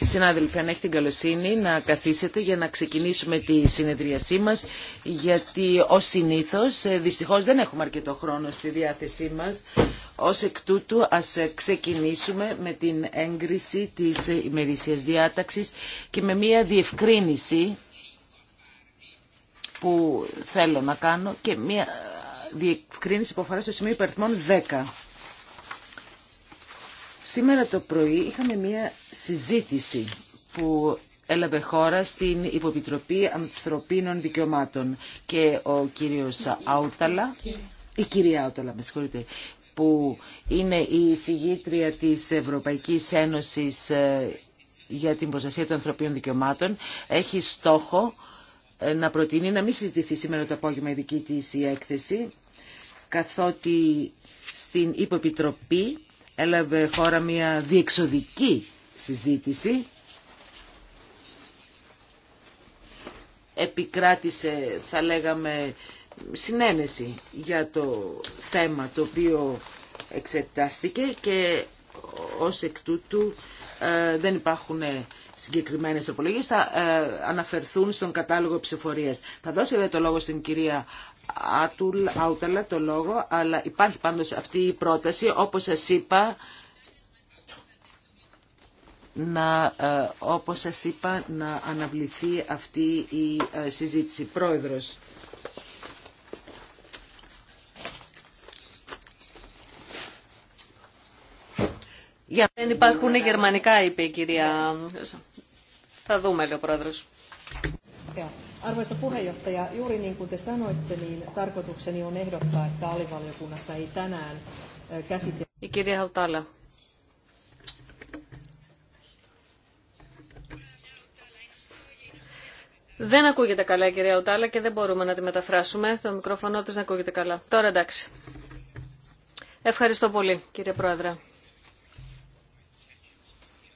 Συνάδελφοι, αν έχει την καλοσύνη να καθίσετε για να ξεκινήσουμε τη συνεδρίασή μας, γιατί ως συνήθως ε, δυστυχώς δεν έχουμε αρκετό χρόνο στη διάθεσή μας. Ως εκ τούτου ας ε, ξεκινήσουμε με την έγκριση της ε, ημερήσιας διάταξης και με μια διευκρίνηση που θέλω να κάνω και μια διευκρίνηση που αφορά στο σημείο υπερθμών 10. Σήμερα το πρωί είχαμε μία συζήτηση που έλαβε χώρα στην Υποπιτροπή Ανθρωπίνων Δικαιωμάτων και ο κύριος Άουταλα, η κυρία Άουταλα, με συγχωρείτε, που είναι η συγγήτρια της Ευρωπαϊκής Ένωσης ε, για την προστασία των ανθρωπίνων δικαιωμάτων, έχει στόχο ε, να προτείνει να μην συζητηθεί σήμερα το απόγευμα η δική της η έκθεση, καθότι στην Υποπιτροπή έλαβε χώρα μια διεξοδική συζήτηση. Επικράτησε, θα λέγαμε, συνένεση για το θέμα το οποίο εξετάστηκε και ως εκ τούτου ε, δεν υπάρχουν συγκεκριμένες τροπολογίες, θα ε, αναφερθούν στον κατάλογο ψηφορίας. Θα δώσω το λόγο στην κυρία το λόγο, αλλά υπάρχει πάντως αυτή η πρόταση, όπως σας είπα, να, ε, όπως σας είπα, να αναβληθεί αυτή η ε, συζήτηση. Πρόεδρος. Για... Δεν υπάρχουν γερμανικά, είπε η κυρία. Θα δούμε, λέει ο πρόεδρος. Arvoisa puheenjohtaja, juuri niin kuin te sanoitte, niin tarkoitukseni on ehdottaa, että alivaliokunnassa ei tänään käsitellä. Η κυρία Χαουτάλα. Δεν ακούγεται καλά η κυρία Ουτάλα και δεν μπορούμε να τη μεταφράσουμε. Το μικρόφωνο της δεν ακούγεται καλά. Τώρα εντάξει. Ευχαριστώ πολύ κύριε Πρόεδρε.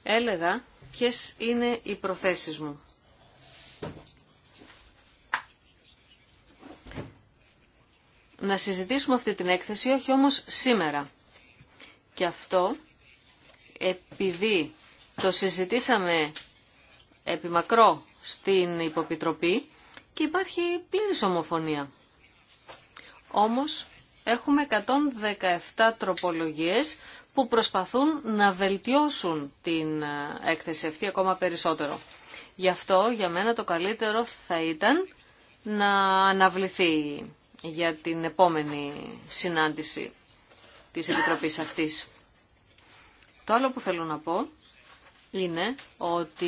Έλεγα ποιες είναι οι προθέσεις μου. να συζητήσουμε αυτή την έκθεση, όχι όμως σήμερα. Και αυτό επειδή το συζητήσαμε επιμακρό στην υποπιτροπή και υπάρχει πλήρης ομοφωνία. Όμως έχουμε 117 τροπολογίες που προσπαθούν να βελτιώσουν την ε, έκθεση αυτή ακόμα περισσότερο. Γι' αυτό για μένα το καλύτερο θα ήταν να αναβληθεί για την επόμενη συνάντηση της Επιτροπής αυτής. Το άλλο που θέλω να πω είναι ότι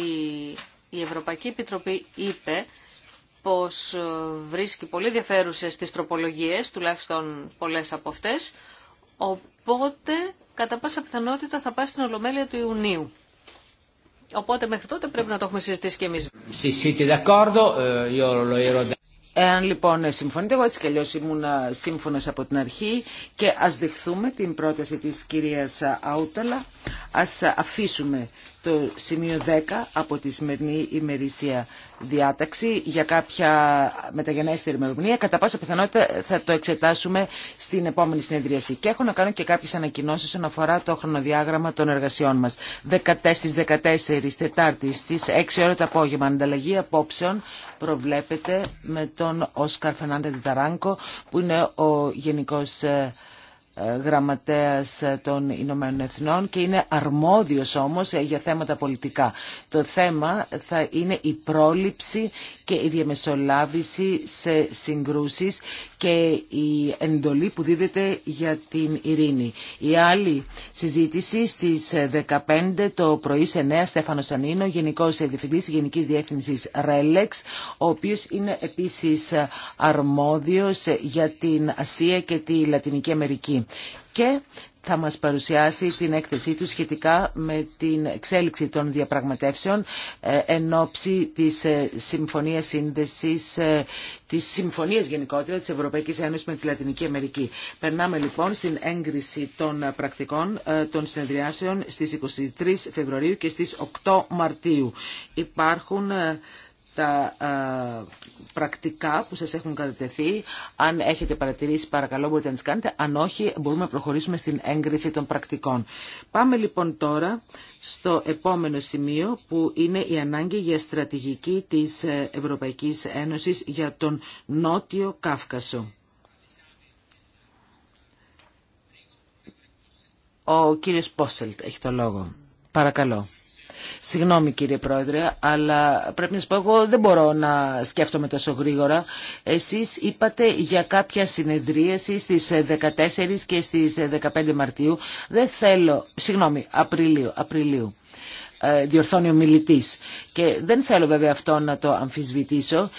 η Ευρωπαϊκή Επιτροπή είπε πως βρίσκει πολύ ενδιαφέρουσε τις τροπολογίες, τουλάχιστον πολλές από αυτές, οπότε κατά πάσα πιθανότητα θα πάει στην Ολομέλεια του Ιουνίου. Οπότε μέχρι τότε πρέπει να το έχουμε συζητήσει και εμείς. Εάν λοιπόν συμφωνείτε, εγώ έτσι κι αλλιώς ήμουν σύμφωνος από την αρχή και ας δεχθούμε την πρόταση της κυρίας Αούταλα, ας αφήσουμε το σημείο 10 από τη σημερινή ημερησία διάταξη για κάποια μεταγενέστερη ημερομηνία. Κατά πάσα πιθανότητα θα το εξετάσουμε στην επόμενη συνεδρίαση. Και έχω να κάνω και κάποιες ανακοινώσεις όσον αφορά το χρονοδιάγραμμα των εργασιών μας. 14, 14 Τετάρτη στις 6 ώρα το απόγευμα ανταλλαγή απόψεων προβλέπεται με τον Όσκαρ Φενάντε Τιταράνκο που είναι ο Γενικός ε, ε, γραμματέας των Ηνωμένων Εθνών και είναι αρμόδιος όμως ε, για θέματα πολιτικά. Το θέμα θα είναι η πρόληψη και η διαμεσολάβηση σε συγκρούσεις και η εντολή που δίδεται για την ειρήνη. Η άλλη συζήτηση στις 15 το πρωί σε νέα Στέφανο Ανίνο, Γενικός Διευθυντής Γενικής Διεύθυνσης ΡΕΛΕΞ, ο οποίος είναι επίσης αρμόδιος για την Ασία και τη Λατινική Αμερική. Και θα μας παρουσιάσει την έκθεσή του σχετικά με την εξέλιξη των διαπραγματεύσεων ε, εν ώψη της ε, Συμφωνίας Σύνδεσης, ε, της Συμφωνίας γενικότερα της Ευρωπαϊκής Ένωσης με τη Λατινική Αμερική. Περνάμε λοιπόν στην έγκριση των πρακτικών των συνεδριάσεων στις 23 Φεβρουαρίου και στις 8 Μαρτίου. Υπάρχουν τα ε, πρακτικά που σας έχουν κατατεθεί. Αν έχετε παρατηρήσει παρακαλώ μπορείτε να τις κάνετε. Αν όχι μπορούμε να προχωρήσουμε στην έγκριση των πρακτικών. Πάμε λοιπόν τώρα στο επόμενο σημείο που είναι η ανάγκη για στρατηγική της ε, Ευρωπαϊκής Ένωσης για τον Νότιο Κάφκασο. Ο κύριος Πόσελτ έχει το λόγο. Παρακαλώ. Συγγνώμη κύριε Πρόεδρε, αλλά πρέπει να σας πω εγώ δεν μπορώ να σκέφτομαι τόσο γρήγορα. Εσείς είπατε για κάποια συνεδρίαση στις 14 ε, και στις 15 ε, Μαρτίου. Δεν θέλω, συγγνώμη, Απριλίου, Απριλίου ε, διορθώνει ο μιλητής. Και δεν θέλω βέβαια αυτό να το αμφισβητήσω.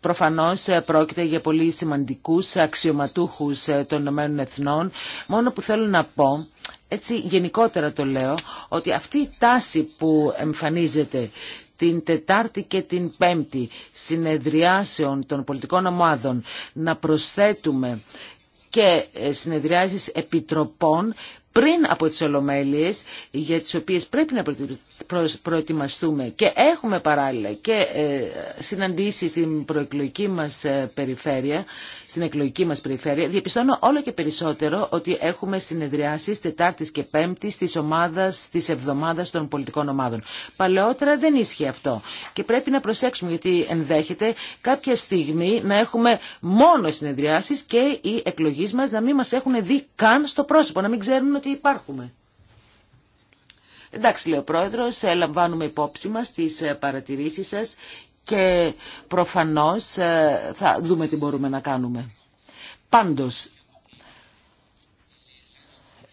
Προφανώς πρόκειται για πολύ σημαντικούς αξιωματούχους των Ηνωμένων Εθνών. Μόνο που θέλω να πω έτσι γενικότερα το λέω, ότι αυτή η τάση που εμφανίζεται την Τετάρτη και την Πέμπτη συνεδριάσεων των πολιτικών ομάδων να προσθέτουμε και ε, συνεδριάσεις επιτροπών πριν από τις Ολομέλειες για τις οποίες πρέπει να προετοιμαστούμε και έχουμε παράλληλα και ε, συναντήσεις στην προεκλογική μας ε, περιφέρεια στην εκλογική μας περιφέρεια, διαπιστώνω όλο και περισσότερο ότι έχουμε συνεδριάσεις Τετάρτης και Πέμπτης της ομάδας, της εβδομάδας των πολιτικών ομάδων. Παλαιότερα δεν ίσχυε αυτό και πρέπει να προσέξουμε γιατί ενδέχεται κάποια στιγμή να έχουμε μόνο συνεδριάσεις και οι εκλογέ μας να μην μας έχουν δει καν στο πρόσωπο, να μην ξέρουν ότι υπάρχουμε. Εντάξει, λέει ο πρόεδρο, ε, λαμβάνουμε υπόψη μας τις ε, παρατηρήσεις σας και προφανώς ε, θα δούμε τι μπορούμε να κάνουμε. Πάντως,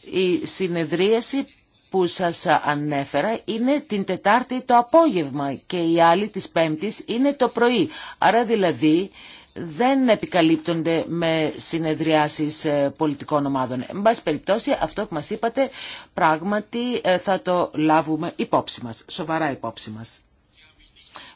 η συνεδρίαση που σας ανέφερα είναι την Τετάρτη το απόγευμα και η άλλη της Πέμπτης είναι το πρωί. Άρα δηλαδή δεν επικαλύπτονται με συνεδριάσεις ε, πολιτικών ομάδων. Εν πάση περιπτώσει αυτό που μας είπατε πράγματι ε, θα το λάβουμε υπόψη μας, σοβαρά υπόψη μας.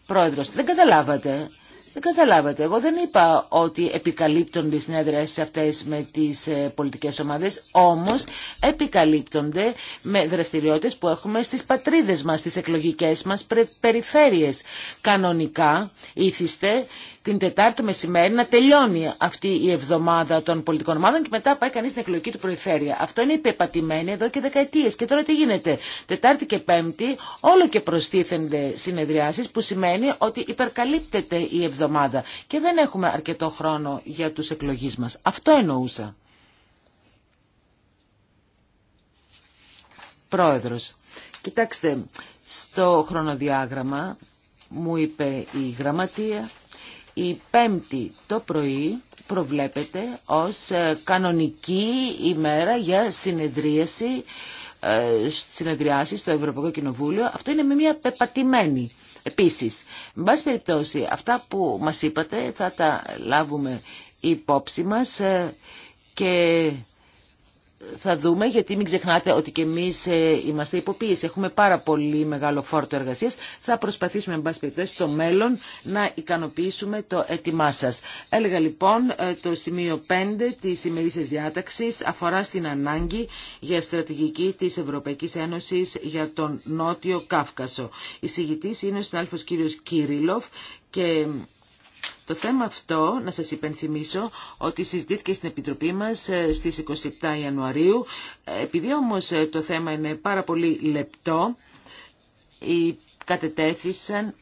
Πρόεδρος, δεν καταλάβατε δεν καταλάβατε. Εγώ δεν είπα ότι επικαλύπτονται οι συνέδριασεις αυτές με τις ε, πολιτικές ομάδες, όμως επικαλύπτονται με δραστηριότητες που έχουμε στις πατρίδες μας, στις εκλογικές μας περιφέρειες. Κανονικά ήθιστε την Τετάρτη μεσημέρι να τελειώνει αυτή η εβδομάδα των πολιτικών ομάδων και μετά πάει κανείς στην εκλογική του περιφέρεια. Αυτό είναι υπεπατημένο εδώ και δεκαετίες. Και τώρα τι γίνεται. Τετάρτη και Πέμπτη όλο και προστίθενται συνεδριάσεις που σημαίνει ότι υπερκαλύπτεται η εβδομάδα εβδομάδα και δεν έχουμε αρκετό χρόνο για τους εκλογείς μας. Αυτό εννοούσα. Πρόεδρος, κοιτάξτε, στο χρονοδιάγραμμα μου είπε η γραμματεία, η πέμπτη το πρωί προβλέπεται ως ε, κανονική ημέρα για συνεδρίαση ε, συνεδριάσεις στο Ευρωπαϊκό Κοινοβούλιο. Αυτό είναι με μια πεπατημένη Επίσης, με πάση περιπτώσει, αυτά που μας είπατε θα τα λάβουμε υπόψη μας ε, και θα δούμε, γιατί μην ξεχνάτε ότι και εμείς ε, είμαστε υποποίηση, έχουμε πάρα πολύ μεγάλο φόρτο εργασίας. Θα προσπαθήσουμε, εν πάση περιπτώσει, στο μέλλον να ικανοποιήσουμε το έτοιμά σας. Έλεγα λοιπόν ε, το σημείο 5 της ημερήσια διάταξης αφορά στην ανάγκη για στρατηγική της Ευρωπαϊκής Ένωσης για τον Νότιο Κάφκασο. Η συγητής είναι ο συνάδελφος κύριος Κύριλοφ και το θέμα αυτό, να σας υπενθυμίσω, ότι συζητήθηκε στην Επιτροπή μας ε, στις 27 Ιανουαρίου. Ε, επειδή όμως ε, το θέμα είναι πάρα πολύ λεπτό, κατετέθησαν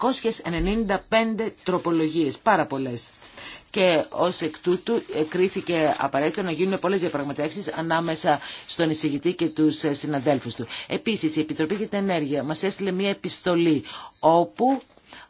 295 τροπολογίες, πάρα πολλές. Και ως εκ τούτου κρίθηκε απαραίτητο να γίνουν πολλές διαπραγματεύσεις ανάμεσα στον εισηγητή και τους συναδέλφους του. Επίσης η Επιτροπή για την Ενέργεια μας έστειλε μια επιστολή όπου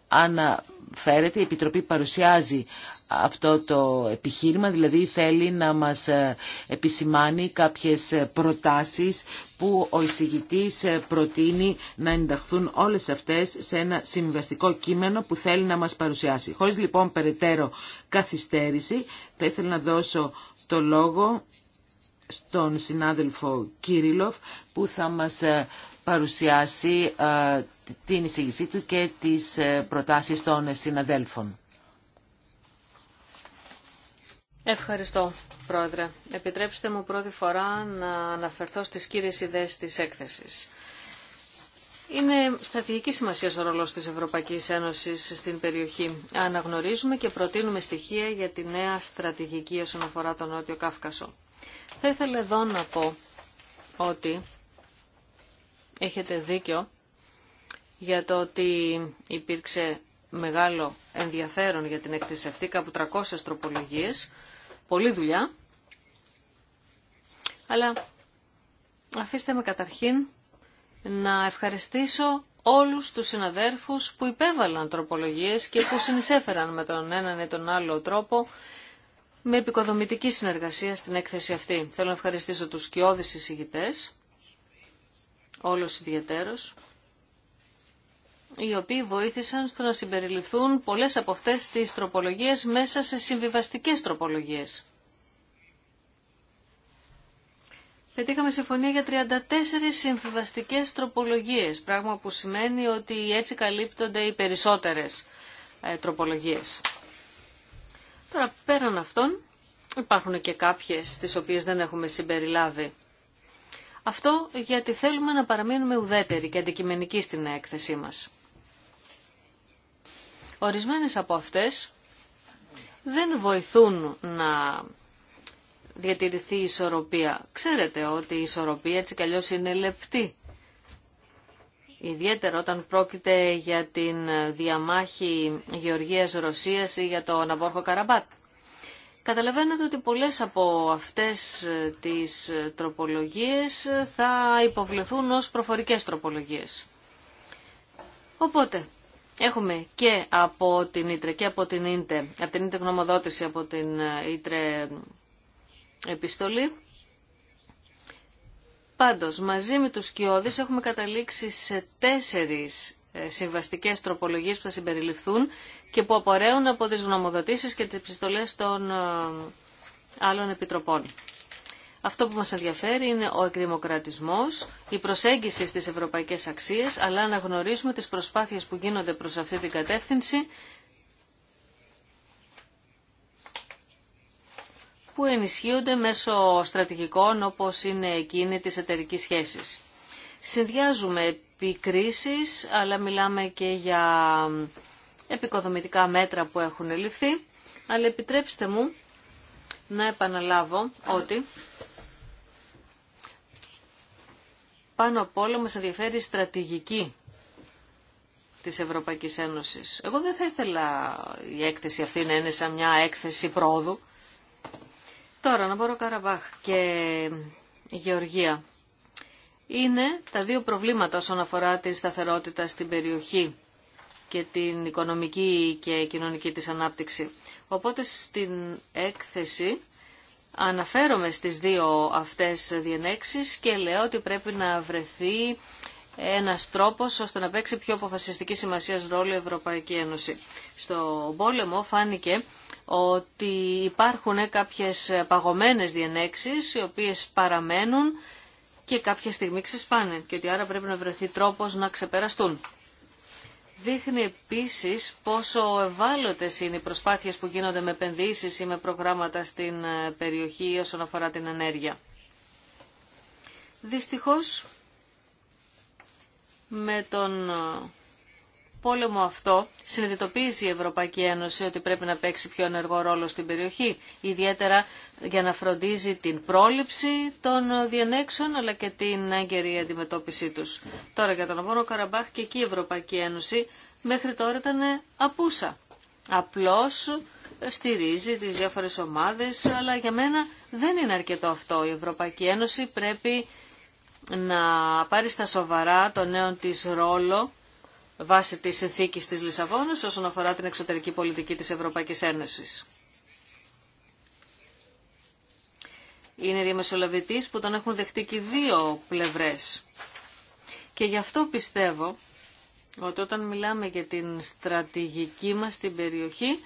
ανα φέρεται. Η Επιτροπή παρουσιάζει αυτό το επιχείρημα, δηλαδή θέλει να μας ε, επισημάνει κάποιες ε, προτάσεις που ο εισηγητής ε, προτείνει να ενταχθούν όλες αυτές σε ένα συμβαστικό κείμενο που θέλει να μας παρουσιάσει. Χωρίς λοιπόν περαιτέρω καθυστέρηση, θα ήθελα να δώσω το λόγο στον συνάδελφο Κύριλοφ που θα μας παρουσιάσει την εισήγησή του και τις ε, προτάσεις των συναδέλφων. Ευχαριστώ, Πρόεδρε. Επιτρέψτε μου πρώτη φορά να αναφερθώ στις κύριες ιδέες της έκθεσης. Είναι στρατηγική σημασία ο ρόλος της Ευρωπαϊκής Ένωσης στην περιοχή. Αναγνωρίζουμε και προτείνουμε στοιχεία για τη νέα στρατηγική όσον αφορά τον Νότιο Κάφκασο. Θα ήθελα εδώ να πω ότι έχετε δίκιο για το ότι υπήρξε μεγάλο ενδιαφέρον για την έκθεση αυτή, κάπου 300 τροπολογίες, πολλή δουλειά. Αλλά αφήστε με καταρχήν να ευχαριστήσω όλους τους συναδέρφους που υπέβαλαν τροπολογίες και που συνεισέφεραν με τον έναν ή τον άλλο τρόπο με επικοδομητική συνεργασία στην έκθεση αυτή. Θέλω να ευχαριστήσω τους κοιόδης εισηγητές, όλους ιδιαίτερος, οι οποίοι βοήθησαν στο να συμπεριληφθούν πολλές από αυτές τις τροπολογίες μέσα σε συμβιβαστικές τροπολογίες. Πετύχαμε συμφωνία για 34 συμβιβαστικές τροπολογίες, πράγμα που σημαίνει ότι έτσι καλύπτονται οι περισσότερες ε, τροπολογίες. Τώρα πέραν αυτών υπάρχουν και κάποιες τις οποίες δεν έχουμε συμπεριλάβει. Αυτό γιατί θέλουμε να παραμείνουμε ουδέτεροι και αντικειμενικοί στην έκθεσή μας. Ορισμένες από αυτές δεν βοηθούν να διατηρηθεί η ισορροπία. Ξέρετε ότι η ισορροπία έτσι καλώς είναι λεπτή. Ιδιαίτερα όταν πρόκειται για την διαμάχη Γεωργίας-Ρωσίας ή για το Ναβόρχο Καραμπάτ. Καταλαβαίνετε ότι πολλές από αυτές τις τροπολογίες θα υποβληθούν ως προφορικές τροπολογίες. Οπότε, Έχουμε και από την Ήτρε και από την Ίντε, από την Ίντε γνωμοδότηση, από την ε, Ήτρε επιστολή. Πάντως, μαζί με τους σκιώδεις έχουμε καταλήξει σε τέσσερις ε, συμβαστικές τροπολογίες που θα συμπεριληφθούν και που απορρέουν από τις γνωμοδοτήσεις και τις επιστολές των ε, άλλων επιτροπών. Αυτό που μας ενδιαφέρει είναι ο εκδημοκρατισμός, η προσέγγιση στις ευρωπαϊκές αξίες, αλλά να γνωρίζουμε τις προσπάθειες που γίνονται προς αυτή την κατεύθυνση, που ενισχύονται μέσω στρατηγικών όπως είναι εκείνη της εταιρικής σχέσης. Συνδυάζουμε επικρίσεις, αλλά μιλάμε και για επικοδομητικά μέτρα που έχουν ληφθεί, αλλά επιτρέψτε μου να επαναλάβω ότι πάνω απ' όλα μας ενδιαφέρει η στρατηγική της Ευρωπαϊκής Ένωσης. Εγώ δεν θα ήθελα η έκθεση αυτή να είναι σαν μια έκθεση πρόοδου. Τώρα, να μπορώ Καραμπάχ και η Γεωργία. Είναι τα δύο προβλήματα όσον αφορά τη σταθερότητα στην περιοχή και την οικονομική και κοινωνική της ανάπτυξη. Οπότε στην έκθεση Αναφέρομαι στις δύο αυτές διενέξεις και λέω ότι πρέπει να βρεθεί ένας τρόπος ώστε να παίξει πιο αποφασιστική σημασία ρόλο η Ευρωπαϊκή Ένωση. Στο πόλεμο φάνηκε ότι υπάρχουν κάποιες παγωμένες διενέξεις οι οποίες παραμένουν και κάποια στιγμή ξεσπάνε και ότι άρα πρέπει να βρεθεί τρόπος να ξεπεραστούν. Δείχνει επίσης πόσο ευάλωτες είναι οι προσπάθειες που γίνονται με επενδύσεις ή με προγράμματα στην ε, περιοχή όσον αφορά την ενέργεια. Δυστυχώς, με τον ε, πόλεμο αυτό συνειδητοποίησε η Ευρωπαϊκή Ένωση ότι πρέπει να παίξει πιο ενεργό ρόλο στην περιοχή, ιδιαίτερα για να φροντίζει την πρόληψη των διενέξεων αλλά και την έγκαιρη αντιμετώπιση τους. Τώρα για τον Αγώρο Καραμπάχ και εκεί η Ευρωπαϊκή Ένωση μέχρι τώρα ήταν απούσα. Απλώς στηρίζει τις διάφορες ομάδες, αλλά για μένα δεν είναι αρκετό αυτό. Η Ευρωπαϊκή Ένωση πρέπει να πάρει στα σοβαρά το νέο της ρόλο βάσει της συνθήκης της Λισαβόνας όσον αφορά την εξωτερική πολιτική της Ευρωπαϊκής Ένωσης. Είναι διαμεσολαβητής που τον έχουν δεχτεί και δύο πλευρές. Και γι' αυτό πιστεύω ότι όταν μιλάμε για την στρατηγική μας την περιοχή,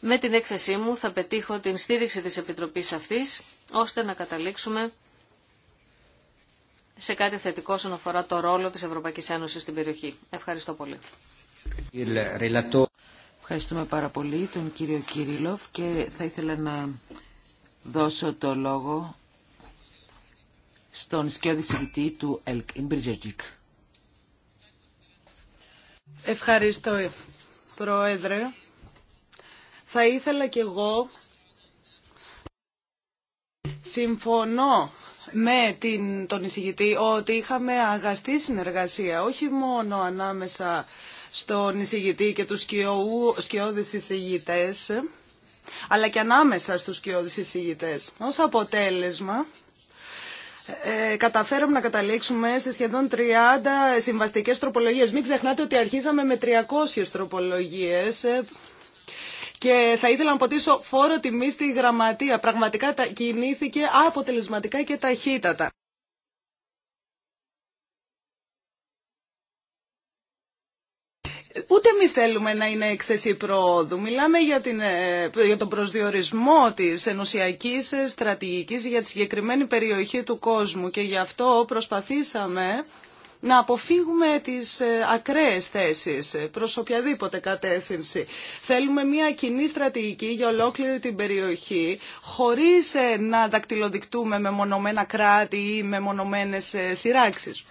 με την έκθεσή μου θα πετύχω την στήριξη της Επιτροπής αυτής, ώστε να καταλήξουμε σε κάτι θετικό όσον αφορά το ρόλο της Ευρωπαϊκής Ένωσης στην περιοχή. Ευχαριστώ πολύ. Ευχαριστούμε πάρα πολύ τον κύριο Κυρίλοφ και θα ήθελα να δώσω το λόγο στον σκιώδη συγκητή του ΕΛΚ, Ιμπριτζερτζικ. Ευχαριστώ, Πρόεδρε. Θα ήθελα κι εγώ Συμφωνώ με την, τον εισηγητή ότι είχαμε αγαστή συνεργασία, όχι μόνο ανάμεσα στον εισηγητή και τους σκιώδεις εισηγητές, αλλά και ανάμεσα στους σκιώδεις εισηγητές. Ως αποτέλεσμα, ε, καταφέραμε να καταλήξουμε σε σχεδόν 30 συμβαστικές τροπολογίες. Μην ξεχνάτε ότι αρχίζαμε με 300 τροπολογίες, ε, και θα ήθελα να ποτίσω φόρο τιμή στη γραμματεία. Πραγματικά τα κινήθηκε αποτελεσματικά και ταχύτατα. Ούτε εμεί θέλουμε να είναι έκθεση προόδου. Μιλάμε για, την, ε, για τον προσδιορισμό τη ενωσιακή στρατηγική για τη συγκεκριμένη περιοχή του κόσμου και γι' αυτό προσπαθήσαμε να αποφύγουμε τις ε, ακραίες θέσεις ε, προς οποιαδήποτε κατεύθυνση. Θέλουμε μια κοινή στρατηγική για ολόκληρη την περιοχή, χωρίς ε, να δακτυλοδεικτούμε με μονομένα κράτη ή με μονομένες σειράξεις.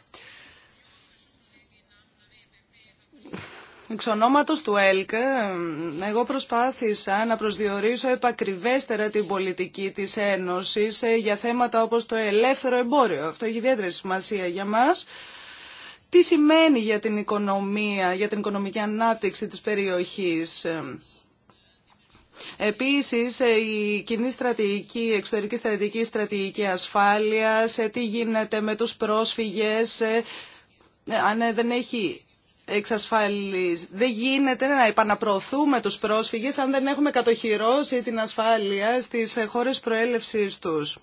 Εξ ονόματος του ΕΛΚ, εγώ προσπάθησα να προσδιορίσω επακριβέστερα την πολιτική της Ένωσης για θέματα όπως το ελεύθερο εμπόριο. Αυτό έχει ιδιαίτερη σημασία για μας τι σημαίνει για την οικονομία, για την οικονομική ανάπτυξη της περιοχής. Επίσης, ε, η κοινή στρατηγική, η εξωτερική στρατηγική, η στρατηγική ασφάλειας, ε, τι γίνεται με τους πρόσφυγες, ε, αν δεν έχει εξασφάλιση; Δεν γίνεται να επαναπροωθούμε τους πρόσφυγες αν δεν έχουμε κατοχυρώσει την ασφάλεια στις χώρες προέλευσης τους.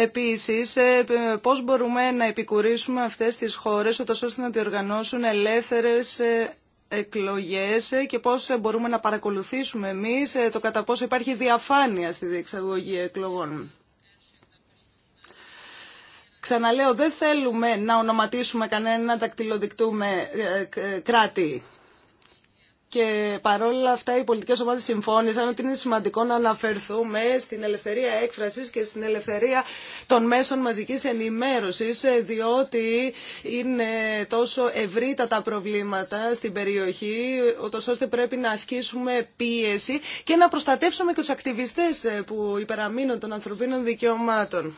Επίσης, ε, πώς μπορούμε να επικουρήσουμε αυτές τις χώρες ώστε να διοργανώσουν ελεύθερες ε, εκλογές ε, και πώς μπορούμε να παρακολουθήσουμε εμείς το κατά πόσο υπάρχει διαφάνεια στη διεξαγωγή εκλογών. Ξαναλέω, δεν θέλουμε να ονοματίσουμε κανένα δακτυλοδεικτούμε κράτη και παρόλα αυτά οι πολιτικές ομάδες συμφώνησαν ότι είναι σημαντικό να αναφερθούμε στην ελευθερία έκφρασης και στην ελευθερία των μέσων μαζικής ενημέρωσης διότι είναι τόσο ευρύτατα τα προβλήματα στην περιοχή ούτως ώστε πρέπει να ασκήσουμε πίεση και να προστατεύσουμε και τους ακτιβιστές που υπεραμείνουν των ανθρωπίνων δικαιωμάτων.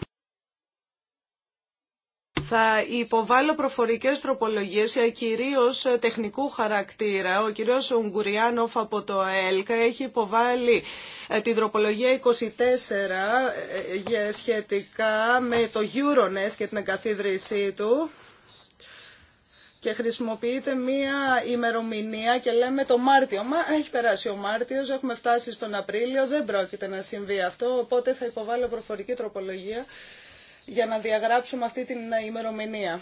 Θα υποβάλω προφορικές τροπολογίες, ε, κυρίως ε, τεχνικού χαρακτήρα. Ο κύριος Ουγγουριάνοφ από το ΕΛΚΑ έχει υποβάλει ε, την τροπολογία 24 σχετικά με το Euronest και την εγκαθίδρυσή του και χρησιμοποιείται μία ημερομηνία και λέμε το Μάρτιο. Μα έχει περάσει ο Μάρτιος, έχουμε φτάσει στον Απρίλιο, δεν πρόκειται να συμβεί αυτό, οπότε θα υποβάλω προφορική τροπολογία για να διαγράψουμε αυτή την ε, ημερομηνία.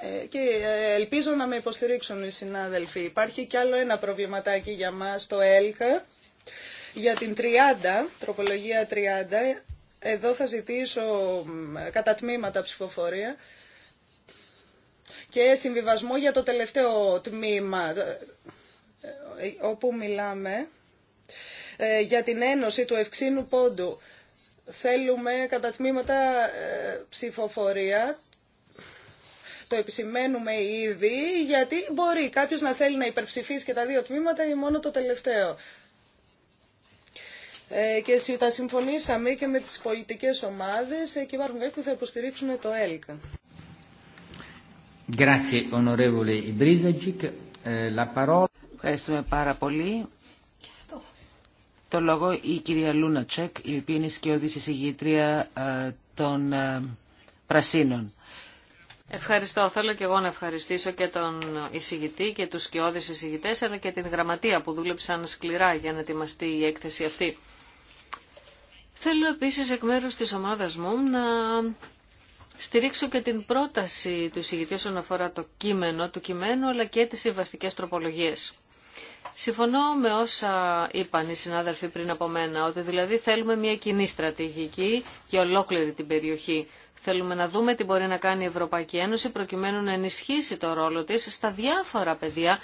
Ε, και ε, ελπίζω να με υποστηρίξουν οι συνάδελφοι. Υπάρχει κι άλλο ένα προβληματάκι για μας, το ΕΛΚΑ, για την 30, τροπολογία 30. Εδώ θα ζητήσω κατά τμήματα ψηφοφορία και συμβιβασμό για το τελευταίο τμήμα, όπου μιλάμε ε, για την ένωση του ευξήνου πόντου. Θέλουμε κατά τμήματα ε, ψηφοφορία το επισημαίνουμε ήδη, γιατί μπορεί κάποιο να θέλει να υπερψηφίσει και τα δύο τμήματα ή μόνο το τελευταίο. Ε, και τα συμφωνήσαμε και με τις πολιτικές ομάδες και υπάρχουν κάποιοι που θα υποστηρίξουν το ΕΛΚΑ. Ευχαριστούμε πάρα πολύ το λόγο η κυρία Λούνα Τσεκ, η οποία είναι σκιώδης εισηγήτρια ε, των ε, Πρασίνων. Ευχαριστώ. Θέλω και εγώ να ευχαριστήσω και τον εισηγητή και τους σκιώδεις εισηγητές, αλλά και την γραμματεία που δούλεψαν σκληρά για να ετοιμαστεί η έκθεση αυτή. Θέλω επίσης εκ μέρους της ομάδας μου να στηρίξω και την πρόταση του εισηγητή όσον αφορά το κείμενο του κειμένου, αλλά και τις συμβαστικές τροπολογίες. Συμφωνώ με όσα είπαν οι συνάδελφοι πριν από μένα, ότι δηλαδή θέλουμε μια κοινή στρατηγική για ολόκληρη την περιοχή. Θέλουμε να δούμε τι μπορεί να κάνει η Ευρωπαϊκή Ένωση προκειμένου να ενισχύσει το ρόλο της στα διάφορα πεδία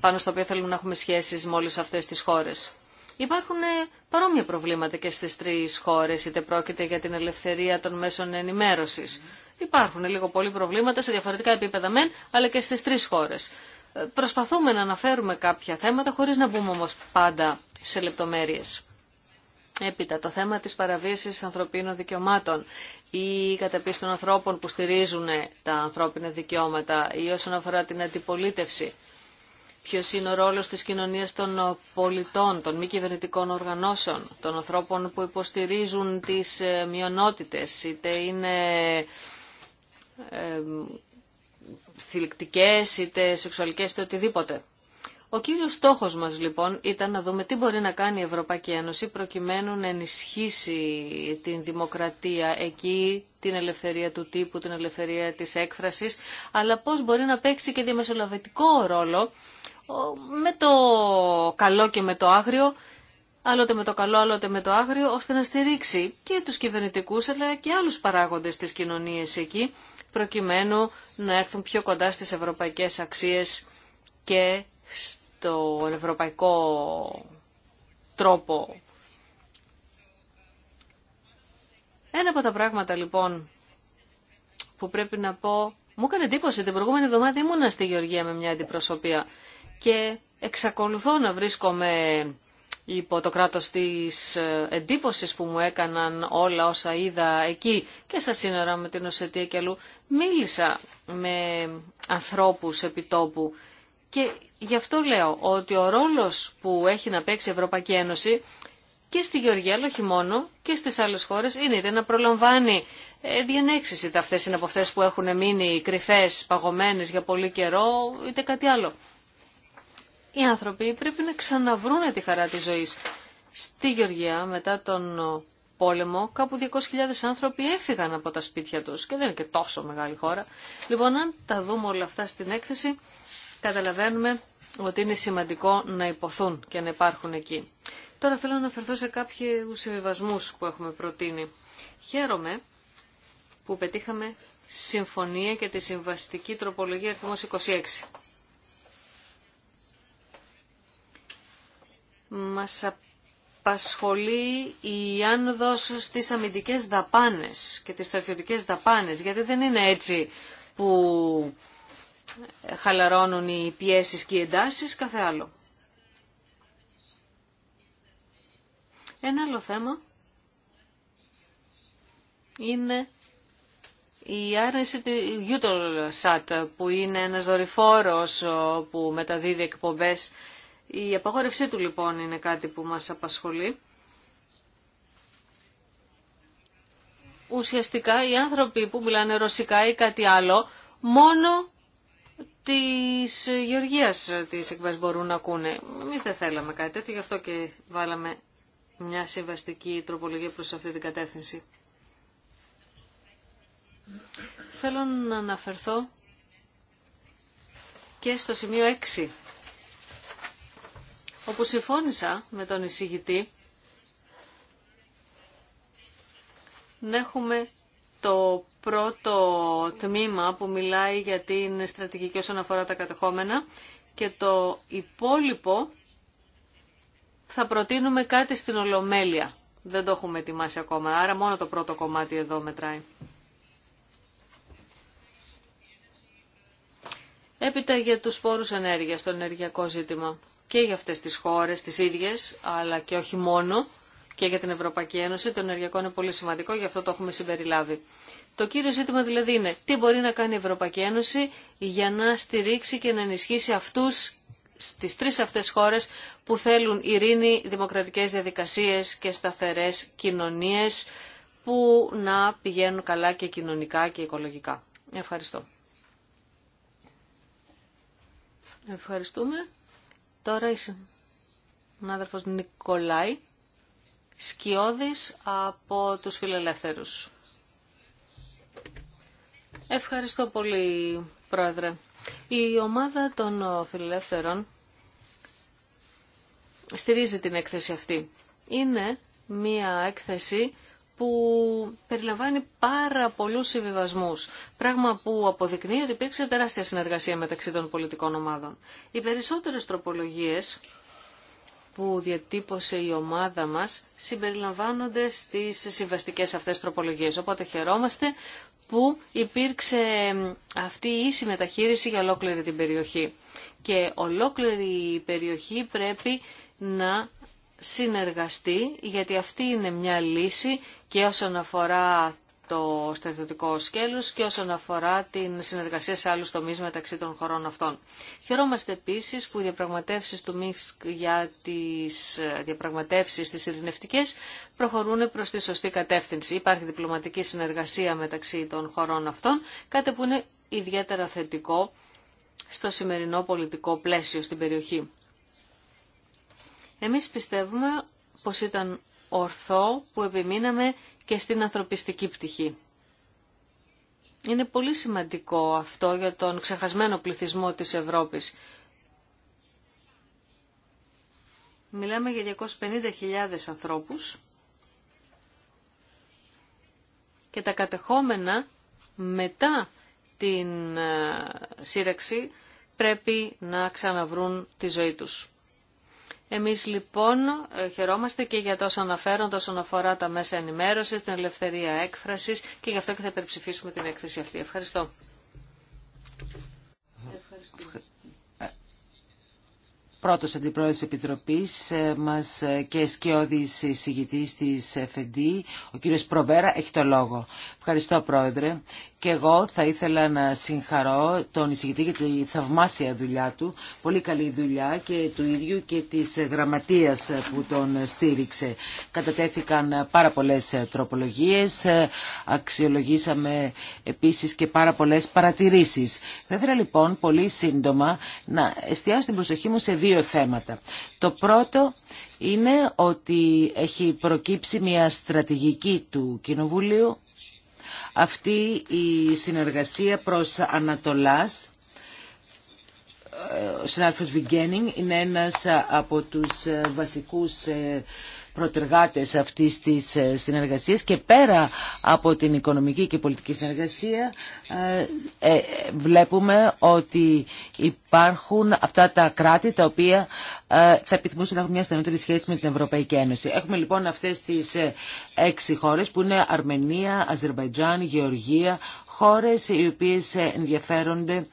πάνω στα οποία θέλουμε να έχουμε σχέσεις με όλες αυτές τις χώρες. Υπάρχουν ε, παρόμοια προβλήματα και στις τρεις χώρες, είτε πρόκειται για την ελευθερία των μέσων ενημέρωσης. Υπάρχουν λίγο πολύ προβλήματα σε διαφορετικά επίπεδα μεν, αλλά και στις τρεις χώρες προσπαθούμε να αναφέρουμε κάποια θέματα χωρίς να μπούμε όμως πάντα σε λεπτομέρειες. Έπειτα το θέμα της παραβίασης ανθρωπίνων δικαιωμάτων ή καταπίεση των ανθρώπων που στηρίζουν τα ανθρώπινα δικαιώματα ή όσον αφορά την αντιπολίτευση. ποιο είναι ο ρόλο της κοινωνία των πολιτών, των μη κυβερνητικών οργανώσεων, των ανθρώπων που υποστηρίζουν τι ε, μειονότητε, είτε είναι ε, θηλυκτικές, είτε σεξουαλικές, είτε οτιδήποτε. Ο κύριος στόχος μας λοιπόν ήταν να δούμε τι μπορεί να κάνει η Ευρωπαϊκή Ένωση προκειμένου να ενισχύσει την δημοκρατία εκεί, την ελευθερία του τύπου, την ελευθερία της έκφρασης, αλλά πώς μπορεί να παίξει και διαμεσολαβητικό ρόλο με το καλό και με το άγριο, άλλοτε με το καλό, άλλοτε με το άγριο, ώστε να στηρίξει και τους κυβερνητικούς αλλά και άλλους παράγοντες της κοινωνίας εκεί, προκειμένου να έρθουν πιο κοντά στις ευρωπαϊκές αξίες και στο ευρωπαϊκό τρόπο. Ένα από τα πράγματα λοιπόν που πρέπει να πω, μου έκανε εντύπωση την προηγούμενη εβδομάδα ήμουνα στη Γεωργία με μια αντιπροσωπεία και εξακολουθώ να βρίσκομαι υπό το κράτος της ε, εντύπωσης που μου έκαναν όλα όσα είδα εκεί και στα σύνορα με την Οσετία και αλλού. Μίλησα με ανθρώπους επιτόπου και γι' αυτό λέω ότι ο ρόλος που έχει να παίξει η Ευρωπαϊκή Ένωση και στη Γεωργία, αλλά όχι μόνο, και στις άλλες χώρες είναι είτε να προλαμβάνει ε, διενέξεις, είτε αυτές είναι από αυτές που έχουν μείνει κρυφές, παγωμένες για πολύ καιρό, είτε κάτι άλλο οι άνθρωποι πρέπει να ξαναβρούν τη χαρά της ζωής. Στη Γεωργία μετά τον ε, πόλεμο κάπου 200.000 άνθρωποι έφυγαν από τα σπίτια τους και δεν είναι και τόσο μεγάλη χώρα. Λοιπόν αν τα δούμε όλα αυτά στην έκθεση καταλαβαίνουμε ότι είναι σημαντικό να υποθούν και να υπάρχουν εκεί. Τώρα θέλω να αναφερθώ σε κάποιους συμβιβασμούς που έχουμε προτείνει. Χαίρομαι που πετύχαμε συμφωνία και τη συμβαστική τροπολογία αριθμός 26. Μας απασχολεί η άνοδος στις αμυντικές δαπάνες και τις στρατιωτικές δαπάνες, γιατί δεν είναι έτσι που χαλαρώνουν οι πιέσεις και οι εντάσεις, κάθε άλλο. Ένα άλλο θέμα είναι η άρνηση του Utolsat, που είναι ένας δορυφόρος που μεταδίδει εκπομπές η απαγόρευσή του λοιπόν είναι κάτι που μας απασχολεί. Ουσιαστικά οι άνθρωποι που μιλάνε ρωσικά ή κάτι άλλο, μόνο της γεωργίας της εκβάσης μπορούν να ακούνε. Εμείς δεν θέλαμε κάτι τέτοιο, γι' αυτό και βάλαμε μια συμβαστική τροπολογία προς αυτή την κατεύθυνση. Θέλω να αναφερθώ και στο σημείο 6 όπου συμφώνησα με τον εισηγητή να έχουμε το πρώτο τμήμα που μιλάει για την στρατηγική όσον αφορά τα κατεχόμενα και το υπόλοιπο θα προτείνουμε κάτι στην Ολομέλεια. Δεν το έχουμε ετοιμάσει ακόμα, άρα μόνο το πρώτο κομμάτι εδώ μετράει. Έπειτα για τους πόρους ενέργειας, το ενεργειακό ζήτημα και για αυτές τις χώρες, τις ίδιες, αλλά και όχι μόνο, και για την Ευρωπαϊκή Ένωση. Το ενεργειακό είναι πολύ σημαντικό, γι' αυτό το έχουμε συμπεριλάβει. Το κύριο ζήτημα δηλαδή είναι τι μπορεί να κάνει η Ευρωπαϊκή Ένωση για να στηρίξει και να ενισχύσει αυτούς στις τρεις αυτές χώρες που θέλουν ειρήνη, δημοκρατικές διαδικασίες και σταθερές κοινωνίες που να πηγαίνουν καλά και κοινωνικά και οικολογικά. Ευχαριστώ. Ευχαριστούμε. Τώρα ο άδερφος Νικολάη Σκιώδης από τους Φιλελεύθερους. Ευχαριστώ πολύ, Πρόεδρε. Η ομάδα των Φιλελεύθερων στηρίζει την έκθεση αυτή. Είναι μία έκθεση που περιλαμβάνει πάρα πολλούς συμβιβασμούς, πράγμα που αποδεικνύει ότι υπήρξε τεράστια συνεργασία μεταξύ των πολιτικών ομάδων. Οι περισσότερες τροπολογίες που διατύπωσε η ομάδα μας συμπεριλαμβάνονται στις συμβαστικές αυτές τροπολογίες. Οπότε χαιρόμαστε που υπήρξε αυτή η ίση μεταχείριση για ολόκληρη την περιοχή. Και ολόκληρη η περιοχή πρέπει να συνεργαστεί, γιατί αυτή είναι μια λύση και όσον αφορά το στρατιωτικό σκέλος και όσον αφορά την συνεργασία σε άλλους τομείς μεταξύ των χωρών αυτών. Χαιρόμαστε επίσης που οι διαπραγματεύσεις του ΜΙΣΚ για τις ε, διαπραγματεύσεις τις ειρηνευτικές προχωρούν προς τη σωστή κατεύθυνση. Υπάρχει διπλωματική συνεργασία μεταξύ των χωρών αυτών, κάτι που είναι ιδιαίτερα θετικό στο σημερινό πολιτικό πλαίσιο στην περιοχή. Εμείς πιστεύουμε πως ήταν ορθό που επιμείναμε και στην ανθρωπιστική πτυχή. Είναι πολύ σημαντικό αυτό για τον ξεχασμένο πληθυσμό της Ευρώπης. Μιλάμε για 250.000 ανθρώπους και τα κατεχόμενα μετά την ε, σύρεξη πρέπει να ξαναβρούν τη ζωή τους. Εμείς λοιπόν ε, χαιρόμαστε και για τόσο αναφέρον όσον αφορά τα μέσα ενημέρωσης, την ελευθερία έκφρασης και γι' αυτό και θα υπερψηφίσουμε την έκθεση αυτή. Ευχαριστώ. Πρώτος Αντιπρόεδρος Επιτροπής ε, μας ε, και σκιώδης συγητής της ΕΦΕΝΤΗ, ο κύριος Προβέρα, έχει το λόγο. Ευχαριστώ Πρόεδρε και εγώ θα ήθελα να συγχαρώ τον εισηγητή για τη θαυμάσια δουλειά του, πολύ καλή δουλειά και του ίδιου και της γραμματείας που τον στήριξε. Κατατέθηκαν πάρα πολλές τροπολογίες, αξιολογήσαμε επίσης και πάρα πολλές παρατηρήσεις. Θα ήθελα λοιπόν πολύ σύντομα να εστιάσω την προσοχή μου σε δύο θέματα. Το πρώτο είναι ότι έχει προκύψει μια στρατηγική του Κοινοβουλίου αυτή η συνεργασία προς Ανατολάς ε, ο συνάδελφος Βιγγένινγκ είναι ένας από τους ε, βασικούς ε, προτεργάτες αυτής της ε, συνεργασίας και πέρα από την οικονομική και πολιτική συνεργασία ε, ε, βλέπουμε ότι υπάρχουν αυτά τα κράτη τα οποία θα επιθυμούσαν να έχουν μια στενότερη σχέση με την Ευρωπαϊκή Ένωση. Έχουμε λοιπόν αυτές τις έξι χώρες που είναι Αρμενία, Αζερβαϊτζάν, Γεωργία, χώρες οι οποίες ενδιαφέρονται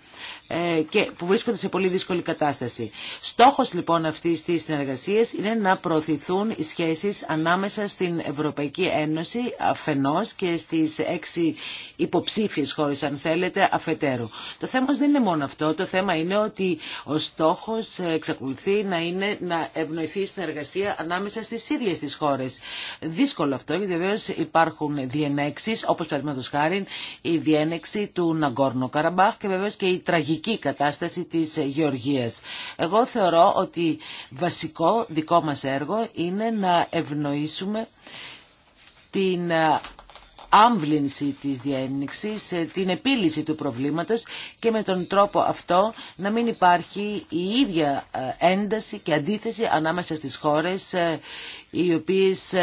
και που βρίσκονται σε πολύ δύσκολη κατάσταση. Στόχος λοιπόν αυτής της συνεργασίας είναι να προωθηθούν οι σχέσεις ανάμεσα στην Ευρωπαϊκή Ένωση αφενός και στις έξι υποψήφιες χώρες αν θέλετε αφετέρου. Το θέμα δεν είναι μόνο αυτό, το θέμα είναι ότι ο στόχος εξακολουθεί να είναι να ευνοηθεί η συνεργασία ανάμεσα στις ίδιες τις χώρες. Δύσκολο αυτό γιατί βεβαίω υπάρχουν διενέξεις όπως παραδείγματος χάρη η διένεξη του Ναγκόρνο Καραμπάχ και βεβαίω και η τραγική κατάσταση της Γεωργίας. Εγώ θεωρώ ότι βασικό δικό μας έργο είναι να ευνοήσουμε την ε, άμβλυνση της διένυξης, ε, την επίλυση του προβλήματος και με τον τρόπο αυτό να μην υπάρχει η ίδια ε, ένταση και αντίθεση ανάμεσα στις χώρες οι οποίες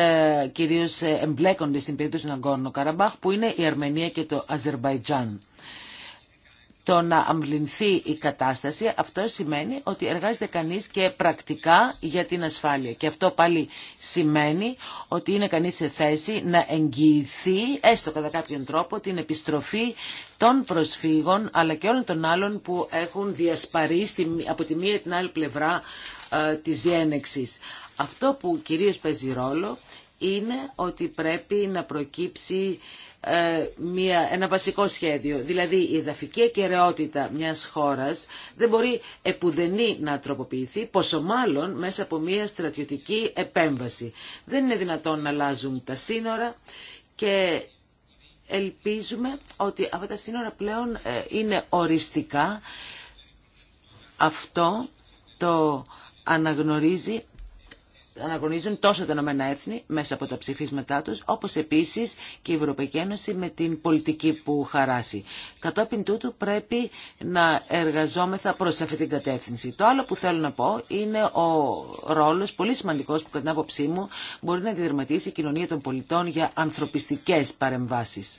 κυρίως εμπλέκονται στην περίπτωση Ναγκόρνο Καραμπάχ που είναι η Αρμενία και το Αζερβαϊτζάν το να αμβληνθεί η κατάσταση, αυτό σημαίνει ότι εργάζεται κανείς και πρακτικά για την ασφάλεια. Και αυτό πάλι σημαίνει ότι είναι κανείς σε θέση να εγγυηθεί, έστω κατά κάποιον τρόπο, την επιστροφή των προσφύγων, αλλά και όλων των άλλων που έχουν διασπαρεί από τη μία την άλλη πλευρά ε, της διένεξης. Αυτό που κυρίως παίζει ρόλο είναι ότι πρέπει να προκύψει ε, μια, ένα βασικό σχέδιο. Δηλαδή η εδαφική ακαιρεότητα μιας χώρας δεν μπορεί επουδενή να τροποποιηθεί, πόσο μάλλον μέσα από μια στρατιωτική επέμβαση. Δεν είναι δυνατόν να αλλάζουν τα σύνορα και ελπίζουμε ότι αυτά τα σύνορα πλέον ε, είναι οριστικά. Αυτό το αναγνωρίζει αναγωνίζουν τόσο τα Ηνωμένα Έθνη μέσα από τα ψηφίσματά τους, όπως επίσης και η Ευρωπαϊκή Ένωση με την πολιτική που χαράσει. Κατόπιν τούτου πρέπει να εργαζόμεθα προς αυτή την κατεύθυνση. Το άλλο που θέλω να πω είναι ο ρόλος πολύ σημαντικός που κατά την άποψή μου μπορεί να διδερματίσει η κοινωνία των πολιτών για ανθρωπιστικές παρεμβάσεις.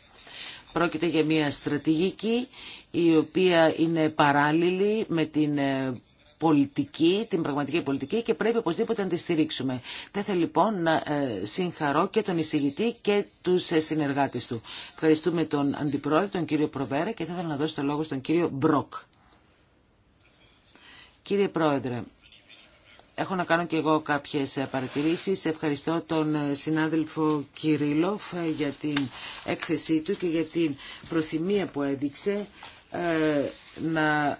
Πρόκειται για μια στρατηγική η οποία είναι παράλληλη με την ε, πολιτική, την πραγματική πολιτική και πρέπει οπωσδήποτε να τη στηρίξουμε. Θα ήθελα λοιπόν να ε, συγχαρώ και τον εισηγητή και τους ε, συνεργάτες του. Ευχαριστούμε τον Αντιπρόεδρο, τον κύριο Προβέρα και θα ήθελα να δώσω το λόγο στον κύριο Μπροκ. Κύριε Πρόεδρε, έχω να κάνω και εγώ κάποιες ε, παρατηρήσεις. Ευχαριστώ τον συνάδελφο Κυρίλοφ για την έκθεσή του και για την προθυμία που έδειξε να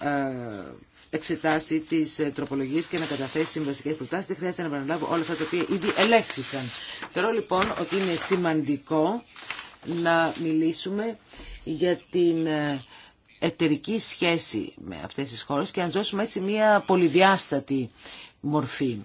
εξετάσει τις ε, τροπολογίες και να καταθέσει συμβαστικέ προτάσει. Δεν χρειάζεται να επαναλάβω όλα αυτά τα οποία ήδη ελέγχθησαν. Θεωρώ λοιπόν ότι είναι σημαντικό να μιλήσουμε για την ε, εταιρική σχέση με αυτές τις χώρες και να δώσουμε έτσι μια πολυδιάστατη μορφή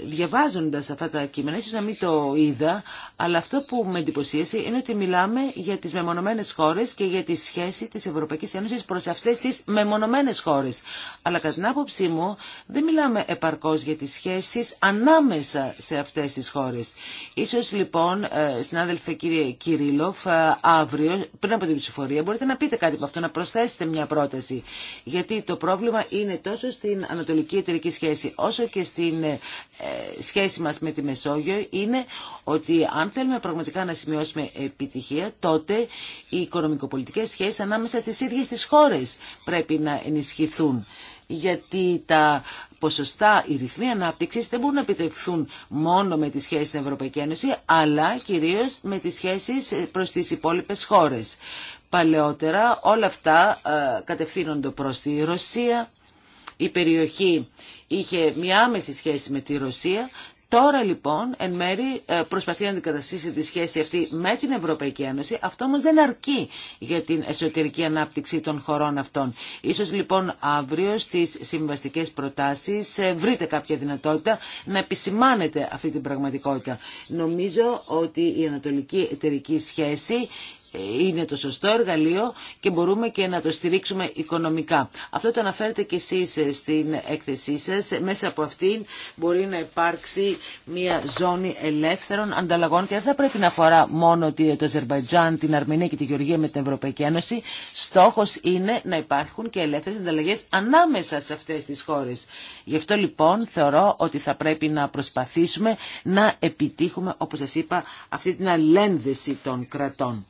διαβάζοντας αυτά τα κείμενα, ίσως να μην το είδα, αλλά αυτό που με εντυπωσίασε είναι ότι μιλάμε για τις μεμονωμένες χώρες και για τη σχέση της Ευρωπαϊκής Ένωσης προς αυτές τις μεμονωμένες χώρες. Αλλά κατά την άποψή μου δεν μιλάμε επαρκώς για τις σχέσεις ανάμεσα σε αυτές τις χώρες. Ίσως λοιπόν, ε, συνάδελφε κύριε Κυρίλοφ, ε, αύριο πριν από την ψηφορία μπορείτε να πείτε κάτι από αυτό, να προσθέσετε μια πρόταση. Γιατί το πρόβλημα είναι τόσο στην ανατολική εταιρική σχέση όσο και στην ε, ε, σχέση μας με τη Μεσόγειο είναι ότι αν θέλουμε πραγματικά να σημειώσουμε επιτυχία, τότε οι οικονομικοπολιτικές σχέσεις ανάμεσα στις ίδιες τις χώρες πρέπει να ενισχυθούν. Γιατί τα ποσοστά, οι ρυθμοί ανάπτυξης δεν μπορούν να επιτευχθούν μόνο με τις σχέσεις στην Ευρωπαϊκή Ένωση, αλλά κυρίως με τις σχέσεις προς τις υπόλοιπες χώρες. Παλαιότερα όλα αυτά ε, κατευθύνονται προς τη Ρωσία, η περιοχή είχε μια άμεση σχέση με τη Ρωσία. Τώρα λοιπόν εν μέρη ε, προσπαθεί να αντικαταστήσει τη σχέση αυτή με την Ευρωπαϊκή Ένωση. Αυτό όμως δεν αρκεί για την εσωτερική ανάπτυξη των χωρών αυτών. Ίσως λοιπόν αύριο στις συμβαστικές προτάσεις ε, βρείτε κάποια δυνατότητα να επισημάνετε αυτή την πραγματικότητα. Νομίζω ότι η ανατολική εταιρική σχέση είναι το σωστό εργαλείο και μπορούμε και να το στηρίξουμε οικονομικά. Αυτό το αναφέρετε και εσείς ε, στην έκθεσή σας. Μέσα από αυτήν μπορεί να υπάρξει μια ζώνη ελεύθερων ανταλλαγών και δεν θα πρέπει να αφορά μόνο το Αζερβαϊτζάν, την Αρμενία και τη Γεωργία με την Ευρωπαϊκή Ένωση. Στόχος είναι να υπάρχουν και ελεύθερες ανταλλαγές ανάμεσα σε αυτές τις χώρες. Γι' αυτό λοιπόν θεωρώ ότι θα πρέπει να προσπαθήσουμε να επιτύχουμε, όπως σας είπα, αυτή την αλένδεση των κρατών.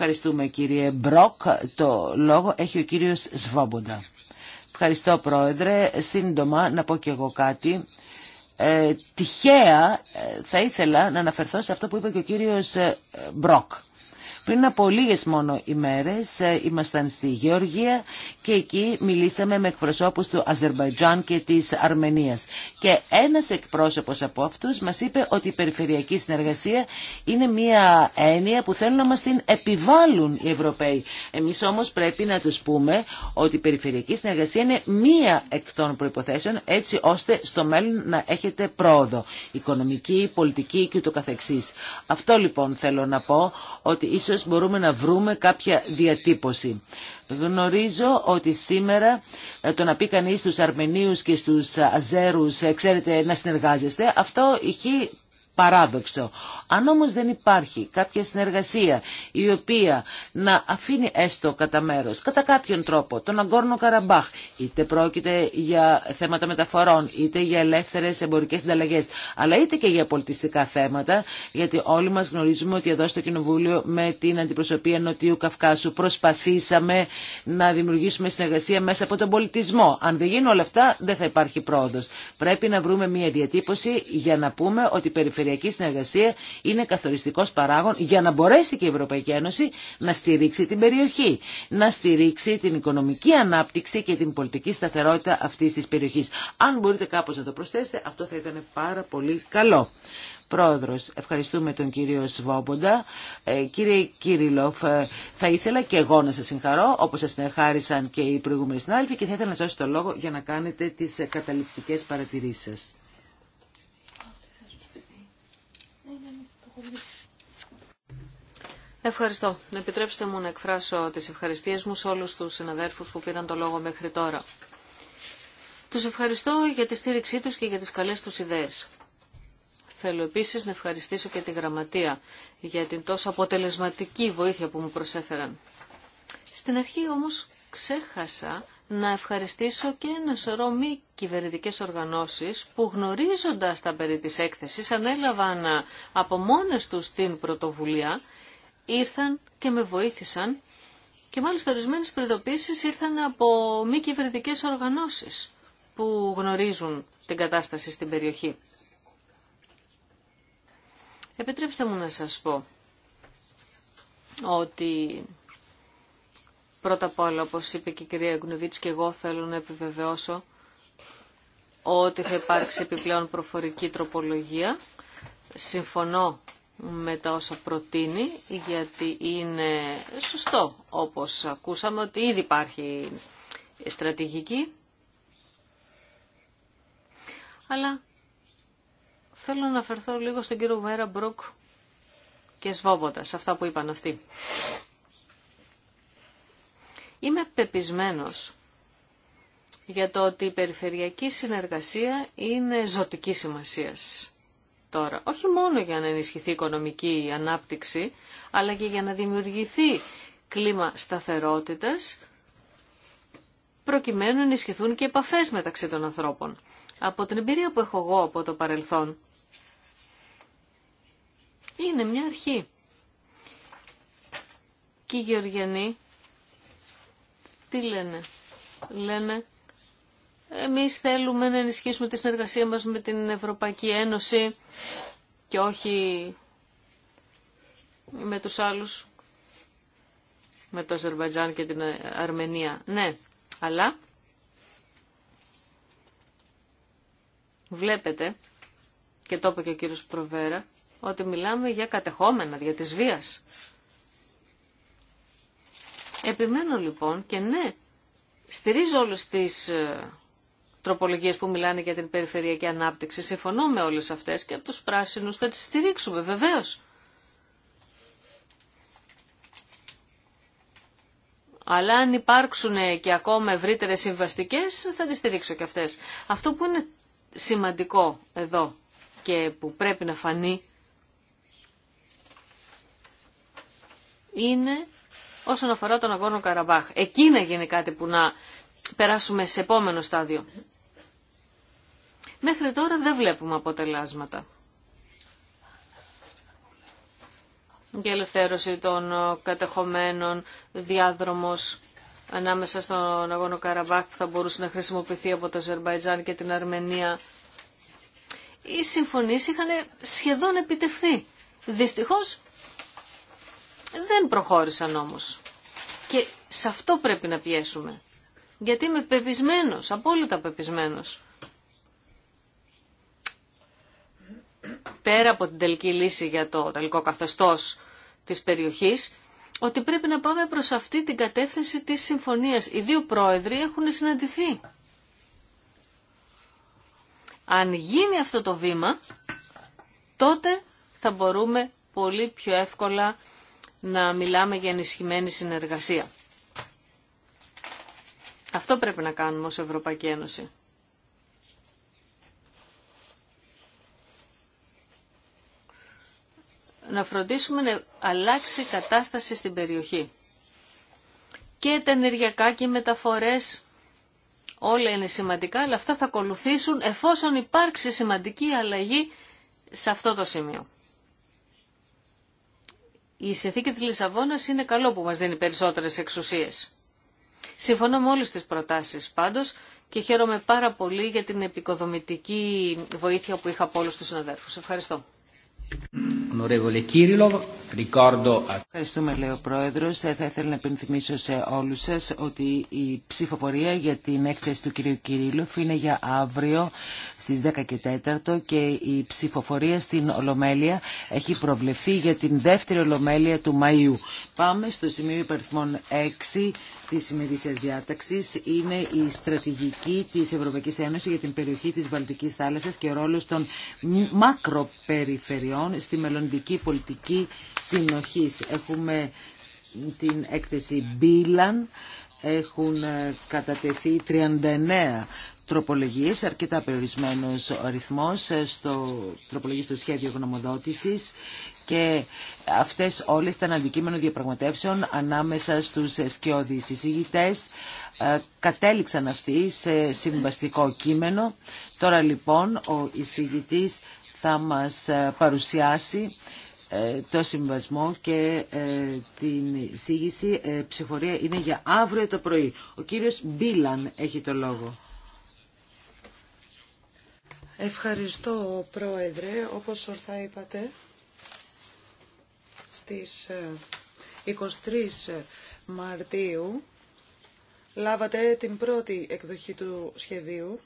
Ευχαριστούμε κύριε Μπροκ. Το λόγο έχει ο κύριος Σβόμποντα. Ευχαριστώ πρόεδρε. Σύντομα να πω και εγώ κάτι. Ε, τυχαία ε, θα ήθελα να αναφερθώ σε αυτό που είπε και ο κύριος ε, Μπροκ. Πριν από λίγες μόνο ημέρες ε, ήμασταν στη Γεωργία και εκεί μιλήσαμε με εκπροσώπους του Αζερβαϊτζάν και της Αρμενίας. Και ένας εκπρόσωπος από αυτούς μας είπε ότι η περιφερειακή συνεργασία είναι μια έννοια που θέλουν να μας την επιβάλλουν οι Ευρωπαίοι. Εμείς όμως πρέπει να τους πούμε ότι η περιφερειακή συνεργασία είναι μία εκ των προϋποθέσεων έτσι ώστε στο μέλλον να έχετε πρόοδο. Οικονομική, πολιτική και ούτω καθεξής. Αυτό λοιπόν θέλω να πω ότι μπορούμε να βρούμε κάποια διατύπωση. Γνωρίζω ότι σήμερα ε, το να πει κανεί στους Αρμενίους και στους Αζέρους ε, ξέρετε να συνεργάζεστε, αυτό είχε παράδοξο. Αν όμως δεν υπάρχει κάποια συνεργασία η οποία να αφήνει έστω κατά μέρος, κατά κάποιον τρόπο, τον Αγκόρνο Καραμπάχ, είτε πρόκειται για θέματα μεταφορών, είτε για ελεύθερες εμπορικές συνταλλαγές, αλλά είτε και για πολιτιστικά θέματα, γιατί όλοι μας γνωρίζουμε ότι εδώ στο Κοινοβούλιο με την αντιπροσωπεία Νοτιού Καυκάσου προσπαθήσαμε να δημιουργήσουμε συνεργασία μέσα από τον πολιτισμό. Αν δεν γίνουν όλα αυτά, δεν θα υπάρχει πρόοδος. Πρέπει να βρούμε μια διατύπωση για να πούμε ότι η περιφερειακή συνεργασία είναι καθοριστικός παράγων για να μπορέσει και η Ευρωπαϊκή Ένωση να στηρίξει την περιοχή, να στηρίξει την οικονομική ανάπτυξη και την πολιτική σταθερότητα αυτής της περιοχής. Αν μπορείτε κάπως να το προσθέσετε, αυτό θα ήταν πάρα πολύ καλό. Πρόεδρος, ευχαριστούμε τον κύριο Σβόμποντα. Ε, κύριε Κύριλοφ, ε, θα ήθελα και εγώ να σας συγχαρώ, όπως σας συνεχάρισαν και οι προηγούμενοι συνάδελφοι και θα ήθελα να σας δώσω το λόγο για να κάνετε τις ε, καταληπτικές παρατηρήσεις σας. Ευχαριστώ. Επιτρέψτε μου να εκφράσω τις ευχαριστίες μου σε όλους τους συναδέρφους που πήραν το λόγο μέχρι τώρα. Τους ευχαριστώ για τη στήριξή τους και για τις καλές τους ιδέες. Θέλω επίσης να ευχαριστήσω και τη Γραμματεία για την τόσο αποτελεσματική βοήθεια που μου προσέφεραν. Στην αρχή όμως ξέχασα να ευχαριστήσω και ένα σωρό μη κυβερνητικέ οργανώσεις που γνωρίζοντας τα περί της έκθεσης ανέλαβαν από μόνες τους την πρωτοβουλία, ήρθαν και με βοήθησαν και μάλιστα ορισμένε προειδοποίησει ήρθαν από μη κυβερνητικέ οργανώσεις που γνωρίζουν την κατάσταση στην περιοχή. Επιτρέψτε μου να σας πω ότι Πρώτα απ' όλα, όπως είπε και η κυρία Γκνουβίτς και εγώ θέλω να επιβεβαιώσω ότι θα υπάρξει επιπλέον προφορική τροπολογία. Συμφωνώ με τα όσα προτείνει, γιατί είναι σωστό, όπως ακούσαμε, ότι ήδη υπάρχει στρατηγική. Αλλά θέλω να αφαιρθώ λίγο στον κύριο Μέρα Μπροκ και σβόμποτα σε αυτά που είπαν αυτοί. Είμαι πεπισμένος για το ότι η περιφερειακή συνεργασία είναι ζωτική σημασίας τώρα. Όχι μόνο για να ενισχυθεί η οικονομική ανάπτυξη, αλλά και για να δημιουργηθεί κλίμα σταθερότητας, προκειμένου να ενισχυθούν και επαφές μεταξύ των ανθρώπων. Από την εμπειρία που έχω εγώ από το παρελθόν, είναι μια αρχή. Και οι τι λένε. Λένε εμείς θέλουμε να ενισχύσουμε τη συνεργασία μας με την Ευρωπαϊκή Ένωση και όχι με τους άλλους, με το Αζερβαϊτζάν και την Αρμενία. Ναι, αλλά βλέπετε, και το είπε και ο κύριος Προβέρα, ότι μιλάμε για κατεχόμενα, για της βίας. Επιμένω λοιπόν και ναι, στηρίζω όλες τις ε, τροπολογίες που μιλάνε για την περιφερειακή ανάπτυξη. Συμφωνώ με όλες αυτές και από τους πράσινους θα τις στηρίξουμε βεβαίως. Αλλά αν υπάρξουν και ακόμα ευρύτερε συμβαστικέ, θα τις στηρίξω και αυτές. Αυτό που είναι σημαντικό εδώ και που πρέπει να φανεί είναι όσον αφορά τον αγώνο Καραμπάχ. Εκεί να γίνει κάτι που να περάσουμε σε επόμενο στάδιο. Μέχρι τώρα δεν βλέπουμε αποτελάσματα. Και ελευθέρωση των κατεχομένων, διάδρομος ανάμεσα στον αγώνο Καραμπάχ που θα μπορούσε να χρησιμοποιηθεί από το Αζερβαϊτζάν και την Αρμενία. Οι συμφωνίες είχαν σχεδόν επιτευχθεί. Δυστυχώς δεν προχώρησαν όμως. Και σε αυτό πρέπει να πιέσουμε. Γιατί είμαι πεπισμένος, απόλυτα πεπισμένος. Πέρα από την τελική λύση για το τελικό καθεστώς της περιοχής, ότι πρέπει να πάμε προς αυτή την κατεύθυνση της συμφωνίας. Οι δύο πρόεδροι έχουν συναντηθεί. Αν γίνει αυτό το βήμα, τότε θα μπορούμε πολύ πιο εύκολα να μιλάμε για ενισχυμένη συνεργασία. Αυτό πρέπει να κάνουμε ως Ευρωπαϊκή Ένωση. Να φροντίσουμε να αλλάξει η κατάσταση στην περιοχή. Και τα ενεργειακά και οι μεταφορές όλα είναι σημαντικά, αλλά αυτά θα ακολουθήσουν εφόσον υπάρξει σημαντική αλλαγή σε αυτό το σημείο η συνθήκη της Λισαβόνας είναι καλό που μας δίνει περισσότερες εξουσίες. Συμφωνώ με όλες τις προτάσεις πάντως και χαίρομαι πάρα πολύ για την επικοδομητική βοήθεια που είχα από όλους τους συναδέρφους. Ευχαριστώ. Ευχαριστούμε, λέει ο Πρόεδρο. Ε, θα ήθελα να υπενθυμίσω σε όλου σα ότι η ψηφοφορία για την έκθεση του κυρίου Κυρίλοφ είναι για αύριο στι 10 και 4 και η ψηφοφορία στην Ολομέλεια έχει προβλεφθεί για την δεύτερη Ολομέλεια του Μαΐου. Πάμε στο σημείο υπερθμών 6 της ημερήσιας διάταξης είναι η στρατηγική της Ευρωπαϊκής Ένωσης για την περιοχή της Βαλτικής θάλασσας και ο ρόλος των μακροπεριφερειών στη μελλοντική πολιτική συνοχής. Έχουμε την έκθεση Μπίλαν, έχουν ε, κατατεθεί 39 τροπολογίες, αρκετά περιορισμένος ο αριθμός ε, στο τροπολογίες σχέδιο γνωμοδότησης και αυτές όλες ήταν αντικείμενο διαπραγματεύσεων ανάμεσα στους σκιώδεις εισηγητές. Ε, κατέληξαν αυτοί σε συμβαστικό κείμενο. Τώρα λοιπόν ο εισηγητής θα μας ε, παρουσιάσει ε, το συμβασμό και την εισήγηση. Ψηφορία είναι για αύριο το πρωί. Ο κύριος Μπίλαν έχει το λόγο. Ευχαριστώ, Πρόεδρε. Όπως ορθά είπατε, στις 23 ε, ε, Μαρτίου λάβατε την πρώτη εκδοχή του σχεδίου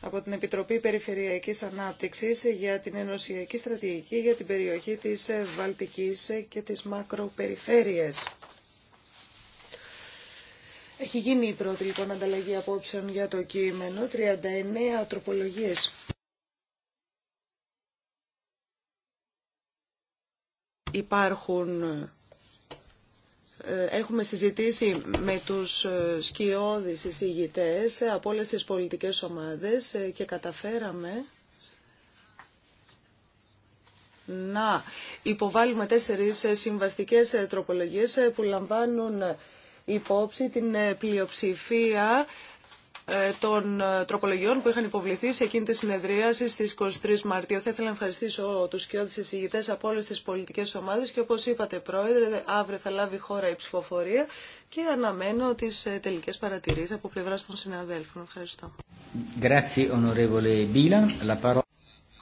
από την Επιτροπή Περιφερειακής Ανάπτυξης για την Ενωσιακή Στρατηγική για την περιοχή της ε, Βαλτικής και της Μακροπεριφέρειας. Έχει γίνει η πρώτη λοιπόν ανταλλαγή απόψεων για το κείμενο, 39 τροπολογίες. υπάρχουν ε, έχουμε συζητήσει με τους ε, σκιώδεις εισηγητές από όλες τις πολιτικές ομάδες ε, και καταφέραμε να υποβάλουμε τέσσερις συμβαστικές τροπολογίες που λαμβάνουν υπόψη την πλειοψηφία ε, των ε, τροπολογιών που είχαν υποβληθεί σε εκείνη τη συνεδρίαση στις 23 Μαρτίου. Θα ήθελα να ευχαριστήσω τους κοιότητες εισηγητές από όλες τις πολιτικές ομάδες και όπως είπατε πρόεδρε, αύριο θα λάβει χώρα η ψηφοφορία και αναμένω τις ε, τελικές παρατηρήσεις από πλευρά των συναδέλφων. Ευχαριστώ.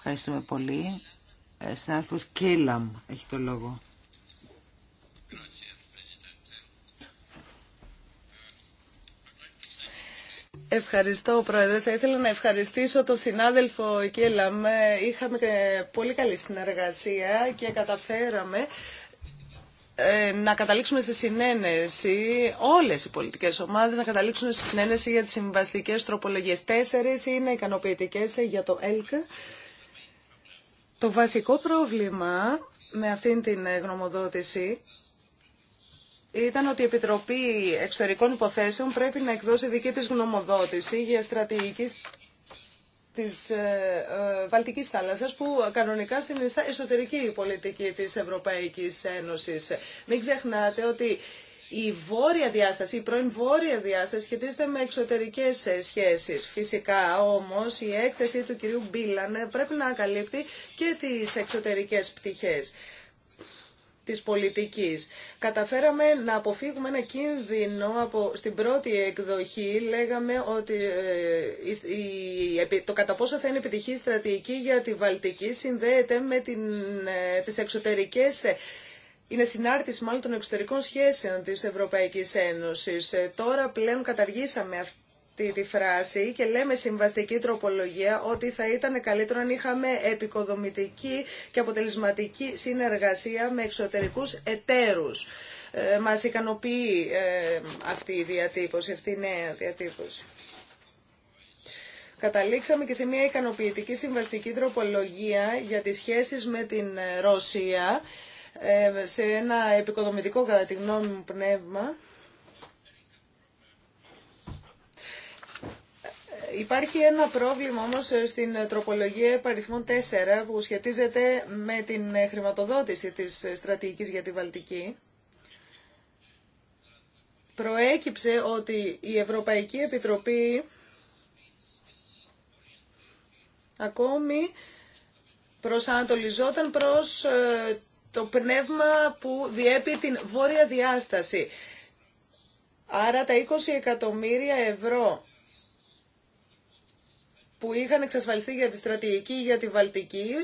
Ευχαριστούμε πολύ. Συνάδελφος Κίλαμ έχει το λόγο. Ευχαριστώ, Πρόεδρε. Θα ήθελα να ευχαριστήσω τον συνάδελφο Κέλαμ. Είχαμε πολύ καλή συνεργασία και καταφέραμε ε, να καταλήξουμε σε συνένεση, όλες οι πολιτικές ομάδες να καταλήξουν σε συνένεση για τις συμβαστικές τροπολογίες. Τέσσερις είναι ικανοποιητικές για το ΕΛΚ. Το βασικό πρόβλημα με αυτήν την γνωμοδότηση ήταν ότι η Επιτροπή Εξωτερικών Υποθέσεων πρέπει να εκδώσει δική της γνωμοδότηση για στρατηγική της ε, ε, Βαλτικής θάλασσας που κανονικά συνιστά εσωτερική πολιτική της Ευρωπαϊκής Ένωσης. Μην ξεχνάτε ότι η βόρεια διάσταση, η πρώην βόρεια διάσταση σχετίζεται με εξωτερικές ε, σχέσεις. Φυσικά όμως η έκθεση του κυρίου Μπίλαν πρέπει να καλύπτει και τις εξωτερικές πτυχές της πολιτικής. Καταφέραμε να αποφύγουμε ένα κίνδυνο από, στην πρώτη εκδοχή. Λέγαμε ότι ε, το κατά πόσο θα είναι επιτυχή στρατηγική για τη Βαλτική συνδέεται με την, ε, τις εξωτερικές ε, είναι συνάρτηση μάλλον των εξωτερικών σχέσεων της Ευρωπαϊκής Ένωσης. Ε, τώρα πλέον καταργήσαμε αυτή Τη τη φράση και λέμε συμβαστική τροπολογία ότι θα ήταν καλύτερο αν είχαμε επικοδομητική και αποτελεσματική συνεργασία με εξωτερικούς εταίρους. Ε, μας ικανοποιεί ε, αυτή η διατύπωση, αυτή η νέα διατύπωση. Καταλήξαμε και σε μια ικανοποιητική συμβαστική τροπολογία για τις σχέσεις με την Ρωσία ε, σε ένα επικοδομητικό κατά τη γνώμη μου πνεύμα. Υπάρχει ένα πρόβλημα όμως ε, στην τροπολογία επαριθμών 4 που σχετίζεται με την ε, χρηματοδότηση της ε, στρατηγικής για τη Βαλτική. Προέκυψε ότι η Ευρωπαϊκή Επιτροπή ακόμη προσανατολιζόταν προς το πνεύμα που διέπει την βόρεια διάσταση. Άρα τα 20 εκατομμύρια ευρώ που είχαν εξασφαλιστεί για τη στρατηγική ή για τη Βαλτική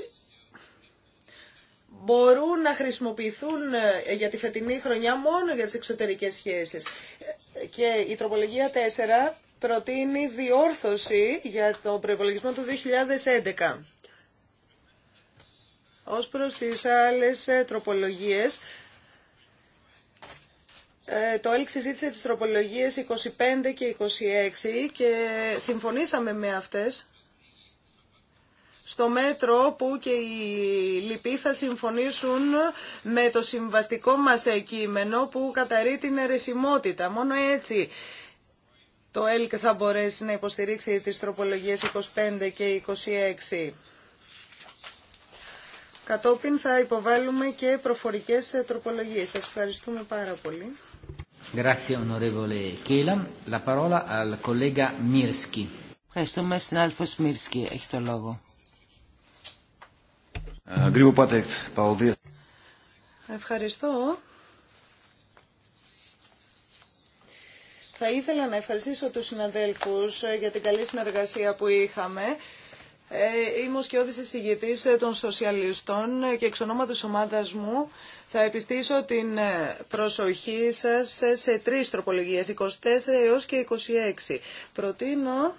μπορούν να χρησιμοποιηθούν ε, για τη φετινή χρονιά μόνο για τις εξωτερικές σχέσεις. Και η τροπολογία 4 προτείνει διόρθωση για το προϋπολογισμό του 2011. Ως προς τις άλλες ε, τροπολογίες, ε, το ΕΛΚ συζήτησε τις τροπολογίες 25 και 26 και συμφωνήσαμε με αυτές στο μέτρο που και οι λοιποί θα συμφωνήσουν με το συμβαστικό μας κείμενο που καταρρεί την αιρεσιμότητα. Μόνο έτσι το ΕΛΚ θα μπορέσει να υποστηρίξει τις τροπολογίες 25 και 26. Κατόπιν θα υποβάλουμε και προφορικές τροπολογίες. Σας ευχαριστούμε πάρα πολύ. Ευχαριστούμε στην Άλφος Μίρσκι. Έχει το λόγο. Ευχαριστώ. Θα ήθελα να ευχαριστήσω τους συναδέλφους για την καλή συνεργασία που είχαμε. Ε, είμαι ο σκιώδης εισηγητής ε, των σοσιαλιστών ε, και εξ ονόματος ομάδας μου θα επιστήσω την προσοχή σας σε τρεις τροπολογίες, 24 έως και 26. Προτείνω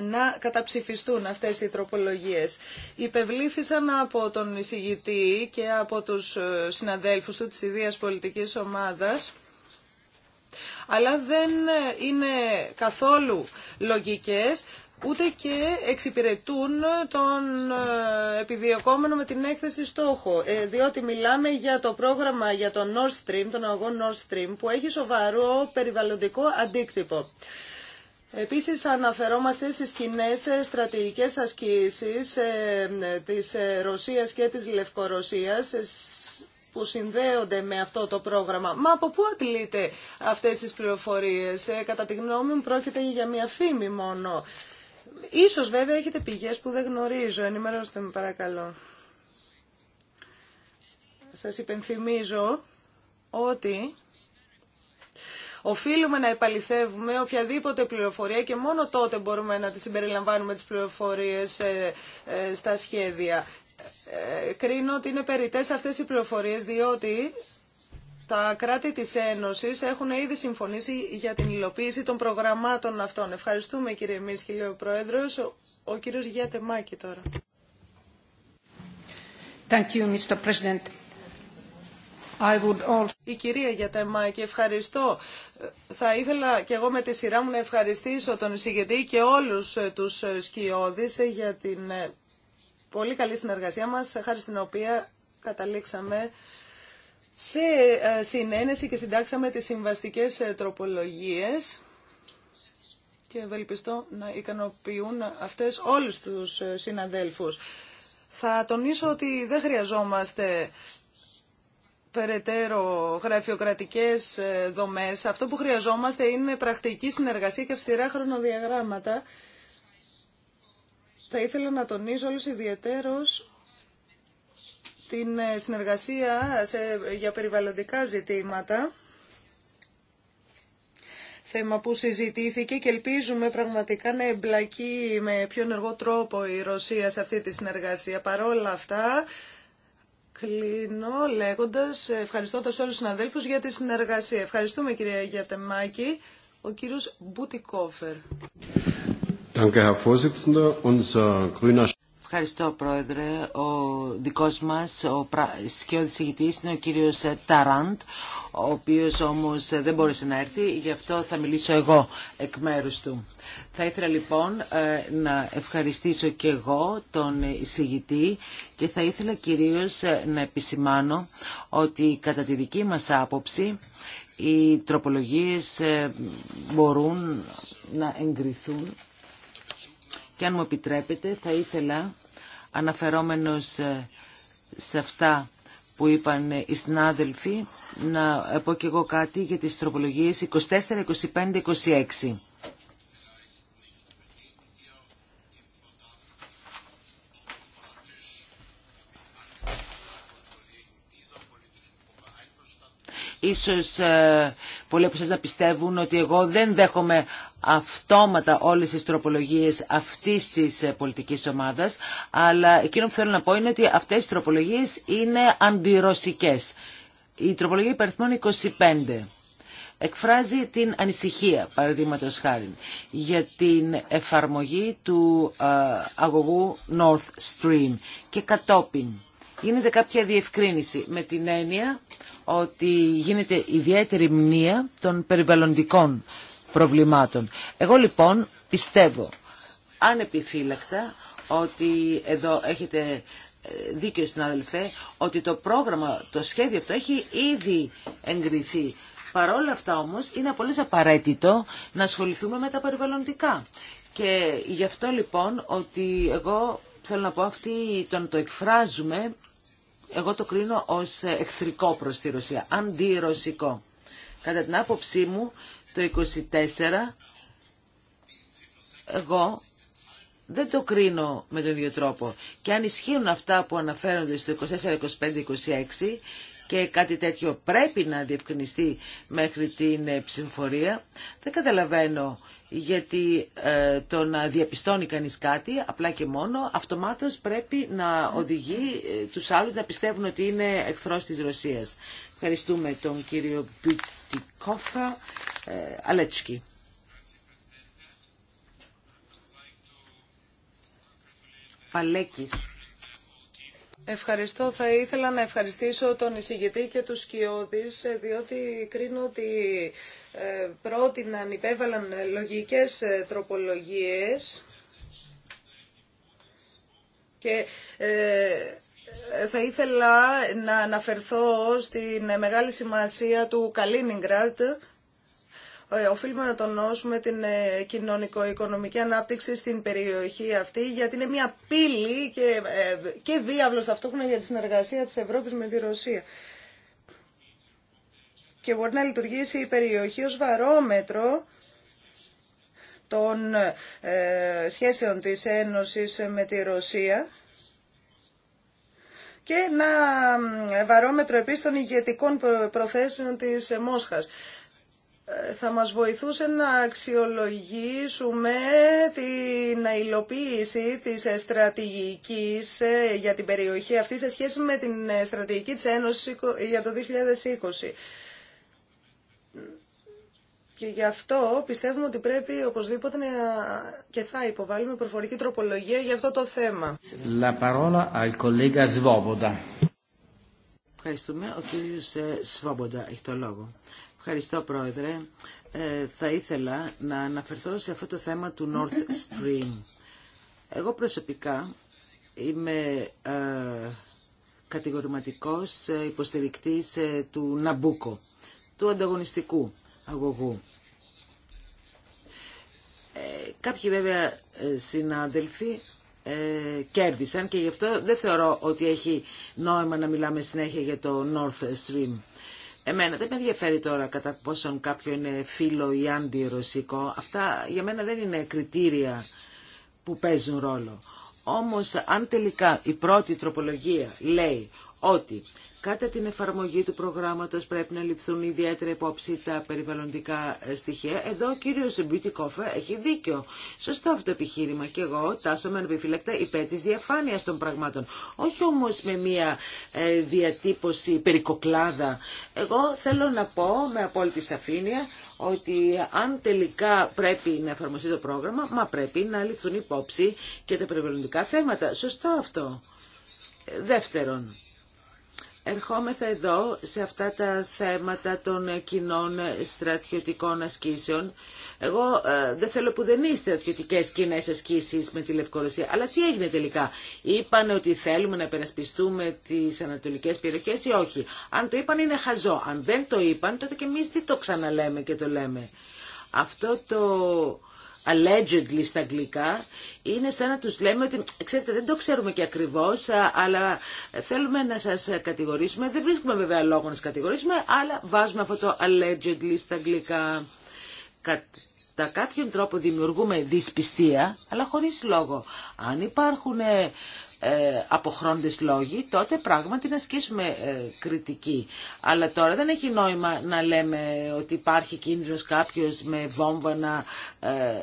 να καταψηφιστούν αυτές οι τροπολογίες. Υπευλήθησαν από τον εισηγητή και από τους συναδέλφους του της ιδίας πολιτικής ομάδας αλλά δεν είναι καθόλου λογικές ούτε και εξυπηρετούν τον ε, επιδιωκόμενο με την έκθεση στόχο. Ε, διότι μιλάμε για το πρόγραμμα για τον Nord Stream, τον αγώνα Nord Stream, που έχει σοβαρό περιβαλλοντικό αντίκτυπο. Επίσης αναφερόμαστε στις κοινέ στρατηγικές ασκήσεις ε, της Ρωσίας και της Λευκορωσίας που συνδέονται με αυτό το πρόγραμμα. Μα από πού αντιλείται αυτές τις πληροφορίες. Κατά τη γνώμη μου πρόκειται για μια φήμη μόνο. Ίσως βέβαια έχετε πηγές που δεν γνωρίζω. Ενημερώστε με παρακαλώ. Σας υπενθυμίζω ότι οφείλουμε να επαληθεύουμε οποιαδήποτε πληροφορία και μόνο τότε μπορούμε να τις συμπεριλαμβάνουμε τις πληροφορίες ε, ε, στα σχέδια. Ε, κρίνω ότι είναι περιττές αυτές οι πληροφορίες διότι τα κράτη της Ένωσης έχουν ήδη συμφωνήσει για την υλοποίηση των προγραμμάτων αυτών. Ευχαριστούμε κύριε Μίσχη, κύριε Πρόεδρος. Ο κύριος Γιάτε Μάκη τώρα. Thank you, Mr. President. I would also... Η κυρία Γιατεμάκη, ευχαριστώ. Θα ήθελα και εγώ με τη σειρά μου να ευχαριστήσω τον εισηγητή και όλους τους σκιώδεις για την πολύ καλή συνεργασία μας, χάρη στην οποία καταλήξαμε σε ε, συνένεση και συντάξαμε τις συμβαστικές ε, τροπολογίες και ευελπιστώ να ικανοποιούν αυτές όλους τους ε, συναδέλφους. Θα τονίσω ότι δεν χρειαζόμαστε περαιτέρω γραφειοκρατικές δομές. Αυτό που χρειαζόμαστε είναι πρακτική συνεργασία και αυστηρά χρονοδιαγράμματα. Θα ήθελα να τονίσω όλους ιδιαίτερος την ε, συνεργασία σε, για περιβαλλοντικά ζητήματα θέμα που συζητήθηκε και ελπίζουμε πραγματικά να εμπλακεί με πιο ενεργό τρόπο η Ρωσία σε αυτή τη συνεργασία. Παρόλα αυτά, κλείνω λέγοντας, τους όλους τους συναδέλφους για τη συνεργασία. Ευχαριστούμε κυρία Γιατεμάκη. Ο κύριος Μπουτικόφερ. Ευχαριστώ Πρόεδρε. Ο δικός μας ο σκιώδης ηγητής είναι ο κύριος Ταραντ, ο οποίος όμως δεν μπόρεσε να έρθει, γι' αυτό θα μιλήσω εγώ εκ μέρους του. Θα ήθελα λοιπόν ε, να ευχαριστήσω και εγώ τον εισηγητή και θα ήθελα κυρίως ε, να επισημάνω ότι κατά τη δική μας άποψη οι τροπολογίες ε, μπορούν να εγκριθούν και αν μου επιτρέπετε θα ήθελα αναφερόμενος ε, σε αυτά που είπαν ε, οι συνάδελφοι να πω και εγώ κάτι για τις τροπολογίες 24, 25, 26. Ίσως ε, Πολλοί από εσάς να πιστεύουν ότι εγώ δεν δέχομαι αυτόματα όλες τις τροπολογίες αυτής της ε, πολιτικής ομάδας, αλλά εκείνο που θέλω να πω είναι ότι αυτές οι τροπολογίες είναι αντιρωσικές. Η τροπολογία υπερθμών 25 εκφράζει την ανησυχία, παραδείγματο χάρη, για την εφαρμογή του ε, αγωγού North Stream και κατόπιν γίνεται κάποια διευκρίνηση με την έννοια ότι γίνεται ιδιαίτερη μνήμα των περιβαλλοντικών προβλημάτων. Εγώ λοιπόν πιστεύω ανεπιφύλακτα ότι εδώ έχετε ε, δίκιο στην αδελφέ ότι το πρόγραμμα, το σχέδιο αυτό έχει ήδη εγκριθεί. Παρόλα αυτά όμως είναι απολύτως απαραίτητο να ασχοληθούμε με τα περιβαλλοντικά. Και γι' αυτό λοιπόν ότι εγώ θέλω να πω αυτή, τον το εκφράζουμε εγώ το κρίνω ως ε, εχθρικό προς τη Ρωσία, αντιρωσικό. Κατά την άποψή μου, το 24, εγώ δεν το κρίνω με τον ίδιο τρόπο. Και αν ισχύουν αυτά που αναφέρονται στο 24, 25, 26 και κάτι τέτοιο πρέπει να διευκρινιστεί μέχρι την ε, ψηφοφορία, δεν καταλαβαίνω γιατί ε, το να διαπιστώνει κανείς κάτι απλά και μόνο αυτομάτως πρέπει να οδηγεί ε, τους άλλους να πιστεύουν ότι είναι εχθρός της Ρωσίας. Ευχαριστούμε τον κύριο Πιτικόφα ε, Αλέτσκι. Παλέκης. Ευχαριστώ. Θα ήθελα να ευχαριστήσω τον εισηγητή και τους σκιώδεις, ε, διότι κρίνω ότι ε, πρότειναν, υπέβαλαν λογικές ε, τροπολογίες και θα ήθελα να αναφερθώ στην μεγάλη σημασία του Καλίνιγκραντ ε, οφείλουμε να τονώσουμε την ε, κοινωνικο-οικονομική ανάπτυξη στην περιοχή αυτή, γιατί είναι μια πύλη και, ε, και αυτό ταυτόχρονα για τη συνεργασία της Ευρώπης με τη Ρωσία και μπορεί να λειτουργήσει η περιοχή ως βαρόμετρο των σχέσεων της Ένωσης με τη Ρωσία και ένα βαρόμετρο επίσης των ηγετικών προθέσεων της Μόσχας. Ε, θα μας βοηθούσε να αξιολογήσουμε την υλοποίηση της στρατηγικής ε, για την περιοχή αυτή σε σχέση με την ε, στρατηγική της Ένωσης για το 2020. Και γι' αυτό πιστεύουμε ότι πρέπει οπωσδήποτε να... και θα υποβάλουμε προφορική τροπολογία για αυτό το θέμα. La parola al collega Svoboda. Ευχαριστούμε. Ο κύριος Svoboda έχει το λόγο. Ευχαριστώ Πρόεδρε. Ε, θα ήθελα να αναφερθώ σε αυτό το θέμα του North Stream. Εγώ προσωπικά είμαι ε, κατηγορηματικός ε, υποστηρικτής ε, του Ναμπούκο, του ανταγωνιστικού αγωγού. Ε, κάποιοι βέβαια συνάδελφοι ε, κέρδισαν και γι' αυτό δεν θεωρώ ότι έχει νόημα να μιλάμε συνέχεια για το North Stream. Εμένα δεν με ενδιαφέρει τώρα κατά πόσον κάποιο είναι φίλο ή αντιρωσικό. Αυτά για μένα δεν είναι κριτήρια που παίζουν ρόλο. Όμως αν τελικά η πρώτη τροπολογία λέει ότι Κατά την εφαρμογή του προγράμματος πρέπει να ληφθούν ιδιαίτερα υπόψη τα περιβαλλοντικά ε, στοιχεία. Εδώ ο κύριος Μπιουτικόφε έχει δίκιο. Σωστό αυτό το επιχείρημα και εγώ τάσομαι ανεπιφύλακτα υπέρ της διαφάνειας των πραγμάτων. Όχι όμως με μια ε, διατύπωση περικοκλάδα. Εγώ θέλω να πω με απόλυτη σαφήνεια ότι αν τελικά πρέπει να εφαρμοστεί το πρόγραμμα, μα πρέπει να ληφθούν υπόψη και τα περιβαλλοντικά θέματα. Σωστό αυτό. Δεύτερον, ερχόμεθα εδώ σε αυτά τα θέματα των κοινών στρατιωτικών ασκήσεων. Εγώ ε, δεν θέλω που δεν είναι στρατιωτικές κοινέ ασκήσει με τη Λευκορωσία. Αλλά τι έγινε τελικά. Είπαν ότι θέλουμε να περασπιστούμε τις ανατολικές περιοχές ή όχι. Αν το είπαν είναι χαζό. Αν δεν το είπαν τότε και εμεί τι το ξαναλέμε και το λέμε. Αυτό το allegedly στα αγγλικά, είναι σαν να τους λέμε ότι, ξέρετε, δεν το ξέρουμε και ακριβώς, αλλά θέλουμε να σας κατηγορήσουμε. Δεν βρίσκουμε βέβαια λόγο να σας κατηγορήσουμε, αλλά βάζουμε αυτό το allegedly στα αγγλικά. Κατά κάποιον τρόπο δημιουργούμε δυσπιστία, αλλά χωρίς λόγο. Αν υπάρχουν ε, ε, αποχρόντες λόγοι, τότε πράγματι να ασκήσουμε ε, κριτική. Αλλά τώρα δεν έχει νόημα να λέμε ότι υπάρχει κίνδυνος κάποιος με βόμβα να ε,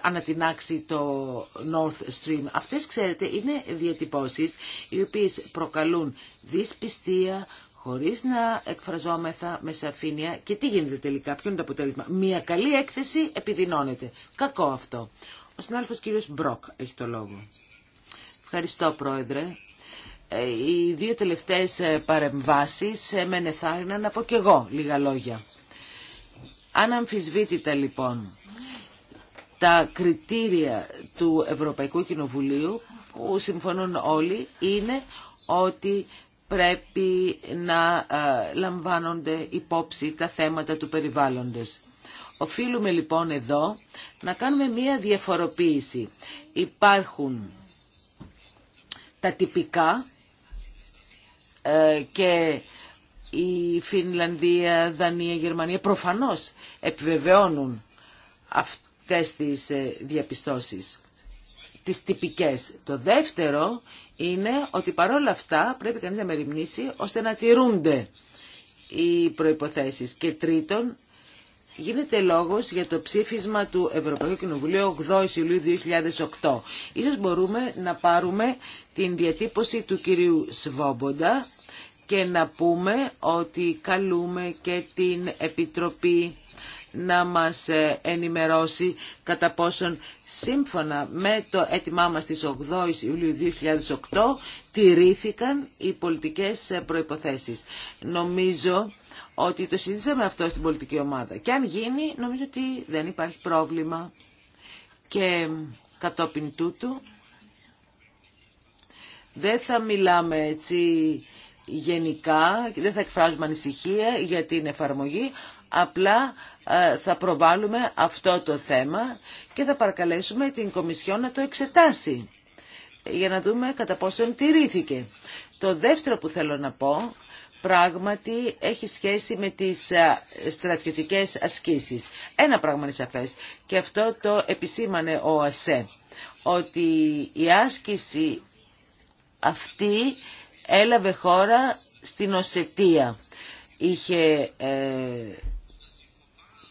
ανατινάξει το North Stream. Αυτές, ξέρετε, είναι διατυπώσεις οι οποίες προκαλούν δυσπιστία, χωρίς να εκφραζόμεθα με σαφήνεια. Και τι γίνεται τελικά, ποιο είναι το αποτέλεσμα. Μία καλή έκθεση επιδεινώνεται. Κακό αυτό. Ο συνάδελφος κύριος Μπροκ έχει το λόγο. Ευχαριστώ, Πρόεδρε. Ε, οι δύο τελευταίες ε, παρεμβάσεις με ενεθάρρυναν να πω και εγώ λίγα λόγια. Αναμφισβήτητα λοιπόν τα κριτήρια του Ευρωπαϊκού Κοινοβουλίου που συμφωνούν όλοι είναι ότι πρέπει να ε, λαμβάνονται υπόψη τα θέματα του περιβάλλοντος. Οφείλουμε λοιπόν εδώ να κάνουμε μία διαφοροποίηση. Υπάρχουν τα τυπικά ε, και η Φινλανδία, Δανία, Γερμανία προφανώς επιβεβαιώνουν αυτές τις ε, διαπιστώσεις, τις τυπικές. Το δεύτερο είναι ότι παρόλα αυτά πρέπει κανείς να μεριμνήσει ώστε να τηρούνται οι προϋποθέσεις. Και τρίτον, γίνεται λόγος για το ψήφισμα του Ευρωπαϊκού Κοινοβουλίου 8 Ιουλίου 2008. Ίσως μπορούμε να πάρουμε την διατύπωση του κυρίου Σβόμποντα και να πούμε ότι καλούμε και την Επιτροπή να μας ε, ενημερώσει κατά πόσον σύμφωνα με το έτοιμά μας της 8 Ιουλίου 2008 τηρήθηκαν οι πολιτικές ε, προϋποθέσεις. Νομίζω ότι το συζήτησαμε αυτό στην πολιτική ομάδα. Και αν γίνει, νομίζω ότι δεν υπάρχει πρόβλημα. Και κατόπιν τούτου, δεν θα μιλάμε έτσι γενικά, δεν θα εκφράζουμε ανησυχία για την εφαρμογή, απλά ε, θα προβάλλουμε αυτό το θέμα και θα παρακαλέσουμε την Κομισιό να το εξετάσει για να δούμε κατά πόσον τηρήθηκε. Το δεύτερο που θέλω να πω πράγματι έχει σχέση με τις ε, στρατιωτικές ασκήσεις. Ένα πράγμα είναι σαφές και αυτό το επισήμανε ο ΑΣΕ, ότι η άσκηση αυτή έλαβε χώρα στην Οσετία. Είχε ε,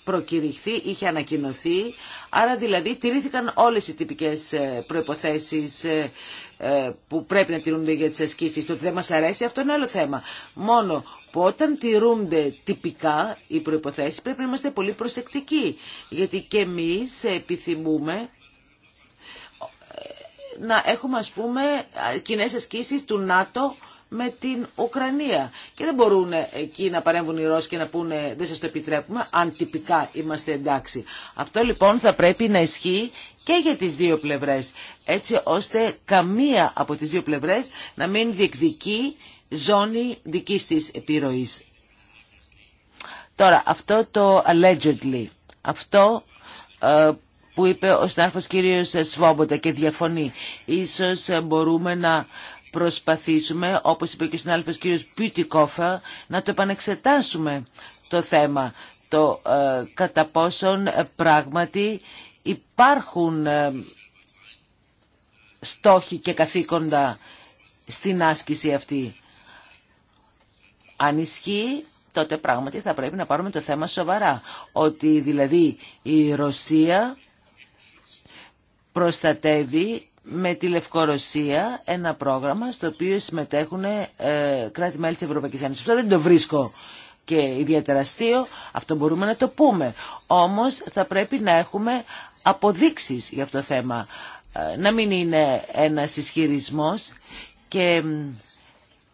προκηρυχθεί, είχε ανακοινωθεί, άρα δηλαδή τηρήθηκαν όλες οι τυπικές ε, προϋποθέσεις ε, ε, που πρέπει να τηρούνται για τις ασκήσεις. Το ότι δεν μας αρέσει αυτό είναι άλλο θέμα. Μόνο που όταν τηρούνται τυπικά οι προϋποθέσεις πρέπει να είμαστε πολύ προσεκτικοί, γιατί και εμείς επιθυμούμε να έχουμε ας πούμε κοινέ ασκήσεις του ΝΑΤΟ με την Ουκρανία. Και δεν μπορούν εκεί να παρέμβουν οι Ρώσοι και να πούνε δεν σας το επιτρέπουμε, αν τυπικά είμαστε εντάξει. Αυτό λοιπόν θα πρέπει να ισχύει και για τις δύο πλευρές, έτσι ώστε καμία από τις δύο πλευρές να μην διεκδικεί ζώνη δικής της επιρροής. Τώρα, αυτό το allegedly, αυτό ε, που είπε ο σταρφος κύριος Σβόμποτα και διαφωνεί. Ίσως μπορούμε να προσπαθήσουμε, όπως είπε και ο συνάδελφος κ. Πιουτικόφα, να το επανεξετάσουμε το θέμα, το ε, κατά πόσον ε, πράγματι υπάρχουν ε, στόχοι και καθήκοντα στην άσκηση αυτή. Αν ισχύει, τότε πράγματι θα πρέπει να πάρουμε το θέμα σοβαρά. Ότι δηλαδή η Ρωσία προστατεύει με τη Λευκορωσία ένα πρόγραμμα στο οποίο συμμετέχουν ε, κράτη-μέλη της Ευρωπαϊκής Ένωσης. Αυτό δεν το βρίσκω και ιδιαίτερα αστείο, αυτό μπορούμε να το πούμε. Όμως θα πρέπει να έχουμε αποδείξεις για αυτό το θέμα. Ε, να μην είναι ένας ισχυρισμός και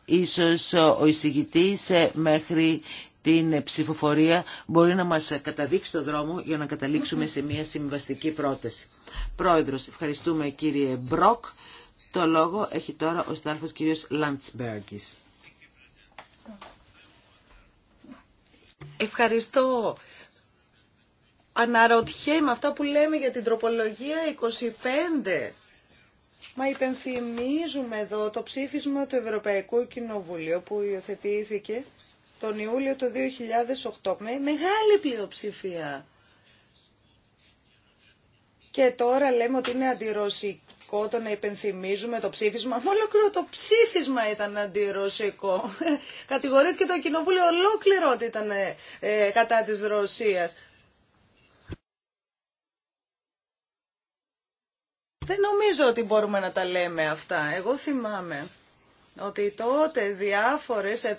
ίσως ο εισηγητής ε, μέχρι την ψηφοφορία μπορεί να μας καταδείξει το δρόμο για να καταλήξουμε σε μια συμβαστική πρόταση. Πρόεδρος, ευχαριστούμε κύριε Μπροκ. Το λόγο έχει τώρα ο στάλφος κύριος Λαντσμπέργκης. Ευχαριστώ. Αναρωτιέμαι αυτά που λέμε για την τροπολογία 25. Μα υπενθυμίζουμε εδώ το ψήφισμα του Ευρωπαϊκού Κοινοβουλίου που υιοθετήθηκε τον Ιούλιο του 2008 με μεγάλη πλειοψηφία. Και τώρα λέμε ότι είναι αντιρωσικό το να υπενθυμίζουμε το ψήφισμα. ολόκληρο το ψήφισμα ήταν αντιρωσικό. Κατηγορήθηκε το κοινοβούλιο ολόκληρο ότι ήταν ε, ε, κατά της Ρωσίας. Δεν νομίζω ότι μπορούμε να τα λέμε αυτά. Εγώ θυμάμαι ότι τότε διάφορες ε,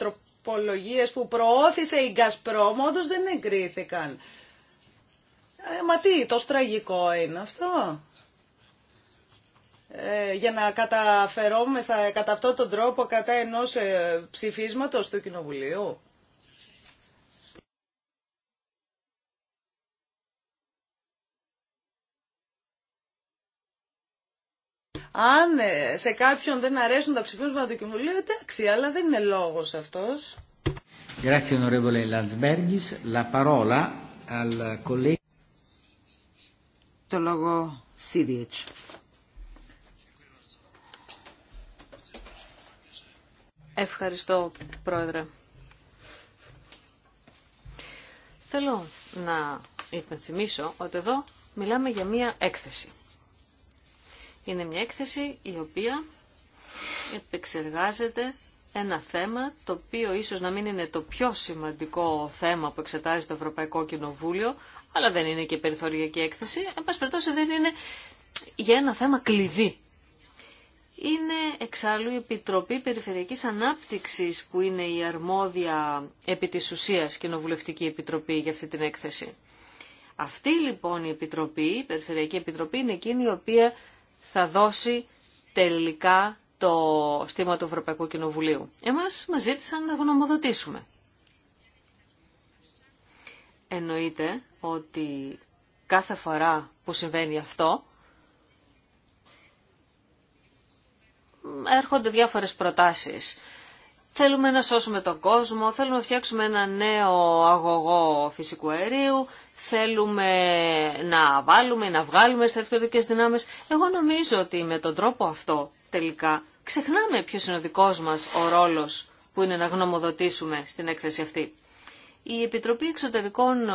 που προώθησε η Γκασπρόμ όντως δεν εγκρίθηκαν. Ε, μα τι, τόσο τραγικό είναι αυτό. Ε, για να καταφερόμεθα κατά αυτόν τον τρόπο κατά ενός ε, ψηφίσματος του Κοινοβουλίου. Αν ε, σε κάποιον δεν αρέσουν τα ψηφίσματα του Κοινοβουλίου, εντάξει, αλλά δεν είναι λόγος αυτός. Το λόγο Σίβιετς. Ευχαριστώ, Πρόεδρε. Θέλω να υπενθυμίσω ότι εδώ μιλάμε για μία έκθεση. Είναι μια έκθεση η οποία επεξεργάζεται ένα θέμα το οποίο ίσως να μην είναι το πιο σημαντικό θέμα που εξετάζει το Ευρωπαϊκό Κοινοβούλιο, αλλά δεν είναι και περιθωριακή έκθεση. Εν πάση περιπτώσει δεν είναι για ένα θέμα κλειδί. Είναι εξάλλου η Επιτροπή Περιφερειακής Ανάπτυξης που είναι η αρμόδια επί της ουσίας κοινοβουλευτική επιτροπή για αυτή την έκθεση. Αυτή λοιπόν η Επιτροπή, η Περιφερειακή Επιτροπή, είναι εκείνη η οποία θα δώσει τελικά το στήμα του Ευρωπαϊκού Κοινοβουλίου. Εμάς μας ζήτησαν να γνωμοδοτήσουμε. Εννοείται ότι κάθε φορά που συμβαίνει αυτό, έρχονται διάφορες προτάσεις. Θέλουμε να σώσουμε τον κόσμο, θέλουμε να φτιάξουμε ένα νέο αγωγό φυσικού αερίου, θέλουμε να βάλουμε, να βγάλουμε στρατιωτικές δυνάμεις. Εγώ νομίζω ότι με τον τρόπο αυτό τελικά ξεχνάμε ποιος είναι ο δικός μας ο ρόλος που είναι να γνωμοδοτήσουμε στην έκθεση αυτή. Η Επιτροπή Εξωτερικών ε,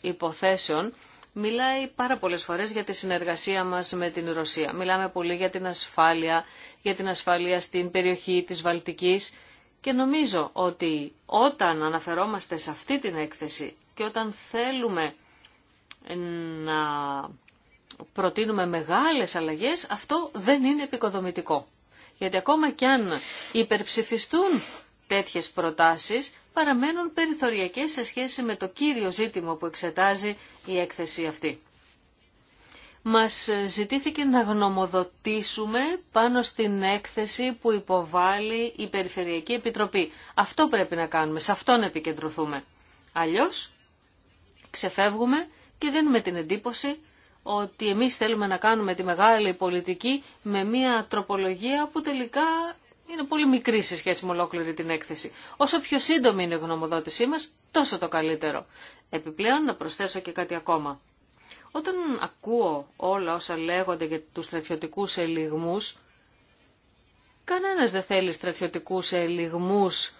Υποθέσεων μιλάει πάρα πολλές φορές για τη συνεργασία μας με την Ρωσία. Μιλάμε πολύ για την ασφάλεια, για την ασφάλεια στην περιοχή της Βαλτικής και νομίζω ότι όταν αναφερόμαστε σε αυτή την έκθεση και όταν θέλουμε να προτείνουμε μεγάλες αλλαγές, αυτό δεν είναι επικοδομητικό. Γιατί ακόμα κι αν υπερψηφιστούν τέτοιες προτάσεις, παραμένουν περιθωριακές σε σχέση με το κύριο ζήτημα που εξετάζει η έκθεση αυτή. Μας ζητήθηκε να γνωμοδοτήσουμε πάνω στην έκθεση που υποβάλλει η Περιφερειακή Επιτροπή. Αυτό πρέπει να κάνουμε, σε αυτόν επικεντρωθούμε. Αλλιώς ξεφεύγουμε και δίνουμε την εντύπωση ότι εμείς θέλουμε να κάνουμε τη μεγάλη πολιτική με μια τροπολογία που τελικά είναι πολύ μικρή σε σχέση με ολόκληρη την έκθεση. Όσο πιο σύντομη είναι η γνωμοδότησή μας, τόσο το καλύτερο. Επιπλέον να προσθέσω και κάτι ακόμα. Όταν ακούω όλα όσα λέγονται για τους στρατιωτικούς ελιγμούς, κανένας δεν θέλει στρατιωτικούς ελιγμούς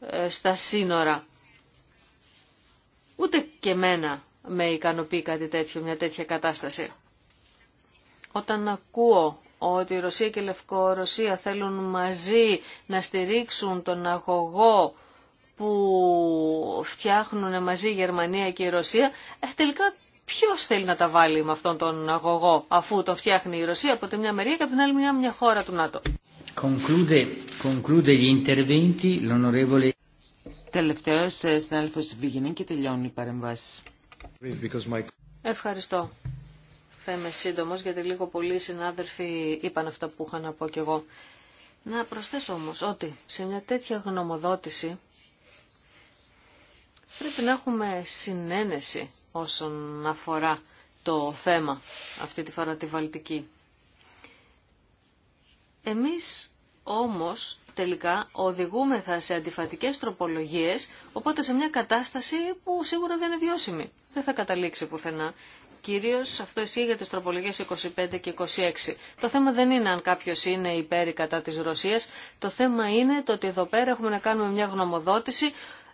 ε, στα σύνορα. Ούτε και μένα με ικανοποιεί κάτι τέτοιο, μια τέτοια κατάσταση. Όταν ακούω ότι η Ρωσία και η Λευκορωσία θέλουν μαζί να στηρίξουν τον αγωγό που φτιάχνουν μαζί η Γερμανία και η Ρωσία, ε, τελικά ποιο θέλει να τα βάλει με αυτόν τον αγωγό, αφού τον φτιάχνει η Ρωσία από τη μια μερία και από την άλλη μια, μια χώρα του ΝΑΤΟ. Conclude, conclude Τελευταίος ε, συνάδελφος Βιγενή και τελειώνει η παρεμβάση. Ευχαριστώ. Θα είμαι σύντομος γιατί λίγο πολλοί συνάδελφοι είπαν αυτά που είχα να πω κι εγώ. Να προσθέσω όμως ότι σε μια τέτοια γνωμοδότηση πρέπει να έχουμε συνένεση όσον αφορά το θέμα αυτή τη φορά τη Βαλτική. Εμείς όμως τελικά οδηγούμεθα σε αντιφατικές τροπολογίες, οπότε σε μια κατάσταση που σίγουρα δεν είναι βιώσιμη. Δεν θα καταλήξει πουθενά. Κυρίως αυτό ισχύει για τις τροπολογίες 25 και 26. Το θέμα δεν είναι αν κάποιος είναι υπέρ ή κατά της Ρωσίας. Το θέμα είναι το ότι εδώ πέρα έχουμε να κάνουμε μια γνωμοδότηση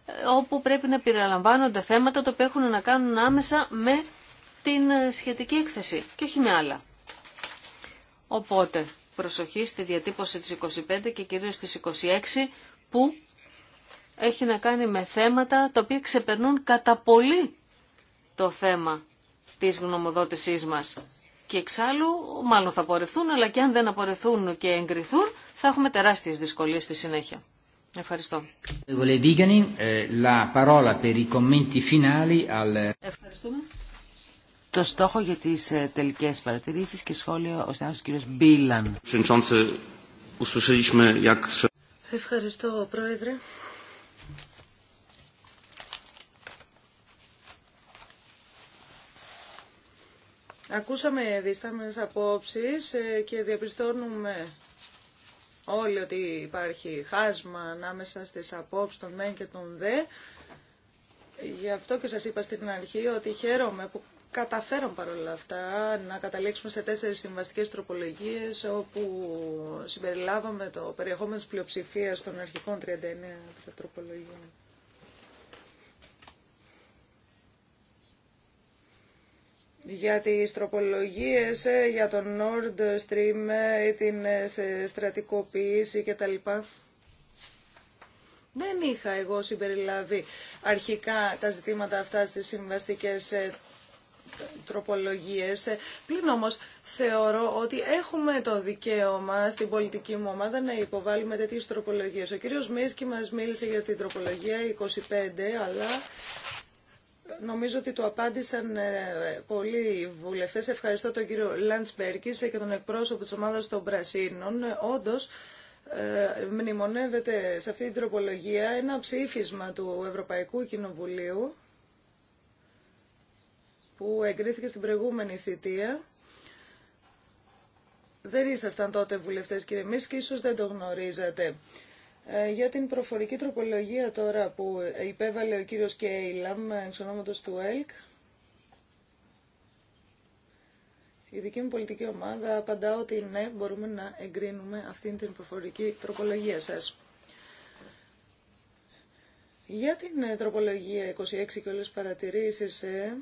ε, όπου πρέπει να περιλαμβάνονται θέματα τα οποία έχουν να κάνουν άμεσα με την ε, σχετική έκθεση και όχι με άλλα. Οπότε, προσοχή στη διατύπωση της 25 και κυρίως της 26 που έχει να κάνει με θέματα τα οποία ξεπερνούν κατά πολύ το θέμα της γνωμοδότησής μας. Και εξάλλου, μάλλον θα απορρευθούν, αλλά και αν δεν απορρευθούν και εγκριθούν, θα έχουμε τεράστιες δυσκολίες στη συνέχεια. Ευχαριστώ. Eh, Ευχαριστούμε το στόχο για τις ε, τελικές παρατηρήσεις και σχόλιο ο συνάδελφος κ. Μπίλαν. Ευχαριστώ, Πρόεδρε. Ακούσαμε διστάμενες απόψεις ε, και διαπιστώνουμε όλοι ότι υπάρχει χάσμα ανάμεσα στις απόψεις των μεν και των δε. Γι' αυτό και σας είπα στην αρχή ότι χαίρομαι που καταφέραμε παρόλα αυτά να καταλήξουμε σε τέσσερις συμβαστικές τροπολογίες όπου συμπεριλάβαμε το περιεχόμενο της πλειοψηφίας των αρχικών 39 τροπολογιών. για τις τροπολογίες, ε, για τον Nord Stream, ή ε, την ε, στρατικοποίηση κτλ. Δεν είχα εγώ συμπεριλάβει αρχικά τα ζητήματα αυτά στις συμβαστικές τροπολογίες. Πλην όμως θεωρώ ότι έχουμε το δικαίωμα στην πολιτική μου ομάδα να υποβάλουμε τέτοιες τροπολογίες. Ο κύριος Μίσκι μας μίλησε για την τροπολογία 25, αλλά νομίζω ότι το απάντησαν ε, πολλοί βουλευτές. Ευχαριστώ τον κύριο Λαντσπέρκης και τον εκπρόσωπο της ομάδας των Πρασίνων. Όντως, ε, μνημονεύεται σε αυτή την τροπολογία ένα ψήφισμα του Ευρωπαϊκού Κοινοβουλίου που εγκρίθηκε στην προηγούμενη θητεία. Δεν ήσασταν τότε βουλευτές κύριε Μίσκη, και ίσως δεν το γνωρίζατε. Ε, για την προφορική τροπολογία τώρα που υπέβαλε ο κύριος Κέιλαμ εξ ονόματος του ΕΛΚ, η δική μου πολιτική ομάδα απαντά ότι ναι, μπορούμε να εγκρίνουμε αυτήν την προφορική τροπολογία σας. Για την ε, τροπολογία 26 και όλες παρατηρήσεις, ε,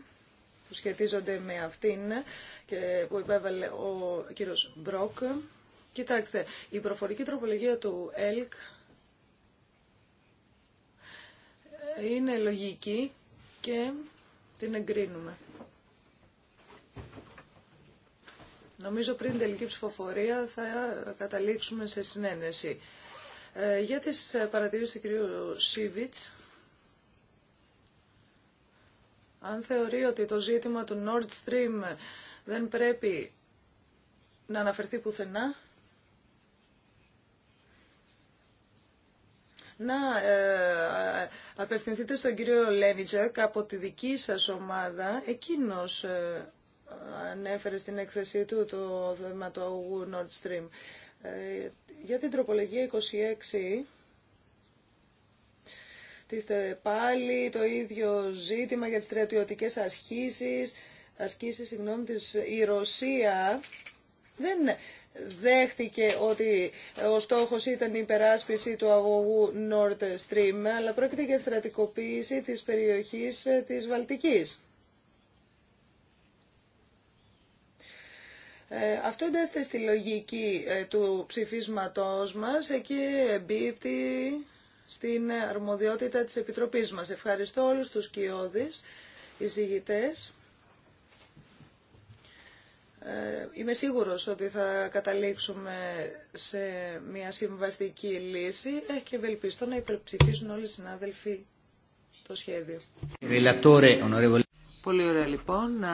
που σχετίζονται με αυτήν και που υπέβαλε ο κύριος Μπρόκ. Κοιτάξτε, η προφορική τροπολογία του ΕΛΚ είναι λογική και την εγκρίνουμε. Νομίζω πριν τελική ψηφοφορία θα καταλήξουμε σε συνένεση. Ε, για τις παρατηρήσεις του κυρίου Σίβιτς, αν θεωρεί ότι το ζήτημα του Nord Stream δεν πρέπει να αναφερθεί πουθενά, να ε, απευθυνθείτε στον κύριο Λένιτζακ από τη δική σας ομάδα. Εκείνος ε, ανέφερε στην έκθεσή του το θέμα του Nord Stream. Ε, για την τροπολογία 26 πάλι το ίδιο ζήτημα για τις στρατιωτικές ασκήσεις, ασκήσεις συγγνώμη, της, η Ρωσία δεν δέχτηκε ότι ο στόχος ήταν η υπεράσπιση του αγωγού Nord Stream, αλλά πρόκειται για στρατικοποίηση της περιοχής ε, της Βαλτικής. Ε, αυτό εντάσσεται στη λογική ε, του ψηφίσματός μας εκεί εμπίπτει στην αρμοδιότητα της Επιτροπής μας. Ευχαριστώ όλους τους κοιόδης, εισηγητές. Ε, είμαι σίγουρος ότι θα καταλήξουμε σε μια συμβαστική λύση ε, και ευελπιστώ να υπερψηφίσουν όλοι οι συνάδελφοι το σχέδιο. Πολύ ωραία λοιπόν να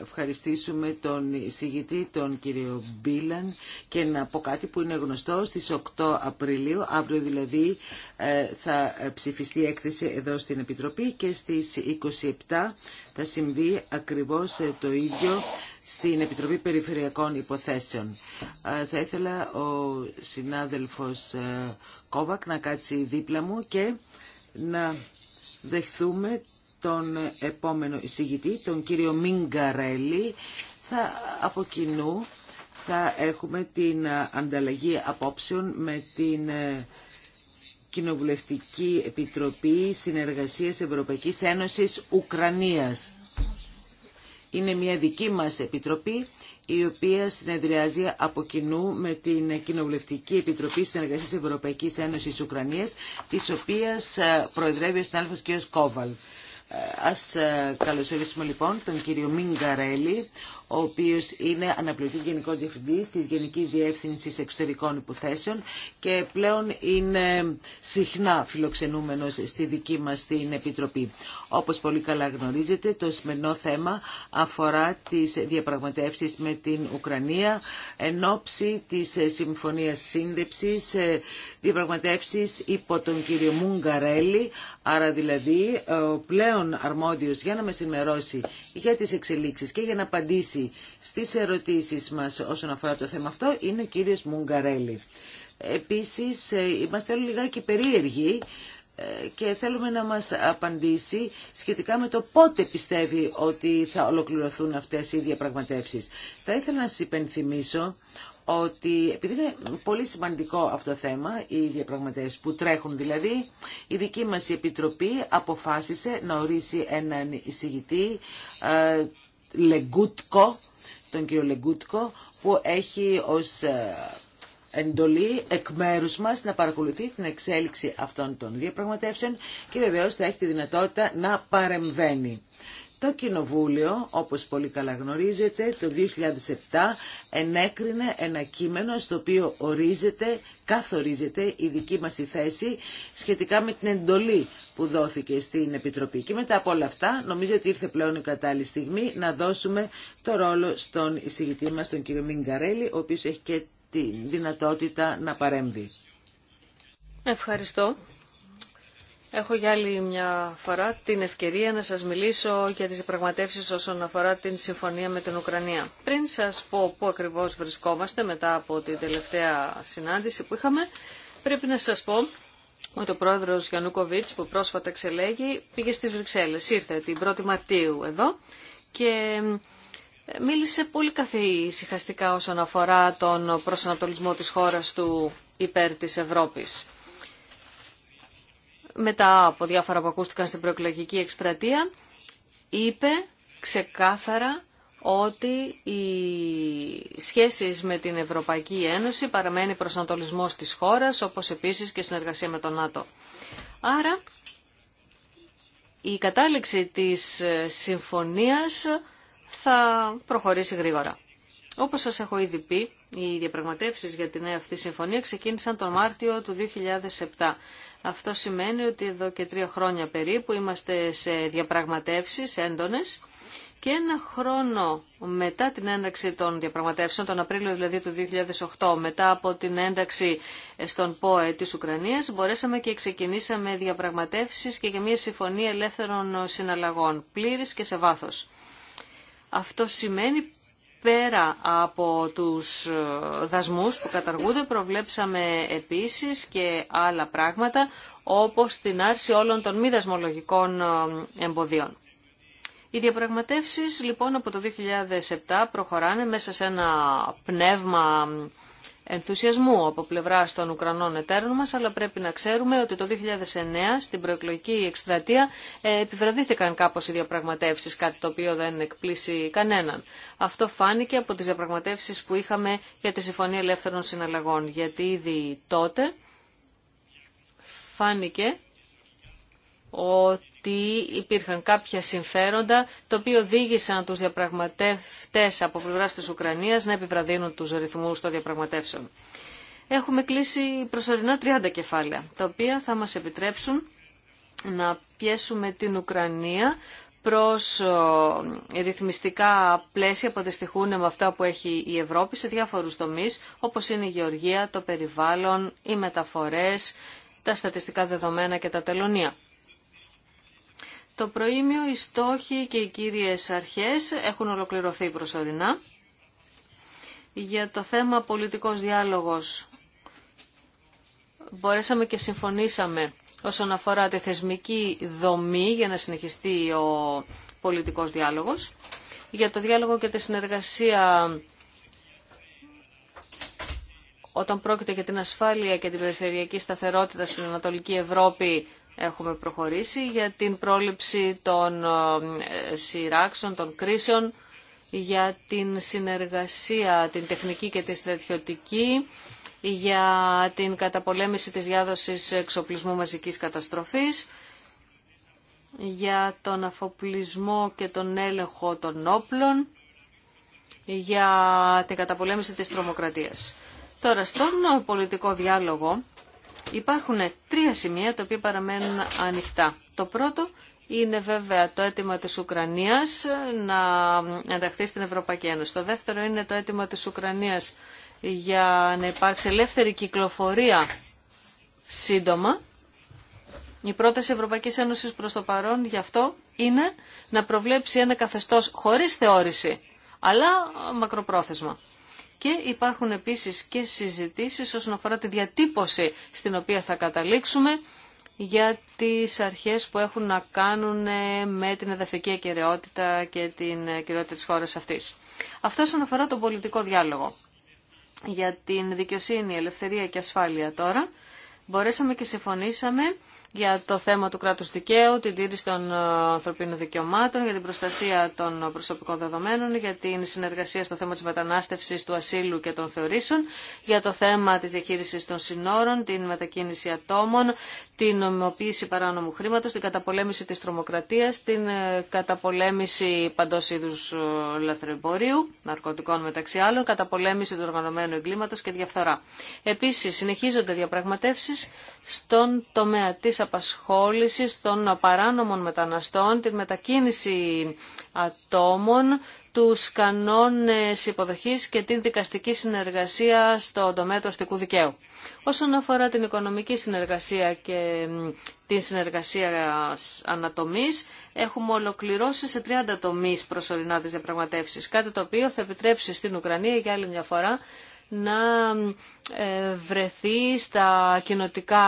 ευχαριστήσουμε τον εισηγητή τον κύριο Μπίλαν και να πω κάτι που είναι γνωστό στις 8 Απριλίου, αύριο δηλαδή ε, θα ψηφιστεί η έκθεση εδώ στην Επιτροπή και στις 27 θα συμβεί ακριβώς ε, το ίδιο στην Επιτροπή Περιφερειακών Υποθέσεων. Ε, θα ήθελα ο συνάδελφος Κόβακ να κάτσει δίπλα μου και να δεχθούμε τον επόμενο εισηγητή, τον κύριο Μιγκαρέλη. Θα, από κοινού θα έχουμε την ανταλλαγή απόψεων με την ε, Κοινοβουλευτική Επιτροπή Συνεργασίας Ευρωπαϊκής Ένωσης Ουκρανίας. Είναι μια δική μας επιτροπή η οποία συνεδριάζει από κοινού με την Κοινοβουλευτική Επιτροπή Συνεργασίας Ευρωπαϊκής Ένωσης Ουκρανίας της οποίας ε, προεδρεύει ο συνάδελφος κ. Κόβαλ. Ας ε, καλωσορίσουμε λοιπόν τον κύριο Μιγκαρέλη, ο οποίος είναι αναπληρωτής γενικό Διευθυντής της Γενικής Διεύθυνσης Εξωτερικών Υποθέσεων και πλέον είναι συχνά φιλοξενούμενος στη δική μας την Επιτροπή. Όπως πολύ καλά γνωρίζετε, το σημερινό θέμα αφορά τις διαπραγματεύσεις με την Ουκρανία εν ώψη της Συμφωνίας Σύνδεψης, ε, διαπραγματεύσεις υπό τον κύριο Μουγκαρέλη, άρα δηλαδή πλέον πλέον αρμόδιος για να με ενημερώσει για τις εξελίξεις και για να απαντήσει στις ερωτήσεις μας όσον αφορά το θέμα αυτό είναι ο κύριος Μουγκαρέλη. Επίσης ε, είμαστε όλοι λιγάκι περίεργοι ε, και θέλουμε να μας απαντήσει σχετικά με το πότε πιστεύει ότι θα ολοκληρωθούν αυτές οι διαπραγματεύσεις. Θα ήθελα να σας υπενθυμίσω ότι επειδή είναι πολύ σημαντικό αυτό το θέμα, οι διαπραγματεύσει που τρέχουν δηλαδή, η δική μας Επιτροπή αποφάσισε να ορίσει έναν εισηγητή, ε, τον κύριο Λεγκούτκο, που έχει ως ε, εντολή εκ μέρου μα να παρακολουθεί την εξέλιξη αυτών των διαπραγματεύσεων και βεβαίως θα έχει τη δυνατότητα να παρεμβαίνει. Το Κοινοβούλιο, όπως πολύ καλά γνωρίζετε, το 2007 ενέκρινε ένα κείμενο στο οποίο ορίζεται, καθορίζεται η δική μας η θέση σχετικά με την εντολή που δόθηκε στην Επιτροπή. Και μετά από όλα αυτά νομίζω ότι ήρθε πλέον η κατάλληλη στιγμή να δώσουμε το ρόλο στον εισηγητή μας, τον κύριο Μιγκαρέλη, ο οποίος έχει και τη δυνατότητα να παρέμβει. Ευχαριστώ. Έχω για άλλη μια φορά την ευκαιρία να σας μιλήσω για τις πραγματεύσεις όσον αφορά την συμφωνία με την Ουκρανία. Πριν σας πω πού ακριβώς βρισκόμαστε μετά από την τελευταία συνάντηση που είχαμε, πρέπει να σας πω ότι ο πρόεδρος Γιαννούκοβιτς που πρόσφατα εξελέγει πήγε στις Βρυξέλλες. Ήρθε την 1η Μαρτίου εδώ και ε, μίλησε πολύ καθησυχαστικά όσον αφορά τον προσανατολισμό της χώρας του υπέρ της Ευρώπης μετά από διάφορα που ακούστηκαν στην προεκλογική εκστρατεία, είπε ξεκάθαρα ότι οι σχέσεις με την Ευρωπαϊκή Ένωση παραμένει προσανατολισμός της χώρας, όπως επίσης και συνεργασία με τον ΝΑΤΟ. Άρα, η κατάληξη της συμφωνίας θα προχωρήσει γρήγορα. Όπως σας έχω ήδη πει, οι διαπραγματεύσεις για την νέα αυτή συμφωνία ξεκίνησαν τον Μάρτιο του 2007. Αυτό σημαίνει ότι εδώ και τρία χρόνια περίπου είμαστε σε διαπραγματεύσεις έντονες και ένα χρόνο μετά την ένταξη των διαπραγματεύσεων, τον Απρίλιο δηλαδή του 2008, μετά από την ένταξη στον ΠΟΕ της Ουκρανίας, μπορέσαμε και ξεκινήσαμε διαπραγματεύσεις και για μια συμφωνία ελεύθερων συναλλαγών, πλήρης και σε βάθος. Αυτό σημαίνει Πέρα από τους ε, δασμούς που καταργούνται, προβλέψαμε επίσης και άλλα πράγματα, όπως την άρση όλων των μη δασμολογικών ε, εμποδίων. Οι διαπραγματεύσεις λοιπόν από το 2007 προχωράνε μέσα σε ένα πνεύμα ενθουσιασμού από πλευρά των Ουκρανών εταίρων μας, αλλά πρέπει να ξέρουμε ότι το 2009 στην προεκλογική εκστρατεία ε, επιβραδύθηκαν κάπω οι διαπραγματεύσει κάτι το οποίο δεν εκπλήσει κανέναν. Αυτό φάνηκε από τις διαπραγματεύσει που είχαμε για τη Συμφωνία Ελεύθερων Συναλλαγών, γιατί ήδη τότε φάνηκε ότι ότι υπήρχαν κάποια συμφέροντα τα οποία οδήγησαν τους διαπραγματευτές από πλευρά της Ουκρανίας να επιβραδύνουν τους ρυθμούς των διαπραγματεύσεων. Έχουμε κλείσει προσωρινά 30 κεφάλαια, τα οποία θα μας επιτρέψουν να πιέσουμε την Ουκρανία προς ε, ρυθμιστικά πλαίσια που αντιστοιχούν με αυτά που έχει η Ευρώπη σε διάφορους τομείς, όπως είναι η γεωργία, το περιβάλλον, οι μεταφορές, τα στατιστικά δεδομένα και τα τελωνία το προήμιο οι στόχοι και οι κύριες αρχές έχουν ολοκληρωθεί προσωρινά. Για το θέμα πολιτικός διάλογος μπορέσαμε και συμφωνήσαμε όσον αφορά τη θεσμική δομή για να συνεχιστεί ο πολιτικός διάλογος. Για το διάλογο και τη συνεργασία όταν πρόκειται για την ασφάλεια και την περιφερειακή σταθερότητα στην Ανατολική Ευρώπη έχουμε προχωρήσει για την πρόληψη των ε, σειράξεων, των κρίσεων, για την συνεργασία, την τεχνική και τη στρατιωτική, για την καταπολέμηση της διάδοσης εξοπλισμού μαζικής καταστροφής, για τον αφοπλισμό και τον έλεγχο των όπλων, για την καταπολέμηση της τρομοκρατίας. Τώρα, στον πολιτικό διάλογο Υπάρχουν τρία σημεία τα οποία παραμένουν ανοιχτά. Το πρώτο είναι βέβαια το αίτημα της Ουκρανίας να ενταχθεί στην Ευρωπαϊκή Ένωση. Το δεύτερο είναι το αίτημα της Ουκρανίας για να υπάρξει ελεύθερη κυκλοφορία σύντομα. Η πρόταση Ευρωπαϊκής Ένωσης προς το παρόν γι' αυτό είναι να προβλέψει ένα καθεστώς χωρίς θεώρηση, αλλά μακροπρόθεσμα και υπάρχουν επίσης και συζητήσεις όσον αφορά τη διατύπωση στην οποία θα καταλήξουμε για τις αρχές που έχουν να κάνουν ε, με την εδαφική ακαιρεότητα και την κυριότητα της χώρας αυτής. Αυτό όσον αφορά τον πολιτικό διάλογο. Για την δικαιοσύνη, ελευθερία και ασφάλεια τώρα, μπορέσαμε και συμφωνήσαμε για το θέμα του κράτους δικαίου, την τήρηση των ε, ανθρωπίνων δικαιωμάτων, για την προστασία των προσωπικών δεδομένων, για την συνεργασία στο θέμα της μετανάστευσης, του ασύλου και των θεωρήσεων, για το θέμα της διαχείρισης των συνόρων, την μετακίνηση ατόμων, την νομιμοποίηση παράνομου χρήματο, την καταπολέμηση της τρομοκρατίας, την ε, καταπολέμηση παντός είδους ε, λαθρεμπορίου, ναρκωτικών μεταξύ άλλων, καταπολέμηση του οργανωμένου εγκλήματο και διαφθορά. Επίσης, συνεχίζονται διαπραγματεύσεις στον τομέα απασχόλησης των παράνομων μεταναστών, την μετακίνηση ατόμων, τους κανόνες υποδοχής και την δικαστική συνεργασία στο τομέα του αστικού δικαίου. Όσον αφορά την οικονομική συνεργασία και την συνεργασία ανατομής, έχουμε ολοκληρώσει σε 30 τομείς προσωρινά τις διαπραγματεύσεις, κάτι το οποίο θα επιτρέψει στην Ουκρανία για άλλη μια φορά να ε, βρεθεί στα κοινοτικά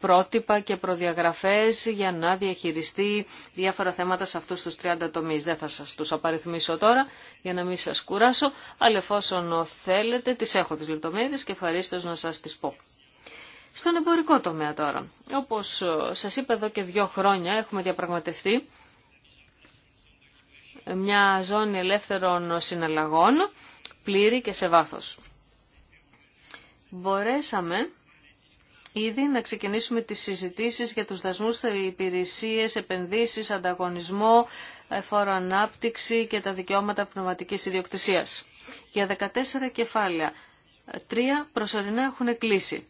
πρότυπα και προδιαγραφές για να διαχειριστεί διάφορα θέματα σε αυτούς τους 30 τομείς. Δεν θα σας τους απαριθμίσω τώρα για να μην σας κουράσω, αλλά εφόσον θέλετε τις έχω τις λεπτομέρειες και ευχαρίστως να σας τις πω. Στον εμπορικό τομέα τώρα, όπως ε, σας είπα εδώ και δύο χρόνια έχουμε διαπραγματευτεί μια ζώνη ελεύθερων συναλλαγών πλήρη και σε βάθος μπορέσαμε ήδη να ξεκινήσουμε τις συζητήσεις για τους δασμούς υπηρεσίε, υπηρεσίες, επενδύσεις, ανταγωνισμό, ε, φόρο ανάπτυξη και τα δικαιώματα πνευματικής ιδιοκτησίας. Για 14 κεφάλαια, ε, τρία προσωρινά έχουν κλείσει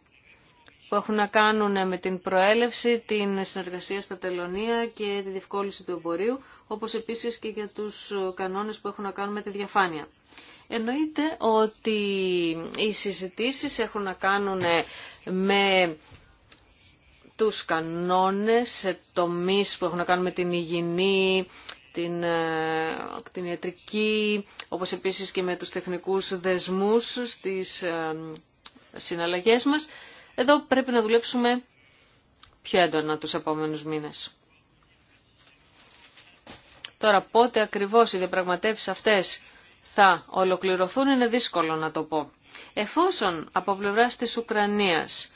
που έχουν να κάνουν ε, με την προέλευση, την συνεργασία στα τελωνία και τη διευκόλυνση του εμπορίου, όπως επίσης και για τους κανόνες που έχουν να κάνουν με τη διαφάνεια. Εννοείται ότι οι συζητήσεις έχουν να κάνουν με τους κανόνες σε τομείς που έχουν να κάνουν με την υγιεινή, την, ε, την ιατρική, όπως επίσης και με τους τεχνικούς δεσμούς στις ε, συναλλαγές μας. Εδώ πρέπει να δουλέψουμε πιο έντονα τους επόμενους μήνες. Τώρα πότε ακριβώς οι διαπραγματεύσεις αυτές θα ολοκληρωθούν είναι δύσκολο να το πω. Εφόσον από πλευράς της Ουκρανίας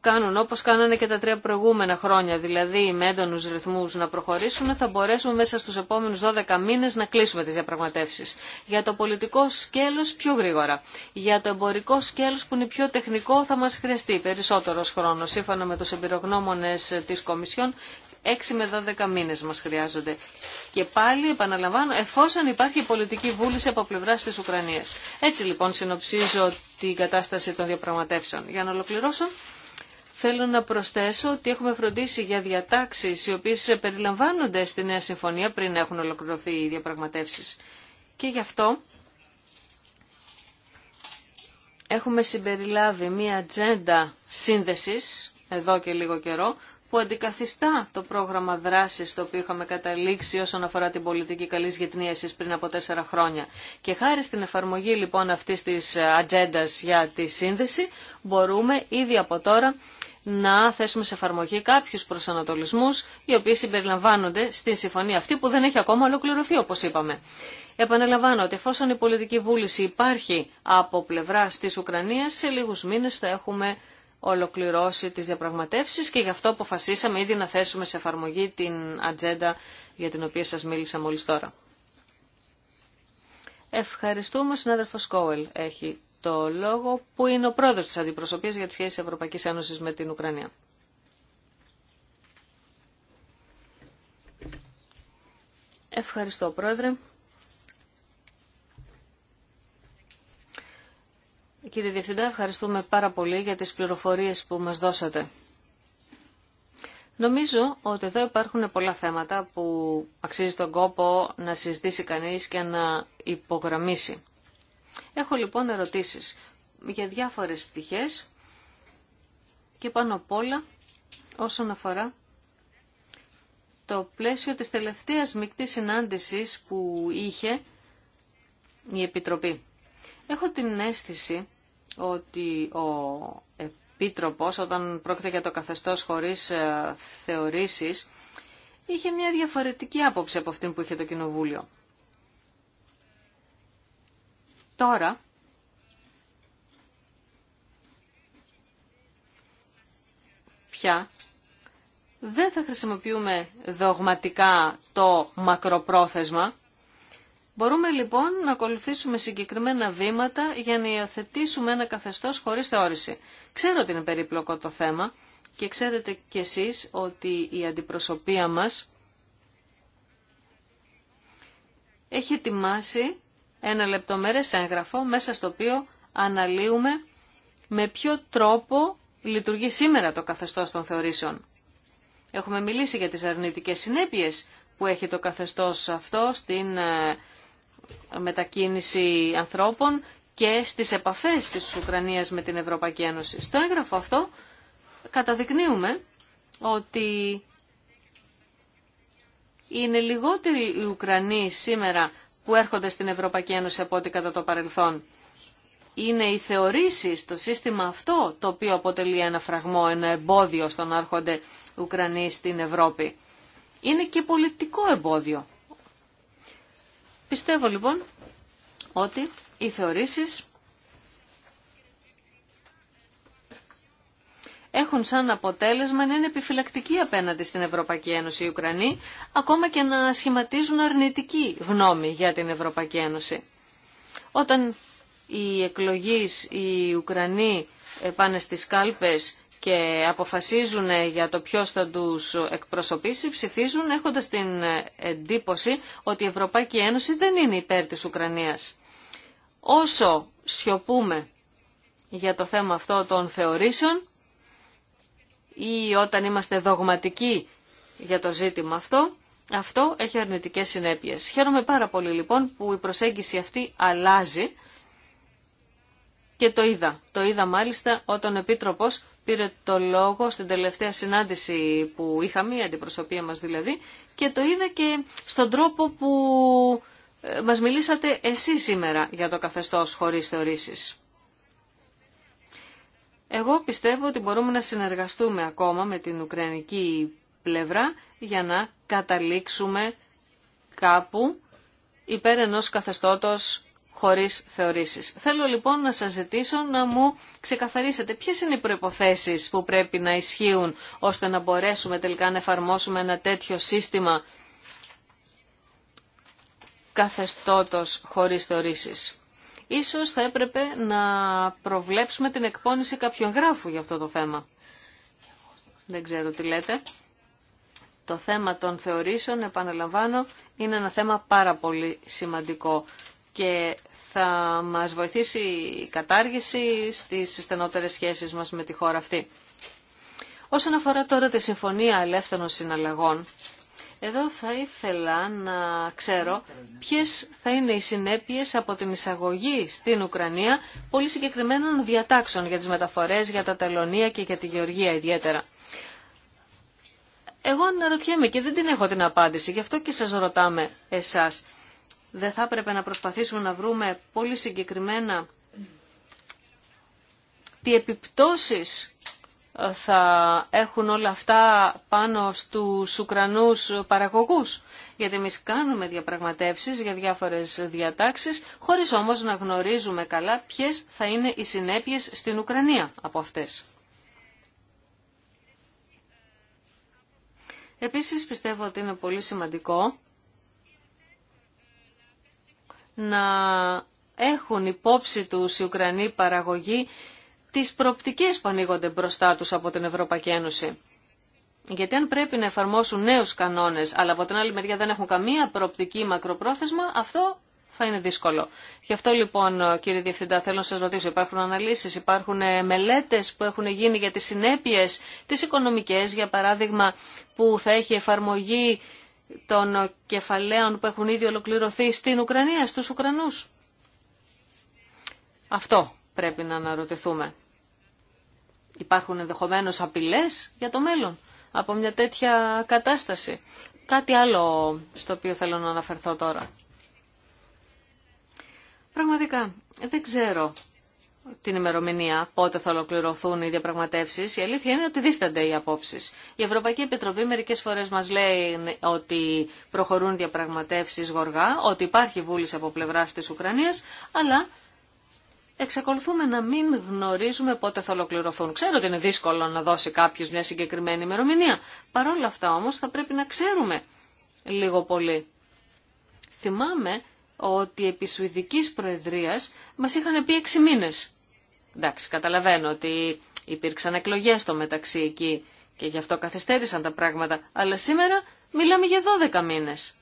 κάνουν όπως κάνανε και τα τρία προηγούμενα χρόνια, δηλαδή με έντονου ρυθμούς να προχωρήσουν, θα μπορέσουμε μέσα στους επόμενους 12 μήνες να κλείσουμε τις διαπραγματεύσει. Για το πολιτικό σκέλος πιο γρήγορα. Για το εμπορικό σκέλος που είναι πιο τεχνικό θα μας χρειαστεί περισσότερος χρόνος. Σύμφωνα με τους εμπειρογνώμονες της Κομισιόν, 6 με 12 μήνες μας χρειάζονται. Και πάλι, επαναλαμβάνω, εφόσον υπάρχει πολιτική βούληση από πλευρά της Ουκρανίας. Έτσι λοιπόν συνοψίζω την κατάσταση των διαπραγματεύσεων. Για να ολοκληρώσω, Θέλω να προσθέσω ότι έχουμε φροντίσει για διατάξεις οι οποίες περιλαμβάνονται στη Νέα Συμφωνία πριν έχουν ολοκληρωθεί οι διαπραγματεύσεις. Και γι' αυτό έχουμε συμπεριλάβει μία ατζέντα σύνδεσης εδώ και λίγο καιρό που αντικαθιστά το πρόγραμμα δράσης το οποίο είχαμε καταλήξει όσον αφορά την πολιτική καλής γετνίασης πριν από τέσσερα χρόνια. Και χάρη στην εφαρμογή λοιπόν αυτής της ατζέντα για τη σύνδεση μπορούμε ήδη από τώρα να θέσουμε σε εφαρμογή κάποιους προσανατολισμούς οι οποίοι συμπεριλαμβάνονται στην συμφωνία αυτή που δεν έχει ακόμα ολοκληρωθεί όπως είπαμε. Επαναλαμβάνω ότι εφόσον η πολιτική βούληση υπάρχει από πλευρά της Ουκρανίας σε λίγους μήνες θα έχουμε ολοκληρώσει τι διαπραγματεύσει και γι' αυτό αποφασίσαμε ήδη να θέσουμε σε εφαρμογή την ατζέντα για την οποία σα μίλησα μόλι τώρα. Ευχαριστούμε, ο συνάδελφος Κόελ έχει το λόγο που είναι ο πρόεδρος της αντιπροσωπείας για τις σχέσεις Ευρωπαϊκής Ένωσης με την Ουκρανία. Ευχαριστώ πρόεδρε. Κύριε Διευθυντά, ευχαριστούμε πάρα πολύ για τις πληροφορίες που μας δώσατε. Νομίζω ότι εδώ υπάρχουν πολλά θέματα που αξίζει τον κόπο να συζητήσει κανείς και να υπογραμμίσει. Έχω λοιπόν ερωτήσεις για διάφορες πτυχές και πάνω απ' όλα όσον αφορά το πλαίσιο της τελευταίας μικτής συνάντησης που είχε η Επιτροπή. Έχω την αίσθηση ότι ο Επίτροπος όταν πρόκειται για το καθεστώς χωρίς ε, θεωρήσεις είχε μια διαφορετική άποψη από αυτήν που είχε το Κοινοβούλιο. Τώρα, πια, δεν θα χρησιμοποιούμε δογματικά το μακροπρόθεσμα. Μπορούμε λοιπόν να ακολουθήσουμε συγκεκριμένα βήματα για να υιοθετήσουμε ένα καθεστώς χωρίς θεώρηση. Ξέρω ότι είναι περίπλοκο το θέμα και ξέρετε κι εσείς ότι η αντιπροσωπεία μας έχει ετοιμάσει ένα λεπτομερές έγγραφο μέσα στο οποίο αναλύουμε με ποιο τρόπο λειτουργεί σήμερα το καθεστώς των θεωρήσεων. Έχουμε μιλήσει για τις αρνητικές συνέπειες που έχει το καθεστώς αυτό στην ε, μετακίνηση ανθρώπων και στις επαφές της Ουκρανίας με την Ευρωπαϊκή Ένωση. Στο έγγραφο αυτό καταδεικνύουμε ότι είναι λιγότεροι οι Ουκρανοί σήμερα που έρχονται στην Ευρωπαϊκή Ένωση από ό,τι κατά το παρελθόν. Είναι οι θεωρήσει, το σύστημα αυτό, το οποίο αποτελεί ένα φραγμό, ένα εμπόδιο στον να έρχονται Ουκρανοί στην Ευρώπη. Είναι και πολιτικό εμπόδιο. Πιστεύω λοιπόν ότι οι θεωρήσεις έχουν σαν αποτέλεσμα να είναι επιφυλακτικοί απέναντι στην Ευρωπαϊκή Ένωση οι Ουκρανοί, ακόμα και να σχηματίζουν αρνητική γνώμη για την Ευρωπαϊκή Ένωση. Όταν οι εκλογείς οι Ουκρανοί ε, πάνε στις κάλπες και αποφασίζουν ε, για το ποιος θα τους εκπροσωπήσει, ψηφίζουν έχοντας την ε, εντύπωση ότι η Ευρωπαϊκή Ένωση δεν είναι υπέρ της Ουκρανίας. Όσο σιωπούμε για το θέμα αυτό των θεωρήσεων, ή όταν είμαστε δογματικοί για το ζήτημα αυτό, αυτό έχει αρνητικές συνέπειες. Χαίρομαι πάρα πολύ λοιπόν που η προσέγγιση αυτή αλλάζει και το είδα. Το είδα μάλιστα όταν ο Επίτροπος πήρε το λόγο στην τελευταία συνάντηση που είχαμε, η αντιπροσωπεία μας δηλαδή, και το είδα και στον τρόπο που ε, μας μιλήσατε εσείς σήμερα για το καθεστώς χωρίς θεωρήσεις. Εγώ πιστεύω ότι μπορούμε να συνεργαστούμε ακόμα με την Ουκρανική πλευρά για να καταλήξουμε κάπου υπέρ ενός καθεστώτος χωρίς θεωρήσεις. Θέλω λοιπόν να σας ζητήσω να μου ξεκαθαρίσετε ποιες είναι οι προϋποθέσεις που πρέπει να ισχύουν ώστε να μπορέσουμε τελικά να εφαρμόσουμε ένα τέτοιο σύστημα καθεστώτος χωρίς θεωρήσεις. Ίσως θα έπρεπε να προβλέψουμε την εκπόνηση κάποιου γράφου για αυτό το θέμα. Δεν ξέρω τι λέτε. Το θέμα των θεωρήσεων, επαναλαμβάνω, είναι ένα θέμα πάρα πολύ σημαντικό και θα μας βοηθήσει η κατάργηση στις στενότερες σχέσεις μας με τη χώρα αυτή. Όσον αφορά τώρα τη Συμφωνία Ελεύθερων Συναλλαγών, εδώ θα ήθελα να ξέρω ποιες θα είναι οι συνέπειες από την εισαγωγή στην Ουκρανία πολύ συγκεκριμένων διατάξεων για τις μεταφορές, για τα τελωνία και για τη γεωργία ιδιαίτερα. Εγώ αναρωτιέμαι και δεν την έχω την απάντηση, γι' αυτό και σας ρωτάμε εσάς. Δεν θα έπρεπε να προσπαθήσουμε να βρούμε πολύ συγκεκριμένα τι επιπτώσεις θα έχουν όλα αυτά πάνω στους Ουκρανούς παραγωγούς. Γιατί εμεί κάνουμε διαπραγματεύσεις για διάφορες διατάξεις, χωρίς όμως να γνωρίζουμε καλά ποιες θα είναι οι συνέπειες στην Ουκρανία από αυτές. Επίσης πιστεύω ότι είναι πολύ σημαντικό να έχουν υπόψη τους οι Ουκρανοί παραγωγοί τις προοπτικές που ανοίγονται μπροστά τους από την Ευρωπαϊκή Ένωση. Γιατί αν πρέπει να εφαρμόσουν νέους κανόνες, αλλά από την άλλη μεριά δεν έχουν καμία προοπτική μακροπρόθεσμα, αυτό θα είναι δύσκολο. Γι' αυτό λοιπόν, κύριε Διευθυντά, θέλω να σα ρωτήσω, υπάρχουν αναλύσεις, υπάρχουν ε, μελέτες που έχουν γίνει για τις συνέπειες, τις οικονομικές, για παράδειγμα, που θα έχει εφαρμογή των κεφαλαίων που έχουν ήδη ολοκληρωθεί στην Ουκρανία, στους Ουκρανούς. Αυτό πρέπει να αναρωτηθούμε. Υπάρχουν ενδεχομένω απειλές για το μέλλον από μια τέτοια κατάσταση. Κάτι άλλο στο οποίο θέλω να αναφερθώ τώρα. Πραγματικά, δεν ξέρω την ημερομηνία πότε θα ολοκληρωθούν οι διαπραγματεύσει. Η αλήθεια είναι ότι δίστανται οι απόψει. Η Ευρωπαϊκή Επιτροπή μερικέ φορέ μα λέει ότι προχωρούν διαπραγματεύσει γοργά, ότι υπάρχει βούληση από πλευρά τη Ουκρανία, αλλά εξακολουθούμε να μην γνωρίζουμε πότε θα ολοκληρωθούν. Ξέρω ότι είναι δύσκολο να δώσει κάποιο μια συγκεκριμένη ημερομηνία. Παρ' όλα αυτά όμως θα πρέπει να ξέρουμε λίγο πολύ. Θυμάμαι ότι επί Σουηδική προεδρία μας είχαν πει 6 μήνες. Εντάξει, καταλαβαίνω ότι υπήρξαν εκλογέ στο μεταξύ εκεί και γι' αυτό καθυστέρησαν τα πράγματα, αλλά σήμερα μιλάμε για 12 μήνες.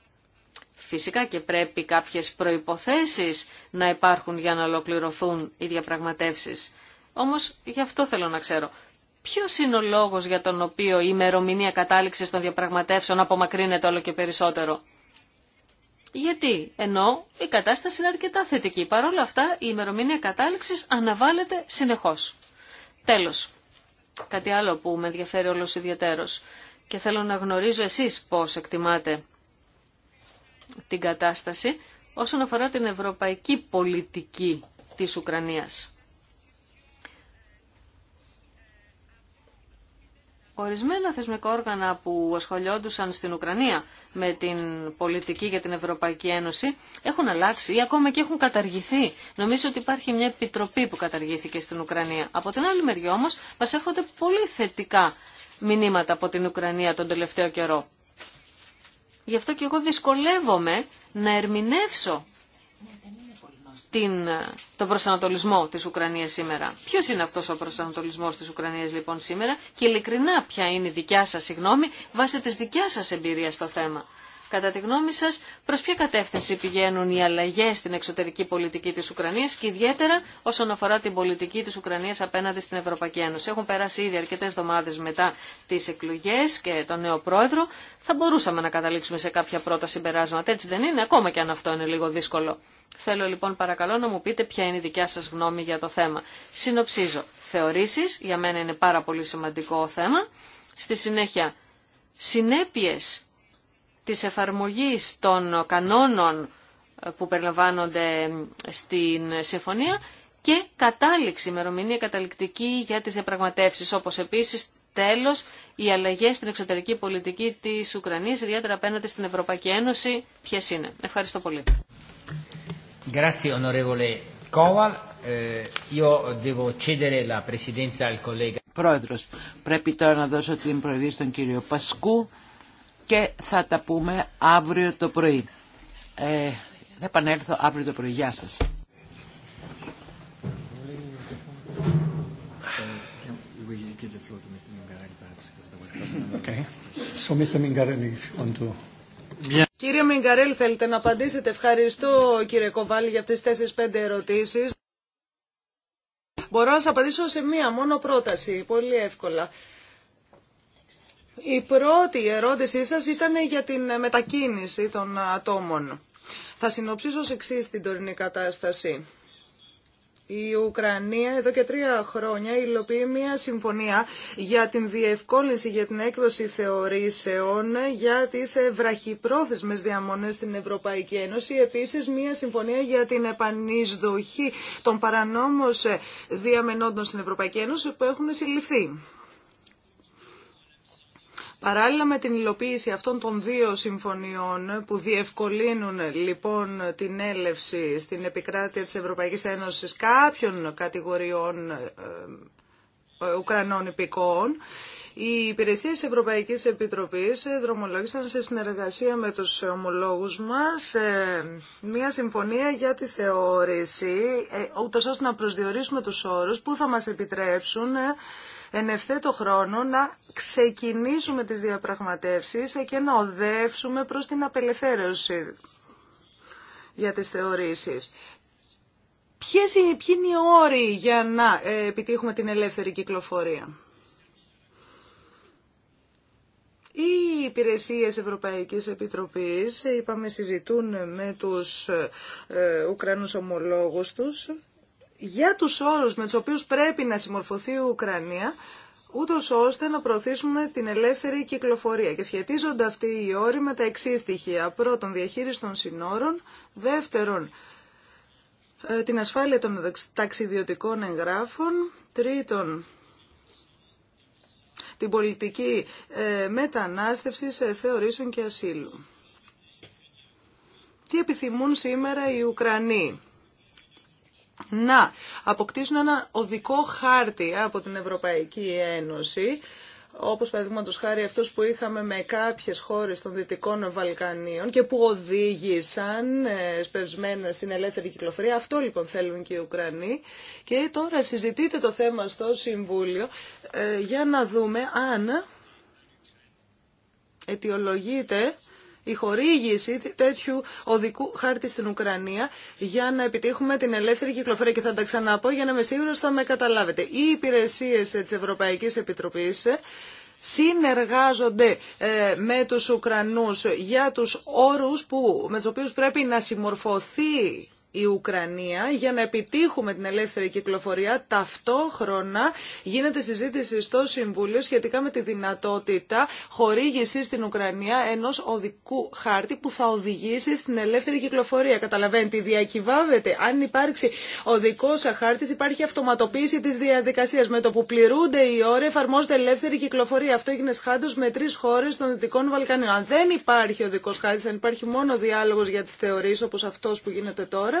Φυσικά και πρέπει κάποιες προϋποθέσεις να υπάρχουν για να ολοκληρωθούν οι διαπραγματεύσεις. Όμως γι' αυτό θέλω να ξέρω. Ποιο είναι ο λόγος για τον οποίο η ημερομηνία κατάληξης των διαπραγματεύσεων απομακρύνεται όλο και περισσότερο. Γιατί, ενώ η κατάσταση είναι αρκετά θετική, όλα αυτά η ημερομηνία κατάληξης αναβάλλεται συνεχώς. Τέλος, κάτι άλλο που με ενδιαφέρει όλος και θέλω να γνωρίζω εσείς πώς εκτιμάτε την κατάσταση όσον αφορά την ευρωπαϊκή πολιτική της Ουκρανίας. Ορισμένα θεσμικά όργανα που ασχολιόντουσαν στην Ουκρανία με την πολιτική για την Ευρωπαϊκή Ένωση έχουν αλλάξει ή ακόμα και έχουν καταργηθεί. Νομίζω ότι υπάρχει μια επιτροπή που καταργήθηκε στην Ουκρανία. Από την άλλη μεριά όμως μας έρχονται πολύ θετικά μηνύματα από την Ουκρανία τον τελευταίο καιρό. Γι' αυτό και εγώ δυσκολεύομαι να ερμηνεύσω την, τον προσανατολισμό της Ουκρανίας σήμερα. Ποιο είναι αυτός ο προσανατολισμός της Ουκρανίας λοιπόν σήμερα και ειλικρινά ποια είναι η δικιά σας συγγνώμη βάσει τη δικιάς σας εμπειρία στο θέμα. Κατά τη γνώμη σας, προς ποια κατεύθυνση πηγαίνουν οι αλλαγές στην εξωτερική πολιτική της Ουκρανίας και ιδιαίτερα όσον αφορά την πολιτική της Ουκρανίας απέναντι στην Ευρωπαϊκή Ένωση. Έχουν περάσει ήδη αρκετές εβδομάδες μετά τις εκλογές και τον νέο πρόεδρο. Θα μπορούσαμε να καταλήξουμε σε κάποια πρώτα συμπεράσματα, έτσι δεν είναι, ακόμα και αν αυτό είναι λίγο δύσκολο. Θέλω λοιπόν παρακαλώ να μου πείτε ποια είναι η δικιά σας γνώμη για το θέμα. Συνοψίζω. Θεωρήσεις, για μένα είναι πάρα πολύ σημαντικό θέμα. Στη συνέχεια, συνέπειες της εφαρμογής των κανόνων που περιλαμβάνονται στην συμφωνία και κατάληξη, ημερομηνία καταληκτική για τις διαπραγματεύσει. όπως επίσης τέλος οι αλλαγές στην εξωτερική πολιτική της Ουκρανίας, ιδιαίτερα απέναντι στην Ευρωπαϊκή Ένωση, ποιε είναι. Ευχαριστώ πολύ. Eh, Πρόεδρος, πρέπει τώρα να δώσω την προεδρία στον κύριο Πασκού και θα τα πούμε αύριο το πρωί. Ε, θα επανέλθω αύριο το πρωί. Γεια σας. Κύριε Μιγκαρέλ, θέλετε να απαντήσετε. Ευχαριστώ κύριε Κοβάλη για αυτές τις 4-5 ερωτήσεις. Μπορώ να σας απαντήσω σε μία μόνο πρόταση, πολύ εύκολα. Η πρώτη ερώτησή σας ήταν για την μετακίνηση των ατόμων. Θα συνοψίσω ως εξής την τωρινή κατάσταση. Η Ουκρανία εδώ και τρία χρόνια υλοποιεί μια συμφωνία για την διευκόλυνση για την έκδοση θεωρήσεων για τις βραχυπρόθεσμες διαμονές στην Ευρωπαϊκή Ένωση. Επίσης μια συμφωνία για την επανεισδοχή των παρανόμων διαμενόντων στην Ευρωπαϊκή Ένωση που έχουν συλληφθεί. Παράλληλα με την υλοποίηση αυτών των δύο συμφωνιών που διευκολύνουν λοιπόν την έλευση στην επικράτεια της Ευρωπαϊκής Ένωσης κάποιων κατηγοριών ε, ε, Ουκρανών υπηκόων, οι υπηρεσίε Ευρωπαϊκής Επιτροπής ε, δρομολόγησαν σε συνεργασία με τους ομολόγους μας μια συμφωνία για τη θεώρηση, ούτως ώστε να προσδιορίσουμε τους όρους που θα μας επιτρέψουν εν ευθέτω χρόνο να ξεκινήσουμε τις διαπραγματεύσεις και να οδεύσουμε προς την απελευθέρωση για τις θεωρήσεις. Ποιες, ποιοι είναι οι όροι για να ε, επιτύχουμε την ελεύθερη κυκλοφορία. Οι υπηρεσίες Ευρωπαϊκής Επιτροπής, είπαμε, συζητούν με τους ε, Ουκρανούς ομολόγους τους για τους όρους με τους οποίους πρέπει να συμμορφωθεί η Ουκρανία, ούτω ώστε να προωθήσουμε την ελεύθερη κυκλοφορία. Και σχετίζονται αυτοί οι όροι με τα εξή στοιχεία. Πρώτον, διαχείριση των συνόρων. Δεύτερον, ε, την ασφάλεια των ταξιδιωτικών εγγράφων. Τρίτον, την πολιτική ε, μετανάστευση σε θεωρήσεων και ασύλου. Τι επιθυμούν σήμερα οι Ουκρανοί να αποκτήσουν ένα οδικό χάρτη από την Ευρωπαϊκή Ένωση, όπως παραδείγματος χάρη αυτός που είχαμε με κάποιες χώρες των Δυτικών Βαλκανίων και που οδήγησαν ε, σπευσμένα στην ελεύθερη κυκλοφορία. Αυτό λοιπόν θέλουν και οι Ουκρανοί. Και τώρα συζητείτε το θέμα στο Συμβούλιο ε, για να δούμε αν αιτιολογείται η χορήγηση τέτοιου οδικού χάρτη στην Ουκρανία για να επιτύχουμε την ελεύθερη κυκλοφορία. Και θα τα ξαναπώ για να είμαι σίγουρο θα με καταλάβετε. Οι υπηρεσίε τη Ευρωπαϊκή Επιτροπή συνεργάζονται ε, με τους Ουκρανούς για τους όρους που, με τους οποίους πρέπει να συμμορφωθεί η Ουκρανία για να επιτύχουμε την ελεύθερη κυκλοφορία. Ταυτόχρονα γίνεται συζήτηση στο Συμβούλιο σχετικά με τη δυνατότητα χορήγηση στην Ουκρανία ενό οδικού χάρτη που θα οδηγήσει στην ελεύθερη κυκλοφορία. Καταλαβαίνετε, διακυβάβεται. Αν υπάρξει οδικός χάρτη, υπάρχει αυτοματοποίηση τη διαδικασία. Με το που πληρούνται οι όροι, εφαρμόζεται ελεύθερη κυκλοφορία. Αυτό έγινε σχάντω με τρει χώρε των Δυτικών Βαλκανίων. Αν δεν υπάρχει οδικό χάρτη, αν υπάρχει μόνο διάλογο για τι θεωρίε όπω αυτό που γίνεται τώρα,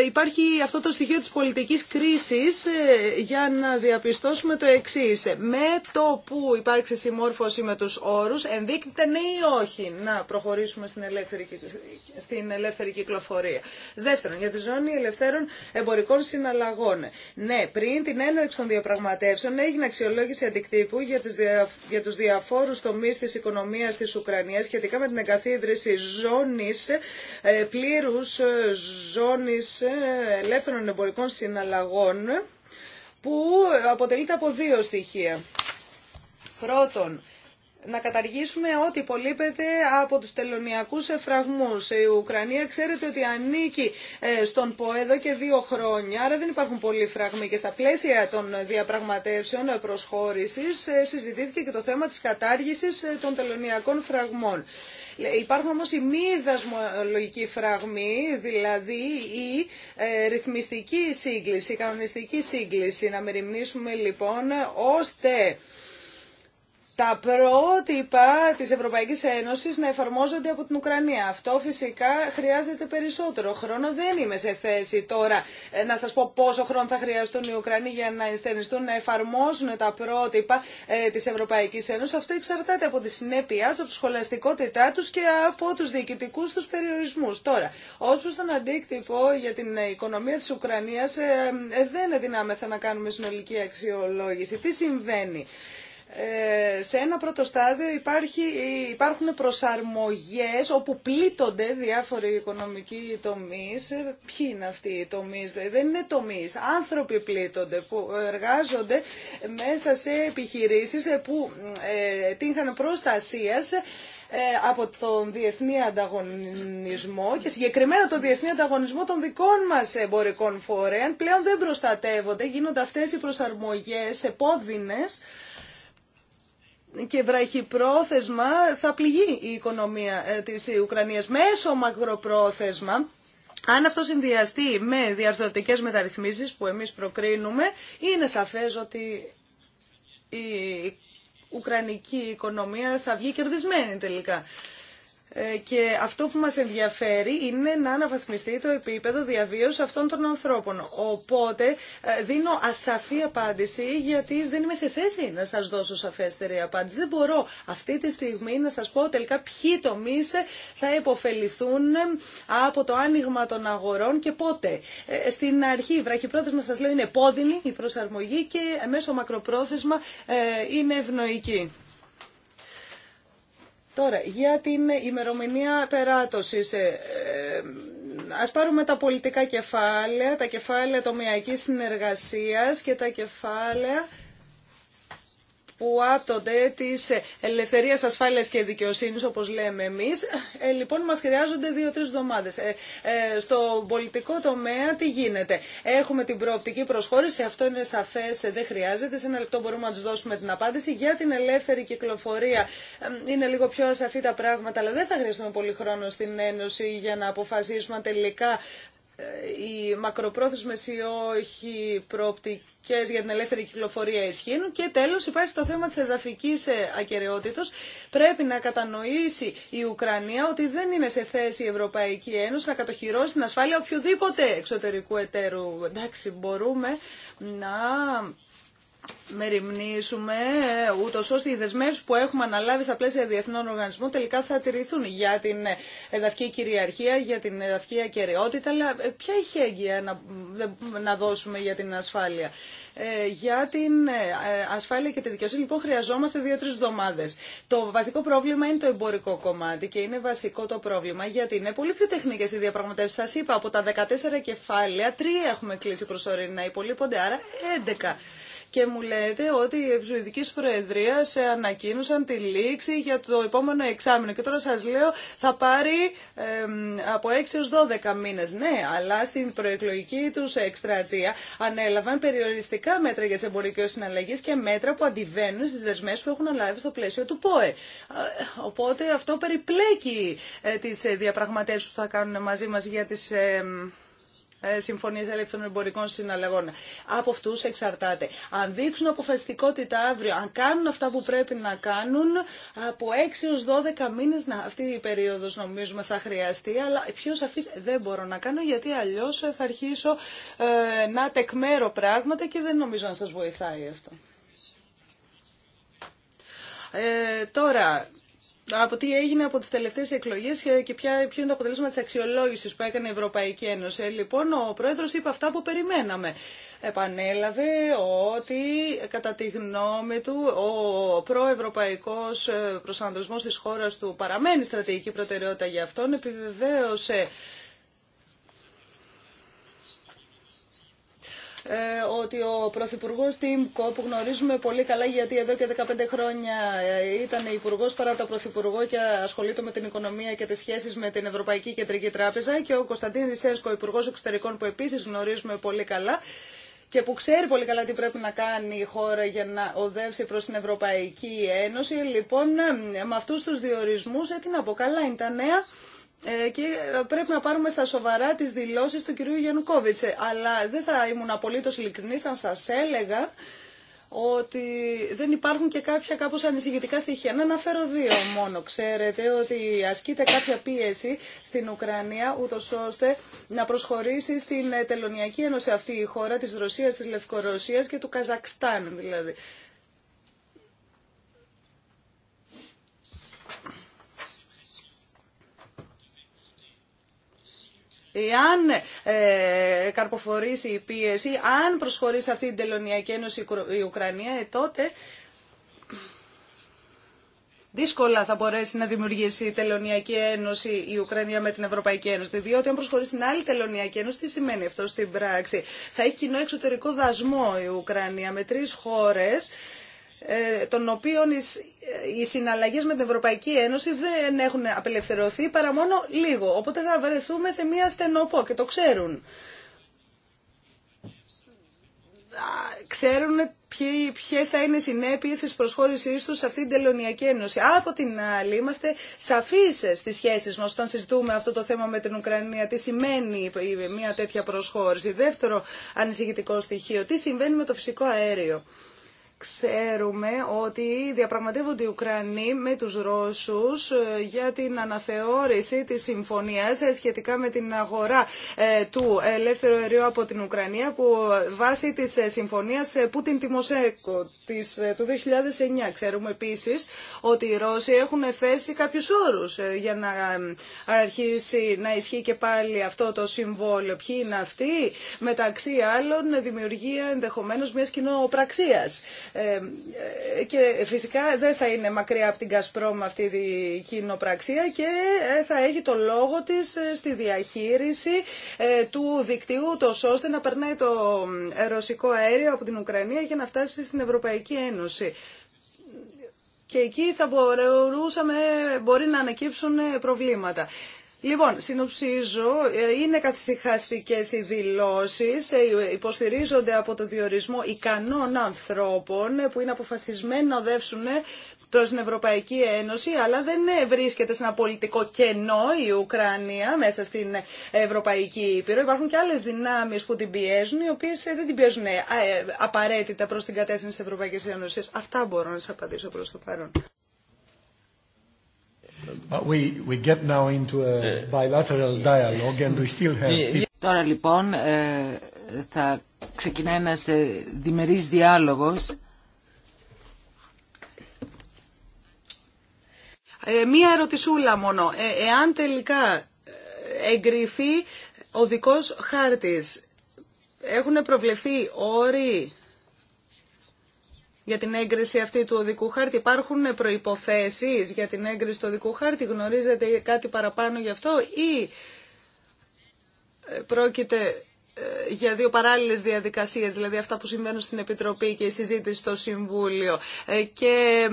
Ε, υπάρχει αυτό το στοιχείο της πολιτικής κρίσης ε, για να διαπιστώσουμε το εξή Με το που υπάρξει συμμόρφωση με τους όρους, ενδείκνεται ναι ή όχι να προχωρήσουμε στην ελεύθερη, στην ελεύθερη κυκλοφορία. Δεύτερον, για τη ζώνη ελευθέρων εμπορικών συναλλαγών. Ναι, πριν την έναρξη των διαπραγματεύσεων έγινε αξιολόγηση αντικτύπου για, τις για τους διαφόρους τομείς της οικονομίας της Ουκρανίας σχετικά με την εγκαθίδρυση ζώνης, ε, πλήρους ζώνης ζώνης ελεύθερων εμπορικών συναλλαγών που αποτελείται από δύο στοιχεία. Πρώτον, να καταργήσουμε ό,τι υπολείπεται από τους τελωνιακούς εφραγμούς. Η Ουκρανία ξέρετε ότι ανήκει ε, στον ΠΟΕ και δύο χρόνια, άρα δεν υπάρχουν πολλοί φραγμοί και στα πλαίσια των διαπραγματεύσεων προσχώρησης ε, συζητήθηκε και το θέμα της κατάργησης ε, των τελωνιακών φραγμών. Ε, υπάρχουν όμως οι μη δασμολογικοί φραγμοί, δηλαδή η ε, ρυθμιστική σύγκληση, η κανονιστική σύγκληση. Να μεριμνήσουμε λοιπόν ώστε τα πρότυπα της Ευρωπαϊκής Ένωσης να εφαρμόζονται από την Ουκρανία. Αυτό φυσικά χρειάζεται περισσότερο χρόνο. Δεν είμαι σε θέση τώρα ε, να σας πω πόσο χρόνο θα χρειαστούν οι Ουκρανοί για να ενστερνιστούν να εφαρμόσουν τα πρότυπα ε, της Ευρωπαϊκής Ένωσης. Αυτό εξαρτάται από τη συνέπειά, από τη σχολαστικότητά τους και από τους διοικητικούς τους περιορισμούς. Τώρα, ω προ τον αντίκτυπο για την οικονομία της Ουκρανίας ε, δεν δυνάμεθα να κάνουμε συνολική αξιολόγηση. Τι συμβαίνει. Ε, σε ένα πρώτο στάδιο υπάρχει, υπάρχουν προσαρμογές όπου πλήττονται διάφοροι οικονομικοί τομείς. Ε, ποιοι είναι αυτοί οι τομείς, δεν είναι τομείς. Άνθρωποι πλήττονται που εργάζονται μέσα σε επιχειρήσεις ε, που ε, τύχαν προστασίας από τον διεθνή ανταγωνισμό και συγκεκριμένα τον διεθνή ανταγωνισμό των δικών μας εμπορικών φορέων πλέον δεν προστατεύονται, γίνονται αυτές οι προσαρμογές επώδυνες και βραχυπρόθεσμα θα πληγεί η οικονομία ε, της Ουκρανίας μέσω μακροπρόθεσμα. Αν αυτό συνδυαστεί με διαρθρωτικές μεταρρυθμίσεις που εμείς προκρίνουμε, είναι σαφές ότι η ουκρανική οικονομία θα βγει κερδισμένη τελικά. Ε, και αυτό που μας ενδιαφέρει είναι να αναβαθμιστεί το επίπεδο διαβίωσης αυτών των ανθρώπων. Οπότε ε, δίνω ασαφή απάντηση γιατί δεν είμαι σε θέση να σας δώσω σαφέστερη απάντηση. Δεν μπορώ αυτή τη στιγμή να σας πω τελικά ποιοι τομείς θα υποφεληθούν από το άνοιγμα των αγορών και πότε. Ε, στην αρχή η βραχυπρόθεσμα σας λέω είναι πόδινη η προσαρμογή και μέσω μακροπρόθεσμα είναι ευνοϊκή. Τώρα, για την ημερομηνία περάτωσης, ε, ε, Α πάρουμε τα πολιτικά κεφάλαια, τα κεφάλαια τομιακής συνεργασίας και τα κεφάλαια που άπτονται τη ελευθερία ασφάλεια και δικαιοσύνη, όπω λέμε εμεί, Ε, λοιπόν μα χρειάζονται δύο-τρει εβδομάδε. Ε, ε, στο πολιτικό τομέα τι γίνεται. Έχουμε την προοπτική προσχώρηση, αυτό είναι σαφές, δεν χρειάζεται. Σε ένα λεπτό μπορούμε να του δώσουμε την απάντηση. Για την ελεύθερη κυκλοφορία ε, είναι λίγο πιο ασαφή τα πράγματα, αλλά δεν θα χρειαστούμε πολύ χρόνο στην Ένωση για να αποφασίσουμε τελικά ε, οι μακροπρόθεσμες ή όχι προοπτικές και για την ελεύθερη κυκλοφορία ισχύουν. Και τέλο, υπάρχει το θέμα τη εδαφική ε, ακαιρεότητα. Πρέπει να κατανοήσει η Ουκρανία ότι δεν είναι σε θέση η Ευρωπαϊκή Ένωση να κατοχυρώσει την ασφάλεια οποιοδήποτε εξωτερικού εταίρου. Εντάξει, μπορούμε να μεριμνήσουμε ε, ούτως ώστε οι δεσμεύσεις που έχουμε αναλάβει στα πλαίσια διεθνών οργανισμών τελικά θα τηρηθούν για την εδαφική κυριαρχία, για την εδαφική ακεραιότητα αλλά ε, ποια έχει να, να δώσουμε για την ασφάλεια. Ε, για την ασφάλεια και τη δικαιοσύνη λοιπόν χρειαζόμαστε δύο-τρει εβδομάδε. Το βασικό πρόβλημα είναι το εμπορικό κομμάτι και είναι βασικό το πρόβλημα γιατί είναι πολύ πιο τεχνικές οι διαπραγματεύσεις. Σας είπα από τα 14 κεφάλαια, τρία έχουμε κλείσει προσωρινά, υπολείπονται άρα 11 και μου λέτε ότι οι Προεδρία σε ανακοίνωσαν τη λήξη για το επόμενο εξάμεινο και τώρα σας λέω θα πάρει από 6 έως 12 μήνες. Ναι, αλλά στην προεκλογική του εκστρατεία ανέλαβαν περιοριστικά μέτρα για τι εμπορικέ συναλλαγές και μέτρα που αντιβαίνουν στις δεσμές που έχουν λάβει στο πλαίσιο του ΠΟΕ. Οπότε αυτό περιπλέκει ε, τις ε, διαπραγματεύσεις που θα κάνουν μαζί μας για τις ε, συμφωνίε ελεύθερων εμπορικών συναλλαγών. Από αυτού, εξαρτάται. Αν δείξουν αποφασιστικότητα αύριο, αν κάνουν αυτά που πρέπει να κάνουν, από 6 έως 12 μήνες, να, αυτή η περίοδος νομίζουμε θα χρειαστεί, αλλά πιο σαφής δεν μπορώ να κάνω, γιατί αλλιώς θα αρχίσω ε, να τεκμέρω πράγματα και δεν νομίζω να σα βοηθάει αυτό. Ε, τώρα, από τι έγινε από τις τελευταίες εκλογές και ποια, ποιο είναι το αποτελέσμα της αξιολόγησης που έκανε η Ευρωπαϊκή Ένωση. Ε, λοιπόν, ο Πρόεδρος είπε αυτά που περιμέναμε. Επανέλαβε ότι κατά τη γνώμη του ο προευρωπαϊκός ε, προσανατολισμός της χώρας του παραμένει στρατηγική προτεραιότητα για αυτόν. Επιβεβαίωσε Ε, ότι ο Πρωθυπουργό Τίμκο, που γνωρίζουμε πολύ καλά γιατί εδώ και 15 χρόνια ε, ήταν υπουργό παρά το Πρωθυπουργό και ασχολείται με την οικονομία και τι σχέσει με την Ευρωπαϊκή Κεντρική Τράπεζα, και ο Κωνσταντίν Ρισέσκο, υπουργό εξωτερικών, που επίση γνωρίζουμε πολύ καλά και που ξέρει πολύ καλά τι πρέπει να κάνει η χώρα για να οδεύσει προς την Ευρωπαϊκή Ένωση. Λοιπόν, ε, με αυτούς τους διορισμούς, έτσι να πω, καλά είναι τα νέα. Ε, και πρέπει να πάρουμε στα σοβαρά τις δηλώσεις του κυρίου Κόβιτσε. Αλλά δεν θα ήμουν απολύτω ειλικρινή αν σας έλεγα ότι δεν υπάρχουν και κάποια κάπως ανησυχητικά στοιχεία. Να αναφέρω δύο μόνο. Ξέρετε ότι ασκείται κάποια πίεση στην Ουκρανία ούτω ώστε να προσχωρήσει στην Τελωνιακή Ένωση αυτή η χώρα της Ρωσίας, της Λευκορωσίας και του Καζακστάν δηλαδή. Εάν ε, καρποφορήσει η πίεση, αν προσχωρήσει αυτή την τελωνιακή ένωση η Ουκρανία, ε, τότε δύσκολα θα μπορέσει να δημιουργήσει η τελωνιακή ένωση η Ουκρανία με την Ευρωπαϊκή Ένωση. Διότι αν προσχωρήσει την άλλη τελωνιακή ένωση, τι σημαίνει αυτό στην πράξη. Θα έχει κοινό εξωτερικό δασμό η Ουκρανία με τρεις χώρες, ε, των οποίων οι συναλλαγές με την Ευρωπαϊκή Ένωση δεν έχουν απελευθερωθεί παρά μόνο λίγο. Οπότε θα βρεθούμε σε μία στενοπό και το ξέρουν. Ξέρουν ποιες θα είναι οι συνέπειες της προσχώρησής τους σε αυτή την τελωνιακή ένωση. Από την άλλη είμαστε σαφείς στις σχέσεις μας όταν συζητούμε αυτό το θέμα με την Ουκρανία. Τι σημαίνει μια τέτοια προσχώρηση. Δεύτερο ανησυχητικό στοιχείο. Τι συμβαίνει με το φυσικό αέριο. Ξέρουμε ότι διαπραγματεύονται οι Ουκρανοί με τους Ρώσους ε, για την αναθεώρηση της συμφωνίας ε, σχετικά με την αγορά ε, του ελεύθερου αερίου από την Ουκρανία που βάσει της συμφωνίας που την Τιμοσέκο της, του 2009. Ξέρουμε επίσης ότι οι Ρώσοι έχουν θέσει κάποιους όρους για να αρχίσει να ισχύει και πάλι αυτό το συμβόλαιο. Ποιοι είναι αυτοί, μεταξύ άλλων δημιουργία ενδεχομένως μιας κοινοπραξίας. Ε, και φυσικά δεν θα είναι μακριά από την με αυτή την κοινοπραξία και ε, θα έχει το λόγο της ε, στη διαχείριση του δικτύου, τόσο ώστε να περνάει το ρωσικό αέριο από την Ουκρανία για να φτάσει στην Ευρωπαϊκή Ένωση. Και εκεί θα μπορούσαμε, μπορεί να ανακύψουν προβλήματα. Λοιπόν, συνοψίζω, ε, είναι καθησυχαστικές οι δηλώσεις, ε, υποστηρίζονται από το διορισμό ικανών ανθρώπων ε, που είναι αποφασισμένοι να οδεύσουν προς την Ευρωπαϊκή Ένωση, αλλά δεν βρίσκεται σε ένα πολιτικό κενό η Ουκρανία μέσα στην Ευρωπαϊκή Ήπειρο. Υπάρχουν και άλλες δυνάμεις που την πιέζουν, οι οποίες δεν την πιέζουν απαραίτητα προς την κατεύθυνση της Ευρωπαϊκής Ένωσης. Αυτά μπορώ να σας απαντήσω προς το παρόν. Τώρα λοιπόν ε, θα ξεκινάει ένας ε, διμερής διάλογος. Ε, μία ερωτησούλα μόνο. Ε, εάν τελικά εγκριθεί ο δικός χάρτης, έχουν προβλεφθεί όροι για την έγκριση αυτή του οδικού χάρτη. Υπάρχουν προϋποθέσεις για την έγκριση του οδικού χάρτη. Γνωρίζετε κάτι παραπάνω γι' αυτό ή ε, πρόκειται ε, για δύο παράλληλες διαδικασίες, δηλαδή αυτά που συμβαίνουν στην Επιτροπή και η συζήτηση στο Συμβούλιο. Ε, και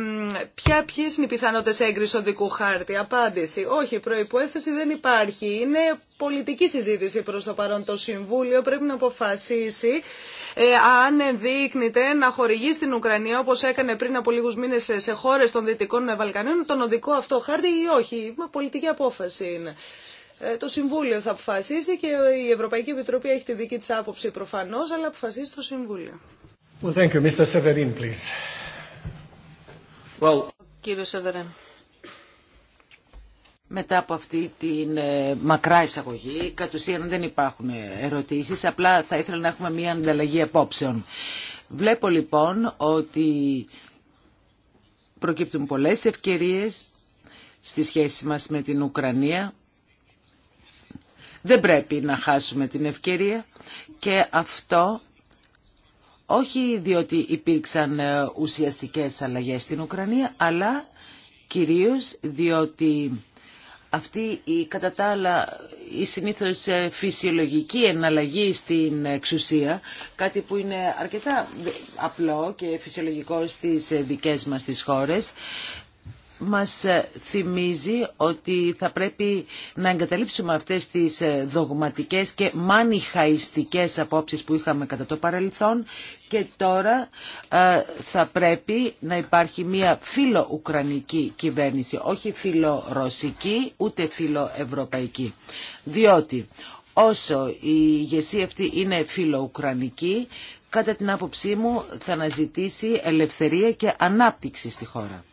ποια, ποιες είναι οι πιθανότητες έγκριση οδικού χάρτη. Απάντηση. Όχι, προϋποέθεση δεν υπάρχει. Είναι πολιτική συζήτηση προς το παρόν. Το Συμβούλιο πρέπει να αποφασίσει ε, αν ενδείκνυται να χορηγεί στην Ουκρανία, όπως έκανε πριν από λίγους μήνες σε χώρες των Δυτικών Βαλκανίων, τον οδικό αυτό χάρτη ή όχι. Μα πολιτική απόφαση είναι. Ε, το Συμβούλιο θα αποφασίσει και η Ευρωπαϊκή Επιτροπή έχει τη δική της άποψη προφανώς, αλλά αποφασίζει το Συμβούλιο. Well, thank you. Mr. Severin, please. Well... Κύριο Σεβερέν. Μετά από αυτή την ε, μακρά εισαγωγή, κατ' ουσίαν δεν υπάρχουν ε, ερωτήσεις, απλά θα ήθελα να έχουμε μία ανταλλαγή απόψεων. Βλέπω λοιπόν ότι προκύπτουν πολλές ευκαιρίες στη σχέση μας με την Ουκρανία δεν πρέπει να χάσουμε την ευκαιρία και αυτό όχι διότι υπήρξαν ε, ουσιαστικές αλλαγές στην Ουκρανία, αλλά κυρίως διότι αυτή η κατά τα άλλα η συνήθως ε, φυσιολογική εναλλαγή στην εξουσία, κάτι που είναι αρκετά απλό και φυσιολογικό στις ε, δικές μας τις χώρες, μας ε, θυμίζει ότι θα πρέπει να εγκαταλείψουμε αυτές τις ε, δογματικές και μανιχαϊστικές απόψεις που είχαμε κατά το παρελθόν και τώρα ε, θα πρέπει να υπάρχει μια φιλοουκρανική κυβέρνηση, οχι φιλορωσική ούτε φιλοευρωπαϊκή. Διότι όσο η ηγεσία αυτή φιλοουκρανική, κατά την άποψή μου θα αναζητήσει ελευθερία και ανάπτυξη στη χώρα.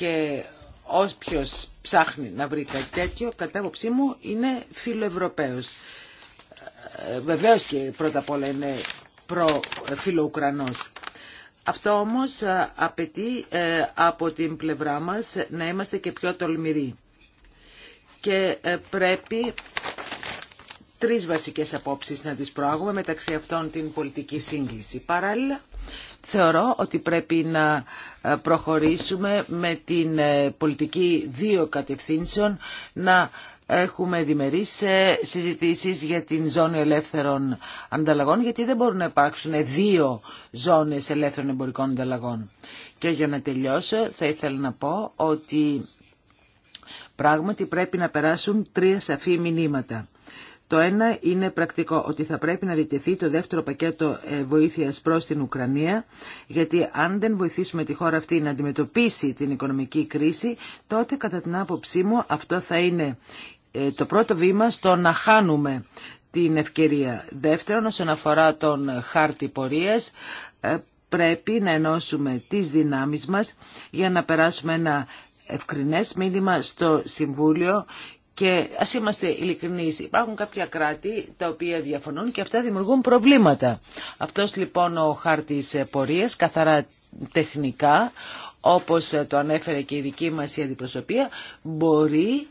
Και όποιος ψάχνει να βρει κάτι τέτοιο, κατά άποψή μου, είναι φιλοευρωπαίος. Ε, βεβαίως και πρώτα απ' όλα είναι προφιλοουκρανός. Αυτό όμως ε, απαιτεί ε, από την πλευρά μας να είμαστε και πιο τολμηροί. Και πρέπει τρεις βασικές απόψεις να τις προάγουμε, μεταξύ αυτών την πολιτική σύγκληση. Παράλληλα, Θεωρώ ότι πρέπει να ε, προχωρήσουμε με την ε, πολιτική δύο κατευθύνσεων, να έχουμε διμερείς ε, συζητήσεις για την ζώνη ελεύθερων ανταλλαγών, γιατί δεν μπορούν να υπάρξουν δύο ζώνες ελεύθερων εμπορικών ανταλλαγών. Και για να τελειώσω θα ήθελα να πω ότι πράγματι πρέπει να περάσουν τρία σαφή μηνύματα. Το ένα είναι πρακτικό, ότι θα πρέπει να διτεθεί το δεύτερο πακέτο ε, βοήθειας προς την Ουκρανία, γιατί αν δεν βοηθήσουμε τη χώρα αυτή να αντιμετωπίσει την οικονομική κρίση, τότε κατά την άποψή μου αυτό θα είναι ε, το πρώτο βήμα στο να χάνουμε την ευκαιρία. Δεύτερον, όσον αφορά τον χάρτη πορείας, ε, πρέπει να ενώσουμε τις δυνάμεις μας για να περάσουμε ένα ευκρινές μήνυμα στο Συμβούλιο και ας είμαστε ειλικρινεί, υπάρχουν κάποια κράτη τα οποία διαφωνούν και αυτά δημιουργούν προβλήματα. Αυτός λοιπόν ο χάρτης πορεία καθαρά τεχνικά, όπως το ανέφερε και η δική μα η αντιπροσωπεία, μπορεί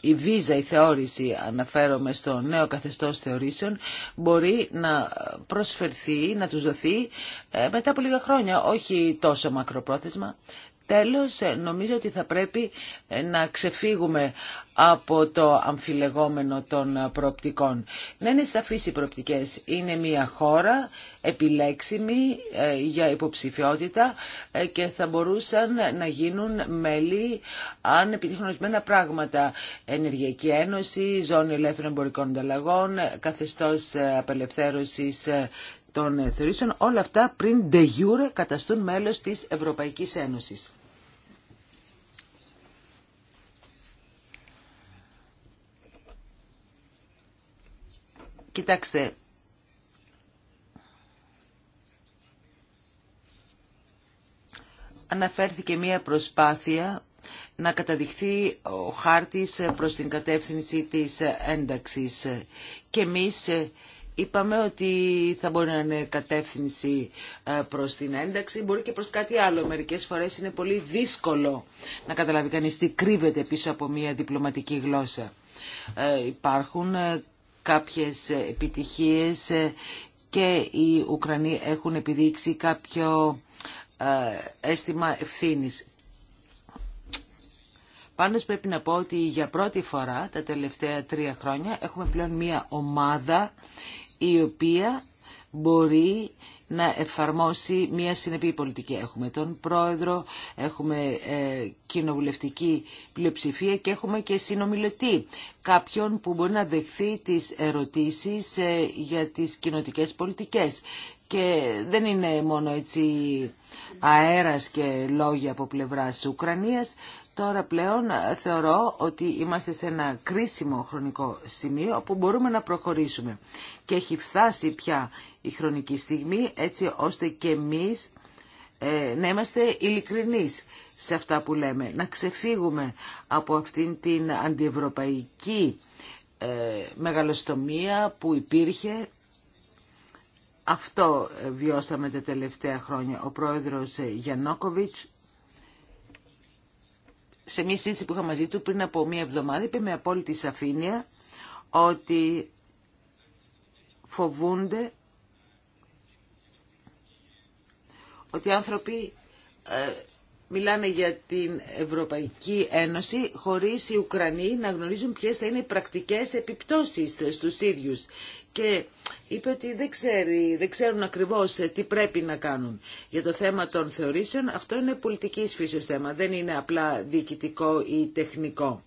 η βίζα, η θεώρηση, αναφέρομαι στο νέο καθεστώς θεωρήσεων, μπορεί να προσφερθεί, να τους δοθεί ε, μετά από λίγα χρόνια, όχι τόσο μακροπρόθεσμα. Τέλος, ε, νομίζω ότι θα πρέπει ε, να ξεφύγουμε από το αμφιλεγόμενο των ε, προοπτικών. Να είναι σαφείς οι προοπτικές. Είναι μια χώρα επιλέξιμη για υποψηφιότητα και θα μπορούσαν να γίνουν μέλη αν επιτύχουν πράγματα. Ενεργειακή Ένωση, Ζώνη Ελεύθερων Εμπορικών Ανταλλαγών, καθεστώς απελευθέρωσης των ε, θεωρήσεων, όλα αυτά πριν de καταστούν μέλος της Ευρωπαϊκής Ένωσης. Κοιτάξτε, αναφέρθηκε μία προσπάθεια να καταδειχθεί ο χάρτης προς την κατεύθυνση της ένταξης. Και εμείς ε, Είπαμε ότι θα μπορεί να είναι κατεύθυνση ε, προς την ένταξη, μπορεί και προς κάτι άλλο. Μερικές φορές είναι πολύ δύσκολο να καταλάβει κανείς τι κρύβεται πίσω από μια διπλωματική γλώσσα. Ε, υπάρχουν ε, κάποιες επιτυχίες και οι Ουκρανοί έχουν επιδείξει κάποιο αίσθημα ευθύνης. Πάντως πρέπει να πω ότι για πρώτη φορά τα τελευταία τρία χρόνια έχουμε πλέον μία ομάδα η οποία μπορεί να εφαρμόσει μια συνεπή πολιτική. Έχουμε τον πρόεδρο, έχουμε ε, κοινοβουλευτική πλειοψηφία και έχουμε και συνομιλητή. Κάποιον που μπορεί να δεχθεί τις ερωτήσεις ε, για τις κοινοτικές πολιτικές. Και δεν είναι μόνο έτσι αέρας και λόγια από πλευράς Ουκρανίας. Τώρα πλέον ε, θεωρώ ότι είμαστε σε ένα κρίσιμο χρονικό σημείο όπου μπορούμε να προχωρήσουμε. Και έχει φτάσει πια η χρονική στιγμή έτσι ώστε και εμείς ε, να είμαστε ειλικρινείς σε αυτά που λέμε. Να ξεφύγουμε από αυτήν την αντιευρωπαϊκή ε, μεγαλοστομία που υπήρχε αυτό βιώσαμε τα τελευταία χρόνια. Ο πρόεδρος Γιαννόκοβιτς σε μια σύντηση που είχα μαζί του πριν από μια εβδομάδα είπε με απόλυτη σαφήνεια ότι φοβούνται ότι οι άνθρωποι ε, μιλάνε για την Ευρωπαϊκή Ένωση χωρίς οι Ουκρανοί να γνωρίζουν ποιες θα είναι οι πρακτικές επιπτώσεις στους ίδιους. Και είπε ότι δεν, ξέρει, δεν ξέρουν ακριβώς ε, τι πρέπει να κάνουν. Για το θέμα των θεωρήσεων αυτό είναι πολιτικής φύσης θέμα, δεν είναι απλά διοικητικό ή τεχνικό.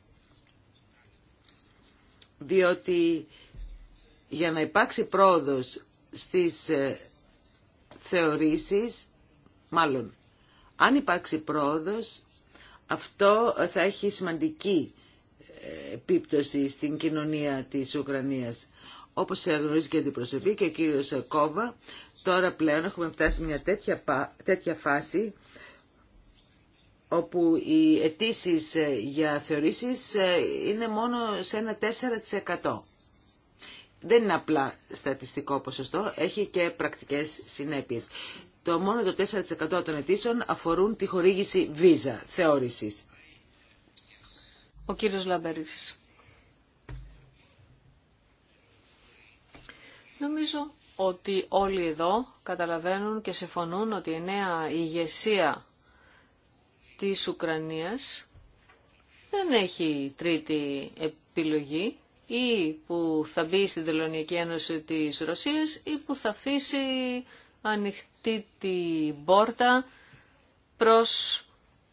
Διότι για να υπάρξει πρόοδος στις ε, θεωρήσεις, μάλλον αν υπάρξει πρόοδος, αυτό θα έχει σημαντική ε, επίπτωση στην κοινωνία της Ουκρανίας. Όπως γνωρίζει και την προσωπή και ο κύριος Κόβα, τώρα πλέον έχουμε φτάσει σε μια τέτοια, φάση όπου οι αιτήσει ε, για θεωρήσεις ε, είναι μόνο σε ένα 4%. Δεν είναι απλά στατιστικό ποσοστό, έχει και πρακτικές συνέπειες το μόνο το 4% των αιτήσεων αφορούν τη χορήγηση βίζα θεώρησης. Ο κύριος Λαμπερίς. Νομίζω ότι όλοι εδώ καταλαβαίνουν και συμφωνούν ότι η νέα ηγεσία της Ουκρανίας δεν έχει τρίτη επιλογή ή που θα μπει στην Τελωνιακή Ένωση της Ρωσίας ή που θα αφήσει ανοιχτή την πόρτα προς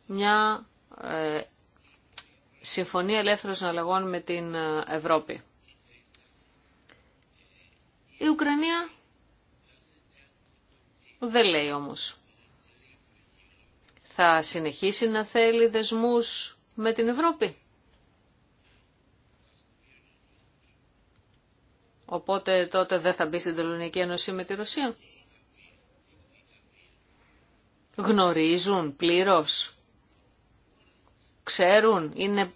μια ε, συμφωνία ελεύθερων συναλλαγών με την ε, Ευρώπη. Η Ουκρανία δεν λέει όμως. Θα συνεχίσει να θέλει δεσμούς με την Ευρώπη. Οπότε τότε δεν θα μπει στην Τελωνική Ένωση με τη Ρωσία γνωρίζουν πλήρως, ξέρουν, είναι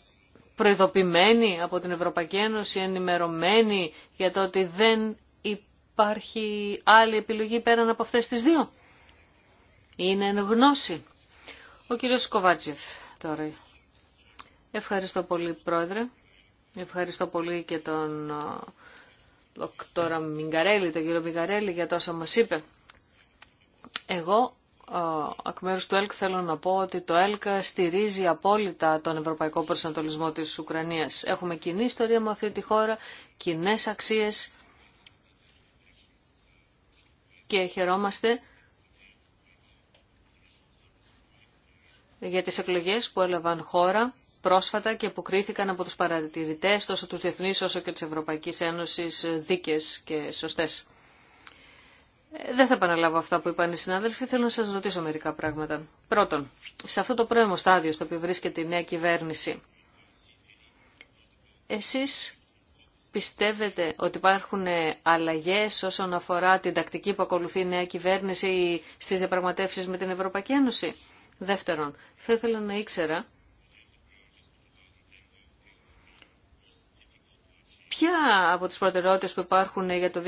προειδοποιημένοι από την Ευρωπαϊκή Ένωση, ενημερωμένοι για το ότι δεν υπάρχει άλλη επιλογή πέραν από αυτές τις δύο. Είναι εν γνώση. Ο κύριος Κοβάτσεφ τώρα. Ευχαριστώ πολύ πρόεδρε. Ευχαριστώ πολύ και τον ε, δοκτόρα Μιγκαρέλη, τον κύριο Μιγκαρέλη για τόσα μας είπε. Εγώ εκ μέρους του ΕΛΚ θέλω να πω ότι το ΕΛΚ στηρίζει απόλυτα τον ευρωπαϊκό προσανατολισμό της Ουκρανίας. Έχουμε κοινή ιστορία με αυτή τη χώρα, κοινέ αξίες και χαιρόμαστε για τις εκλογές που έλαβαν χώρα πρόσφατα και που κρίθηκαν από τους παρατηρητές τόσο τους διεθνείς όσο και της Ευρωπαϊκής Ένωσης δίκες και σωστές. Δεν θα επαναλάβω αυτά που είπαν οι συνάδελφοι, θέλω να σας ρωτήσω μερικά πράγματα. Πρώτον, σε αυτό το πρώιμο στάδιο στο οποίο βρίσκεται η νέα κυβέρνηση, εσείς πιστεύετε ότι υπάρχουν ε, αλλαγές όσον αφορά την τακτική που ακολουθεί η νέα κυβέρνηση στις διαπραγματεύσει με την Ευρωπαϊκή Ένωση. Δεύτερον, θα ήθελα να ήξερα Ποια από τις προτεραιότητες που υπάρχουν για το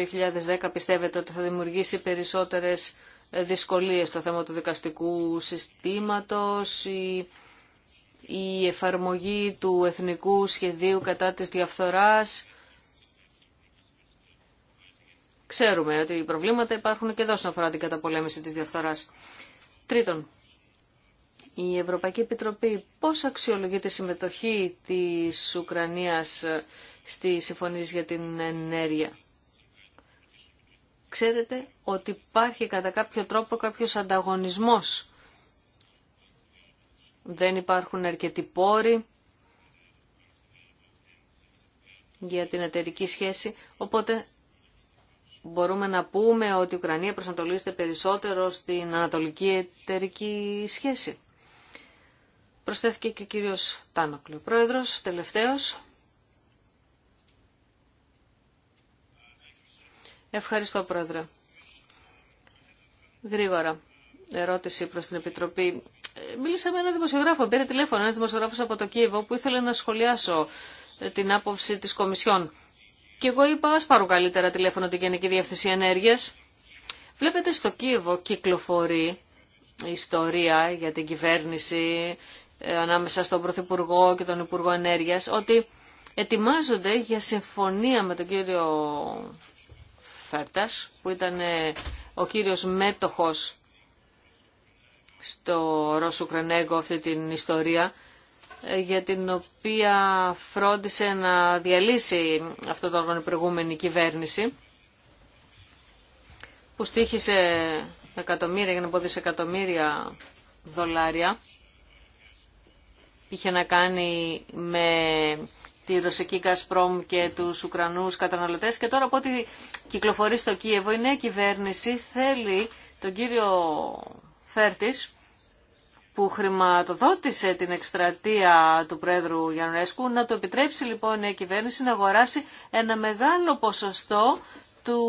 2010 πιστεύετε ότι θα δημιουργήσει περισσότερες ε, δυσκολίες στο θέμα του δικαστικού συστήματος, η, η εφαρμογή του εθνικού σχεδίου κατά της διαφθοράς. Ξέρουμε ότι οι προβλήματα υπάρχουν και εδώ στον αφορά την καταπολέμηση της διαφθοράς. Τρίτον, η Ευρωπαϊκή Επιτροπή πώς αξιολογεί τη συμμετοχή της Ουκρανίας ε, στη συμφωνία για την ενέργεια. Ξέρετε ότι υπάρχει κατά κάποιο τρόπο κάποιος ανταγωνισμός. Δεν υπάρχουν αρκετοί πόροι για την εταιρική σχέση, οπότε μπορούμε να πούμε ότι η Ουκρανία προσανατολίζεται περισσότερο στην ανατολική εταιρική σχέση. Προσθέθηκε και ο κύριος Τάνοκλη, ο πρόεδρος, τελευταίος. Ευχαριστώ, πρόεδρε. Γρήγορα, ερώτηση προς την Επιτροπή. Ε, μίλησα με έναν δημοσιογράφο, πήρε τηλέφωνο, ένας δημοσιογράφος από το Κίεβο, που ήθελε να σχολιάσω ε, την άποψη της Κομισιόν. Και εγώ είπα, ας πάρω καλύτερα τηλέφωνο την Γενική διεύθυνση Ενέργειας. Βλέπετε στο Κίεβο κυκλοφορεί ιστορία για την κυβέρνηση, ε, ανάμεσα στον Πρωθυπουργό και τον Υπουργό Ενέργειας ότι ετοιμάζονται για συμφωνία με τον κύριο Φέρτας που ήταν ε, ο κύριος μέτοχος στο Ρώσο-Ουκρανέγκο αυτή την ιστορία ε, για την οποία φρόντισε να διαλύσει αυτό το όργανο προηγούμενη κυβέρνηση που στήχησε εκατομμύρια για να πω δισεκατομμύρια δολάρια είχε να κάνει με τη ρωσική Κασπρόμ και τους Ουκρανούς καταναλωτές και τώρα από ό,τι κυκλοφορεί στο Κίεβο η νέα κυβέρνηση θέλει τον κύριο Φέρτης που χρηματοδότησε την εκστρατεία του Πρόεδρου Γιαννέσκου να το επιτρέψει λοιπόν η νέα κυβέρνηση να αγοράσει ένα μεγάλο ποσοστό του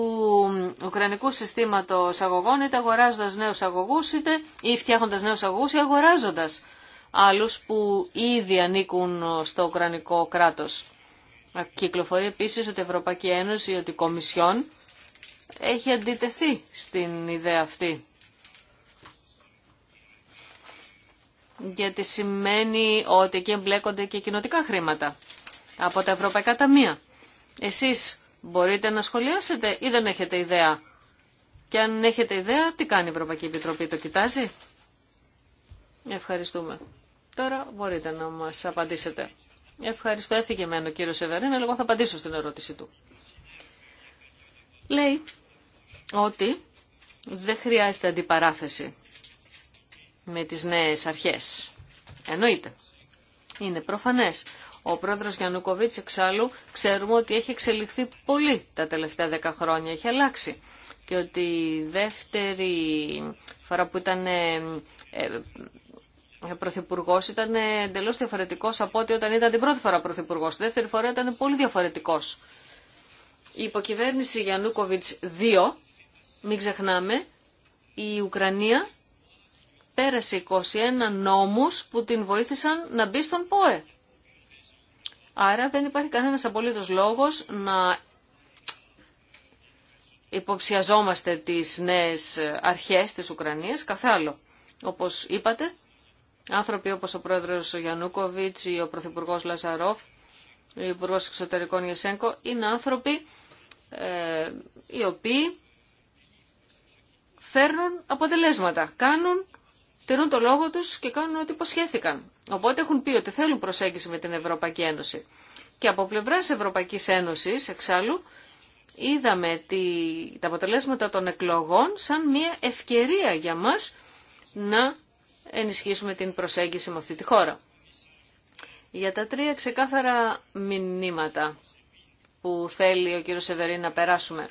Ουκρανικού συστήματος αγωγών είτε αγοράζοντας νέους αγωγούς είτε ή φτιάχνοντας νέους αγωγούς ή αγοράζοντας άλλους που ήδη ανήκουν στο Ουκρανικό κράτος. Κυκλοφορεί επίσης ότι η Ευρωπαϊκή Ένωση, ότι η Κομισιόν έχει αντιτεθεί στην ιδέα αυτή. Γιατί σημαίνει ότι εκεί εμπλέκονται και κοινοτικά χρήματα από τα Ευρωπαϊκά Ταμεία. Εσείς μπορείτε να σχολιάσετε ή δεν έχετε ιδέα. Και αν έχετε ιδέα, τι κάνει η Ευρωπαϊκή Επιτροπή, το κοιτάζει. Ευχαριστούμε. Τώρα μπορείτε να μας απαντήσετε. Ευχαριστώ. Έφυγε εμένα ο κύριος Σεβερίν, αλλά εγώ θα απαντήσω στην ερώτηση του. Λέει ότι δεν χρειάζεται αντιπαράθεση με τις νέες αρχές. Εννοείται. Είναι προφανές. Ο πρόεδρος Γιαννουκοβίτς εξάλλου ξέρουμε ότι έχει εξελιχθεί πολύ τα τελευταία δέκα χρόνια. Έχει αλλάξει. Και ότι η δεύτερη φορά που ήταν ε, ε, ο Πρωθυπουργό ήταν ε, εντελώ διαφορετικό από ό,τι όταν ήταν την πρώτη φορά Πρωθυπουργό. Τη δεύτερη φορά ήταν πολύ διαφορετικό. Η υποκυβέρνηση Γιαννούκοβιτ 2, μην ξεχνάμε, η Ουκρανία πέρασε 21 νόμους που την βοήθησαν να μπει στον ΠΟΕ. Άρα δεν υπάρχει κανένας απολύτως λόγος να υποψιαζόμαστε τις νέες αρχές της Ουκρανίας, καθ' άλλο. Όπως είπατε, Άνθρωποι όπως ο πρόεδρος Γιαννούκοβιτς ή ο πρωθυπουργός Λαζαρόφ, ο υπουργό εξωτερικών Ιεσέγκο, είναι άνθρωποι ε, οι οποίοι φέρνουν αποτελέσματα, κάνουν, τηρούν το λόγο τους και κάνουν ό,τι υποσχέθηκαν. Οπότε έχουν πει ότι θέλουν προσέγγιση με την Ευρωπαϊκή Ένωση. Και από πλευράς Ευρωπαϊκή Ένωση εξάλλου, είδαμε τη, τα αποτελέσματα των εκλογών σαν μια ευκαιρία για μας να ενισχύσουμε την προσέγγιση με αυτή τη χώρα. Για τα τρία ξεκάθαρα μηνύματα που θέλει ο κύριος Σεβερή να περάσουμε.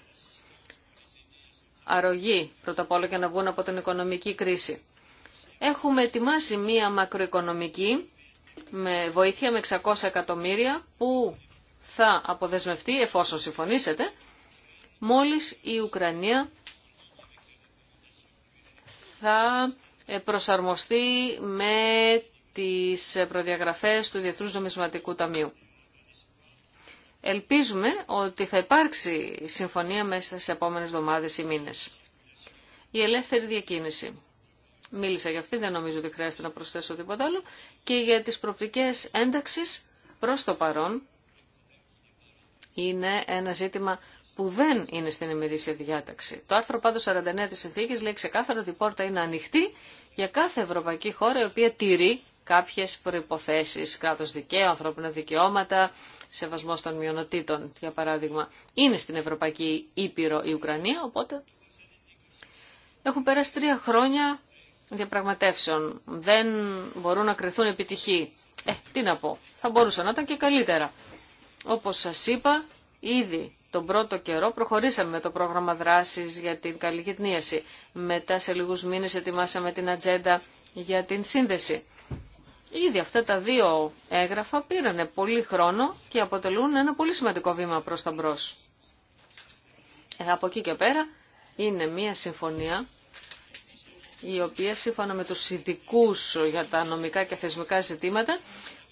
Αρρωγή, πρώτα απ' όλα, για να βγουν από την οικονομική κρίση. Έχουμε ετοιμάσει μία μακροοικονομική με βοήθεια με 600 εκατομμύρια που θα αποδεσμευτεί, εφόσον συμφωνήσετε, μόλις η Ουκρανία θα προσαρμοστεί με τις προδιαγραφές του Διεθνούς Νομισματικού Ταμείου. Ελπίζουμε ότι θα υπάρξει συμφωνία μέσα στις επόμενες εβδομάδες ή μήνες. Η ελεύθερη διακίνηση. Μίλησα για αυτή, δεν νομίζω ότι χρειάζεται να προσθέσω τίποτα άλλο. Και για τις προπτικές ένταξης προς το παρόν είναι ένα ζήτημα που δεν είναι στην ημερήσια διάταξη. Το άρθρο πάντως 49 της συνθήκης λέει ξεκάθαρα ότι η πόρτα είναι ανοιχτή για κάθε ευρωπαϊκή χώρα η οποία τηρεί κάποιες προϋποθέσεις, κράτος δικαίου, ανθρώπινα δικαιώματα, σεβασμός των μειονοτήτων, για παράδειγμα. Είναι στην Ευρωπαϊκή Ήπειρο η Ουκρανία, οπότε έχουν πέρασει τρία χρόνια διαπραγματεύσεων. Δεν μπορούν να κρυθούν επιτυχή. Ε, τι να πω, θα μπορούσαν να ήταν και καλύτερα. Όπως σας είπα, ήδη τον πρώτο καιρό προχωρήσαμε με το πρόγραμμα δράσης για την καλλιγυθνίαση. Μετά σε λίγους μήνες ετοιμάσαμε την ατζέντα για την σύνδεση. Ήδη αυτά τα δύο έγγραφα πήραν πολύ χρόνο και αποτελούν ένα πολύ σημαντικό βήμα προς τα μπρος. Ε, από εκεί και πέρα είναι μια συμφωνία η οποία σύμφωνα με τους ειδικού για τα νομικά και θεσμικά ζητήματα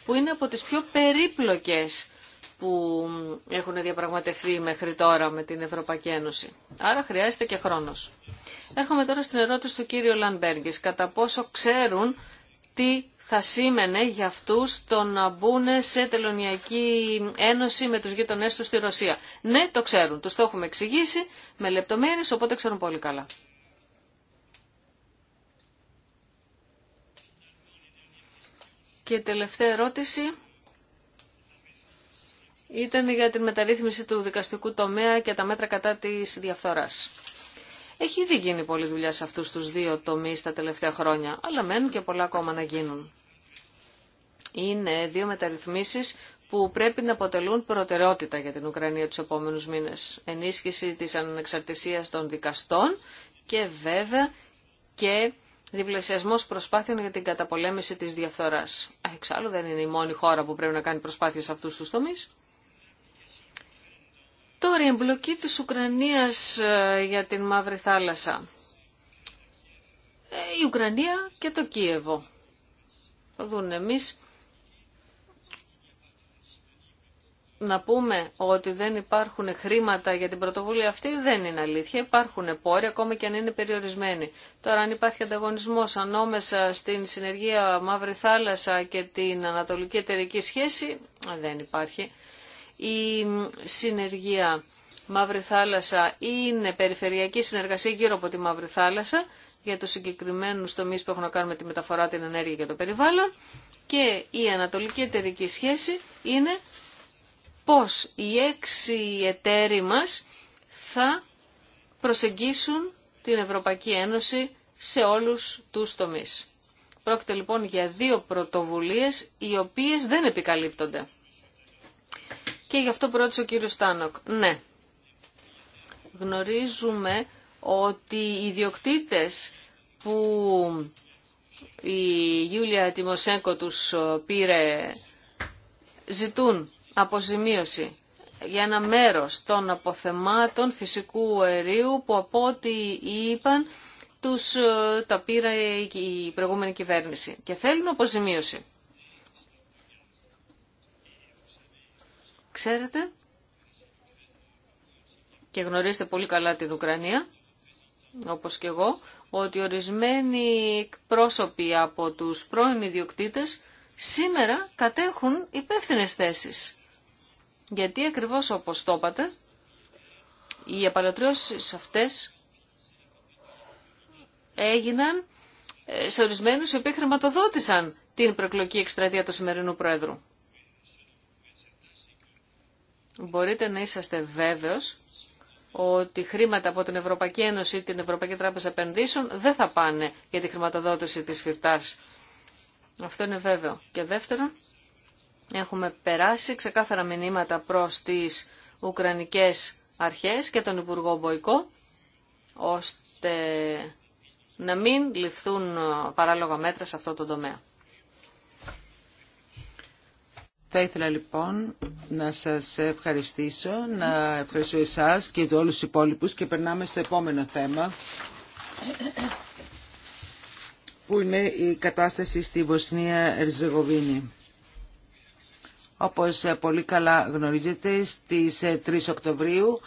που είναι από τις πιο περίπλοκες που έχουν διαπραγματευτεί μέχρι τώρα με την Ευρωπαϊκή Ένωση. Άρα χρειάζεται και χρόνος. Έρχομαι τώρα στην ερώτηση του κύριου Λανμπέργκης. Κατά πόσο ξέρουν τι θα σήμαινε για αυτούς το να μπουν σε τελωνιακή ένωση με τους γείτονές τους στη Ρωσία. Ναι, το ξέρουν. Τους το έχουμε εξηγήσει με λεπτομέρειες, οπότε ξέρουν πολύ καλά. Και τελευταία ερώτηση ήταν για την μεταρρύθμιση του δικαστικού τομέα και τα μέτρα κατά της διαφθοράς. Έχει ήδη γίνει πολλή δουλειά σε αυτούς τους δύο τομείς τα τελευταία χρόνια, αλλά μένουν και πολλά ακόμα να γίνουν. Είναι δύο μεταρρυθμίσεις που πρέπει να αποτελούν προτεραιότητα για την Ουκρανία τους επόμενους μήνες. Ενίσχυση της ανεξαρτησίας των δικαστών και βέβαια και διπλασιασμός προσπάθειων για την καταπολέμηση της διαφθοράς. Εξάλλου δεν είναι η μόνη χώρα που πρέπει να κάνει προσπάθειες σε αυτούς τους τομείς. Τώρα η εμπλοκή της Ουκρανίας ε, για την Μαύρη Θάλασσα. Ε, η Ουκρανία και το Κίεβο. Θα δουν εμείς να πούμε ότι δεν υπάρχουν χρήματα για την πρωτοβουλία αυτή δεν είναι αλήθεια. Υπάρχουν πόροι ακόμα και αν είναι περιορισμένοι. Τώρα αν υπάρχει ανταγωνισμός ανάμεσα στην συνεργεία Μαύρη Θάλασσα και την Ανατολική Εταιρική Σχέση ε, δεν υπάρχει η συνεργία Μαύρη Θάλασσα είναι περιφερειακή συνεργασία γύρω από τη Μαύρη Θάλασσα για τους συγκεκριμένους τομείς που έχουν να κάνουν με τη μεταφορά, την ενέργεια και το περιβάλλον και η ανατολική εταιρική σχέση είναι πώς οι έξι εταίροι μας θα προσεγγίσουν την Ευρωπαϊκή Ένωση σε όλους τους τομείς. Πρόκειται λοιπόν για δύο πρωτοβουλίες οι οποίες δεν επικαλύπτονται. Και γι' αυτό πρότεισε ο κύριος Στάνοκ. Ναι, γνωρίζουμε ότι οι ιδιοκτήτες που η Γιούλια Τιμοσέγκο τους ε, πήρε ζητούν αποζημίωση για ένα μέρος των αποθεμάτων φυσικού αερίου που από ό,τι είπαν τους ε, τα πήρε η προηγούμενη κυβέρνηση και θέλουν αποζημίωση. Ξέρετε και γνωρίζετε πολύ καλά την Ουκρανία, όπως και εγώ, ότι ορισμένοι πρόσωποι από τους πρώην ιδιοκτήτες σήμερα κατέχουν υπεύθυνε θέσεις. Γιατί ακριβώς όπως το είπατε, οι απαλλατρώσεις αυτές έγιναν ε, σε ορισμένους οι οποίοι χρηματοδότησαν την προκλογική εκστρατεία του σημερινού Πρόεδρου μπορείτε να είσαστε βέβαιος ότι χρήματα από την Ευρωπαϊκή Ένωση ή την Ευρωπαϊκή Τράπεζα Επενδύσεων δεν θα πάνε για τη χρηματοδότηση της φυρτάς. Αυτό είναι βέβαιο. Και δεύτερον, έχουμε περάσει ξεκάθαρα μηνύματα προς τις Ουκρανικές αρχές και τον Υπουργό Μποϊκό, ώστε να μην ληφθούν παράλογα μέτρα σε αυτό το τομέα. Θα ήθελα λοιπόν να σας ευχαριστήσω, να ευχαριστώ εσάς και όλους τους υπόλοιπους και περνάμε στο επόμενο θέμα που είναι η κατάσταση στη Βοσνία Ερζεγοβίνη. Όπως πολύ καλά γνωρίζετε, στις 3 Οκτωβρίου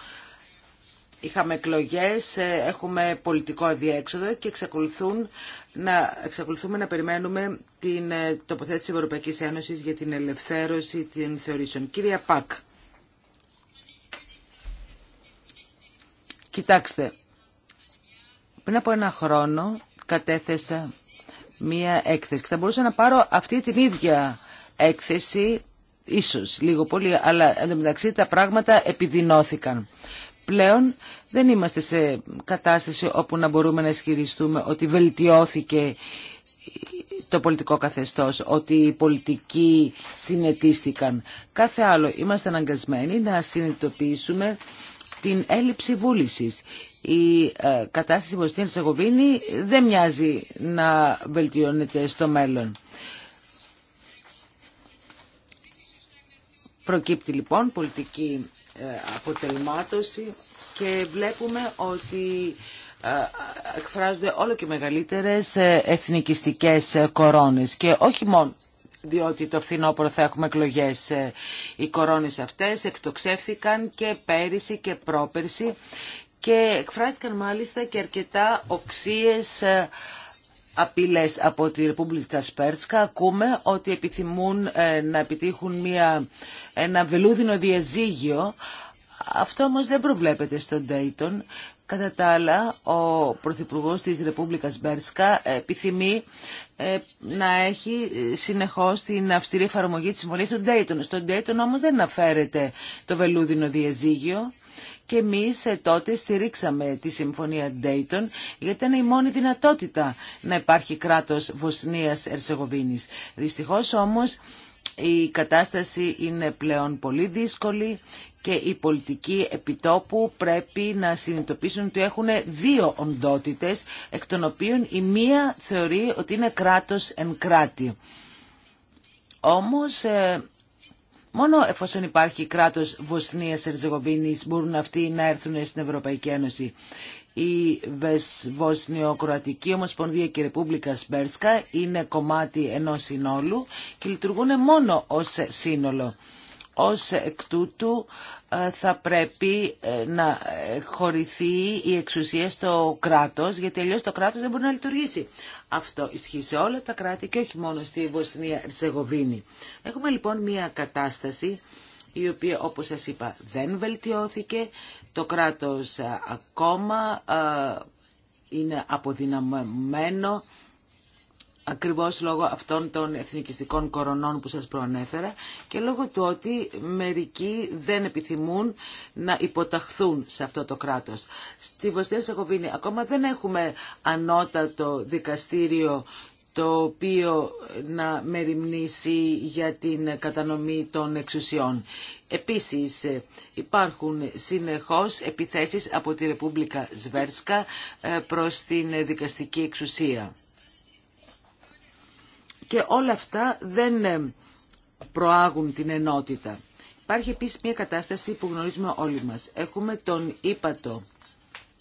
Είχαμε εκλογές, ε, έχουμε πολιτικό αδιέξοδο και εξακολουθούν να, εξακολουθούμε να περιμένουμε την ε, τοποθέτηση Ευρωπαϊκής Ένωσης για την ελευθέρωση των θεωρήσεων. Κυρία Πακ, κοιτάξτε, πριν από ένα χρόνο κατέθεσα μία έκθεση και θα μπορούσα να πάρω αυτή την ίδια έκθεση ίσως λίγο πολύ, αλλά εν τω μεταξύ τα πράγματα επιδεινώθηκαν πλέον δεν είμαστε σε κατάσταση όπου να μπορούμε να ισχυριστούμε ότι βελτιώθηκε το πολιτικό καθεστώς, ότι οι πολιτικοί συνετίστηκαν. Κάθε άλλο είμαστε αναγκασμένοι να συνειδητοποιήσουμε την έλλειψη βούλησης. Η ε, κατάσταση που στην Ερσεγοβίνη δεν μοιάζει να βελτιώνεται στο μέλλον. Προκύπτει λοιπόν πολιτική ε, αποτελμάτωση και βλέπουμε ότι ε, εκφράζονται όλο και μεγαλύτερες ε, εθνικιστικές κορώνες και όχι μόνο διότι το φθινόπωρο θα έχουμε εκλογές. Οι κορώνες αυτές εκτοξεύθηκαν και πέρυσι και πρόπερσι και εκφράστηκαν μάλιστα και αρκετά οξύες απειλές από τη Ρεπούμπλικα Σπέρτσκα ακούμε ότι επιθυμούν ε, να επιτύχουν μια, ένα βελούδινο διαζύγιο αυτό όμως δεν προβλέπεται στον Dayton. Κατά τα άλλα, ο πρωθυπουργό της Ρεπούμπλικας Σπέρσκα επιθυμεί ε, να έχει ε, συνεχώς την αυστηρή εφαρμογή της συμφωνίας του Dayton. Στον Dayton όμως δεν αναφέρεται το βελούδινο διαζύγιο. Και εμείς ε, τότε στηρίξαμε τη Συμφωνία Ντέιτον γιατί ήταν η μόνη δυνατότητα να υπάρχει κράτος Βοσνίας-Ερσεγοβίνης. Δυστυχώς όμως η κατάσταση είναι πλέον πολύ δύσκολη και οι πολιτικοί επιτόπου πρέπει να συνειδητοποιήσουν ότι έχουν δύο οντότητες, εκ των οποίων η μία θεωρεί ότι είναι κράτος εν κράτη. Όμως ε, Μόνο εφόσον υπάρχει κράτος Βοσνίας-Ερζεγοβίνης μπορούν αυτοί να έρθουν στην Ευρωπαϊκή Ένωση. Η Βοσνιοκροατική Ομοσπονδία και η Ρεπούμπλικα Σμπέρσκα είναι κομμάτι ενός συνόλου και λειτουργούν μόνο ως σύνολο. Ως εκ τούτου θα πρέπει ε, να χωρηθεί η εξουσία στο κράτος, γιατί αλλιώ το κράτος δεν μπορεί να λειτουργήσει. Αυτό ισχύει σε όλα τα κράτη και όχι μόνο στη Βοσνία Ερσεγοβίνη. Έχουμε λοιπόν μια κατάσταση η οποία όπως σας είπα δεν βελτιώθηκε. Το κράτος ε, ακόμα ε, είναι αποδυναμμένο ακριβώς λόγω αυτών των εθνικιστικών κορονών που σας προανέφερα και λόγω του ότι μερικοί δεν επιθυμούν να υποταχθούν σε αυτό το κράτος. Στη Βοστία Σεχοβίνη ακόμα δεν έχουμε ανώτατο δικαστήριο το οποίο να μεριμνήσει για την κατανομή των εξουσιών. Επίσης ε, υπάρχουν συνεχώς επιθέσεις από τη Ρεπούμπλικα Σβέρσκα ε, προς την δικαστική εξουσία. Και όλα αυτά δεν ε, προάγουν την ενότητα. Υπάρχει επίσης μια κατάσταση που γνωρίζουμε όλοι μας. Έχουμε τον ύπατο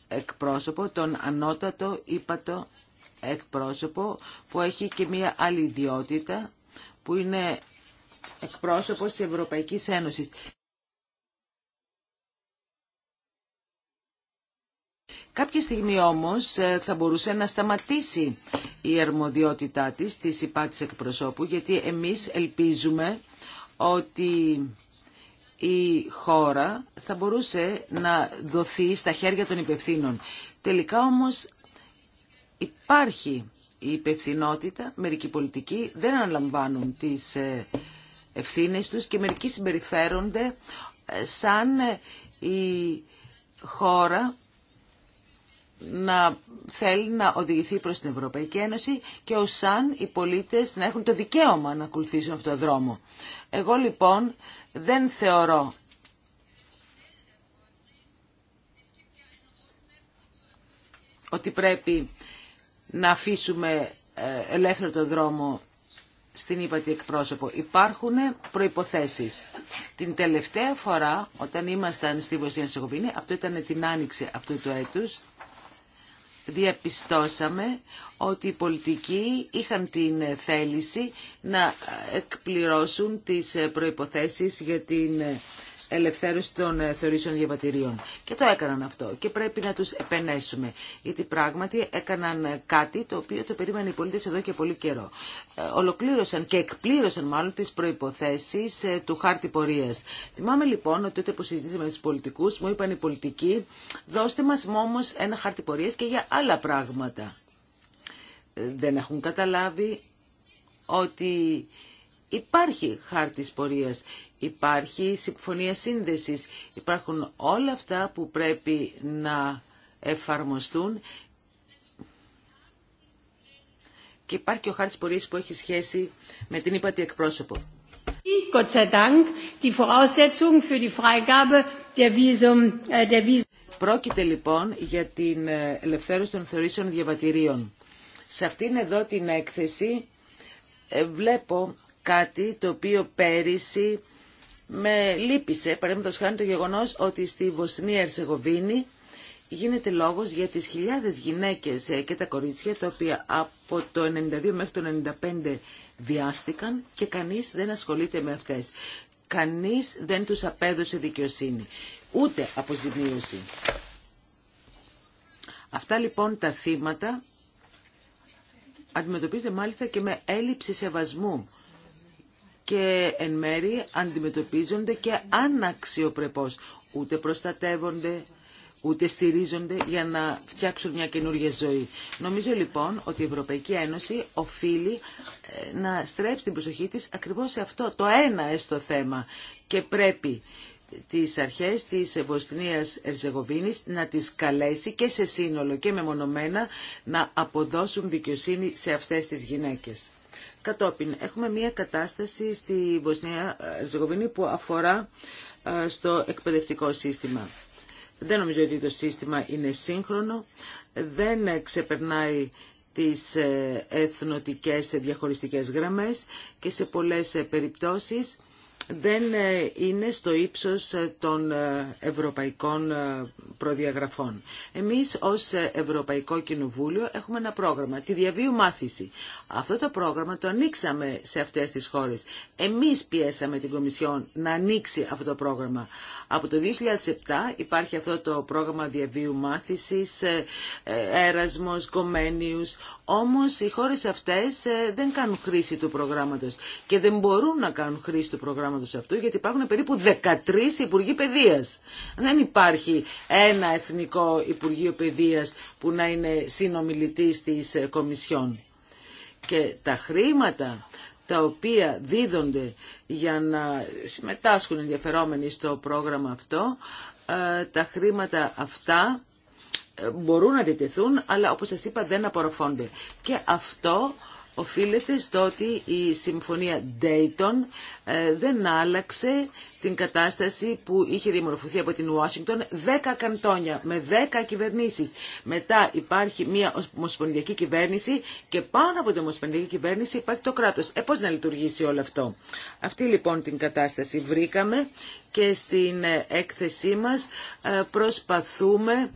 εκπρόσωπο, τον ανώτατο ύπατο εκπρόσωπο που έχει και μια άλλη ιδιότητα που είναι εκπρόσωπος της Ευρωπαϊκής Ένωσης. Κάποια στιγμή όμως ε, θα μπορούσε να σταματήσει η αρμοδιότητά της, της της εκπροσώπου, γιατί εμείς ελπίζουμε ότι η χώρα θα μπορούσε να δοθεί στα χέρια των υπευθύνων. Τελικά όμως υπάρχει η υπευθυνότητα, μερικοί πολιτικοί δεν αναλαμβάνουν τις ε, ευθύνες τους και μερικοί συμπεριφέρονται ε, σαν ε, η χώρα να θέλει να οδηγηθεί προς την Ευρωπαϊκή Ένωση και ως σαν οι πολίτες να έχουν το δικαίωμα να ακολουθήσουν αυτόν τον δρόμο. Εγώ λοιπόν δεν θεωρώ ότι πρέπει να αφήσουμε ε, ελεύθερο τον δρόμο στην ύπατη εκπρόσωπο. Υπάρχουν προϋποθέσεις. Την τελευταία φορά όταν ήμασταν στη Βοσνία Σεχοβίνη, αυτό ήταν την άνοιξη αυτού του έτους, διαπιστώσαμε ότι οι πολιτικοί είχαν την θέληση να εκπληρώσουν τις προϋποθέσεις για την ελευθέρωση των ε, θεωρήσεων διαβατηρίων. Και το έκαναν αυτό και πρέπει να τους επενέσουμε, γιατί πράγματι έκαναν ε, κάτι το οποίο το περίμενε οι πολίτες εδώ και πολύ καιρό. Ε, ολοκλήρωσαν και εκπλήρωσαν μάλλον τις προϋποθέσεις του χάρτη πορείας. Θυμάμαι λοιπόν ότι τότε που συζητήσαμε με τους πολιτικούς, μου είπαν οι πολιτικοί, δώστε μας όμω ένα χάρτη πορεία και για άλλα πράγματα. Δεν έχουν καταλάβει ότι Υπάρχει χάρτης πορείας, υπάρχει συμφωνία σύνδεσης, υπάρχουν όλα αυτά που πρέπει να εφαρμοστούν και υπάρχει και ο χάρτης πορείας που έχει σχέση με την ύπατη εκπρόσωπο. Πρόκειται λοιπόν για την ε, ελευθέρωση των θεωρήσεων διαβατηρίων. Σε αυτήν εδώ την έκθεση ε, βλέπω κάτι το οποίο πέρυσι με λύπησε, παραδείγματος χάνει το γεγονός ότι στη Βοσνία Ερσεγοβίνη γίνεται λόγος για τις χιλιάδες γυναίκες ε, και τα κορίτσια τα οποία από το 92 μέχρι το 95 βιάστηκαν και κανείς δεν ασχολείται με αυτές. Κανείς δεν τους απέδωσε δικαιοσύνη, ούτε αποζημίωση. Αυτά λοιπόν τα θύματα αντιμετωπίζονται μάλιστα και με έλλειψη σεβασμού και εν μέρη αντιμετωπίζονται και αναξιοπρεπώς. Ούτε προστατεύονται, ούτε στηρίζονται για να φτιάξουν μια καινούργια ζωή. Νομίζω λοιπόν ότι η Ευρωπαϊκή Ένωση οφείλει ε, να στρέψει την προσοχή της ακριβώς σε αυτό το ένα έστω θέμα και πρέπει τις αρχές της Βοσνίας Ερζεγοβίνης να τις καλέσει και σε σύνολο και μεμονωμένα να αποδώσουν δικαιοσύνη σε αυτές τις γυναίκες. Κατόπιν έχουμε μια κατάσταση στη Βοσνία Ζεγοβίνη που αφορά στο εκπαιδευτικό σύστημα. Δεν νομίζω ότι το σύστημα είναι σύγχρονο, δεν ξεπερνάει τις ε, εθνοτικές διαχωριστικές γραμμές και σε πολλές ε, περιπτώσεις δεν ε, είναι στο ύψος ε, των ε, ευρωπαϊκών προδιαγραφών. Εμείς ως Ευρωπαϊκό Κοινοβούλιο έχουμε ένα πρόγραμμα, τη διαβίου μάθηση. Αυτό το πρόγραμμα το ανοίξαμε σε αυτές τις χώρες. Εμείς πιέσαμε την Κομισιόν να ανοίξει αυτό το πρόγραμμα. Από το 2007 υπάρχει αυτό το πρόγραμμα διαβίου μάθησης, ε, ε, έρασμος, κομμένιους, όμως οι χώρες αυτές ε, δεν κάνουν χρήση του προγράμματος και δεν μπορούν να κάνουν χρήση του προγράμματος αυτού γιατί υπάρχουν περίπου 13 Υπουργοί Παιδείας. Δεν υπάρχει ένα Εθνικό Υπουργείο Παιδείας που να είναι συνομιλητής της Κομισιόν. Και τα χρήματα τα οποία δίδονται για να συμμετάσχουν ενδιαφερόμενοι στο πρόγραμμα αυτό, ε, τα χρήματα αυτά ε, μπορούν να διατεθούν, αλλά όπως σας είπα δεν απορροφώνται. Και αυτό οφείλεται στο ότι η συμφωνία Dayton ε, δεν άλλαξε την κατάσταση που είχε δημορφωθεί από την Ουάσιγκτον δέκα καντόνια με δέκα κυβερνήσεις. Μετά υπάρχει μια ομοσπονδιακή κυβέρνηση και πάνω από την ομοσπονδιακή κυβέρνηση υπάρχει το κράτος. Ε, πώς να λειτουργήσει όλο αυτό. Αυτή λοιπόν την κατάσταση βρήκαμε και στην ε, έκθεσή μας ε, προσπαθούμε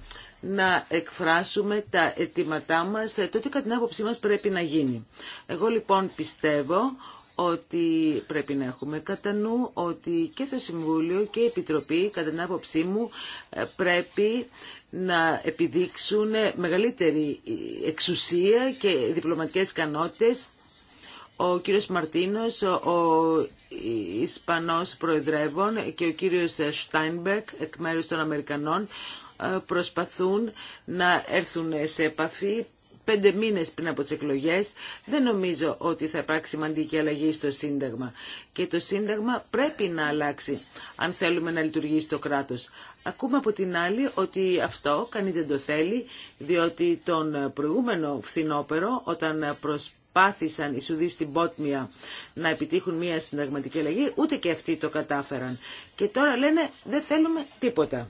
να εκφράσουμε τα αιτήματά μας, το τι κατά την άποψή μας πρέπει να γίνει. Εγώ λοιπόν πιστεύω ότι πρέπει να έχουμε κατά νου ότι και το Συμβούλιο και η Επιτροπή, κατά την άποψή μου, ε, πρέπει να επιδείξουν μεγαλύτερη εξουσία και διπλωματικές ικανότητες. Ο κύριος Μαρτίνος, ο Ισπανός Προεδρεύων και ο κύριος Στάινμπεκ εκ μέρους των Αμερικανών ε, προσπαθούν να έρθουν σε επαφή πέντε μήνες πριν από τις εκλογές, δεν νομίζω ότι θα υπάρξει σημαντική αλλαγή στο Σύνταγμα. Και το Σύνταγμα πρέπει να αλλάξει αν θέλουμε να λειτουργήσει το κράτος. Ακούμε από την άλλη ότι αυτό κανείς δεν το θέλει, διότι τον προηγούμενο φθινόπερο, όταν προσπάθησαν οι Σουδοί στην Πότμια να επιτύχουν μια συνταγματική αλλαγή, ούτε και αυτοί το κατάφεραν. Και τώρα λένε δεν θέλουμε τίποτα.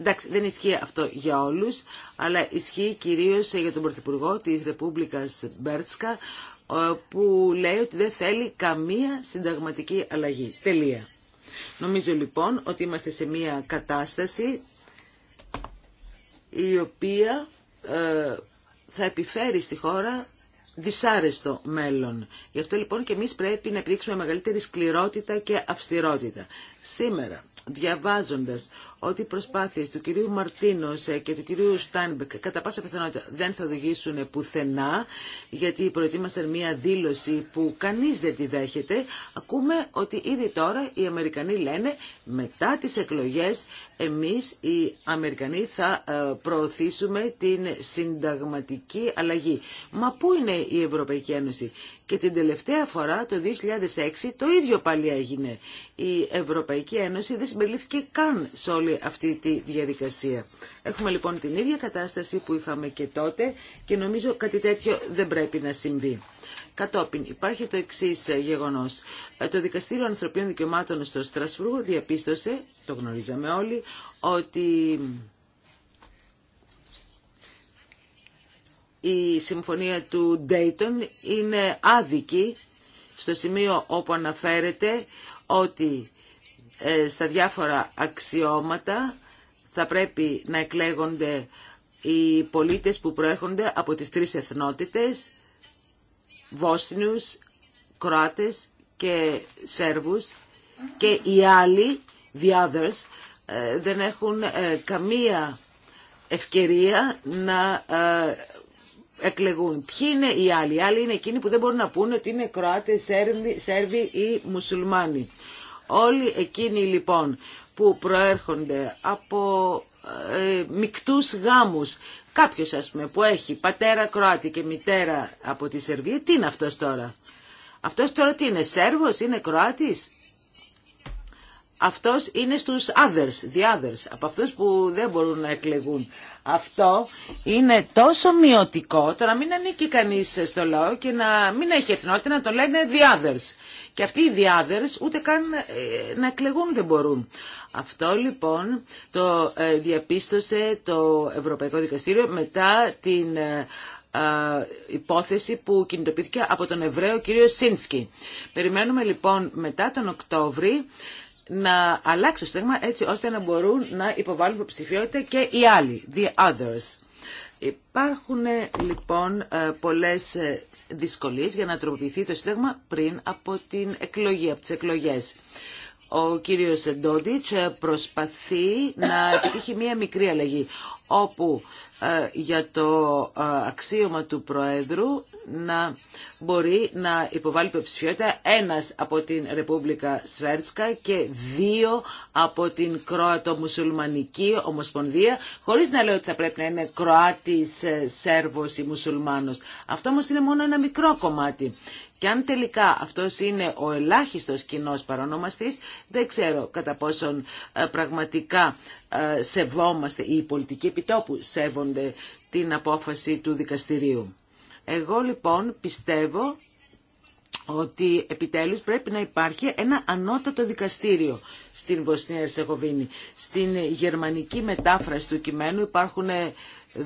Εντάξει, δεν ισχύει αυτό για όλους, αλλά ισχύει κυρίως για τον Πρωθυπουργό της Ρεπούμπλικας Μπέρτσκα, που λέει ότι δεν θέλει καμία συνταγματική αλλαγή. Τελεία. Νομίζω λοιπόν ότι είμαστε σε μια κατάσταση η οποία ε, θα επιφέρει στη χώρα δυσάρεστο μέλλον. Γι' αυτό λοιπόν και εμείς πρέπει να επιδείξουμε μεγαλύτερη σκληρότητα και αυστηρότητα. Σήμερα, διαβάζοντας ότι οι προσπάθειε του κυρίου Μαρτίνο ε, και του κυρίου Στάνμπεκ κατά πάσα πιθανότητα δεν θα οδηγήσουν πουθενά γιατί προετοίμασαν μια δήλωση που κανεί δεν τη δέχεται. Ακούμε ότι ήδη τώρα οι Αμερικανοί λένε μετά τι εκλογέ, εμεί, οι Αμερικανοί θα ε, προωθήσουμε την συνταγματική αλλαγή. Μα πού είναι η Ευρωπαϊκή Ένωση. Και την τελευταία φορά το 2006 το ίδιο πάλι έγινε. Η Ευρωπαϊκή Ένωση δεν συμπεριλήφθηκε καν σε αυτή τη διαδικασία. Έχουμε λοιπόν την ίδια κατάσταση που είχαμε και τότε και νομίζω κάτι τέτοιο δεν πρέπει να συμβεί. Κατόπιν υπάρχει το εξή ε, γεγονό. Ε, το Δικαστήριο Ανθρωπίνων Δικαιωμάτων στο Στρασβούργο διαπίστωσε, το γνωρίζαμε όλοι, ότι η συμφωνία του Ντέιτον είναι άδικη στο σημείο όπου αναφέρεται ότι ε, στα διάφορα αξιώματα θα πρέπει να εκλέγονται οι πολίτες που προέρχονται από τις τρεις εθνότητες, Βόσνιους, Κροάτες και Σέρβους και οι άλλοι, the others, ε, δεν έχουν ε, καμία ευκαιρία να εκλεγούν. Ποιοι είναι οι άλλοι. Οι άλλοι είναι εκείνοι που δεν μπορούν να πούνε ότι είναι Κροάτες, Σέρβοι ή Μουσουλμάνοι. Όλοι εκείνοι λοιπόν που προέρχονται από ε, μικτούς γάμους, κάποιος ας πούμε που έχει πατέρα Κροάτη και μητέρα από τη Σερβία, τι είναι αυτός τώρα. Αυτός τώρα τι είναι, Σέρβος, είναι Κροάτης αυτός είναι στους others, the others, από αυτούς που δεν μπορούν να εκλεγούν. Αυτό είναι τόσο μειωτικό το να μην ανήκει κανείς στο λαό και να μην έχει εθνότητα να το λένε the others. Και αυτοί οι the others ούτε καν ε, να εκλεγούν δεν μπορούν. Αυτό λοιπόν το ε, διαπίστωσε το Ευρωπαϊκό Δικαστήριο μετά την ε, υπόθεση που κινητοποιήθηκε από τον Εβραίο κύριο Σίνσκι. Περιμένουμε λοιπόν μετά τον Οκτώβρη να αλλάξει το στέγμα έτσι ώστε να μπορούν να υποβάλουν υποψηφιότητα και οι άλλοι, the others. Υπάρχουν ε, λοιπόν ε, πολλές ε, δυσκολίες για να τροποποιηθεί το στέγμα πριν από την εκλογή, από τις εκλογές. Ο κύριος Ντόντιτς προσπαθεί να επιτύχει μία μικρή αλλαγή όπου ε, για το ε, αξίωμα του Προέδρου να μπορεί να υποβάλει υποψηφιότητα ένας από την Ρεπούμπλικα Σφέρτσκα και δύο από την Κροατο-Μουσουλμανική Ομοσπονδία, χωρίς να λέω ότι θα πρέπει να είναι Κροάτης, ε, Σέρβος ή Μουσουλμάνος. Αυτό όμως είναι μόνο ένα μικρό κομμάτι. Και αν τελικά αυτός είναι ο ελάχιστος κοινό παρονόμαστής, δεν ξέρω κατά πόσον ε, πραγματικά ε, σεβόμαστε, οι πολιτικοί επιτόπου σέβονται την απόφαση του δικαστηρίου. Εγώ λοιπόν πιστεύω ότι επιτέλους πρέπει να υπάρχει ένα ανώτατο δικαστήριο στην Βοσνία Ερσεγοβίνη. Στην γερμανική μετάφραση του κειμένου υπάρχουν ε,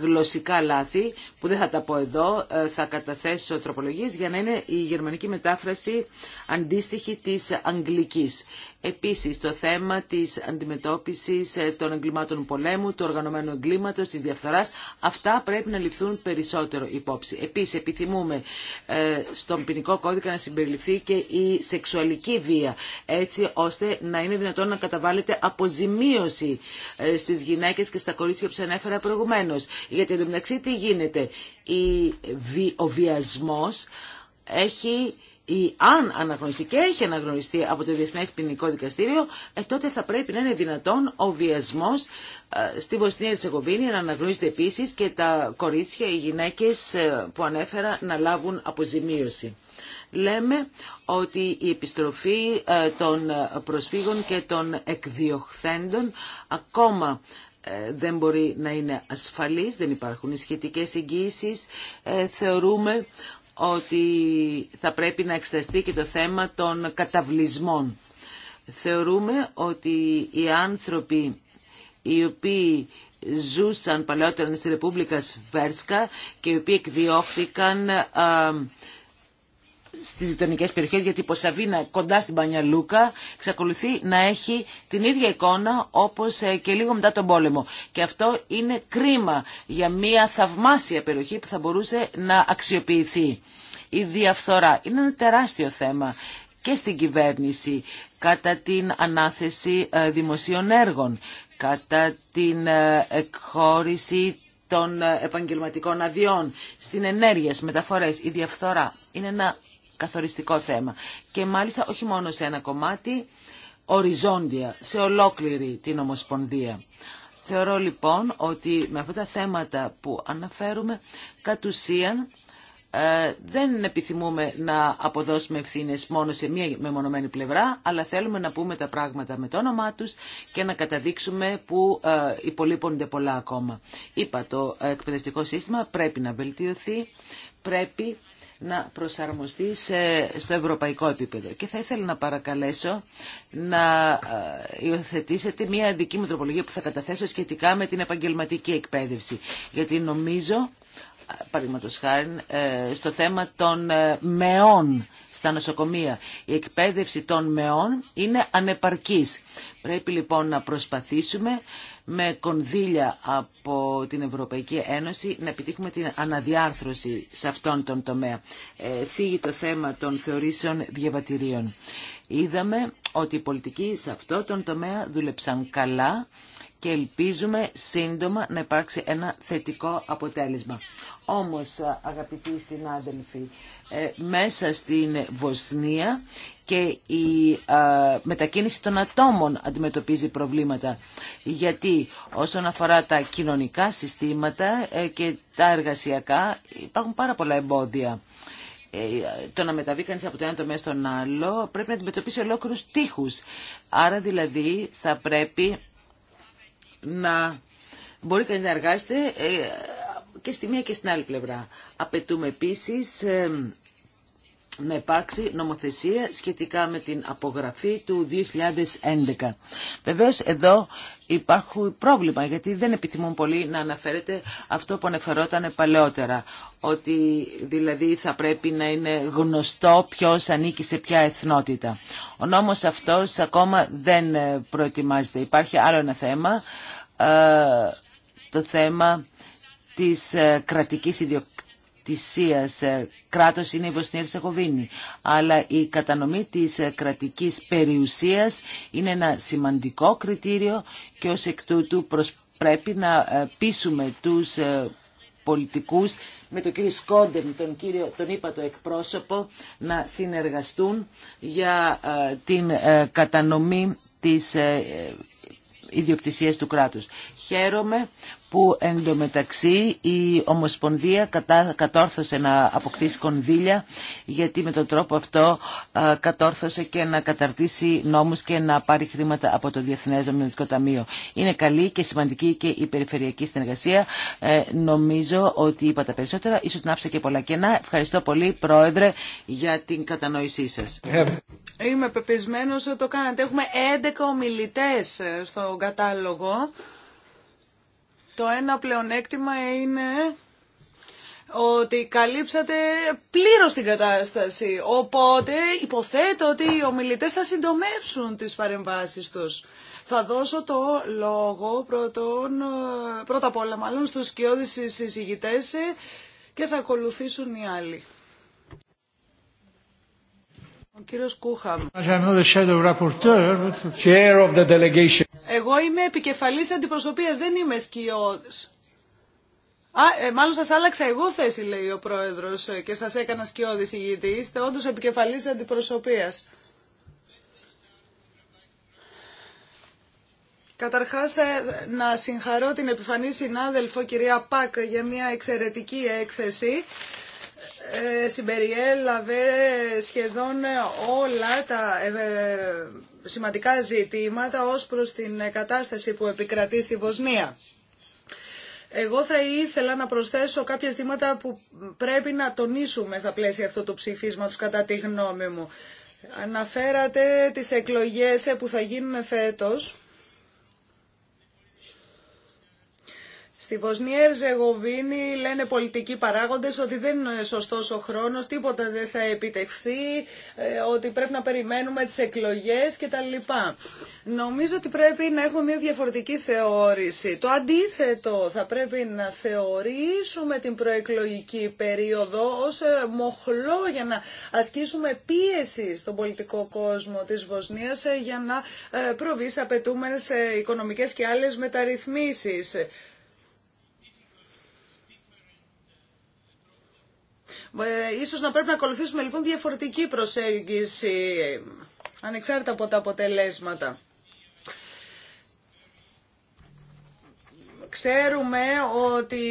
γλωσσικά λάθη που δεν θα τα πω εδώ, ε, θα καταθέσω τροπολογίες για να είναι η γερμανική μετάφραση αντίστοιχη της αγγλικής. Επίσης το θέμα της αντιμετώπισης ε, των εγκλημάτων πολέμου, του οργανωμένου εγκλήματος, της διαφθοράς, αυτά πρέπει να ληφθούν περισσότερο υπόψη. Επίσης επιθυμούμε ε, στον ποινικό κώδικα να συμπεριληφθεί και η σεξουαλική βία, έτσι ώστε να είναι δυνατόν να καταβάλλεται αποζημίωση ε, στις γυναίκες και στα κορίτσια που σας ανέφερα προηγουμένως. Γιατί εντωμεταξύ τι γίνεται, ο βιασμός έχει ή αν αναγνωριστεί και έχει αναγνωριστεί από το Διεθνές Ποινικό Δικαστήριο, ε, τότε θα πρέπει να είναι δυνατόν ο βιασμός ε, στη Βοσνία Ερσεγοβίνη να αναγνωρίζεται επίσης και τα κορίτσια, οι γυναίκες ε, που ανέφερα να λάβουν αποζημίωση. Λέμε ότι η επιστροφή ε, των προσφύγων και των εκδιοχθέντων ακόμα δεν μπορεί να είναι ασφαλής, δεν υπάρχουν σχετικές εγγύησεις. Θεωρούμε ότι θα πρέπει να εξεταστεί και το θέμα των καταβλισμών. Θεωρούμε ότι οι άνθρωποι οι οποίοι ζούσαν παλαιότερα στη Ρεπούμπλικα Σβέρσκα και οι οποίοι εκδιώχθηκαν στις γειτονικέ περιοχές, γιατί η Ποσαβίνα κοντά στην Πανιαλούκα εξακολουθεί να έχει την ίδια εικόνα όπως ε, και λίγο μετά τον πόλεμο. Και αυτό είναι κρίμα για μια θαυμάσια περιοχή που θα μπορούσε να αξιοποιηθεί. Η διαφθορά είναι ένα τεράστιο θέμα και στην κυβέρνηση κατά την ανάθεση ε, δημοσίων έργων, κατά την ε, εκχώρηση των επαγγελματικών αδειών, στην ενέργεια, στις μεταφορές, η διαφθορά. Είναι ένα καθοριστικό θέμα. Και μάλιστα όχι μόνο σε ένα κομμάτι, οριζόντια, σε ολόκληρη την Ομοσπονδία. Θεωρώ λοιπόν ότι με αυτά τα θέματα που αναφέρουμε, κατ' ουσίαν ε, δεν επιθυμούμε να αποδώσουμε ευθύνε μόνο σε μία μεμονωμένη πλευρά, αλλά θέλουμε να πούμε τα πράγματα με το όνομά του και να καταδείξουμε που ε, υπολείπονται πολλά ακόμα. Είπα, το εκπαιδευτικό σύστημα πρέπει να βελτιωθεί, πρέπει να προσαρμοστεί σε, στο ευρωπαϊκό επίπεδο. Και θα ήθελα να παρακαλέσω να ε, υιοθετήσετε μια δική μου τροπολογία που θα καταθέσω σχετικά με την επαγγελματική εκπαίδευση. Γιατί νομίζω ε, παραδείγματο χάρη, ε, στο θέμα των μεών στα νοσοκομεία. Η εκπαίδευση των μεών είναι ανεπαρκής. Πρέπει λοιπόν να προσπαθήσουμε με κονδύλια από την Ευρωπαϊκή Ένωση να επιτύχουμε την αναδιάρθρωση σε αυτόν τον τομέα. Ε, θίγει το θέμα των θεωρήσεων διαβατηρίων. Είδαμε ότι οι πολιτικοί σε αυτόν τον τομέα δούλεψαν καλά και ελπίζουμε σύντομα να υπάρξει ένα θετικό αποτέλεσμα. Όμως, αγαπητοί συνάδελφοι, ε, μέσα στην Βοσνία και η ε, μετακίνηση των ατόμων αντιμετωπίζει προβλήματα. Γιατί όσον αφορά τα κοινωνικά συστήματα ε, και τα εργασιακά υπάρχουν πάρα πολλά εμπόδια. Ε, το να μεταβεί κανείς από το ένα τομέα στον άλλο πρέπει να αντιμετωπίσει ολόκληρους τείχους. Άρα δηλαδή θα πρέπει να μπορεί κανείς να εργάζεται και στη μία και στην άλλη πλευρά. Απαιτούμε επίσης να υπάρξει νομοθεσία σχετικά με την απογραφή του 2011. Βεβαίως εδώ υπάρχουν πρόβλημα γιατί δεν επιθυμούν πολύ να αναφέρεται αυτό που αναφερόταν παλαιότερα ότι δηλαδή θα πρέπει να είναι γνωστό ποιος ανήκει σε ποια εθνότητα. Ο νόμος αυτός ακόμα δεν ε, προετοιμάζεται. Υπάρχει άλλο ένα θέμα, ε, το θέμα της ε, κρατικής ιδιοκτήτησης ιδιοκτησία ε, κράτος είναι η Βοσνία Ερσεγοβίνη. Αλλά η κατανομή της ε, κρατικής περιουσίας είναι ένα σημαντικό κριτήριο και ως εκ τούτου πρέπει να ε, πείσουμε τους πολιτικούς με τον κύριο Σκόντεν, τον, κύριο, τον είπα το εκπρόσωπο, να συνεργαστούν για την κατανομή της ιδιοκτησίας του κράτους. Χαίρομαι που εντωμεταξύ η Ομοσπονδία κατόρθωσε να αποκτήσει κονδύλια γιατί με τον τρόπο αυτό κατόρθωσε και να καταρτήσει νόμους και να πάρει χρήματα από το Διεθνές Νομιωτικό Ταμείο. Είναι καλή και σημαντική και η περιφερειακή συνεργασία. Ε, νομίζω ότι είπα τα περισσότερα, ίσως να και πολλά κενά. Ευχαριστώ πολύ Πρόεδρε για την κατανόησή σας. Είμαι πεπισμένος ότι το κάνατε. Έχουμε 11 ομιλητές ε, στο κατάλογο. Το ένα πλεονέκτημα είναι ότι καλύψατε πλήρως την κατάσταση. Οπότε υποθέτω ότι οι ομιλητές θα συντομεύσουν τις παρεμβάσεις τους. Θα δώσω το λόγο πρώτον, πρώτα απ' όλα μάλλον στους σκιώδεις συζητητές και θα ακολουθήσουν οι άλλοι. Εγώ είμαι επικεφαλής αντιπροσωπείας, δεν είμαι σκιώδης. Α, ε, μάλλον σας άλλαξα εγώ θέση, λέει ο πρόεδρος, ε, και σας έκανα σκιώδη ηγητή. Είστε όντως επικεφαλής αντιπροσωπείας. Καταρχάς, ε, να συγχαρώ την επιφανή συνάδελφο, κυρία Πάκ, για μια εξαιρετική έκθεση. Ε, συμπεριέλαβε σχεδόν όλα τα ε, ε, σημαντικά ζητήματα ως προς την κατάσταση που επικρατεί στη Βοσνία. Εγώ θα ήθελα να προσθέσω κάποια ζητήματα που πρέπει να τονίσουμε στα πλαίσια αυτού του ψηφίσματος κατά τη γνώμη μου. Αναφέρατε τις εκλογές που θα γίνουν φέτος Στη Βοσνία Ερζεγοβίνη λένε πολιτικοί παράγοντες ότι δεν είναι σωστός ο χρόνος, τίποτα δεν θα επιτευχθεί, ε, ότι πρέπει να περιμένουμε τις εκλογές κτλ. Νομίζω ότι πρέπει να έχουμε μια διαφορετική θεώρηση. Το αντίθετο θα πρέπει να θεωρήσουμε την προεκλογική περίοδο ως ε, μοχλό για να ασκήσουμε πίεση στον πολιτικό κόσμο της Βοσνίας ε, για να προβεί σε απαιτούμενες οικονομικές και άλλες μεταρρυθμίσεις. Ε, ίσως να πρέπει να ακολουθήσουμε λοιπόν διαφορετική προσέγγιση ανεξάρτητα από τα αποτελέσματα. Ξέρουμε ότι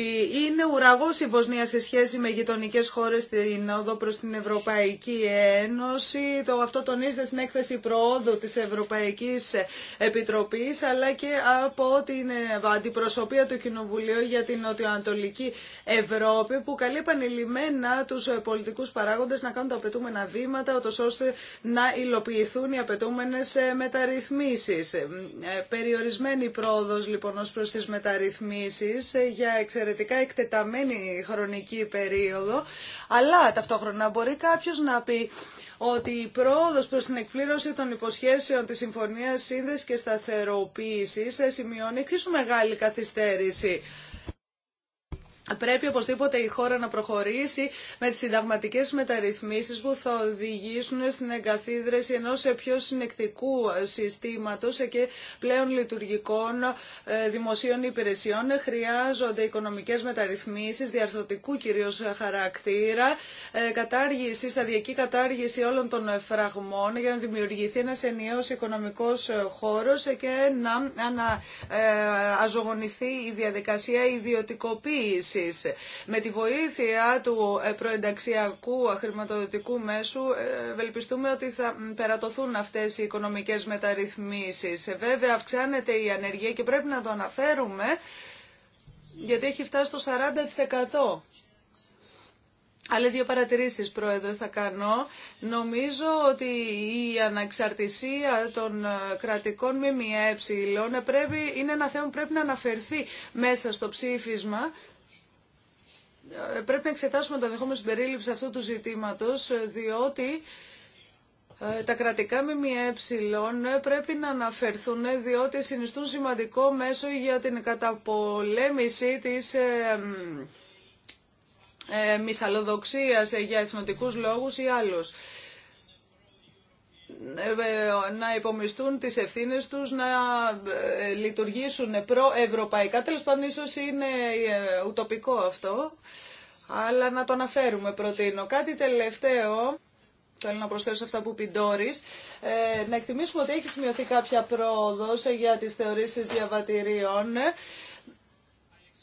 είναι ουραγός η Βοσνία σε σχέση με γειτονικές χώρες στην οδό προς την Ευρωπαϊκή Ένωση. Το, αυτό τονίζεται στην έκθεση προόδου της Ευρωπαϊκής Επιτροπής αλλά και από την ε, αντιπροσωπεία του Κοινοβουλίου για την Νοτιοανατολική Ευρώπη που καλεί επανειλημμένα τους πολιτικούς παράγοντες να κάνουν τα απαιτούμενα βήματα ώστε να υλοποιηθούν οι απαιτούμενες ε, μεταρρυθμίσεις. Ε, περιορισμένη πρόοδος λοιπόν ως προς τις μεταρρυθμίσεις ε, για εξαιρετικά εκτεταμένη χρονική περίοδο, αλλά ταυτόχρονα μπορεί κάποιος να πει ότι η πρόοδος προς την εκπλήρωση των υποσχέσεων της Συμφωνίας Σύνδεσης και Σταθεροποίησης ε, σημειώνει εξίσου μεγάλη καθυστέρηση. Πρέπει οπωσδήποτε η χώρα να προχωρήσει με τις συνταγματικές μεταρρυθμίσεις που θα οδηγήσουν στην εγκαθίδρυση ενός πιο συνεκτικού ε, συστήματος ε, και πλέον λειτουργικών ε, δημοσίων υπηρεσιών. Χρειάζονται οικονομικές μεταρρυθμίσεις διαρθρωτικού κυρίως χαρακτήρα, κατάργηση, σταδιακή κατάργηση όλων των φραγμών για να δημιουργηθεί ένας ενιαίος οικονομικός χώρος και να, αναζωογονηθεί η διαδικασία ιδιωτικοποίηση με τη βοήθεια του ε, προενταξιακού χρηματοδοτικού μέσου ε, ευελπιστούμε ότι θα περατωθούν αυτέ οι οικονομικέ μεταρρυθμίσει. Ε, βέβαια αυξάνεται η ανεργία και πρέπει να το αναφέρουμε γιατί έχει φτάσει στο 40%. Άλλε δύο παρατηρήσεις, Πρόεδρε, θα κάνω. Νομίζω ότι η αναξαρτησία των κρατικών ΜΜΕ πρέπει, είναι ένα θέμα που πρέπει να αναφερθεί μέσα στο ψήφισμα πρέπει να εξετάσουμε το δεχόμενο συμπερίληψη αυτού του ζητήματος, ε, διότι ε, τα κρατικά ΜΜΕ πρέπει να αναφερθούν διότι συνιστούν σημαντικό μέσο για την καταπολέμηση της ε, μυσαλλοδοξίας για εθνοτικούς λόγους ή άλλους να υπομισθούν τις ευθύνες τους, να ε, λειτουργήσουν προευρωπαϊκά. Τέλος πάντων ίσως είναι ε, ουτοπικό αυτό, αλλά να το αναφέρουμε προτείνω. Κάτι τελευταίο, θέλω να προσθέσω αυτά που πει ε, να εκτιμήσουμε ότι έχει σημειωθεί κάποια πρόοδος για τις θεωρήσεις διαβατηρίων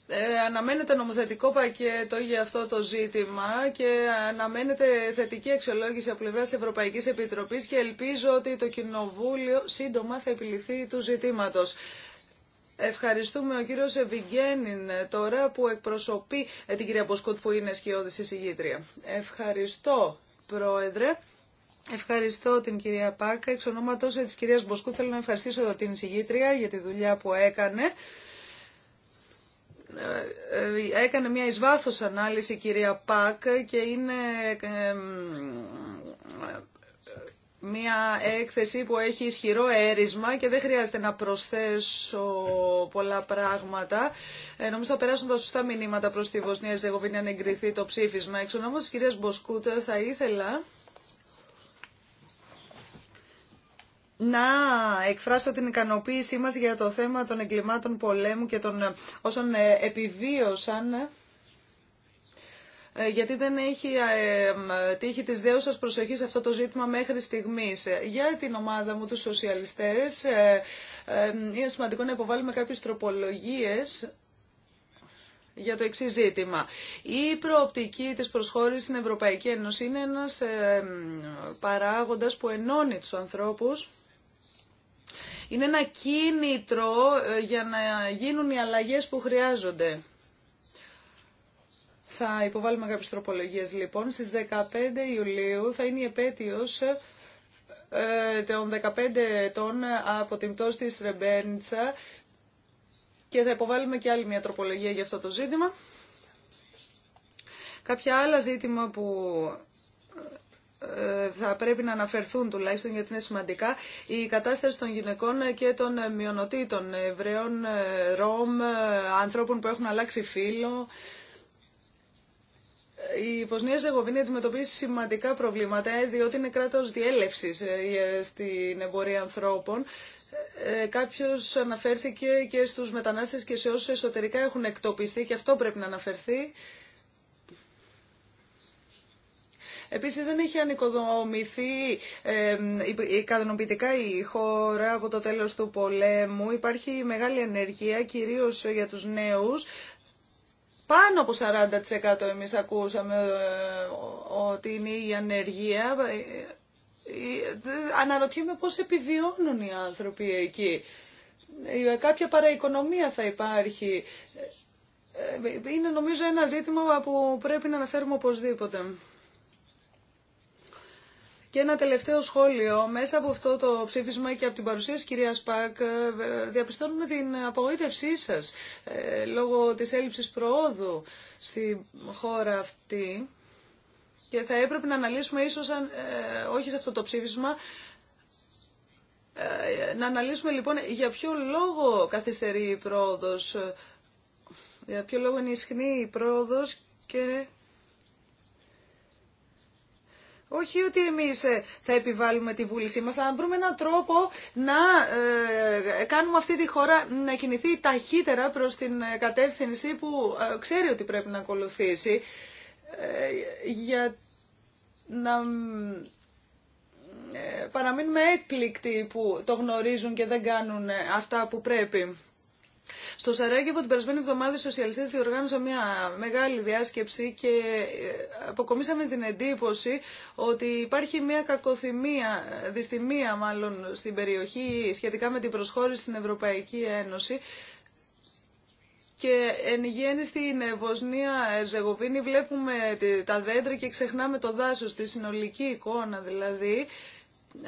ε, αναμένεται νομοθετικό πακέτο για αυτό το ζήτημα και αναμένεται θετική αξιολόγηση από πλευρά τη Ευρωπαϊκή Επιτροπή και ελπίζω ότι το Κοινοβούλιο σύντομα θα επιληθεί του ζητήματο. Ευχαριστούμε ο κύριο Βιγγένιν τώρα που εκπροσωπεί ε, την κυρία Μποσκούτ που είναι σκιώδη εισηγήτρια. Ευχαριστώ πρόεδρε. Ευχαριστώ την κυρία Πάκα. Εξ ονόματος ε, της κυρίας Μποσκούτ θέλω να ευχαριστήσω την εισηγήτρια για τη δουλειά που έκανε. Ε, ε, έκανε μια εισβάθος ανάλυση η κυρία Πακ και είναι μια έκθεση που έχει ισχυρό έρισμα και δεν χρειάζεται να προσθέσω πολλά πράγματα. Ε, νομίζω θα περάσουν τα σωστά μηνύματα προς τη Βοσνία Ζεγοβίνη αν εγκριθεί το ψήφισμα. Εξ ονόμως της κυρίας Μποσκούτ θα ήθελα να εκφράσω την ικανοποίησή μας για το θέμα των εγκλημάτων πολέμου και των ε, όσων ε, επιβίωσαν ε, γιατί δεν έχει τύχει της δέουσας προσοχής αυτό το ζήτημα μέχρι στιγμής. Για την ομάδα μου, τους σοσιαλιστές, είναι σημαντικό να υποβάλουμε κάποιες τροπολογίες για το εξή ζήτημα. Η προοπτική της προσχώρησης στην Ευρωπαϊκή Ένωση είναι ένας παράγοντας που ενώνει τους ανθρώπους είναι ένα κίνητρο ε, για να γίνουν οι αλλαγές που χρειάζονται. Θα υποβάλουμε κάποιες τροπολογίες λοιπόν. Στις 15 Ιουλίου θα είναι η επέτειος ε, των 15 ετών από την πτώση της Ρεμπέντσα και θα υποβάλουμε και άλλη μια τροπολογία για αυτό το ζήτημα. Κάποια άλλα ζήτημα που ε, θα πρέπει να αναφερθούν τουλάχιστον γιατί είναι σημαντικά η κατάσταση των γυναικών και των μειονοτήτων Εβραίων, ε, Ρώμ, ε, ανθρώπων που έχουν αλλάξει φύλλο. Η Βοσνία Ζεγοβίνη αντιμετωπίζει σημαντικά προβλήματα διότι είναι κράτος διέλευσης στην εμπορία ανθρώπων. Κάποιος αναφέρθηκε και στους μετανάστες και σε όσους εσωτερικά έχουν εκτοπιστεί και αυτό πρέπει να αναφερθεί. Επίσης δεν έχει ανοικοδομηθεί και η χώρα από το τέλος του πολέμου. Υπάρχει μεγάλη ενέργεια κυρίως για τους νέους. Πάνω από 40% εμείς ακούσαμε ε, ότι είναι η ανεργία. Ε, ε, αναρωτιέμαι πώς επιβιώνουν οι άνθρωποι εκεί. Κάποια παραοικονομία θα υπάρχει. Είναι νομίζω ένα ζήτημα που πρέπει να αναφέρουμε οπωσδήποτε. Και ένα τελευταίο σχόλιο. Μέσα από αυτό το ψήφισμα και από την παρουσίαση κυρία ΠΑΚ ε, διαπιστώνουμε την απογοήτευσή σας ε, λόγω της έλλειψης προόδου στη χώρα αυτή. Και θα έπρεπε να αναλύσουμε ίσως, αν, ε, όχι σε αυτό το ψήφισμα, να αναλύσουμε λοιπόν για ποιο λόγο καθυστερεί η πρόοδος, για ποιο λόγο είναι η πρόοδος και όχι ότι εμείς ε, θα επιβάλλουμε τη βούλησή μας, αλλά να βρούμε έναν τρόπο να ε, κάνουμε αυτή τη χώρα να κινηθεί ταχύτερα προς την ε, κατεύθυνση που ξέρει ότι πρέπει να ακολουθήσει για να παραμείνουμε έκπληκτοι που το γνωρίζουν και δεν κάνουν αυτά που πρέπει. Στο Σαράγεβο την περασμένη εβδομάδα οι σοσιαλιστές διοργάνωσαν μια μεγάλη διάσκεψη και ε, αποκομίσαμε την εντύπωση ότι υπάρχει μια κακοθυμία, ε, δυστημία μάλλον στην περιοχή σχετικά με την προσχώρηση στην Ευρωπαϊκή Ένωση. Και εν γέννη στην ε, Βοσνία Ερζεγοβίνη βλέπουμε τα δέντρα και ξεχνάμε το δάσος, τη συνολική εικόνα δηλαδή.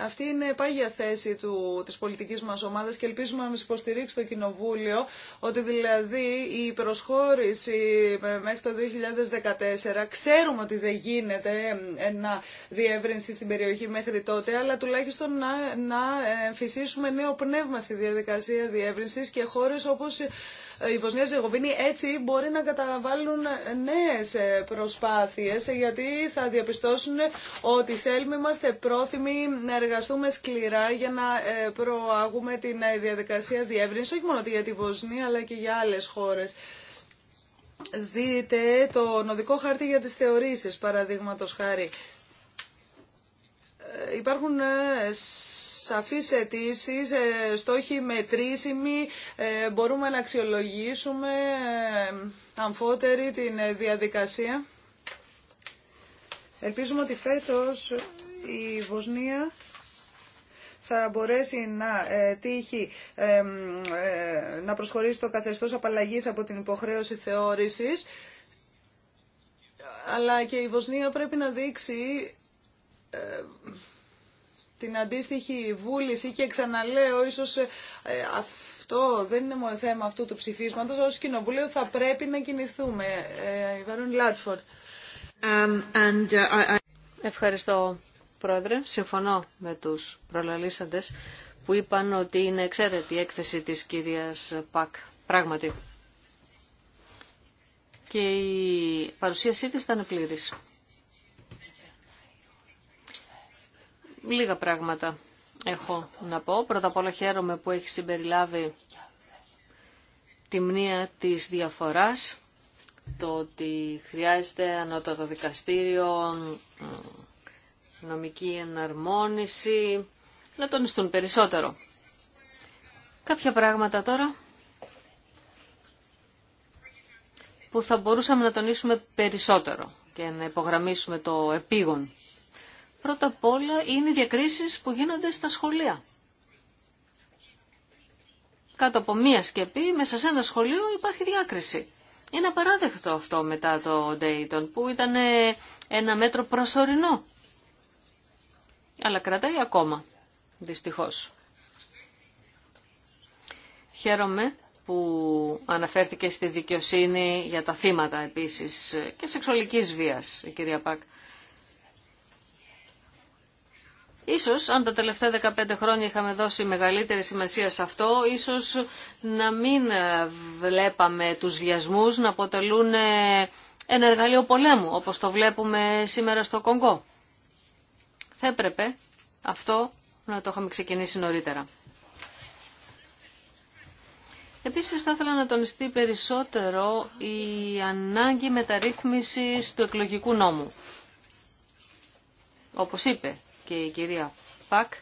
Αυτή είναι πάγια θέση του, της πολιτικής μας ομάδας και ελπίζουμε να μας υποστηρίξει το Κοινοβούλιο ότι δηλαδή η προσχώρηση μέχρι το 2014 ξέρουμε ότι δεν γίνεται μια διεύρυνση στην περιοχή μέχρι τότε αλλά τουλάχιστον να, να φυσίσουμε νέο πνεύμα στη διαδικασία διεύρυνσης και χώρες όπως η Βοσνία Ζεγοβίνη έτσι μπορεί να καταβάλουν νέε προσπάθειε ε, γιατί θα διαπιστώσουν ότι θέλουμε, είμαστε πρόθυμοι να εργαστούμε σκληρά για να ε, προάγουμε την ε, διαδικασία διεύρυνση όχι μόνο για τη Βοσνία αλλά και για άλλε χώρε. Δείτε το νοδικό χάρτη για τις θεωρήσεις, παραδείγματος χάρη. Υπάρχουν σαφείς αιτήσει, ε, στόχοι μετρήσιμοι, ε, μπορούμε να αξιολογήσουμε ε, αμφότερη την διαδικασία. Ελπίζουμε ότι φέτος η Βοσνία θα μπορέσει να τύχει να προσχωρήσει το καθεστώς απαλλαγής από την υποχρέωση θεώρησης αλλά και η Βοσνία πρέπει να δείξει την αντίστοιχη βούληση και ξαναλέω ίσως ε, αυτό δεν είναι μόνο θέμα αυτού του ψηφίσματος, ως κοινοβουλίο θα πρέπει να κινηθούμε. Ε, Um, and, uh, I... Ευχαριστώ Πρόεδρε. Συμφωνώ με τους προλαλήσαντες που είπαν ότι είναι εξαίρετη η έκθεση της κυρίας Πακ. Πράγματι. Και η παρουσίασή της ήταν πλήρης. Λίγα πράγματα έχω να πω. Πρώτα απ' όλα χαίρομαι που έχει συμπεριλάβει τη μνήα της διαφοράς, το ότι χρειάζεται ανώτατο δικαστήριο, νομική εναρμόνιση, να τονιστούν περισσότερο. Κάποια πράγματα τώρα που θα μπορούσαμε να τονίσουμε περισσότερο και να υπογραμμίσουμε το επίγον πρώτα απ' όλα είναι οι διακρίσεις που γίνονται στα σχολεία. Κάτω από μία σκεπή, μέσα σε ένα σχολείο υπάρχει διάκριση. Είναι απαράδεκτο αυτό μετά το Dayton που ήταν ε, ένα μέτρο προσωρινό. Αλλά κρατάει ακόμα, δυστυχώς. Χαίρομαι που αναφέρθηκε στη δικαιοσύνη για τα θύματα επίσης και σεξουαλικής βίας, η κυρία Πακ. Ίσως αν τα τελευταία 15 χρόνια είχαμε δώσει μεγαλύτερη σημασία σε αυτό, ίσως να μην βλέπαμε τους βιασμούς να αποτελούν ε, ένα εργαλείο πολέμου, όπως το βλέπουμε σήμερα στο Κονγκό. Θα έπρεπε αυτό να το είχαμε ξεκινήσει νωρίτερα. Επίσης θα ήθελα να τονιστεί περισσότερο η ανάγκη μεταρρύθμισης του εκλογικού νόμου. Όπως είπε και η κυρία Πακ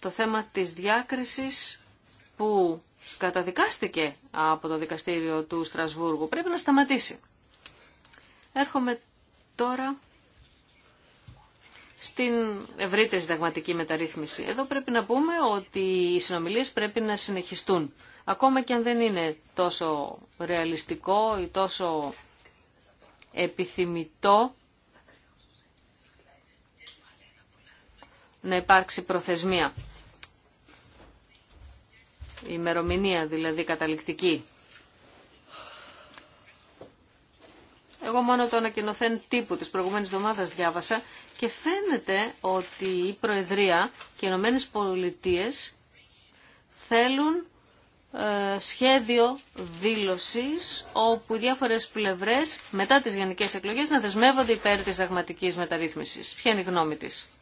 το θέμα της διάκρισης που καταδικάστηκε από το δικαστήριο του Στρασβούργου. Πρέπει να σταματήσει. Έρχομαι τώρα στην ευρύτερη συνταγματική μεταρρύθμιση. Εδώ πρέπει να πούμε ότι οι συνομιλίες πρέπει να συνεχιστούν. Ακόμα και αν δεν είναι τόσο ρεαλιστικό ή τόσο επιθυμητό να υπάρξει προθεσμία. Η ημερομηνία δηλαδή καταληκτική. Εγώ μόνο το ανακοινωθέν τύπου της προηγούμενης εβδομάδας διάβασα και φαίνεται ότι η Προεδρία και οι Ηνωμένες Πολιτείες θέλουν ε, σχέδιο δήλωσης όπου οι διάφορες πλευρές μετά τις γενικές εκλογές να δεσμεύονται υπέρ της δαγματικής μεταρρύθμισης. Ποια είναι η γνώμη της.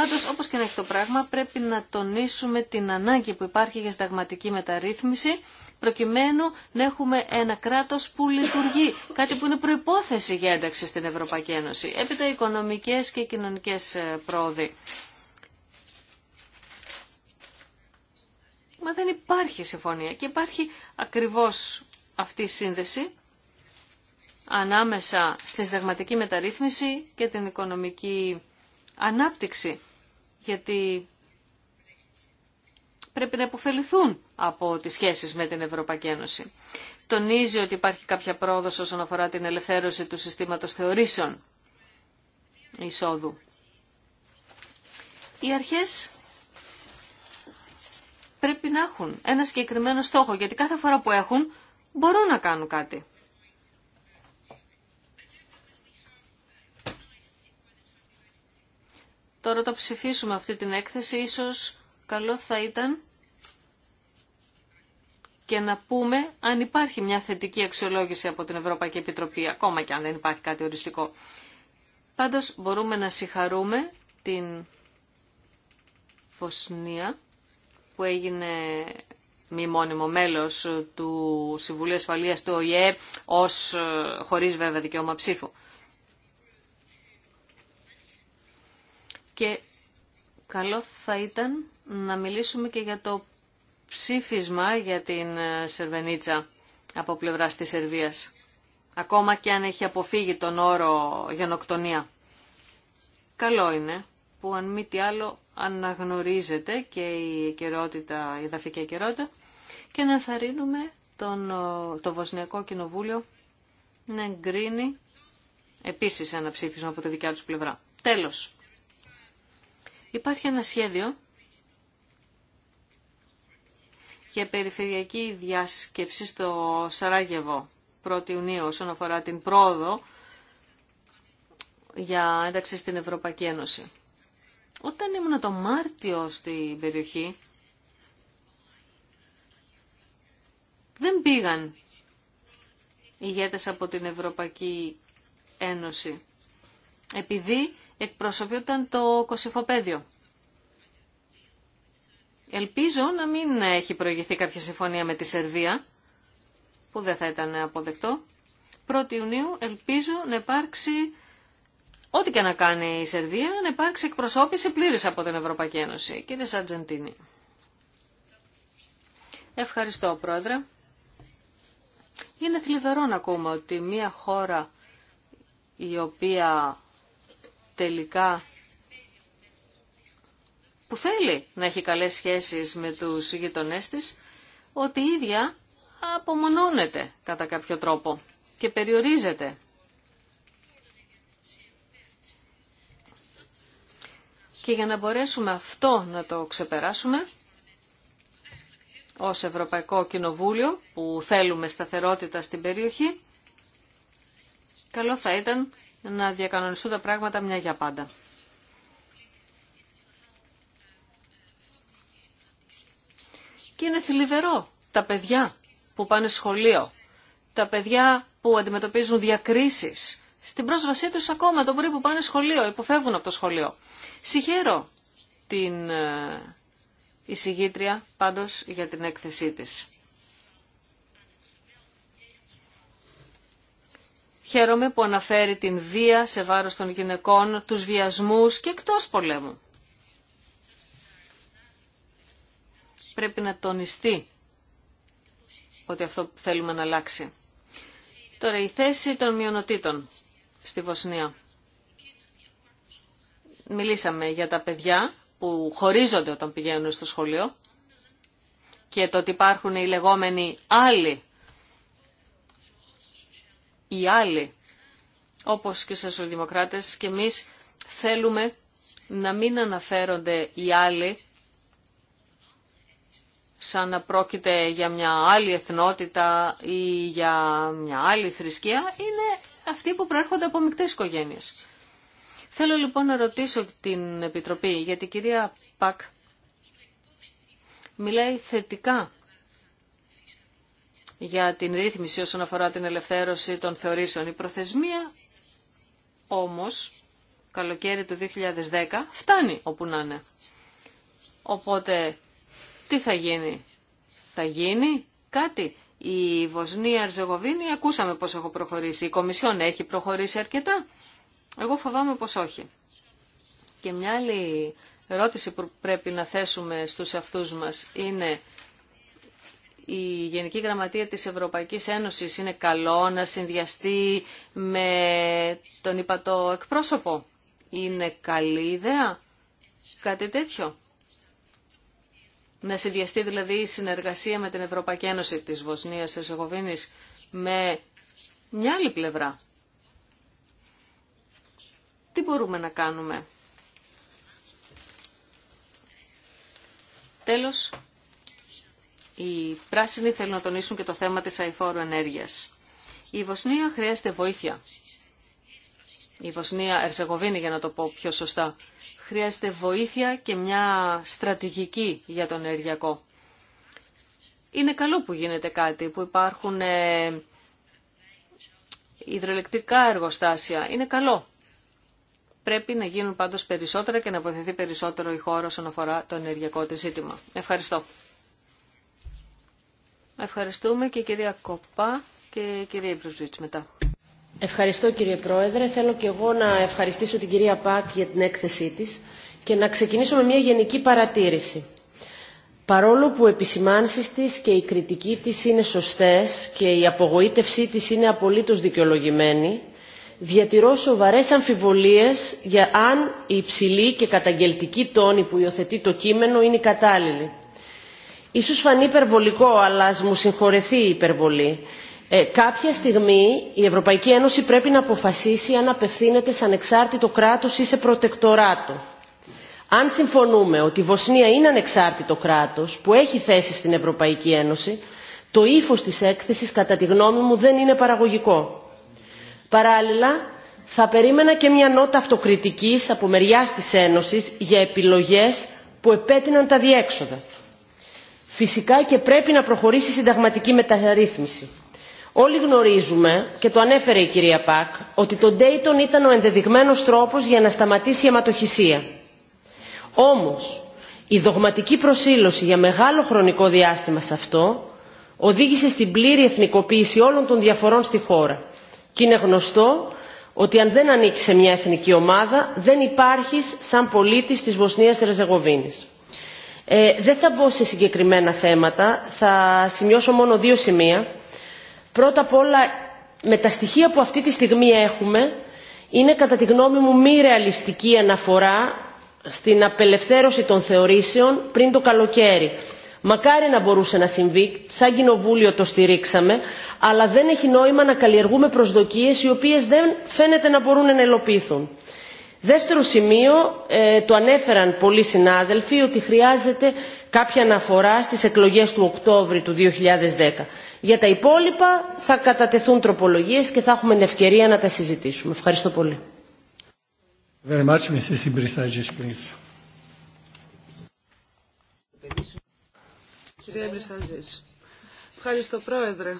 Πάντω όπως και να έχει το πράγμα, πρέπει να τονίσουμε την ανάγκη που υπάρχει για συνταγματική μεταρρύθμιση, προκειμένου να έχουμε ένα κράτος που λειτουργεί, κάτι που είναι προϋπόθεση για ένταξη στην Ευρωπαϊκή Ένωση. Έπειτα, οικονομικές και κοινωνικές ε, πρόοδοι. Μα δεν υπάρχει συμφωνία και υπάρχει ακριβώς αυτή η σύνδεση ανάμεσα στη συνταγματική μεταρρύθμιση και την οικονομική ανάπτυξη γιατί πρέπει να υποφεληθούν από τις σχέσεις με την Ευρωπαϊκή Ένωση. Τονίζει ότι υπάρχει κάποια πρόοδος όσον αφορά την ελευθέρωση του συστήματος θεωρήσεων εισόδου. Οι αρχές πρέπει να έχουν ένα συγκεκριμένο στόχο, γιατί κάθε φορά που έχουν μπορούν να κάνουν κάτι. τώρα το ψηφίσουμε αυτή την έκθεση, ίσως καλό θα ήταν και να πούμε αν υπάρχει μια θετική αξιολόγηση από την Ευρωπαϊκή Επιτροπή, ακόμα και αν δεν υπάρχει κάτι οριστικό. Πάντως μπορούμε να συγχαρούμε την Φωσνία που έγινε μη μόνιμο μέλος του Συμβουλίου Ασφαλείας του ΟΗΕ ως ε, χωρίς βέβαια δικαίωμα ψήφου. Και καλό θα ήταν να μιλήσουμε και για το ψήφισμα για την ε, Σερβενίτσα από πλευράς της Σερβίας. Ακόμα και αν έχει αποφύγει τον όρο γενοκτονία. Καλό είναι που αν μη τι άλλο αναγνωρίζεται και η, εκαιρότητα, η και να ενθαρρύνουμε τον, ε, το Βοσνιακό Κοινοβούλιο να εγκρίνει επίσης ένα ψήφισμα από τη δικιά τους πλευρά. Τέλος, Υπάρχει ένα σχέδιο για περιφερειακή διάσκεψη στο Σαράγεβο 1η Ιουνίου όσον αφορά την πρόοδο για ένταξη στην Ευρωπαϊκή Ένωση. Όταν ήμουν το Μάρτιο στην περιοχή, δεν πήγαν ηγέτες από την Ευρωπαϊκή Ένωση, επειδή εκπροσωπιόταν το Κοσυφοπέδιο. Ελπίζω να μην έχει προηγηθεί κάποια συμφωνία με τη Σερβία, που δεν θα ήταν αποδεκτό. 1η Ιουνίου ελπίζω να υπάρξει, ό,τι και να κάνει η Σερβία, να υπάρξει εκπροσώπηση πλήρης από την Ευρωπαϊκή Ένωση. Κύριε Σαρτζεντίνη. Ευχαριστώ, Πρόεδρε. Είναι θλιβερό να ακούμε ότι μια χώρα η οποία τελικά που θέλει να έχει καλές σχέσεις με τους γειτονές της, ότι η ίδια απομονώνεται κατά κάποιο τρόπο και περιορίζεται. Και για να μπορέσουμε αυτό να το ξεπεράσουμε, ως Ευρωπαϊκό Κοινοβούλιο που θέλουμε σταθερότητα στην περιοχή, καλό θα ήταν να διακανονιστούν τα πράγματα μια για πάντα. Και είναι θλιβερό τα παιδιά που πάνε σχολείο, τα παιδιά που αντιμετωπίζουν διακρίσεις, στην πρόσβασή τους ακόμα το μπορεί που πάνε σχολείο, υποφεύγουν από το σχολείο. Συγχαίρω την ε, εισηγήτρια πάντως για την έκθεσή της. Χαίρομαι που αναφέρει την βία σε βάρος των γυναικών, τους βιασμούς και εκτός πολέμου. Πρέπει να τονιστεί ότι αυτό θέλουμε να αλλάξει. Τώρα η θέση των μειονοτήτων στη Βοσνία. Μιλήσαμε για τα παιδιά που χωρίζονται όταν πηγαίνουν στο σχολείο και το ότι υπάρχουν οι λεγόμενοι άλλοι οι άλλοι, όπως και οι δημοκράτες και εμείς θέλουμε να μην αναφέρονται οι άλλοι σαν να πρόκειται για μια άλλη εθνότητα ή για μια άλλη θρησκεία, είναι αυτοί που προέρχονται από μικτές οικογένειες. Θέλω λοιπόν να ρωτήσω την Επιτροπή, γιατί η κυρία Πακ μιλάει θετικά για την ρύθμιση όσον αφορά την ελευθέρωση των θεωρήσεων. Η προθεσμία όμως, καλοκαίρι του 2010, φτάνει όπου να είναι. Οπότε, τι θα γίνει. Θα γίνει κάτι. Η Βοσνία Αρζεγοβίνη, ακούσαμε πώς έχω προχωρήσει. Η Κομισιόν έχει προχωρήσει αρκετά. Εγώ φοβάμαι πως όχι. Και μια άλλη ερώτηση που πρέπει να θέσουμε στους αυτούς μας είναι η Γενική Γραμματεία της Ευρωπαϊκής Ένωσης είναι καλό να συνδυαστεί με τον υπατό εκπρόσωπο. Είναι καλή ιδέα κάτι τέτοιο. Να συνδυαστεί δηλαδή η συνεργασία με την Ευρωπαϊκή Ένωση της Βοσνίας Ερσεγοβίνης με μια άλλη πλευρά. Τι μπορούμε να κάνουμε. Τέλος, οι πράσινοι θέλουν να τονίσουν και το θέμα της αηφόρου ενέργειας. Η Βοσνία χρειάζεται βοήθεια. Η Βοσνία Ερζεγοβίνη, για να το πω πιο σωστά, χρειάζεται βοήθεια και μια στρατηγική για το ενεργειακό. Είναι καλό που γίνεται κάτι, που υπάρχουν ε, υδροελεκτρικά εργοστάσια. Είναι καλό. Πρέπει να γίνουν πάντως περισσότερα και να βοηθηθεί περισσότερο η χώρα όσον αφορά το ενεργειακό της ζήτημα. Ευχαριστώ. Ευχαριστούμε και η κυρία Κοπά και η κυρία Ιμπρουζίτς μετά. Ευχαριστώ κύριε Πρόεδρε. Θέλω και εγώ να ευχαριστήσω την κυρία Πακ για την έκθεσή της και να ξεκινήσω με μια γενική παρατήρηση. Παρόλο που οι επισημάνσεις της και η κριτική της είναι σωστές και η απογοήτευσή της είναι απολύτως δικαιολογημένη, διατηρώ σοβαρές αμφιβολίες για αν η υψηλή και καταγγελτική τόνη που υιοθετεί το κείμενο είναι κατάλληλη. Ίσως φανεί υπερβολικό, αλλά ας μου συγχωρεθεί η υπερβολή. Ε, κάποια στιγμή η Ευρωπαϊκή Ένωση πρέπει να αποφασίσει αν απευθύνεται σε ανεξάρτητο κράτος ή σε προτεκτοράτο. Αν συμφωνούμε ότι η Βοσνία είναι ανεξάρτητο κράτος που έχει θέση στην Ευρωπαϊκή Ένωση, το ύφο της έκθεσης κατά τη γνώμη μου δεν είναι παραγωγικό. Παράλληλα, θα περίμενα και μια νότα αυτοκριτικής από μεριάς της Ένωσης για επιλογές που επέτειναν τα διέξοδα. Φυσικά και πρέπει να προχωρήσει η συνταγματική μεταρρύθμιση. Όλοι γνωρίζουμε, και το ανέφερε η κυρία Πακ, ότι το Dayton ήταν ο ενδεδειγμένος τρόπος για να σταματήσει η αιματοχυσία. Όμως, η δογματική προσήλωση για μεγάλο χρονικό διάστημα σε αυτό οδήγησε στην πλήρη εθνικοποίηση όλων των διαφορών στη χώρα. Και είναι γνωστό ότι αν δεν ανήκει σε μια εθνική ομάδα δεν υπάρχει σαν πολίτης της Βοσνίας Ερζεγοβίνης. Ε, δεν θα μπω σε συγκεκριμένα θέματα, θα σημειώσω μόνο δύο σημεία. Πρώτα απ' όλα, με τα στοιχεία που αυτή τη στιγμή έχουμε, είναι κατά τη γνώμη μου μη ρεαλιστική αναφορά στην απελευθέρωση των θεωρήσεων πριν το καλοκαίρι. Μακάρι να μπορούσε να συμβεί, σαν κοινοβούλιο το στηρίξαμε, αλλά δεν έχει νόημα να καλλιεργούμε προσδοκίες οι οποίες δεν φαίνεται να μπορούν να ελοπίθουν. Δεύτερο σημείο, ε, το ανέφεραν πολλοί συνάδελφοι, ότι χρειάζεται κάποια αναφορά στις εκλογές του Οκτώβρη του 2010. Για τα υπόλοιπα θα κατατεθούν τροπολογίες και θα έχουμε την ευκαιρία να τα συζητήσουμε. Ευχαριστώ πολύ. Ευχαριστώ, Πρόεδρε.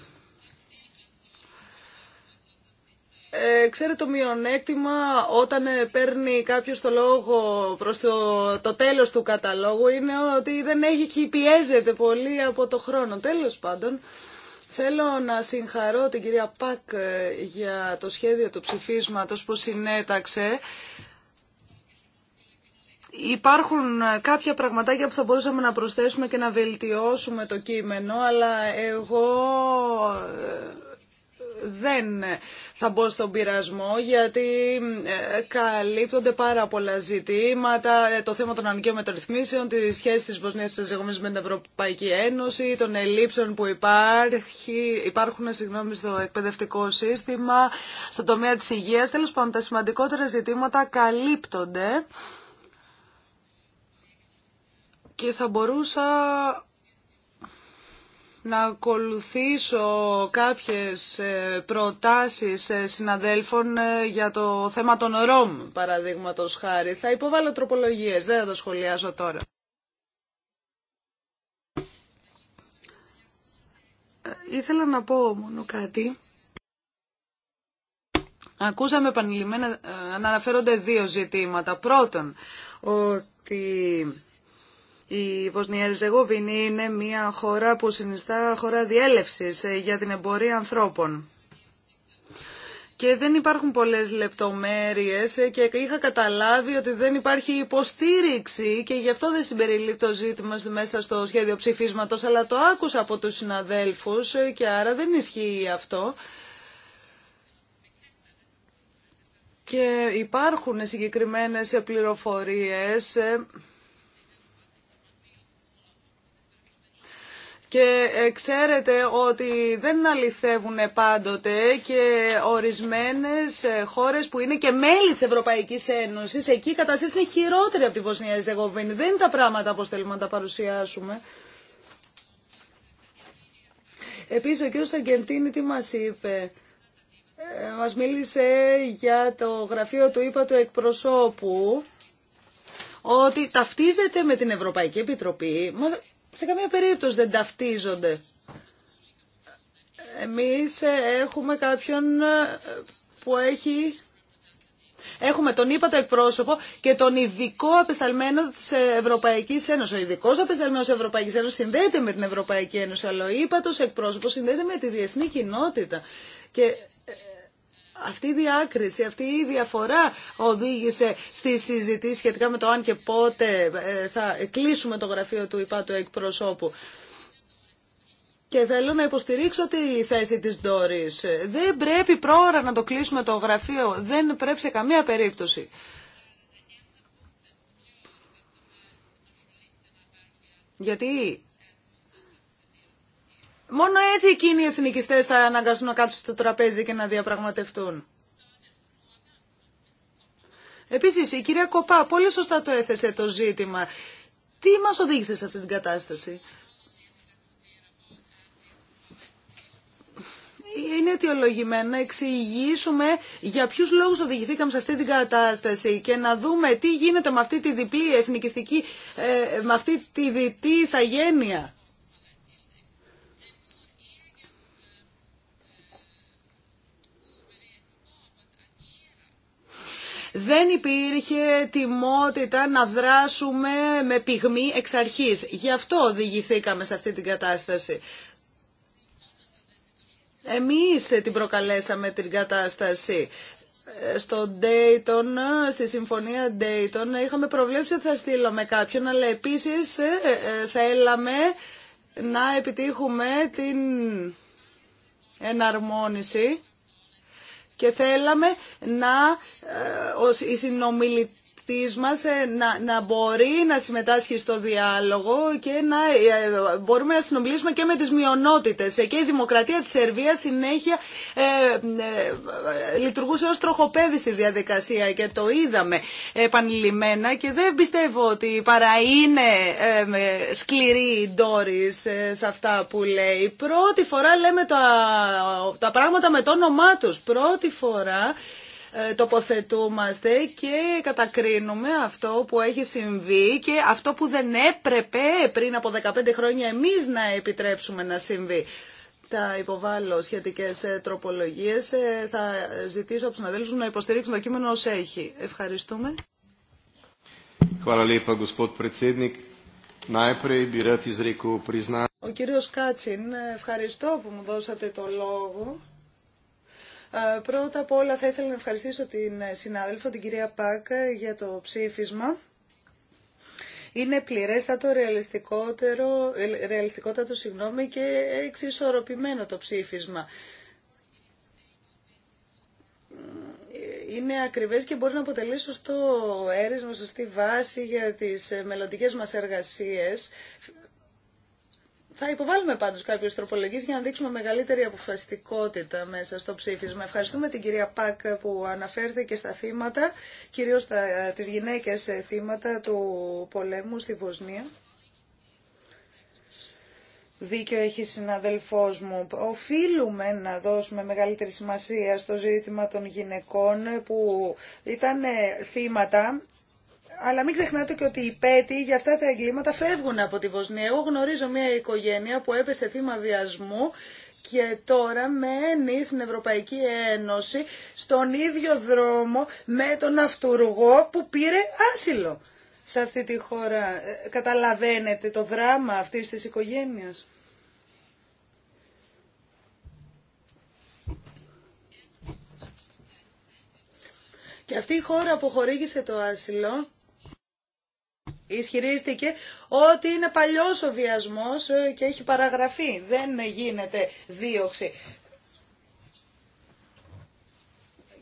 ε, ξέρετε το μειονέκτημα όταν ε, παίρνει κάποιος το λόγο προς το, το τέλος του καταλόγου είναι ότι δεν έχει και πιέζεται πολύ από το χρόνο. Τέλος πάντων, θέλω να συγχαρώ την κυρία Πακ ε, για το σχέδιο του ψηφίσματος που συνέταξε. Υπάρχουν ε, κάποια πραγματάκια που θα μπορούσαμε να προσθέσουμε και να βελτιώσουμε το κείμενο, αλλά εγώ δεν θα μπω στον πειρασμό γιατί ε, καλύπτονται πάρα πολλά ζητήματα. Ε, το θέμα των ανοικίων μεταρρυθμίσεων, τη σχέση της Βοσνίας της με την Ευρωπαϊκή Ένωση, των ελλείψεων που υπάρχει, υπάρχουν συγγνώμη, στο εκπαιδευτικό σύστημα, στον τομέα της υγείας. Τέλος πάντων, τα σημαντικότερα ζητήματα καλύπτονται και θα μπορούσα να ακολουθήσω κάποιες ε, προτάσεις ε, συναδέλφων ε, για το θέμα των ΡΟΜ, παραδείγματος χάρη. Θα υποβάλω τροπολογίες, δεν θα το σχολιάζω τώρα. Ήθελα να πω μόνο κάτι. Ακούσαμε επανειλημμένα αναφέρονται δύο ζητήματα. Πρώτον, ότι η Βοσνία Ριζεγοβίνη είναι μια χώρα που συνιστά χώρα διέλευσης ε, για την εμπορία ανθρώπων. Και δεν υπάρχουν πολλές λεπτομέρειες ε, και είχα καταλάβει ότι δεν υπάρχει υποστήριξη και γι' αυτό δεν συμπεριλείπει το ζήτημα μέσα στο σχέδιο ψηφίσματος, αλλά το άκουσα από τους συναδέλφους ε, και άρα δεν ισχύει αυτό. Και υπάρχουν συγκεκριμένες πληροφορίες Και ε, ξέρετε ότι δεν αληθεύουν πάντοτε και ορισμένες ε, χώρες που είναι και μέλη της Ευρωπαϊκής Ένωσης, εκεί η καταστήση είναι χειρότερη από την Βοσνία Ζεγοβίνη. Δεν είναι τα πράγματα που θέλουμε να τα παρουσιάσουμε. Επίσης ο κύριος Αργεντίνη τι μας είπε. Ε, μας μίλησε για το γραφείο του είπα του εκπροσώπου ότι ταυτίζεται με την Ευρωπαϊκή Επιτροπή σε καμία περίπτωση δεν ταυτίζονται. Εμείς ε, έχουμε κάποιον ε, που έχει... Έχουμε τον ύπατο εκπρόσωπο και τον ειδικό απεσταλμένο τη Ευρωπαϊκή Ένωση. Ο ειδικό απεσταλμένο τη Ευρωπαϊκή Ένωση συνδέεται με την Ευρωπαϊκή Ένωση, αλλά ο ύπατο εκπρόσωπο συνδέεται με τη διεθνή κοινότητα. Και αυτή η διάκριση, αυτή η διαφορά οδήγησε στη συζητήση σχετικά με το αν και πότε ε, θα κλείσουμε το γραφείο του υπάτου εκπροσώπου. Και θέλω να υποστηρίξω τη θέση της Ντόρης. Δεν πρέπει πρόωρα να το κλείσουμε το γραφείο. Δεν πρέπει σε καμία περίπτωση. Γιατί Μόνο έτσι εκείνοι οι εθνικιστές θα αναγκαστούν να κάτσουν στο τραπέζι και να διαπραγματευτούν. Επίσης, η κυρία Κοπά πολύ σωστά το έθεσε το ζήτημα. Τι μας οδήγησε σε αυτή την κατάσταση. είναι αιτιολογημένο να εξηγήσουμε για ποιου λόγου οδηγηθήκαμε σε αυτή την κατάσταση και να δούμε τι γίνεται με αυτή τη διπλή εθνικιστική, ε, με αυτή τη διτή ηθαγένεια. δεν υπήρχε τιμότητα να δράσουμε με πυγμή εξ αρχής. Γι' αυτό οδηγηθήκαμε σε αυτή την κατάσταση. Εμείς την προκαλέσαμε την κατάσταση στο Dayton, στη συμφωνία Dayton, είχαμε προβλέψει ότι θα στείλαμε κάποιον, αλλά επίσης ε, ε, θέλαμε να επιτύχουμε την εναρμόνιση και θέλαμε να ε, οι συνομιλητές μας ε, να, μπορεί να συμμετάσχει στο διάλογο και να ε, ε, μπορούμε να συνομιλήσουμε και με τις μειονότητες. Και η δημοκρατία της Σερβίας συνέχεια λειτουργούσε ως τροχοπέδι στη διαδικασία και το είδαμε επανειλημμένα και δεν πιστεύω ότι παρά είναι ε, σκληρή η Ντόρις σε αυτά που λέει. Πρώτη φορά λέμε τα, τα πράγματα με το όνομά τους. Πρώτη φορά ε, τοποθετούμαστε και κατακρίνουμε αυτό που έχει συμβεί και αυτό που δεν έπρεπε πριν από 15 χρόνια εμείς να επιτρέψουμε να συμβεί. Τα υποβάλλω σχετικέ ε, τροπολογίε. Ε, θα ζητήσω από του συναδέλφου να υποστηρίξουν το κείμενο ω έχει. Ευχαριστούμε. Ο κύριος Κάτσιν, ευχαριστώ που μου δώσατε το λόγο. Ε, πρώτα απ' όλα θα ήθελα να ευχαριστήσω την συνάδελφο, την κυρία Πακ, για το ψήφισμα. Είναι πληρέστατο, ρεαλιστικότερο, ε, ρεαλιστικότατο συγγνώμη, και εξισορροπημένο το ψήφισμα είναι ακριβές και μπορεί να αποτελεί σωστό έρισμα, σωστή βάση για τις μελλοντικές μας εργασίες. Θα υποβάλουμε πάντως κάποιες τροπολογίες για να δείξουμε μεγαλύτερη αποφασιστικότητα μέσα στο ψήφισμα. Ευχαριστούμε την κυρία Πακ που αναφέρθηκε στα θύματα, κυρίως τα, τις γυναίκες θύματα του πολέμου στη Βοσνία. Δίκιο έχει συναδελφός μου. Οφείλουμε να δώσουμε μεγαλύτερη σημασία στο ζήτημα των γυναικών που ήταν θύματα αλλά μην ξεχνάτε και ότι οι πέτοι για αυτά τα εγκλήματα φεύγουν από τη Βοσνία. Εγώ γνωρίζω μια οικογένεια που έπεσε θύμα βιασμού και τώρα μένει στην Ευρωπαϊκή Ένωση στον ίδιο δρόμο με τον αυτούργο που πήρε άσυλο σε αυτή τη χώρα. Ε, καταλαβαίνετε το δράμα αυτής της οικογένειας. Και αυτή η χώρα που χορήγησε το άσυλο ισχυρίστηκε ότι είναι παλιός ο βιασμός ε, και έχει παραγραφεί. Δεν γίνεται δίωξη.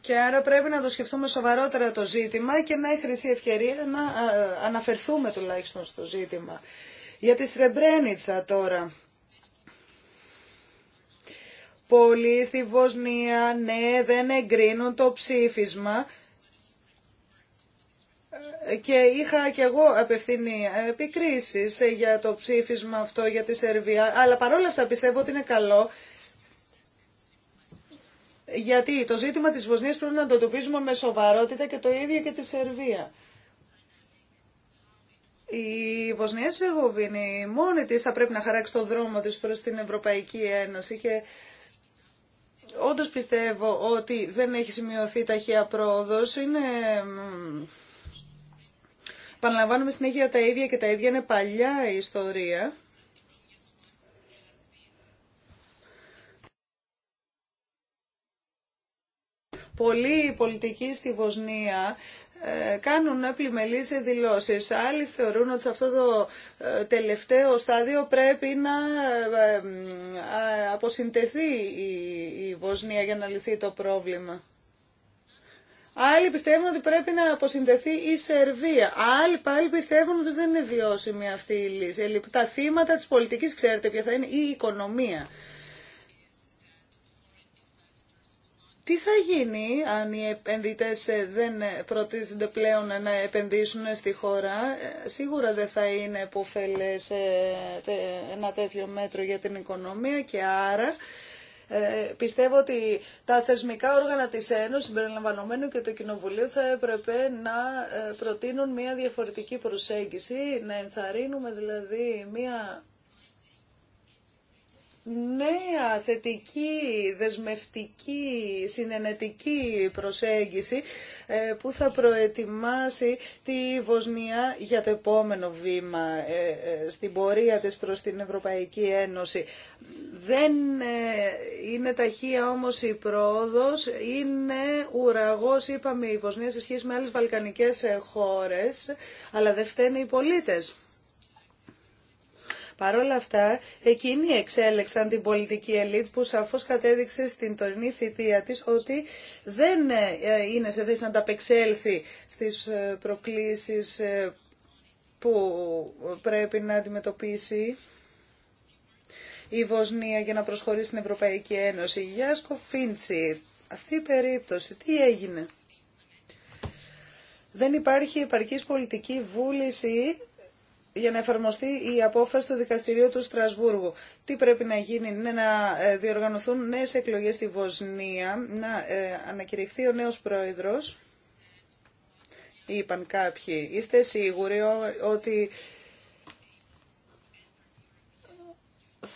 Και άρα πρέπει να το σκεφτούμε σοβαρότερα το ζήτημα και να έχει χρυσή ευκαιρία να ε, αναφερθούμε τουλάχιστον στο ζήτημα. Για τη Στρεμπρένιτσα τώρα. Πολλοί στη Βοσνία, ναι, δεν εγκρίνουν το ψήφισμα και είχα και εγώ απευθύνει επικρίσεις για το ψήφισμα αυτό για τη Σερβία, αλλά παρόλα αυτά πιστεύω ότι είναι καλό γιατί το ζήτημα της Βοσνίας πρέπει να το με σοβαρότητα και το ίδιο και τη Σερβία. Η Βοσνία Ζεγοβίνη μόνη της θα πρέπει να χαράξει το δρόμο της προς την Ευρωπαϊκή Ένωση και όντως πιστεύω ότι δεν έχει σημειωθεί ταχεία πρόοδος. Είναι Παναλαμβάνουμε συνέχεια τα ίδια και τα ίδια είναι παλιά η ιστορία. Πολλοί πολιτικοί στη Βοσνία ε, κάνουν επιμελείς δηλώσεις. Άλλοι θεωρούν ότι σε αυτό το ε, τελευταίο στάδιο πρέπει να ε, αποσυντεθεί η Βοσνία για να λυθεί το πρόβλημα. Άλλοι πιστεύουν ότι πρέπει να αποσυνδεθεί η Σερβία. Άλλοι πάλι πιστεύουν ότι δεν είναι βιώσιμη αυτή η λύση. Ε, τα θύματα της πολιτικής, ξέρετε ποια θα είναι, η οικονομία. Τι θα γίνει αν οι επενδυτές ε, δεν προτίθενται πλέον να επενδύσουν στη χώρα. Ε, σίγουρα δεν θα είναι επωφελές ένα τέτοιο μέτρο για την οικονομία και άρα ε, πιστεύω ότι τα θεσμικά όργανα της Ένωσης, συμπεριλαμβανομένου και το Κοινοβουλίου, θα έπρεπε να ε, προτείνουν μια διαφορετική προσέγγιση, να ενθαρρύνουμε δηλαδή μια νέα θετική, δεσμευτική, συνενετική προσέγγιση ε, που θα προετοιμάσει τη Βοσνία για το επόμενο βήμα ε, ε, στην πορεία της προς την Ευρωπαϊκή Ένωση. Δεν είναι ταχεία όμως η πρόοδος, είναι ουραγός, είπαμε, η Βοσνία σε σχέση με άλλες βαλκανικές χώρες, αλλά δεν φταίνε οι πολίτες. Παρ' όλα αυτά, εκείνοι εξέλεξαν την πολιτική ελίτ που σαφώς κατέδειξε στην τωρινή θητεία της ότι δεν ε, είναι σε θέση να ανταπεξέλθει στις ε, προκλήσεις ε, που πρέπει να αντιμετωπίσει η Βοσνία για να προσχωρήσει στην Ευρωπαϊκή Ένωση. Γιάσκο Φίντσι, αυτή η περίπτωση, τι έγινε. Δεν υπάρχει υπαρκής πολιτική βούληση για να εφαρμοστεί η απόφαση του Δικαστηρίου του Στρασβούργου. Τι πρέπει να γίνει είναι να ε, διοργανωθούν νέες εκλογές στη Βοσνία, να ε, ανακηρυχθεί ο νέος πρόεδρος, είπαν κάποιοι. Είστε σίγουροι ότι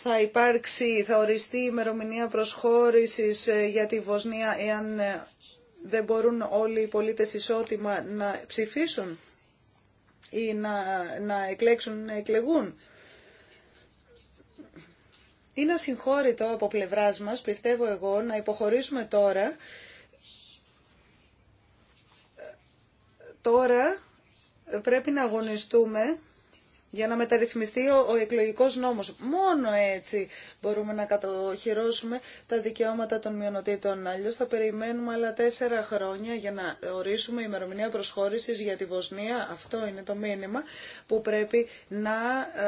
θα υπάρξει, θα οριστεί η ημερομηνία προσχώρησης ε, για τη Βοσνία εάν δεν μπορούν όλοι οι πολίτες ισότιμα να ψηφίσουν ή να, εκλέξουν να εκλεγούν. Είναι ασυγχώρητο από πλευράς μας, πιστεύω εγώ, να υποχωρήσουμε τώρα. Τώρα πρέπει να αγωνιστούμε για να μεταρρυθμιστεί ο εκλογικός νόμος. Μόνο έτσι μπορούμε να κατοχυρώσουμε τα δικαιώματα των μειονοτήτων. Αλλιώς θα περιμένουμε άλλα τέσσερα χρόνια για να ορίσουμε ημερομηνία προσχώρησης για τη Βοσνία. Αυτό είναι το μήνυμα που πρέπει να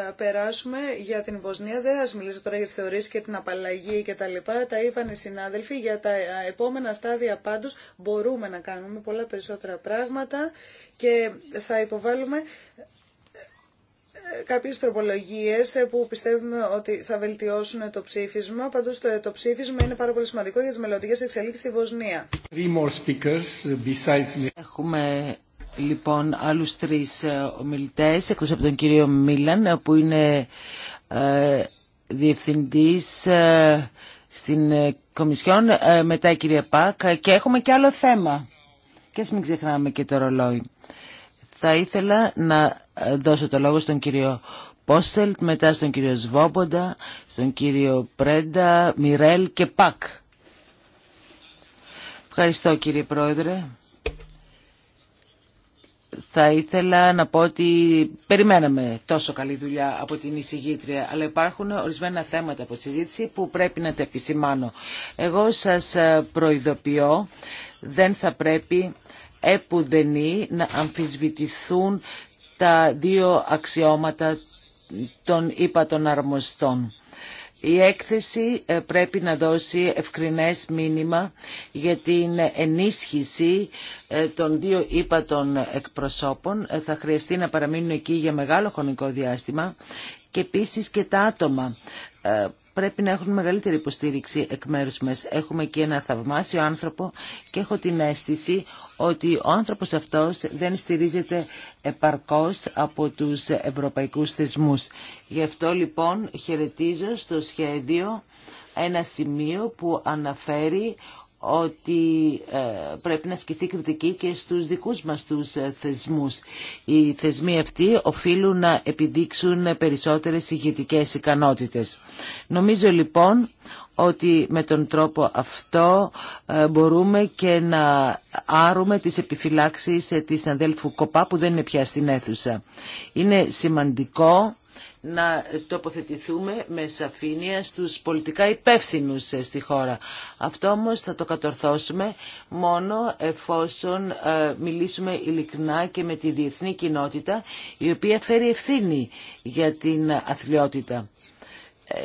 ε, περάσουμε για την Βοσνία. Δεν θα μιλήσω τώρα για τις θεωρίες και την απαλλαγή κτλ. Τα, λοιπά. τα είπαν οι συνάδελφοι. Για τα ε, επόμενα στάδια πάντως μπορούμε να κάνουμε πολλά περισσότερα πράγματα και θα υποβάλουμε κάποιες τροπολογίες ε, που πιστεύουμε ότι θα βελτιώσουν το ψήφισμα. Πάντως το, ε, το ψήφισμα είναι πάρα πολύ σημαντικό για τις μελλοντικές εξελίξεις στη Βοσνία. Uh, έχουμε λοιπόν άλλους τρεις ε, ομιλητές εκτός από τον κύριο Μίλαν που είναι ε, διευθυντής στην ε, μετά η κυρία Πάκ και έχουμε και άλλο θέμα. Και ας μην ξεχνάμε και το ρολόι. Θα ήθελα να ε, δώσω το λόγο στον κύριο Πόσελτ, μετά στον κύριο Σβόμποντα, στον κύριο Πρέντα, Μιρέλ και Πακ. Ευχαριστώ κύριε Πρόεδρε. Θα ήθελα να πω ότι περιμέναμε τόσο καλή δουλειά από την εισηγήτρια, αλλά υπάρχουν ορισμένα θέματα από τη συζήτηση που πρέπει να τα επισημάνω. Εγώ σας ε, προειδοποιώ, δεν θα πρέπει επουδενή να αμφισβητηθούν τα δύο αξιώματα των ύπατων αρμοστών. Η έκθεση ε, πρέπει να δώσει ευκρινές μήνυμα για την ενίσχυση ε, των δύο ύπατων εκπροσώπων. Ε, θα χρειαστεί να παραμείνουν εκεί για μεγάλο χρονικό διάστημα και επίσης και τα άτομα πρέπει να έχουν μεγαλύτερη υποστήριξη εκ μέρους μας. Έχουμε και ένα θαυμάσιο άνθρωπο και έχω την αίσθηση ότι ο άνθρωπος αυτός δεν στηρίζεται επαρκώς από τους ευρωπαϊκούς θεσμούς. Γι' αυτό λοιπόν χαιρετίζω στο σχέδιο ένα σημείο που αναφέρει ότι ε, πρέπει να ασκηθεί κριτική και στους δικούς μας τους ε, θεσμούς. Οι θεσμοί αυτοί οφείλουν να επιδείξουν περισσότερες ηγετικές ικανότητες. Νομίζω λοιπόν ότι με τον τρόπο αυτό ε, μπορούμε και να άρουμε τις επιφυλάξεις της αδέλφου Κοπά που δεν είναι πια στην αίθουσα. Είναι σημαντικό να τοποθετηθούμε με σαφήνεια στους πολιτικά υπεύθυνους ε, στη χώρα. Αυτό όμως θα το κατορθώσουμε μόνο εφόσον ε, μιλήσουμε ειλικρινά και με τη διεθνή κοινότητα η οποία φέρει ευθύνη για την αθλειότητα. Ε,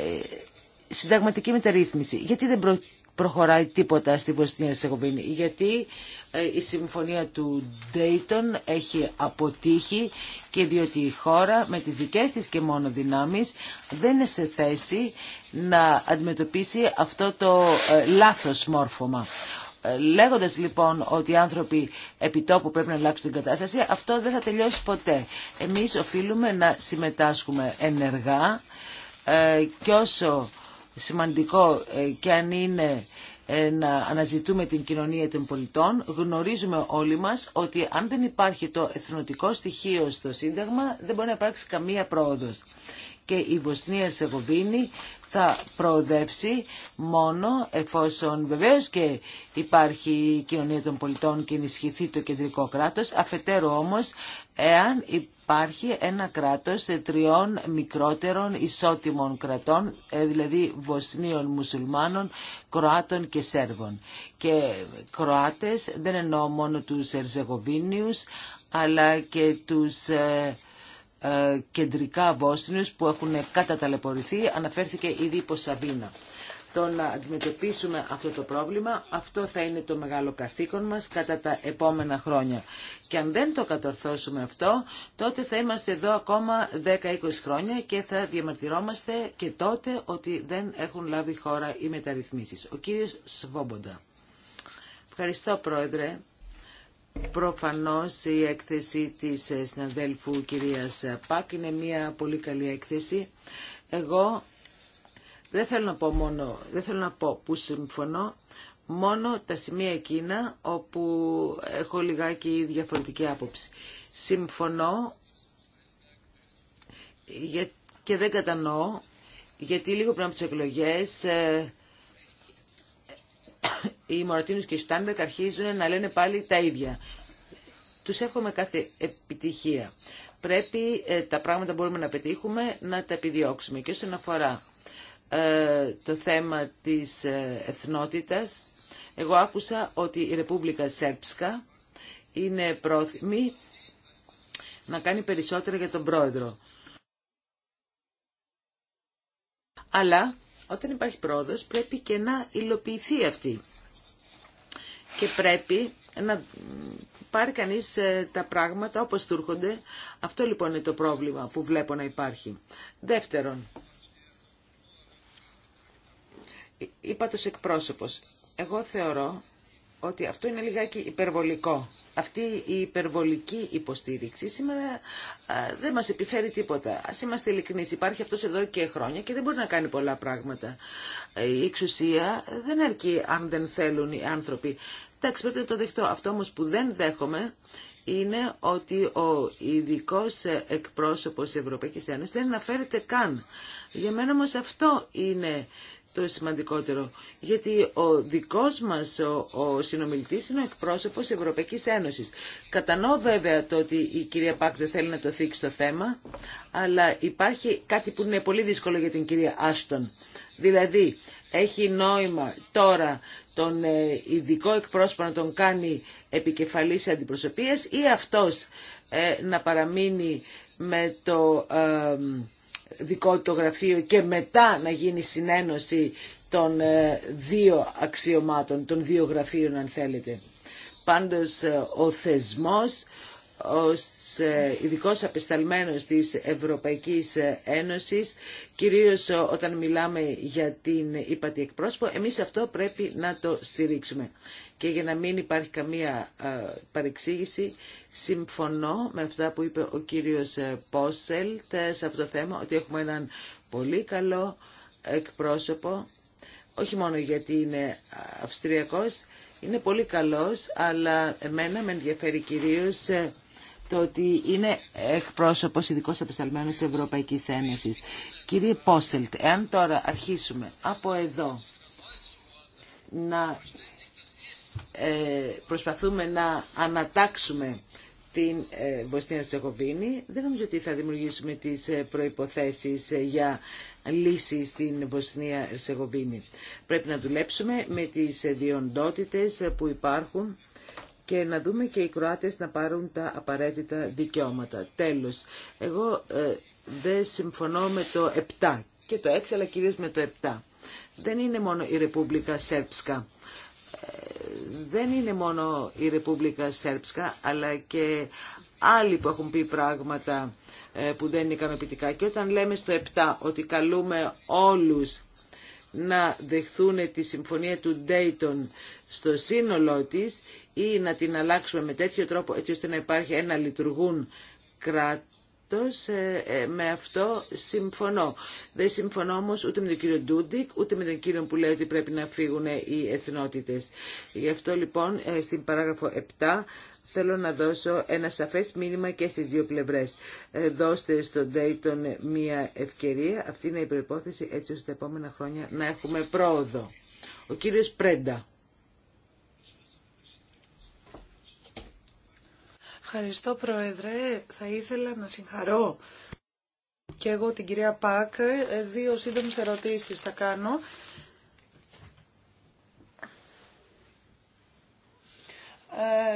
συνταγματική μεταρρύθμιση. Γιατί δεν προχωράει τίποτα στη Βοσνία τη Γιατί ε, η συμφωνία του Dayton έχει αποτύχει και διότι η χώρα με τις δικές της και μόνο δυνάμεις δεν είναι σε θέση να αντιμετωπίσει αυτό το ε, λάθος μόρφωμα. Ε, λέγοντας λοιπόν ότι οι άνθρωποι επιτόπου πρέπει να αλλάξουν την κατάσταση, αυτό δεν θα τελειώσει ποτέ. Εμείς οφείλουμε να συμμετάσχουμε ενεργά και όσο σημαντικό και αν είναι ε, να αναζητούμε την κοινωνία των πολιτών. Γνωρίζουμε όλοι μας ότι αν δεν υπάρχει το εθνοτικό στοιχείο στο Σύνταγμα δεν μπορεί να υπάρξει καμία πρόοδος. Και η Βοσνία Σεγοβίνη θα προοδεύσει μόνο εφόσον βεβαίως και υπάρχει η κοινωνία των πολιτών και ενισχυθεί το κεντρικό κράτος, αφετέρου όμως εάν υπάρχει ένα κράτος τριών μικρότερων ισότιμων κρατών, ε, δηλαδή Βοσνίων, Μουσουλμάνων, Κροάτων και Σέρβων. Και Κροάτες δεν εννοώ μόνο τους Ερζεγοβίνιους, αλλά και τους ε, ε, κεντρικά Βόσνιους που έχουν καταταλαιπωρηθεί, αναφέρθηκε ήδη η Σαβίνα το να αντιμετωπίσουμε αυτό το πρόβλημα, αυτό θα είναι το μεγάλο καθήκον μας κατά τα επόμενα χρόνια. Και αν δεν το κατορθώσουμε αυτό, τότε θα είμαστε εδώ ακόμα 10-20 χρόνια και θα διαμαρτυρόμαστε και τότε ότι δεν έχουν λάβει χώρα οι μεταρρυθμίσεις. Ο κύριος Σβόμποντα. Ευχαριστώ Πρόεδρε. Προφανώς η έκθεση της συναδέλφου κυρίας Πάκ είναι μια πολύ καλή έκθεση. Εγώ δεν θέλω να πω μόνο, δεν να πω που συμφωνώ, μόνο τα σημεία εκείνα όπου έχω λιγάκι διαφορετική άποψη. Συμφωνώ και δεν κατανοώ γιατί λίγο πριν από τις εκλογές ε, οι Μορατίνους και οι Στάνμπεκ αρχίζουν να λένε πάλι τα ίδια. Τους έχουμε κάθε επιτυχία. Πρέπει ε, τα πράγματα που μπορούμε να πετύχουμε να τα επιδιώξουμε. Και όσον αφορά ε, το θέμα της ε, εθνότητας. Εγώ άκουσα ότι η Ρεπούμπλικα Σέρψκα είναι πρόθυμη να κάνει περισσότερα για τον πρόεδρο. Αλλά όταν υπάρχει πρόοδος πρέπει και να υλοποιηθεί αυτή. Και πρέπει να πάρει κανείς ε, τα πράγματα όπως τούρχονται. Αυτό λοιπόν είναι το πρόβλημα που βλέπω να υπάρχει. Δεύτερον, είπα τους εκπρόσωπος. Εγώ θεωρώ ότι αυτό είναι λιγάκι υπερβολικό. Αυτή η υπερβολική υποστήριξη σήμερα δεν μας επιφέρει τίποτα. Ας είμαστε ειλικρινείς, υπάρχει αυτός εδώ και χρόνια και δεν μπορεί να κάνει πολλά πράγματα. Ε, η εξουσία δεν αρκεί αν δεν θέλουν οι άνθρωποι. Εντάξει, πρέπει να το δεχτώ. Αυτό όμως που δεν δέχομαι είναι ότι ο ειδικό εκπρόσωπος της Ευρωπαϊκής Ένωσης δεν αναφέρεται καν. Για μένα όμως αυτό είναι το σημαντικότερο. Γιατί ο δικός μας ο, ο συνομιλητής είναι ο εκπρόσωπος Ευρωπαϊκής Ένωσης. Κατανοώ βέβαια το ότι η κυρία Πάκ δεν θέλει να το θίξει το θέμα, αλλά υπάρχει κάτι που είναι πολύ δύσκολο για την κυρία Άστον. Δηλαδή, έχει νόημα τώρα τον ε, ειδικό εκπρόσωπο να τον κάνει επικεφαλής αντιπροσωπείας ή αυτός ε, να παραμείνει με το... Ε, δικό το γραφείο και μετά να γίνει συνένωση των ε, δύο αξιωμάτων, των δύο γραφείων αν θέλετε. Πάντως ε, ο θεσμός ως ε, ειδικό απεσταλμένος της Ευρωπαϊκής Ένωσης, κυρίως όταν μιλάμε για την υπατή εκπρόσωπο, εμείς αυτό πρέπει να το στηρίξουμε. Και για να μην υπάρχει καμία ε, παρεξήγηση, συμφωνώ με αυτά που είπε ο κύριος ε, Πόσελτ ε, σε αυτό το θέμα, ότι έχουμε έναν πολύ καλό εκπρόσωπο, όχι μόνο γιατί είναι αυστριακός, είναι πολύ καλός, αλλά εμένα με ενδιαφέρει κυρίως το ότι είναι εκπρόσωπος ειδικό απεσταλμένος της Ευρωπαϊκής Ένωσης. Κύριε Πόσελτ, εάν τώρα αρχίσουμε από εδώ να ε, προσπαθούμε να ανατάξουμε την ε, Βοσνία Τσεκοβίνη. Δεν νομίζω ότι θα δημιουργήσουμε τις ε, προϋποθέσεις για λύση στην Βοσνία Ερσεγοβίνη. Πρέπει να δουλέψουμε με τις διοντότητες που υπάρχουν και να δούμε και οι Κροάτες να πάρουν τα απαραίτητα δικαιώματα. Τέλος, εγώ δεν συμφωνώ με το 7 και το 6 αλλά κυρίως με το 7. Δεν είναι μόνο η Ρεπούμπλικα Σέρψκα δεν είναι μόνο η Ρεπούμπλικα Σέρψκα, αλλά και άλλοι που έχουν πει πράγματα ε, που δεν είναι ικανοποιητικά. Και όταν λέμε στο 7 ότι καλούμε όλους να δεχθούν τη συμφωνία του Ντέιτον στο σύνολό της ή να την αλλάξουμε με τέτοιο τρόπο έτσι ώστε να υπάρχει ένα λειτουργούν κράτος, ε, ε, με αυτό συμφωνώ. Δεν συμφωνώ όμως ούτε με τον κύριο Ντούντικ, ούτε με τον κύριο που λέει ότι πρέπει να φύγουν οι εθνότητες. Γι' αυτό λοιπόν ε, στην παράγραφο 7 θέλω να δώσω ένα σαφές μήνυμα και στις δύο πλευρές. Ε, δώστε στον Dayton μία ευκαιρία. Αυτή είναι η προϋπόθεση έτσι ώστε τα επόμενα χρόνια να έχουμε πρόοδο. Ο κύριος Πρέντα. Ευχαριστώ Πρόεδρε. Θα ήθελα να συγχαρώ και εγώ την κυρία Πακ. Ε, δύο σύντομες ερωτήσεις θα κάνω.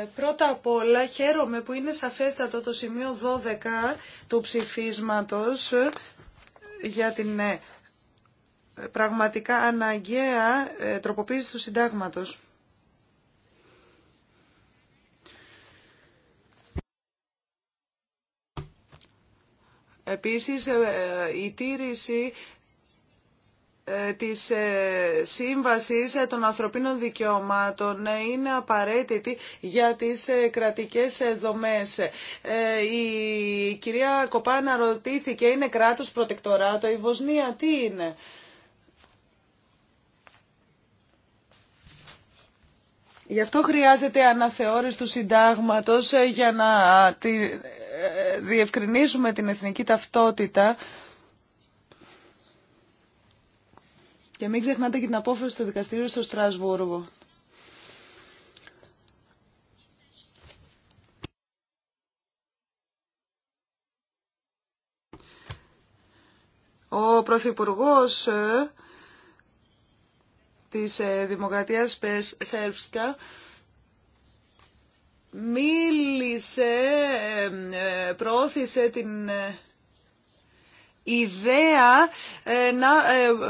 Ε, πρώτα απ' όλα χαίρομαι που είναι σαφέστατο το σημείο 12 του ψηφίσματος για την ε, πραγματικά αναγκαία ε, τροποποίηση του συντάγματος. Επίσης, ε, η τήρηση ε, της ε, σύμβασης των ανθρωπίνων δικαιωμάτων είναι απαραίτητη για τις κρατικές δομές. Η κυρία Κοπάνα ρωτήθηκε, είναι κράτος προτεκτοράτο, η Βοσνία τι είναι. Γι' αυτό χρειάζεται αναθεώρηση του συντάγματος ε, για να ε, διευκρινίσουμε την εθνική ταυτότητα και μην ξεχνάτε και την απόφαση του δικαστηρίου στο Στρασβούργο. Ο Πρωθυπουργός ε, της ε, Δημοκρατίας Περσέρφσκα, μίλησε, ε, προώθησε την ε, ιδέα να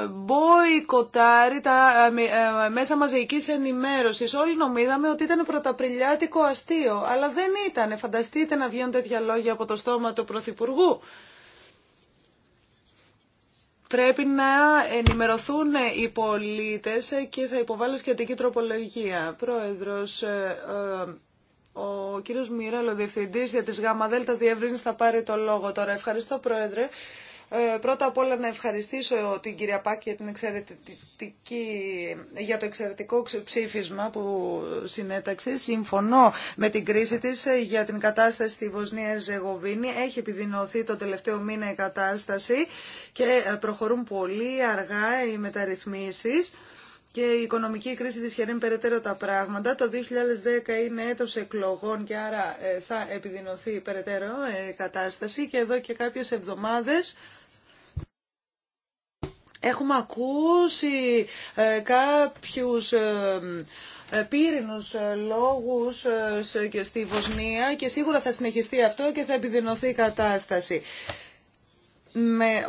μποϊκοτάρει τα μέσα μαζικής ενημέρωσης. Όλοι νομίζαμε ότι ήταν πρωταπριλιάτικο αστείο, αλλά δεν ήταν. Φανταστείτε να βγαίνουν τέτοια λόγια από το στόμα του Πρωθυπουργού πρέπει να ενημερωθούν οι πολίτες και θα υποβάλω σχετική τροπολογία. Πρόεδρος, ε, ε, ο κύριος ο διευθυντής για τις ΔΕΛΤΑ Διεύρυνση, θα πάρει το λόγο τώρα. Ευχαριστώ, Πρόεδρε. Ε, πρώτα απ' όλα να ευχαριστήσω την κυρία Πάκη για, την για το εξαιρετικό ψήφισμα που συνέταξε. Συμφωνώ με την κρίση της για την κατάσταση στη Βοσνία Ζεγοβίνη. Έχει επιδεινωθεί το τελευταίο μήνα η κατάσταση και προχωρούν πολύ αργά οι μεταρρυθμίσεις και η οικονομική κρίση δυσχεραίνει περαιτέρω τα πράγματα. Το 2010 είναι έτος εκλογών και άρα ε, θα επιδεινωθεί περαιτέρω ε, η κατάσταση και εδώ και κάποιες εβδομάδες Έχουμε ακούσει ε, κάποιους ε, ε πύρινους ε, λόγους ε, στη Βοσνία και σίγουρα θα συνεχιστεί αυτό και θα επιδεινωθεί η κατάσταση. Με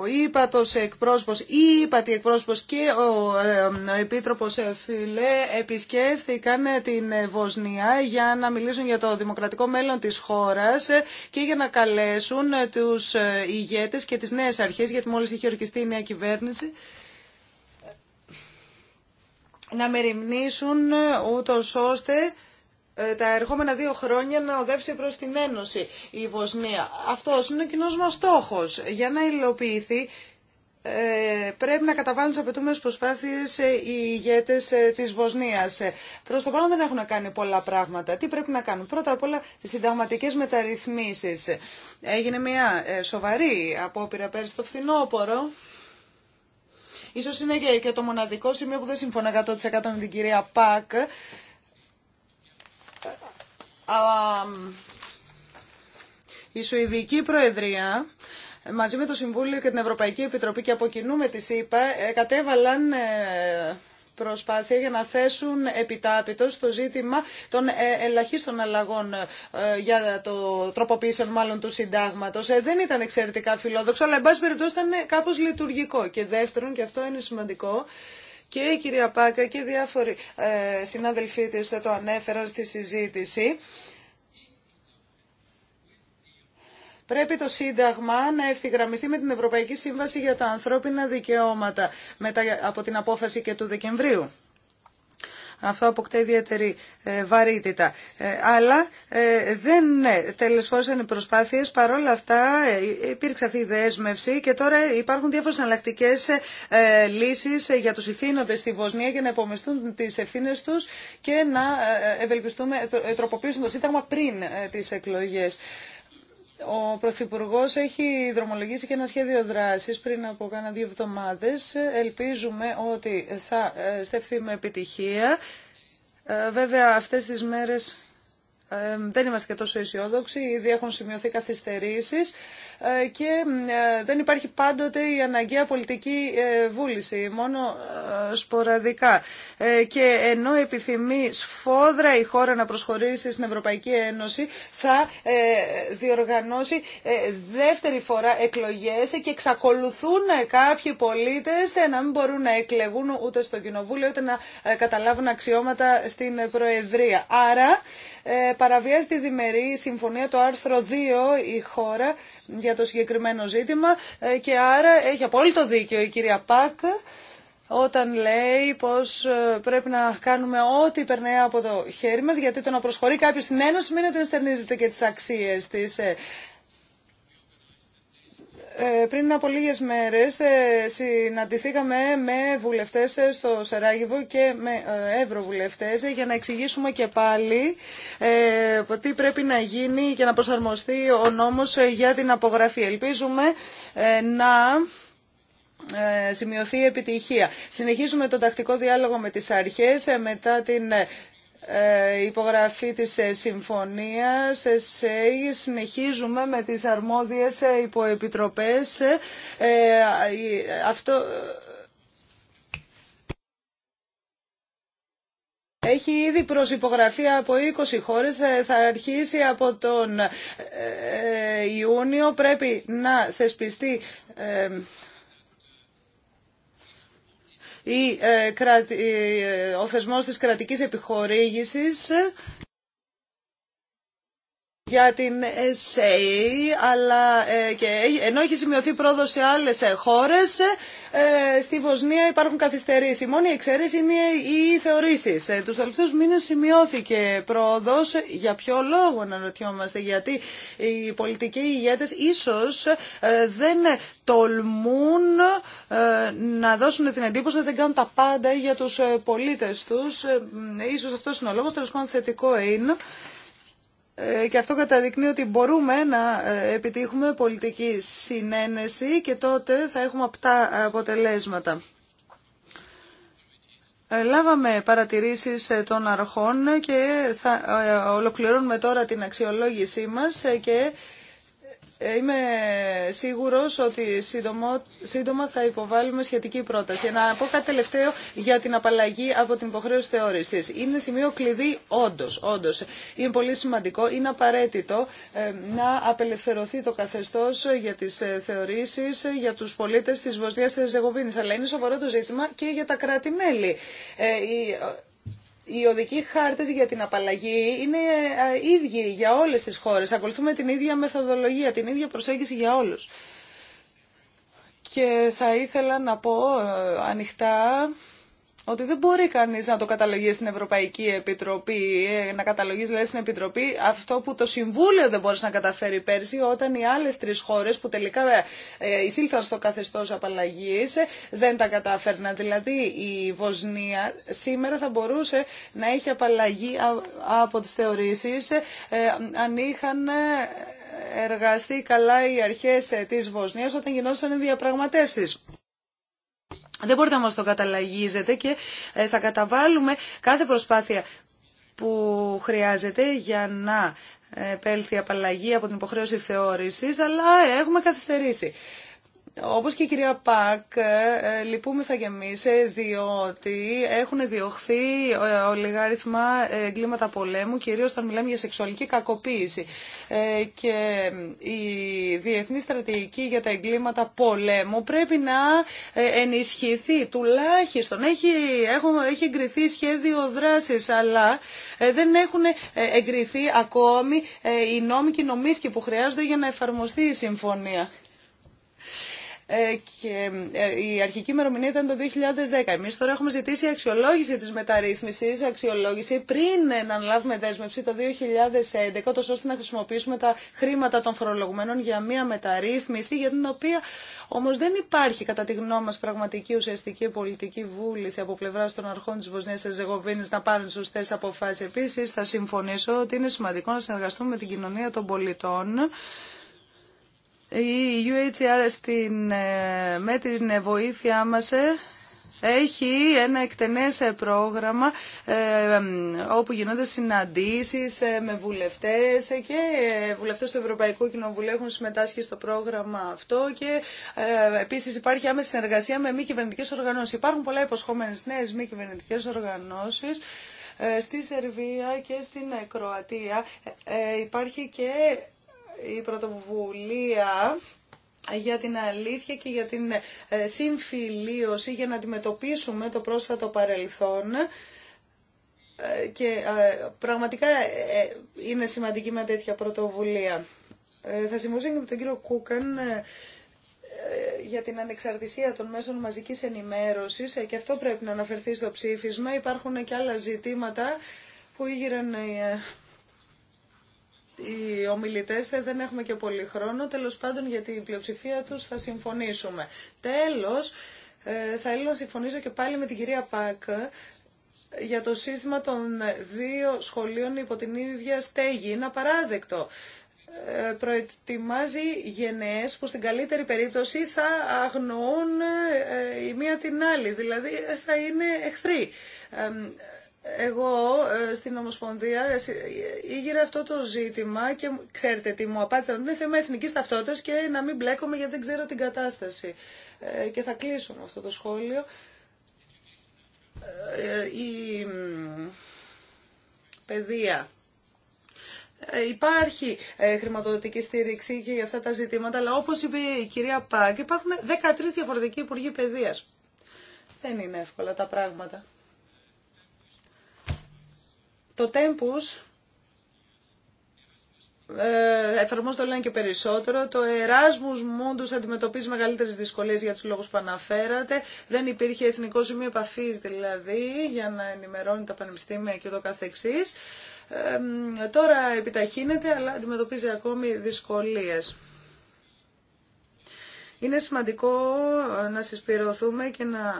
ο ύπατος εκπρόσωπος ή ύπατη εκπρόσωπος και ο, ε, Επίτροπος Φιλέ επισκέφθηκαν την Βοσνία για να μιλήσουν για το δημοκρατικό μέλλον της χώρας και για να καλέσουν τους ηγέτες και τις νέες αρχές γιατί μόλις είχε ορκιστεί η νέα κυβέρνηση να μεριμνήσουν ούτως ώστε ε, τα ερχόμενα δύο χρόνια να οδεύσει προς την Ένωση η Βοσνία. Αυτός είναι ο κοινό μας στόχος. Για να υλοποιηθεί ε, πρέπει να καταβάλουν τι απαιτούμενε προσπάθειε ε, οι ηγέτε τη Βοσνία. Προ το παρόν δεν έχουν κάνει πολλά πράγματα. Τι πρέπει να κάνουν. Πρώτα απ' όλα τι συνταγματικέ μεταρρυθμίσει. Έγινε μια σοβαρή απόπειρα πέρσι το φθινόπωρο. Ίσως είναι και το μοναδικό σημείο που δεν συμφωνώ 100% με την κυρία Πακ η Σουηδική Προεδρία μαζί με το Συμβούλιο και την Ευρωπαϊκή Επιτροπή και από κοινού με τη ΣΥΠΑ ε, κατέβαλαν ε, προσπάθεια για να θέσουν επιτάπητο στο ζήτημα των ε, ελαχίστων αλλαγών για το τροποποίησεων μάλλον του συντάγματο. δεν ήταν εξαιρετικά φιλόδοξο, αλλά εν πάση περιπτώσει ήταν κάπως λειτουργικό. Και δεύτερον, και αυτό είναι σημαντικό, και η κυρία Πάκα και διάφοροι ε, συνάδελφοί της θα το ανέφεραν στη συζήτηση. Πρέπει το Σύνταγμα να ευθυγραμμιστεί με την Ευρωπαϊκή Σύμβαση για τα Ανθρώπινα Δικαιώματα μετά από την απόφαση και του Δεκεμβρίου. Αυτό αποκτά ιδιαίτερη ε, βαρύτητα. Ε, αλλά ε, δεν ναι, τελεσφόρησαν οι προσπάθειες. Παρόλα αυτά υπήρξε αυτή η δέσμευση και τώρα υπάρχουν διάφορες εναλλακτικέ λύσεις για τους ηθήνοντες στη Βοσνία για να επομεστούν τις ευθύνες τους και να ευελπιστούμε, τροποποιήσουν το Σύνταγμα πριν τις εκλογές. Ο Πρωθυπουργό έχει δρομολογήσει και ένα σχέδιο δράση πριν από κάνα δύο εβδομάδε. Ελπίζουμε ότι θα ε, στεφθεί με επιτυχία. Ε, βέβαια, αυτές τις μέρες δεν είμαστε και τόσο αισιόδοξοι, ήδη έχουν σημειωθεί καθυστερήσεις ε, και ε, δεν υπάρχει πάντοτε η αναγκαία πολιτική ε, βούληση, μόνο σποραδικά. Και ενώ επιθυμεί σφόδρα η χώρα να προσχωρήσει στην Ευρωπαϊκή Ένωση, θα διοργανώσει δεύτερη φορά εκλογές και εξακολουθούν κάποιοι πολίτες να μην μπορούν να εκλεγούν ούτε στο Κοινοβούλιο, ούτε να καταλάβουν αξιώματα στην Προεδρία. Άρα, παραβιάζει τη διμερή συμφωνία το άρθρο 2 η χώρα για το συγκεκριμένο ζήτημα ε, και άρα έχει απόλυτο δίκιο η κυρία Πακ όταν λέει πως ε, πρέπει να κάνουμε ό,τι περνάει από το χέρι μας, γιατί το να προσχωρεί κάποιος στην Ένωση μην ότι και τις αξίες της. Ε, ε, πριν από λίγες μέρες ε, συναντηθήκαμε με βουλευτές ε, στο Σεράγιβο και με ευρωβουλευτές για να εξηγήσουμε και πάλι τι πρέπει να γίνει και να προσαρμοστεί ο νόμος για την απογραφή. Ελπίζουμε να σημειωθεί επιτυχία. Συνεχίζουμε τον τακτικό διάλογο με τις αρχές μετά την ε, υπογραφή της ε, συμφωνίας. Ε, Σε, συνεχίζουμε με τις αρμόδιες υποεπιτροπές. αυτό... Έχει ήδη προσυπογραφεί από 20 χώρες, θα αρχίσει από τον Ιούνιο, πρέπει να θεσπιστεί ε, ε, ο θεσμός της κρατικής επιχορήγησης για την SA, αλλά ε, και ενώ έχει σημειωθεί πρόοδο σε άλλες ε, χώρε, ε, στη Βοσνία υπάρχουν καθυστερήσει. Η μόνη εξαίρεση είναι οι θεωρήσεις. Του τελευταίου μήνε σημειώθηκε πρόοδο. Για ποιο λόγο να ρωτιόμαστε, γιατί οι πολιτικοί ίσω ίσως δεν τολμούν να δώσουν την εντύπωση ότι δεν κάνουν τα πάντα για τους πολίτες τους. Ίσως αυτός είναι ο λόγος, τέλος πάντων θετικό είναι. Ε, και αυτό καταδεικνύει ότι μπορούμε να ε, επιτύχουμε πολιτική συνένεση και τότε θα έχουμε απτά αποτελέσματα. Ε, λάβαμε παρατηρήσεις των αρχών και θα ολοκληρώνουμε τώρα την αξιολόγησή μας και ε, είμαι σίγουρος ότι σύντομα, σύντομα θα υποβάλουμε σχετική πρόταση. Να πω κάτι τελευταίο για την απαλλαγή από την υποχρέωση θεώρησης. Είναι σημείο κλειδί όντως, όντως. Είναι πολύ σημαντικό, είναι απαραίτητο ε, να απελευθερωθεί το καθεστώς για τις ε, θεωρήσεις για τους πολίτες της Βοσνίας της Ζεγοβίνης. Αλλά είναι σοβαρό το ζήτημα και για τα κράτη-μέλη οι οδικοί χάρτες για την απαλλαγή είναι ε, ίδιοι για όλες τις χώρες. Ακολουθούμε την ίδια μεθοδολογία, την ίδια προσέγγιση για όλους. Και θα ήθελα να πω ε, ανοιχτά ότι δεν μπορεί κανείς να το καταλογεί στην Ευρωπαϊκή Επιτροπή, ε, να καταλογεί δηλαδή στην Επιτροπή αυτό που το Συμβούλιο δεν μπορούσε να καταφέρει πέρσι όταν οι άλλες τρει χώρες που τελικά ε, εισήλθαν στο καθεστώς απαλλαγή, ε, δεν τα κατάφερναν. Δηλαδή η Βοσνία σήμερα θα μπορούσε να έχει απαλλαγή από τις θεωρήσεις αν είχαν εργαστεί καλά οι αρχές της Βοσνίας όταν γινόταν οι διαπραγματεύσεις. Δεν μπορείτε να μας το καταλαγίζετε και ε, θα καταβάλουμε κάθε προσπάθεια που χρειάζεται για να ε, επέλθει απαλλαγή από την υποχρέωση θεώρησης, αλλά έχουμε καθυστερήσει. Όπως και η κυρία Πακ, ε, ε, λυπούμεθα και εμείς, διότι έχουν διωχθεί ε, ολιγάριθμα εγκλήματα πολέμου, κυρίως όταν μιλάμε για σεξουαλική κακοποίηση. Και η διεθνή στρατηγική για τα εγκλήματα πολέμου πρέπει να ενισχυθεί, τουλάχιστον. Έχει, έχουν έχει εγκριθεί σχέδιο δράσης, αλλά δεν έχουν εγκριθεί ακόμη οι νόμοι και οι νομίσκοι που χρειάζονται για να εφαρμοστεί η συμφωνία. Ε, και ε, η αρχική ημερομηνία ήταν το 2010. Εμείς τώρα έχουμε ζητήσει αξιολόγηση της μεταρρύθμισης, αξιολόγηση πριν να λάβουμε δέσμευση το 2011, τόσο ώστε να χρησιμοποιήσουμε τα χρήματα των φορολογουμένων για μια μεταρρύθμιση, για την οποία όμως δεν υπάρχει κατά τη γνώμη μας πραγματική ουσιαστική πολιτική βούληση από πλευρά των αρχών της Βοσνίας Εζεγοβίνης να πάρουν σωστέ αποφάσεις. Επίσης θα συμφωνήσω ότι είναι σημαντικό να συνεργαστούμε με την κοινωνία των πολιτών η UHR στην, ε, με την βοήθειά μας ε, έχει ένα εκτενές ε, πρόγραμμα όπου γίνονται συναντήσεις με βουλευτές και βουλευτές του Ευρωπαϊκού Κοινοβουλίου έχουν συμμετάσχει στο πρόγραμμα αυτό και επίσης υπάρχει άμεση συνεργασία με μη κυβερνητικές οργανώσεις. Υπάρχουν πολλά υποσχόμενες νέες μη κυβερνητικές οργανώσεις στη Σερβία και στην Κροατία υπάρχει και η πρωτοβουλία για την αλήθεια και για την ε, συμφιλίωση για να αντιμετωπίσουμε το πρόσφατο παρελθόν ε, και ε, πραγματικά είναι σημαντική με τέτοια πρωτοβουλία. Θα συμβούσα και με τον κύριο Κούκαν για την ανεξαρτησία των μέσων μαζικής ενημέρωσης και αυτό πρέπει να αναφερθεί στο ψήφισμα. Υπάρχουν και άλλα ζητήματα που ήγηραν οι ομιλητές ε, δεν έχουμε και πολύ χρόνο, τέλος πάντων για την πλειοψηφία τους θα συμφωνήσουμε. Τέλος, ε, θα ήθελα να συμφωνήσω και πάλι με την κυρία Πακ ε, για το σύστημα των δύο σχολείων υπό την ίδια στέγη. Είναι απαράδεκτο προετοιμάζει γενναίες που στην καλύτερη περίπτωση θα αγνοούν η μία την άλλη, δηλαδή θα είναι εχθροί. Εγώ ε, στην Ομοσπονδία ήγερα αυτό το ζήτημα και ξέρετε τι μου απάντησαν. Είναι θέμα εθνικής ταυτότητας και να μην μπλέκομαι γιατί δεν ξέρω την κατάσταση. Ε, και θα κλείσω με αυτό το σχόλιο. Ε, η παιδεία. Υπάρχει χρηματοδοτική στήριξη και για αυτά τα ζητήματα, αλλά όπως είπε η κυρία Πάκ, υπάρχουν 13 διαφορετικοί υπουργοί παιδείας. Δεν είναι εύκολα τα πράγματα. Το Tempus ε, το λένε και περισσότερο. Το Erasmus Mundus αντιμετωπίζει μεγαλύτερε δυσκολίε για του λόγου που αναφέρατε. Δεν υπήρχε εθνικό σημείο επαφή δηλαδή για να ενημερώνει τα πανεπιστήμια και το καθεξή. Ε, τώρα επιταχύνεται αλλά αντιμετωπίζει ακόμη δυσκολίε. Είναι σημαντικό να συσπηρωθούμε και να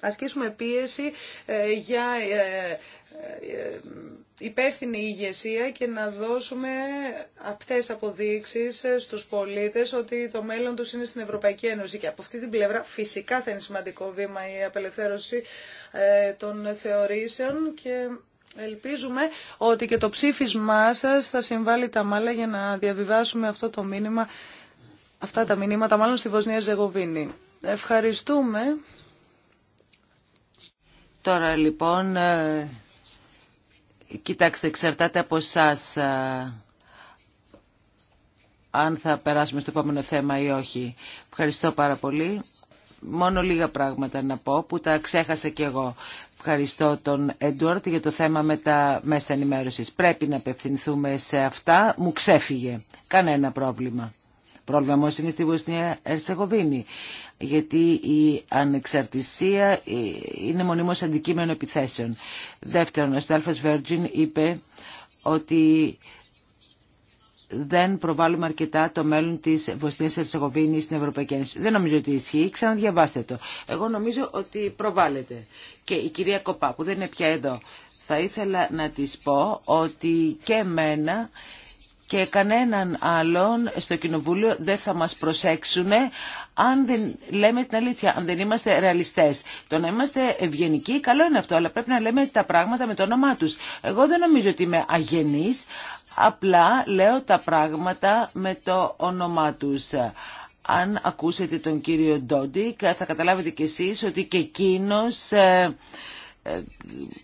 ασκήσουμε πίεση ε, για ε, ε, υπεύθυνη ηγεσία και να δώσουμε απτές αποδείξεις στους πολίτες ότι το μέλλον τους είναι στην Ευρωπαϊκή Ένωση και από αυτή την πλευρά φυσικά θα είναι σημαντικό βήμα η απελευθέρωση των θεωρήσεων και ελπίζουμε ότι και το ψήφισμά σας θα συμβάλλει τα μάλα για να διαβιβάσουμε αυτό το μήνυμα, αυτά τα μηνύματα μάλλον στη Βοσνία Ζεγοβίνη. Ευχαριστούμε. Τώρα λοιπόν, ε, κοιτάξτε, εξαρτάται από εσά ε, αν θα περάσουμε στο επόμενο θέμα ή όχι. Ευχαριστώ πάρα πολύ. Μόνο λίγα πράγματα να πω που τα ξέχασα και εγώ. Ευχαριστώ τον Έντουαρτ για το θέμα με τα μέσα ενημέρωσης. Πρέπει να απευθυνθούμε σε αυτά. Μου ξέφυγε. Κανένα πρόβλημα πρόβλημα όμως είναι στη Βοσνία Ερσεγοβίνη γιατί η ανεξαρτησία ε, είναι μονίμως αντικείμενο επιθέσεων. Δεύτερον, ο Στέλφος Βέρτζιν είπε ότι δεν προβάλλουμε αρκετά το μέλλον τη Βοσνία Ερσεγοβίνη στην Ευρωπαϊκή Ένωση. Δεν νομίζω ότι ισχύει. Ξαναδιαβάστε το. Εγώ νομίζω ότι προβάλλεται. Και η κυρία Κοπά, που δεν είναι πια εδώ, θα ήθελα να της πω ότι και εμένα και κανέναν άλλον στο Κοινοβούλιο δεν θα μας προσέξουν αν δεν λέμε την αλήθεια, αν δεν είμαστε ρεαλιστές. Το να είμαστε ευγενικοί, καλό είναι αυτό, αλλά πρέπει να λέμε τα πράγματα με το όνομά τους. Εγώ δεν νομίζω ότι είμαι αγενής, απλά λέω τα πράγματα με το όνομά τους. Αν ακούσετε τον κύριο Ντόντικ θα καταλάβετε κι εσείς ότι και εκείνος ε, ε,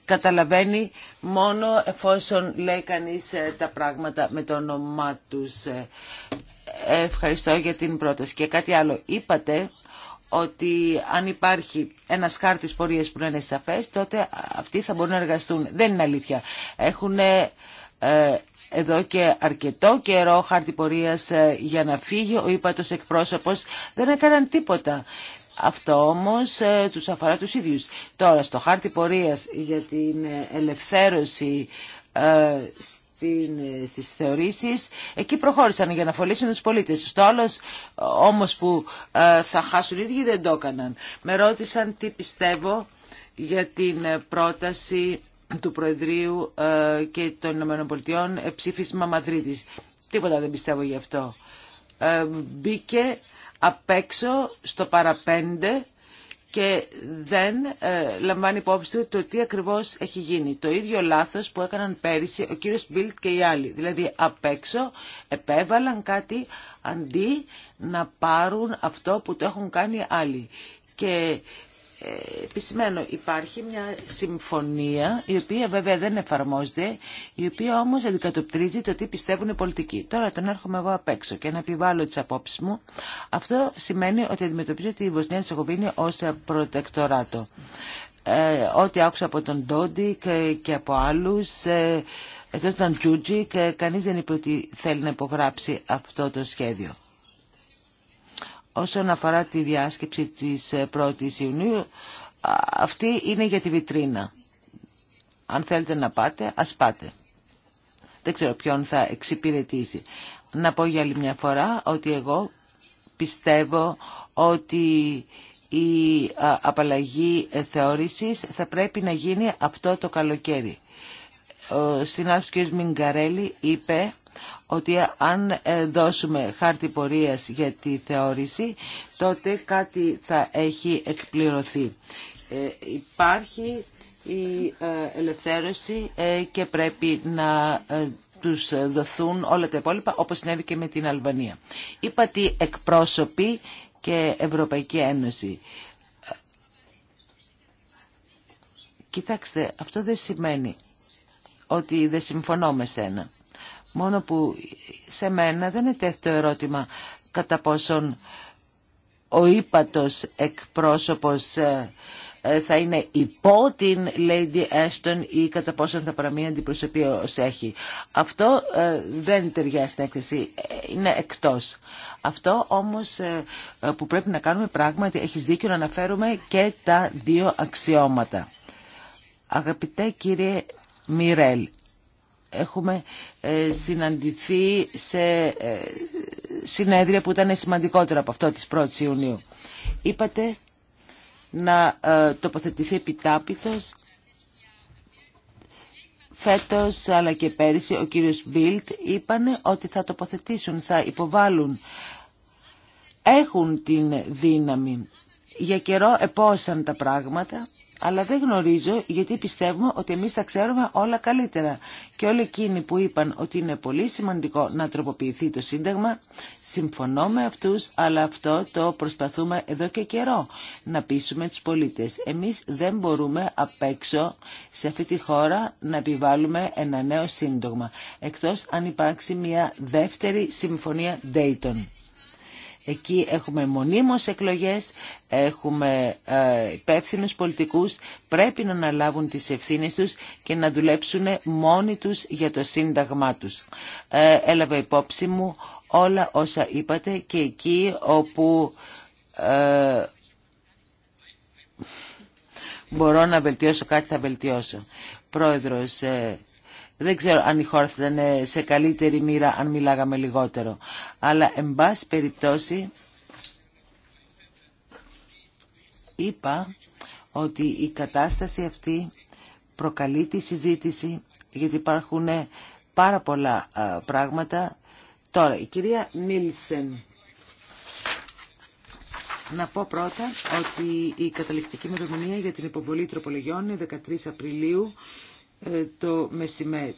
καταλαβαίνει μόνο εφόσον λέει κανείς ε, τα πράγματα με το όνομά τους. Ε, ευχαριστώ για την πρόταση. Και κάτι άλλο. Είπατε ότι αν υπάρχει ένας χάρτης πορείας που να είναι σαφές, τότε αυτοί θα μπορούν να εργαστούν. Δεν είναι αλήθεια. Έχουν εδώ και αρκετό καιρό χάρτη πορείας για να φύγει ο ύπατος εκπρόσωπος. Δεν έκαναν τίποτα. Αυτό όμως ε, του αφορά τους ίδιους. Τώρα στο χάρτη πορείας για την ε, ελευθέρωση ε, στις θεωρήσεις εκεί προχώρησαν για να φωλήσουν τους πολίτες στο άλλο όμως που θα χάσουν οι ίδιοι δεν το έκαναν με ρώτησαν τι πιστεύω για την πρόταση του Προεδρείου και των ΗΠΑ ψήφισμα Μαδρίτης τίποτα δεν πιστεύω γι' αυτό μπήκε απ' έξω στο παραπέντε και δεν ε, λαμβάνει υπόψη του το τι ακριβώς έχει γίνει. Το ίδιο λάθος που έκαναν πέρυσι ο κύριος Μπίλτ και οι άλλοι. Δηλαδή απ' έξω επέβαλαν κάτι αντί να πάρουν αυτό που το έχουν κάνει άλλοι. Και Επισημένω υπάρχει μια συμφωνία, η οποία βέβαια δεν εφαρμόζεται, η οποία όμως αντικατοπτρίζει το τι πιστεύουν οι πολιτικοί. Τώρα τον έρχομαι εγώ απ' έξω και να επιβάλλω τις απόψεις μου. Αυτό σημαίνει ότι αντιμετωπίζω τη Βοσνία Νησοκοπίνη ως προτεκτοράτο. Ε, ό,τι άκουσα από τον Ντόντι ε, και, από άλλους... Ε, Εκτός ήταν Τζούτζικ, ε, κανείς δεν είπε ότι θέλει να υπογράψει αυτό το σχέδιο. Όσον αφορά τη διάσκεψη της 1ης ε, Ιουνίου, αυτή είναι για τη βιτρίνα. Αν θέλετε να πάτε, ας πάτε. Δεν ξέρω ποιον θα εξυπηρετήσει. Να πω για άλλη μια φορά ότι εγώ πιστεύω ότι η απαλλαγή ε, θεώρησης θα πρέπει να γίνει αυτό το καλοκαίρι. Ο συνάδελφος κ. Μιγκαρέλη είπε ότι αν ε, δώσουμε χάρτη πορείας για τη θεώρηση, τότε κάτι θα έχει εκπληρωθεί. Ε, υπάρχει η ε, ελευθέρωση και πρέπει να τους δοθούν όλα τα υπόλοιπα, όπως συνέβη και με την Αλβανία. Είπα εκπρόσωποι και Ευρωπαϊκή Ένωση. Κοιτάξτε, αυτό δεν σημαίνει ότι δεν συμφωνώ με σένα. Μόνο που σε μένα δεν είναι το ερώτημα κατά πόσον ο ύπατος εκπρόσωπος ε, ε, θα είναι υπό την Lady Ashton ή κατά πόσον θα παραμείνει αντιπροσωπεία ως έχει. Αυτό ε, δεν ταιριάζει στην έκθεση, είναι εκτός. Αυτό όμως που πρέπει να κάνουμε πράγματι, έχεις δίκιο να αναφέρουμε και τα δύο αξιώματα. Αγαπητέ κύριε Μιρέλ, έχουμε ε, συναντηθεί σε ε, συνέδρια που ήταν σημαντικότερα από αυτό της 1ης Ιουνίου. Είπατε να ε, τοποθετηθεί επιτάπητος φέτος αλλά και πέρυσι ο κύριος Μπίλτ είπανε ότι θα τοποθετήσουν, θα υποβάλουν. Έχουν την δύναμη. Για καιρό επόσαν τα πράγματα αλλά δεν γνωρίζω γιατί πιστεύουμε ότι εμείς τα ξέρουμε όλα καλύτερα. Και όλοι εκείνοι που είπαν ότι είναι πολύ σημαντικό να τροποποιηθεί το Σύνταγμα, συμφωνώ με αυτούς, αλλά αυτό το προσπαθούμε εδώ και καιρό να πείσουμε τους πολίτες. Εμείς δεν μπορούμε απ' έξω σε αυτή τη χώρα να επιβάλλουμε ένα νέο Σύνταγμα, εκτός αν υπάρξει μια δεύτερη συμφωνία Dayton. Εκεί έχουμε μονίμως εκλογές, έχουμε ε, υπεύθυνου πολιτικούς, πρέπει να αναλάβουν τις ευθύνες τους και να δουλέψουν μόνοι τους για το σύνταγμά τους. Ε, έλαβα υπόψη μου όλα όσα είπατε και εκεί όπου ε, μπορώ να βελτιώσω κάτι θα βελτιώσω. Πρόεδρος, ε, δεν ξέρω αν η χώρα θα ήταν σε καλύτερη μοίρα αν μιλάγαμε λιγότερο. Αλλά εν πάση περιπτώσει είπα ότι η κατάσταση αυτή προκαλεί τη συζήτηση γιατί υπάρχουν ε, πάρα πολλά ε, πράγματα. Τώρα, η κυρία Νίλσεν. Να πω πρώτα ότι η καταληκτική ημερομηνία για την υποβολή τροπολογιών είναι 13 Απριλίου ε, το μεσημέρι.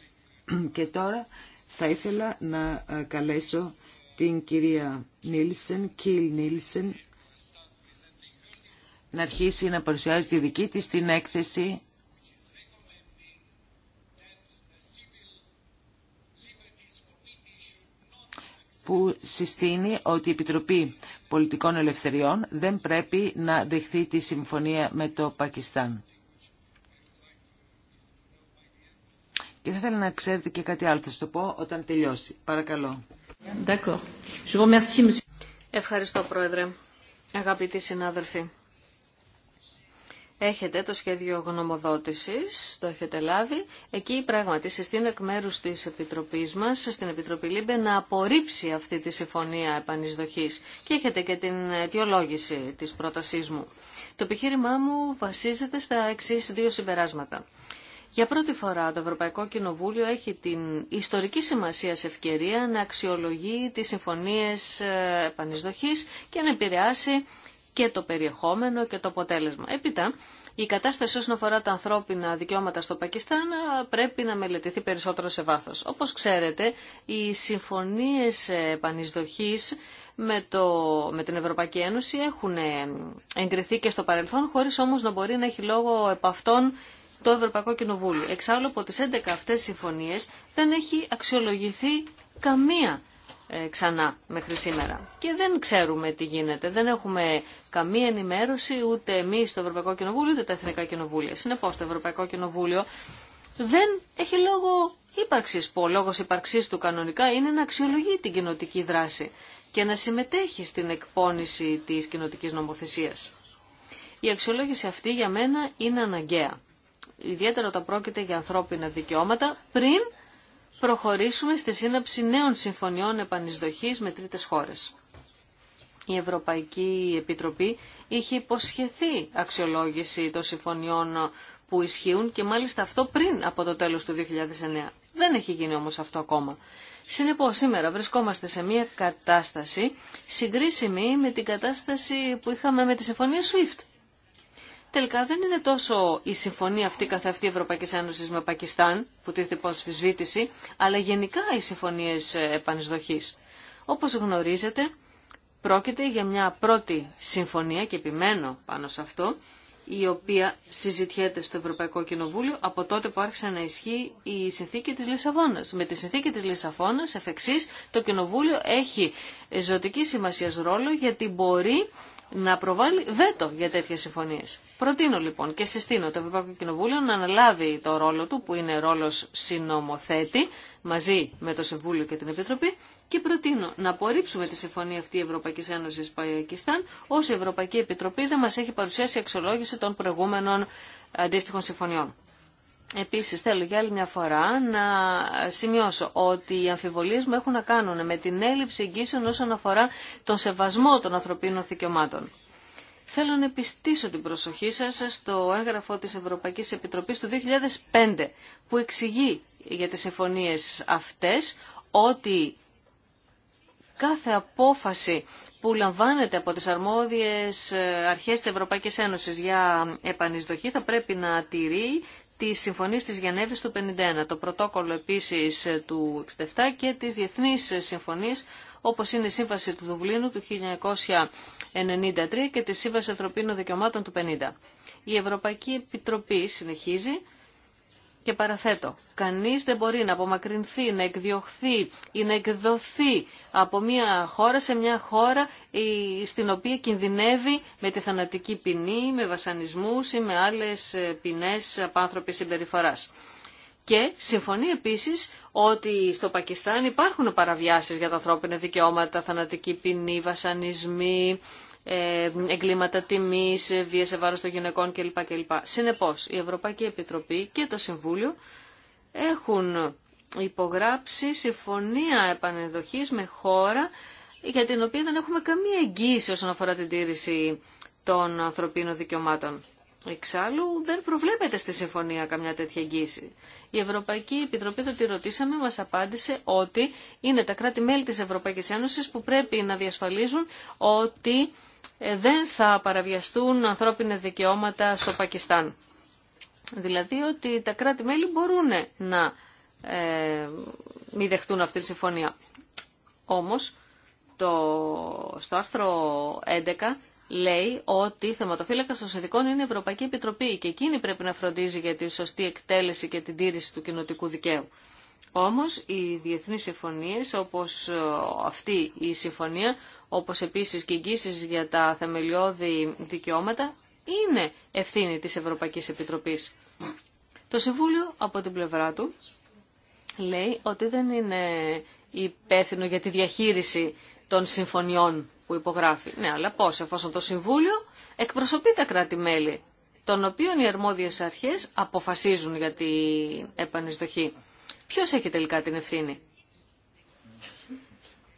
Και τώρα θα ήθελα να ε, καλέσω την κυρία Νίλσεν, Κιλ Νίλσεν, να αρχίσει να παρουσιάζει τη δική της την έκθεση που συστήνει ότι η Επιτροπή Πολιτικών Ελευθεριών δεν πρέπει να δεχθεί τη συμφωνία με το Πακιστάν. Και θα ήθελα να ξέρετε και κάτι άλλο, θα σας το πω όταν τελειώσει. Παρακαλώ. Ευχαριστώ, Πρόεδρε. Αγαπητοί συνάδελφοι. Έχετε το σχέδιο γνωμοδότησης, το έχετε λάβει. Εκεί πράγματι συστήνω εκ μέρου τη επιτροπή μα, στην Επιτροπή Λίμπε, να απορρίψει αυτή τη συμφωνία επανεισδοχή. Και έχετε και την αιτιολόγηση τη πρότασή μου. Το επιχείρημά μου βασίζεται στα εξή δύο συμπεράσματα. Για πρώτη φορά το Ευρωπαϊκό Κοινοβούλιο έχει την ιστορική σημασία σε ευκαιρία να αξιολογεί τις συμφωνίες ε, επανεισδοχής και να επηρεάσει και το περιεχόμενο και το αποτέλεσμα. Έπειτα, η κατάσταση όσον αφορά τα ανθρώπινα δικαιώματα στο Πακιστάν ε, πρέπει να μελετηθεί περισσότερο σε βάθος. Όπως ξέρετε, οι συμφωνίες επανεισδοχής με, το, με την Ευρωπαϊκή Ένωση έχουν εγκριθεί και στο παρελθόν, χωρίς όμως να μπορεί να έχει λόγο επ' αυτών το Ευρωπαϊκό Κοινοβούλιο. Εξάλλου από τις 11 αυτές συμφωνίες δεν έχει αξιολογηθεί καμία ε, ξανά μέχρι σήμερα. Και δεν ξέρουμε τι γίνεται. Δεν έχουμε καμία ενημέρωση ούτε εμείς στο Ευρωπαϊκό Κοινοβούλιο ούτε τα Εθνικά Κοινοβούλια. Συνεπώ το Ευρωπαϊκό Κοινοβούλιο δεν έχει λόγο ύπαρξης που ο λόγο ύπαρξή του κανονικά είναι να αξιολογεί την κοινοτική δράση και να συμμετέχει στην εκπόνηση της κοινοτικής νομοθεσία. Η αξιολόγηση αυτή για μένα είναι αναγκαία ιδιαίτερα όταν πρόκειται για ανθρώπινα δικαιώματα, πριν προχωρήσουμε στη σύναψη νέων συμφωνιών επανεισδοχής με τρίτες χώρες. Η Ευρωπαϊκή Επιτροπή είχε υποσχεθεί αξιολόγηση των συμφωνιών που ισχύουν και μάλιστα αυτό πριν από το τέλος του 2009. Δεν έχει γίνει όμως αυτό ακόμα. Συνεπώς σήμερα βρισκόμαστε σε μια κατάσταση συγκρίσιμη με την κατάσταση που είχαμε με τη συμφωνία SWIFT τελικά δεν είναι τόσο η συμφωνία αυτή καθ' αυτή Ευρωπαϊκής Ένωσης με Πακιστάν, που τίθεται υπό σφισβήτηση, αλλά γενικά οι συμφωνίες ε, επανεισδοχής. Όπως γνωρίζετε, πρόκειται για μια πρώτη συμφωνία, και επιμένω πάνω σε αυτό, η οποία συζητιέται στο Ευρωπαϊκό Κοινοβούλιο από τότε που άρχισε να ισχύει η συνθήκη της Λισαβόνας. Με τη συνθήκη της Λισαβόνας, εφ' εξής, το Κοινοβούλιο έχει ζωτική σημασία ρόλο γιατί μπορεί να προβάλλει βέτο για τέτοιες συμφωνίες. Προτείνω λοιπόν και συστήνω το Ευρωπαϊκό Κοινοβούλιο να αναλάβει το ρόλο του που είναι ρόλος συνομοθέτη μαζί με το Συμβούλιο και την Επιτροπή και προτείνω να απορρίψουμε τη συμφωνία αυτή Ευρωπαϊκής Ένωσης Παϊκιστάν, ως η Ευρωπαϊκή Επιτροπή δεν μας έχει παρουσιάσει αξιολόγηση των προηγούμενων αντίστοιχων συμφωνιών. Επίσης θέλω για άλλη μια φορά να σημειώσω ότι οι αμφιβολίες μου έχουν να κάνουν με την έλλειψη εγγύσεων όσον αφορά τον σεβασμό των ανθρωπίνων δικαιωμάτων. Θέλω να επιστήσω την προσοχή σας στο έγγραφο της Ευρωπαϊκής Επιτροπής του 2005 που εξηγεί για τις συμφωνίες αυτές ότι κάθε απόφαση που λαμβάνεται από τις αρμόδιες ε, αρχές της Ευρωπαϊκής Ένωσης για επανεισδοχή θα πρέπει να τηρεί τη Συμφωνία τη Γενέβη του 51, το πρωτόκολλο επίσης του 67 και τη διεθνή συμφωνίες όπως είναι η Σύμβαση του Δουβλίνου του 1993 και τη Σύμβαση Ανθρωπίνων Δικαιωμάτων του 50. Η Ευρωπαϊκή Επιτροπή συνεχίζει και παραθέτω, κανείς δεν μπορεί να απομακρυνθεί, να εκδιωχθεί ή να εκδοθεί από μια χώρα σε μια χώρα στην οποία κινδυνεύει με τη θανατική ποινή, με βασανισμούς ή με άλλες ε, ποινές απάνθρωπης συμπεριφοράς. Και συμφωνεί επίσης ότι στο Πακιστάν υπάρχουν παραβιάσεις για τα ανθρώπινα δικαιώματα, θανατική ποινή, βασανισμοί, ε, εγκλήματα τιμή, ε, βία σε βάρος των γυναικών κλπ. κλπ. Συνεπώς, η Ευρωπαϊκή Επιτροπή και το Συμβούλιο έχουν υπογράψει συμφωνία επανεδοχή με χώρα για την οποία δεν έχουμε καμία εγγύηση όσον αφορά την τήρηση των ανθρωπίνων δικαιωμάτων. Εξάλλου δεν προβλέπεται στη συμφωνία καμιά τέτοια εγγύηση. Η Ευρωπαϊκή Επιτροπή, το τη ρωτήσαμε, μας απάντησε ότι είναι τα κράτη-μέλη της Ευρωπαϊκής Ένωσης που πρέπει να διασφαλίζουν ότι ε, δεν θα παραβιαστούν ανθρώπινα δικαιώματα στο Πακιστάν. Δηλαδή ότι τα κράτη-μέλη μπορούν να ε, μη δεχτούν αυτή τη συμφωνία. Όμως, το, στο άρθρο 11 λέει ότι η θεματοφύλακα των συνδικών είναι η Ευρωπαϊκή Επιτροπή και εκείνη πρέπει να φροντίζει για τη σωστή εκτέλεση και την τήρηση του κοινοτικού δικαίου. Όμως οι διεθνείς συμφωνίες όπως ε, αυτή η συμφωνία, όπως επίσης και εγγύσεις για τα θεμελιώδη δικαιώματα, είναι ευθύνη της Ευρωπαϊκής Επιτροπής. Το Συμβούλιο από την πλευρά του λέει ότι δεν είναι υπεύθυνο για τη διαχείριση των συμφωνιών που υπογράφει. Ναι, αλλά πώς, εφόσον το Συμβούλιο εκπροσωπεί τα κράτη-μέλη, των οποίων οι αρμόδιες αρχές αποφασίζουν για την επανεισδοχή. Ποιος έχει τελικά την ευθύνη.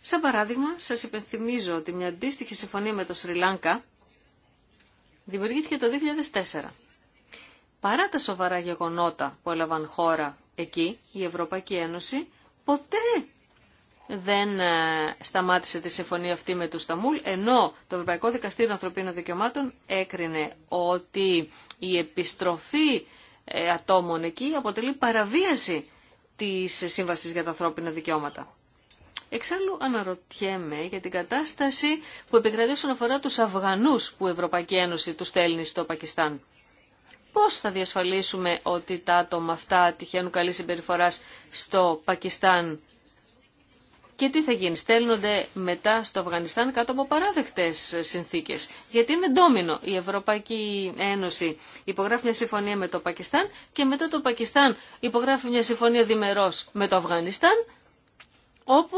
Σαν παράδειγμα, σας υπενθυμίζω ότι μια αντίστοιχη συμφωνία με το Σρι Λάνκα δημιουργήθηκε το 2004. Παρά τα σοβαρά γεγονότα που έλαβαν χώρα εκεί, η Ευρωπαϊκή Ένωση ποτέ δεν ε, σταμάτησε τη συμφωνία αυτή με τους Σταμούλ, ενώ το Ευρωπαϊκό Δικαστήριο Ανθρωπίνων Δικαιωμάτων έκρινε ότι η επιστροφή ε, ατόμων εκεί αποτελεί παραβίαση της Σύμβασης για τα Ανθρώπινα Δικαιώματα. Εξάλλου αναρωτιέμαι για την κατάσταση που επικρατεί όσον αφορά τους Αφγανούς που η Ευρωπαϊκή Ένωση τους στέλνει στο Πακιστάν. Πώς θα διασφαλίσουμε ότι τα άτομα αυτά τυχαίνουν καλή συμπεριφορά στο Πακιστάν και τι θα γίνει, στέλνονται μετά στο Αφγανιστάν κάτω από παράδεκτέ συνθήκε. Γιατί είναι ντόμινο η Ευρωπαϊκή Ένωση υπογράφει μια συμφωνία με το Πακιστάν και μετά το Πακιστάν υπογράφει μια συμφωνία διμερός με το Αφγανιστάν όπου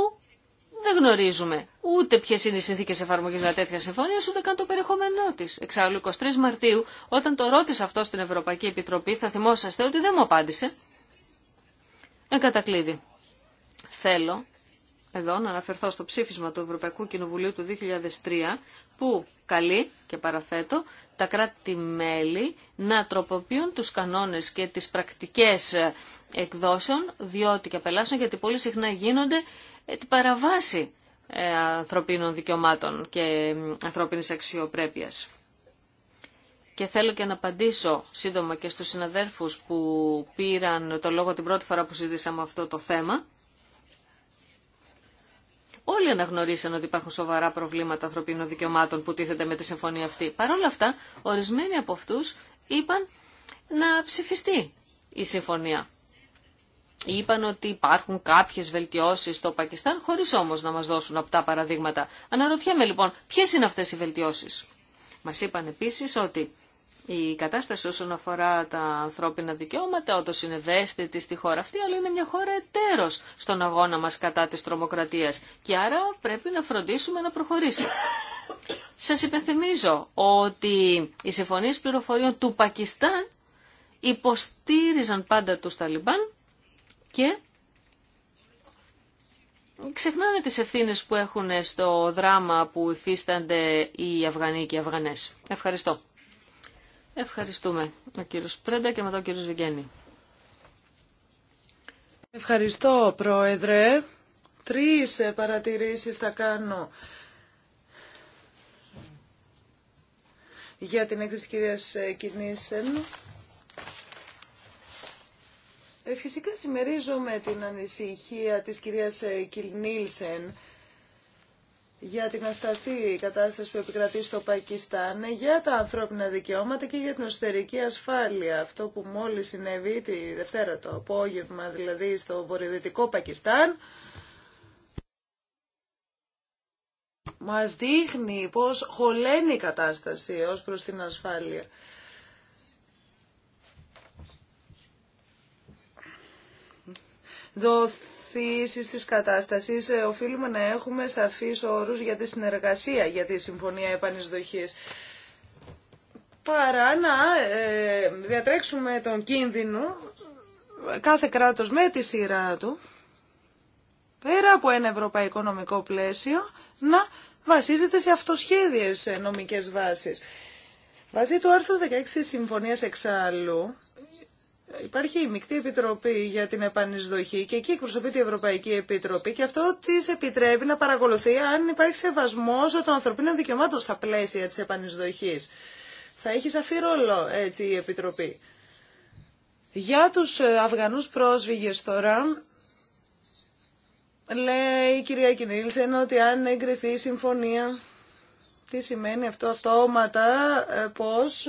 δεν γνωρίζουμε ούτε ποιε είναι οι συνθήκε εφαρμογή μια τέτοια συμφωνία, ούτε καν το περιεχόμενό τη. Εξάλλου, 23 Μαρτίου, όταν το ρώτησε αυτό στην Ευρωπαϊκή Επιτροπή, θα θυμόσαστε ότι δεν μου απάντησε. Εν Θέλω εδώ να αναφερθώ στο ψήφισμα του Ευρωπαϊκού Κοινοβουλίου του 2003 που καλεί και παραθέτω τα κράτη-μέλη να τροποποιούν τους κανόνες και τις πρακτικές ε, εκδόσεων διότι και απελάσσουν γιατί πολύ συχνά γίνονται ε, την παραβάση ε, ανθρωπίνων δικαιωμάτων και ανθρώπινης αξιοπρέπειας. Και θέλω και να απαντήσω σύντομα και στους συναδέρφους που πήραν το λόγο την πρώτη φορά που συζήτησαμε αυτό το θέμα όλοι αναγνωρίσαν ότι υπάρχουν σοβαρά προβλήματα ανθρωπίνων δικαιωμάτων που τίθεται με τη συμφωνία αυτή. Παρ' όλα αυτά, ορισμένοι από αυτού είπαν να ψηφιστεί η συμφωνία. Είπαν ότι υπάρχουν κάποιε βελτιώσει στο Πακιστάν, χωρί όμω να μα δώσουν τα παραδείγματα. Αναρωτιέμαι λοιπόν, ποιε είναι αυτέ οι βελτιώσει. Μα είπαν επίση ότι η κατάσταση όσον αφορά τα ανθρώπινα δικαιώματα, όντω είναι ευαίσθητη στη χώρα αυτή, αλλά είναι μια χώρα εταίρο στον αγώνα μα κατά τη τρομοκρατία. Και άρα πρέπει να φροντίσουμε να προχωρήσει. Σα υπενθυμίζω ότι οι συμφωνίε πληροφοριών του Πακιστάν υποστήριζαν πάντα τους Ταλιμπάν και ξεχνάνε τις ευθύνες που έχουν στο δράμα που υφίστανται οι Αφγανοί και οι Αφγανές. Ευχαριστώ. Ευχαριστούμε. Ο κύριος Πρέντα και μετά ο κύριος Βιγγένη. Ευχαριστώ, Πρόεδρε. Τρεις ε, παρατηρήσεις θα κάνω για την έκθεση κυρίας ε, Κινήσεν. Ε, φυσικά συμμερίζομαι την ανησυχία της κυρίας Κιλνίλσεν για την ασταθή κατάσταση που επικρατεί στο Πακιστάν, για τα ανθρώπινα δικαιώματα και για την εσωτερική ασφάλεια. Αυτό που μόλις συνέβη τη Δευτέρα το απόγευμα, δηλαδή στο βορειοδυτικό Πακιστάν, μας δείχνει πώς χωλαίνει η κατάσταση ως προς την ασφάλεια παρακολουθήσεις της κατάστασης ε, οφείλουμε να έχουμε σαφείς όρους για τη συνεργασία για τη Συμφωνία Επανεισδοχής παρά να ε, διατρέξουμε τον κίνδυνο κάθε κράτος με τη σειρά του πέρα από ένα ευρωπαϊκό νομικό πλαίσιο να βασίζεται σε αυτοσχέδιες νομικές βάσεις. βασί του άρθρου 16 της Συμφωνίας εξάλλου Υπάρχει η Μικτή Επιτροπή για την Επανεισδοχή και εκεί εκπροσωπεί η Ευρωπαϊκή Επιτροπή και αυτό τη επιτρέπει να παρακολουθεί αν υπάρχει σεβασμό των ανθρωπίνων δικαιωμάτων στα πλαίσια τη επανεισδοχή. Θα έχει σαφή ρόλο έτσι η Επιτροπή. Για τους ε, Αφγανούς πρόσφυγες τώρα, λέει η κυρία Κινίλσεν ότι αν εγκριθεί η συμφωνία, τι σημαίνει αυτό αυτόματα, ε, πώς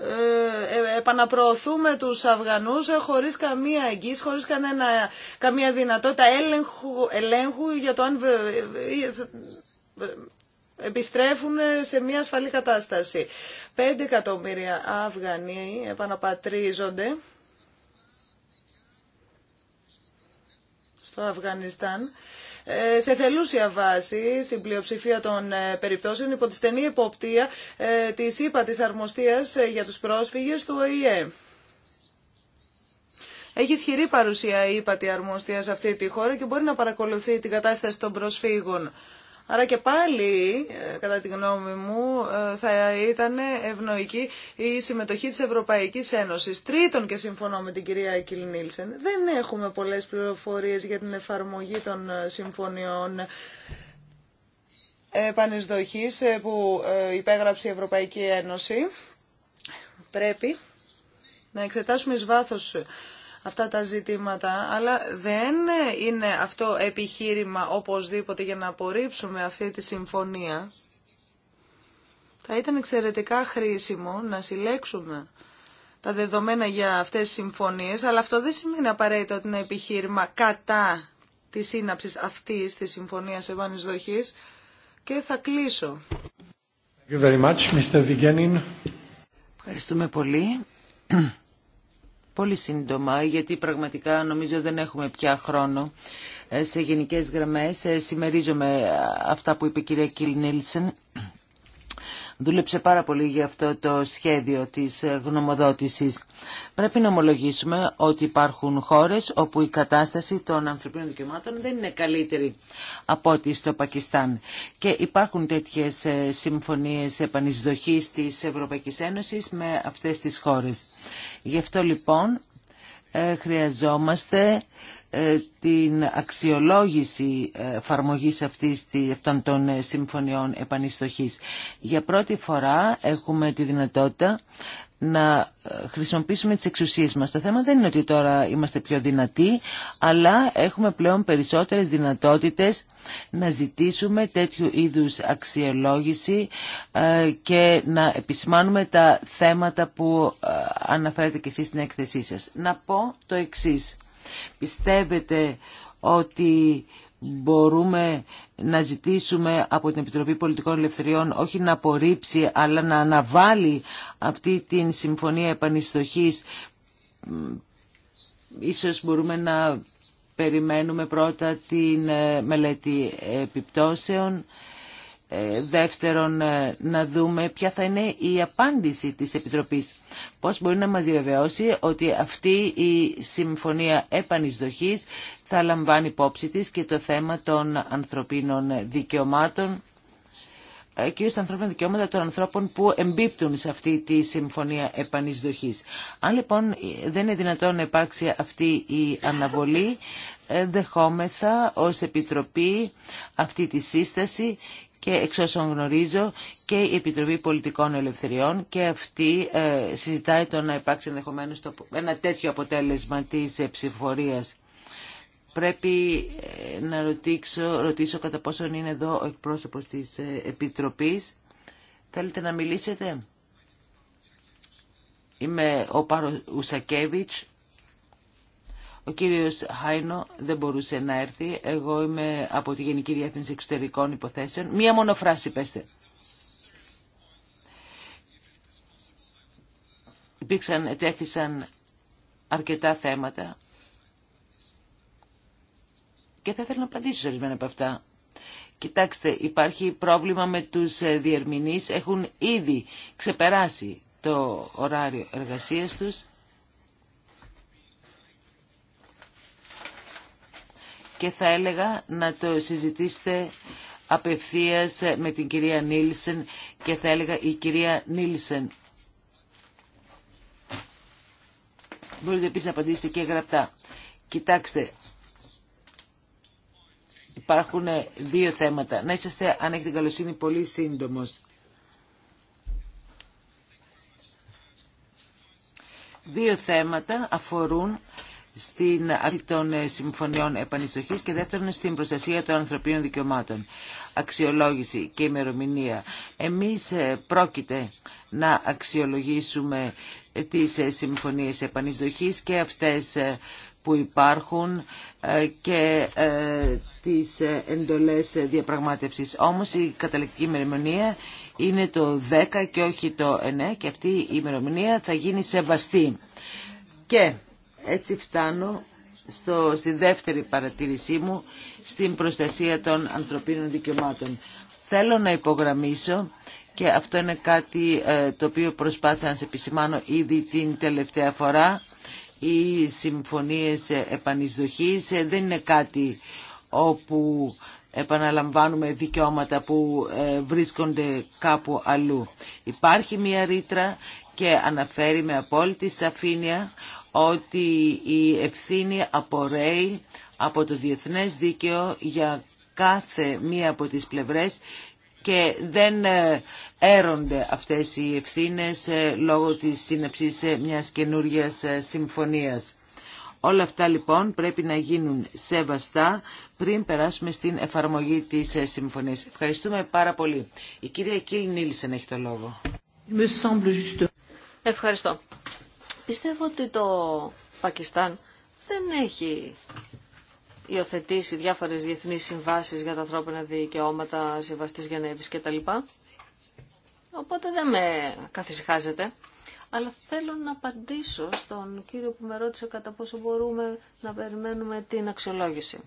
ε, ε, επαναπροωθούμε τους Αφγανούς ε, χωρίς καμία εγγύηση, χωρίς κανένα, καμία δυνατότητα έλεγχου, ελέγχου για το αν επιστρέφουν σε μια ασφαλή κατάσταση. 5 εκατομμύρια Αφγανοί επαναπατρίζονται στο Αφγανιστάν ε, σε θελούσια βάση στην πλειοψηφία των ε, περιπτώσεων υπό τη στενή υποπτία ε, της ΥΠΑ της Αρμοστίας για τους πρόσφυγες του ΟΗΕ. Έχει ισχυρή παρουσία η τη αρμοστία σε αυτή τη χώρα και μπορεί να παρακολουθεί την κατάσταση των προσφύγων. Άρα και πάλι, ε, κατά τη γνώμη μου, ε, θα ήταν ευνοϊκή η συμμετοχή της Ευρωπαϊκής Ένωσης. Τρίτον, και συμφωνώ με την κυρία Κιλ Νίλσεν, δεν έχουμε πολλές πληροφορίες για την εφαρμογή των ε, συμφωνιών επανεισδοχής που υπέγραψε η Ευρωπαϊκή Ένωση. Πρέπει να εξετάσουμε εις βάθος αυτά τα ζητήματα, αλλά δεν είναι αυτό επιχείρημα οπωσδήποτε για να απορρίψουμε αυτή τη συμφωνία. Θα ήταν εξαιρετικά χρήσιμο να συλλέξουμε τα δεδομένα για αυτές τις συμφωνίες, αλλά αυτό δεν σημαίνει απαραίτητα ότι είναι επιχείρημα κατά τη σύναψη αυτής της συμφωνίας Δοχής και θα κλείσω. Thank you very much, Mr. Ευχαριστούμε πολύ πολύ σύντομα, γιατί πραγματικά νομίζω δεν έχουμε πια χρόνο. Ε, σε γενικές γραμμές ε, Σημερίζομαι αυτά που είπε η κυρία Κιλ Νίλσεν δούλεψε πάρα πολύ για αυτό το σχέδιο της γνωμοδότησης. Πρέπει να ομολογήσουμε ότι υπάρχουν χώρες όπου η κατάσταση των ανθρωπίνων δικαιωμάτων δεν είναι καλύτερη από ό,τι στο Πακιστάν. Και υπάρχουν τέτοιες ε, συμφωνίες επανεισδοχής της Ευρωπαϊκής Ένωσης με αυτές τις χώρες. Γι' αυτό λοιπόν ε, χρειαζόμαστε ε, την αξιολόγηση ε, εφαρμογής αυτής αυτών των ε, συμφωνιών επανιστοχής. Για πρώτη φορά έχουμε τη δυνατότητα να χρησιμοποιήσουμε τις εξουσίες μας. Το θέμα δεν είναι ότι τώρα είμαστε πιο δυνατοί, αλλά έχουμε πλέον περισσότερες δυνατότητες να ζητήσουμε τέτοιου είδους αξιολόγηση και να επισημάνουμε τα θέματα που αναφέρετε και εσείς στην έκθεσή σας. Να πω το εξής. Πιστεύετε ότι μπορούμε να ζητήσουμε από την Επιτροπή Πολιτικών Ελευθεριών όχι να απορρίψει αλλά να αναβάλει αυτή την συμφωνία επανιστοχής ίσως μπορούμε να περιμένουμε πρώτα την ε, μελέτη επιπτώσεων ε, δεύτερον, ε, να δούμε ποια θα είναι η απάντηση της Επιτροπής. Πώς μπορεί να μας διαβεβαιώσει ότι αυτή η συμφωνία επανεισδοχής θα λαμβάνει υπόψη της και το θέμα των ανθρωπίνων δικαιωμάτων ε, και τα ανθρώπινα δικαιώματα των ανθρώπων που εμπίπτουν σε αυτή τη συμφωνία επανεισδοχής. Αν λοιπόν δεν είναι δυνατόν να υπάρξει αυτή η αναβολή, δεχόμεθα ως Επιτροπή αυτή τη σύσταση και εξ όσων γνωρίζω και η Επιτροπή Πολιτικών Ελευθεριών και αυτή ε, συζητάει το να υπάρξει ενδεχομένως το, ένα τέτοιο αποτέλεσμα της ε, ψηφορίας. Πρέπει ε, να ρωτήσω, ρωτήσω κατά πόσον είναι εδώ ο εκπρόσωπος της ε, Επιτροπής. Θέλετε να μιλήσετε. Είμαι ο Πάρος ο κύριος Χάινο δεν μπορούσε να έρθει. Εγώ είμαι από τη Γενική Διεύθυνση Εξωτερικών Υποθέσεων. Μία μόνο φράση πέστε. Υπήρξαν, ετέθησαν αρκετά θέματα και θα ήθελα να απαντήσω ορισμένα από αυτά. Κοιτάξτε, υπάρχει πρόβλημα με τους ε, διερμηνείς. Έχουν ήδη ξεπεράσει το ωράριο εργασίας τους. και θα έλεγα να το συζητήσετε απευθείας με την κυρία Νίλσεν και θα έλεγα η κυρία Νίλσεν. Μπορείτε επίσης να απαντήσετε και γραπτά. Κοιτάξτε, υπάρχουν δύο θέματα. Να είσαστε, αν έχετε καλοσύνη, πολύ σύντομος. Δύο θέματα αφορούν στην αρχή των ε, συμφωνιών επανιστοχής και δεύτερον στην προστασία των ανθρωπίνων δικαιωμάτων. Αξιολόγηση και ημερομηνία. Εμείς ε, πρόκειται να αξιολογήσουμε ε, τις συμφωνίες επανιστοχής και αυτές που υπάρχουν και τις εντολές διαπραγμάτευσης. Όμως η καταληκτική ημερομηνία είναι το 10 και όχι το 9 και αυτή η ημερομηνία θα γίνει σεβαστή. Και έτσι φτάνω στο, στη δεύτερη παρατήρησή μου στην προστασία των ανθρωπίνων δικαιωμάτων. Θέλω να υπογραμμίσω και αυτό είναι κάτι ε, το οποίο προσπάθησα να σε επισημάνω ήδη την τελευταία φορά. Οι συμφωνίες ε, επανεισδοχής ε, δεν είναι κάτι όπου επαναλαμβάνουμε δικαιώματα που βρίσκονται κάπου αλλού. Υπάρχει μία ρήτρα και αναφέρει με απόλυτη σαφήνεια ότι η ευθύνη απορρέει από το διεθνές δίκαιο για κάθε μία από τις πλευρές και δεν ε, έρονται αυτές οι ευθύνες ε, λόγω της σύνεψης ε, μιας καινούργιας συμφωνίας. Όλα αυτά λοιπόν πρέπει να γίνουν σεβαστά πριν περάσουμε στην εφαρμογή της συμφωνίας. Ευχαριστούμε πάρα πολύ. Η κυρία Κίλ Νίλσεν έχει το λόγο. Ευχαριστώ. Πιστεύω ότι το Πακιστάν δεν έχει υιοθετήσει διάφορες διεθνείς συμβάσεις για τα ανθρώπινα δικαιώματα, συμβαστής τα κτλ. Οπότε δεν με καθησυχάζεται. Αλλά θέλω να απαντήσω στον κύριο που με ρώτησε κατά πόσο μπορούμε να περιμένουμε την αξιολόγηση.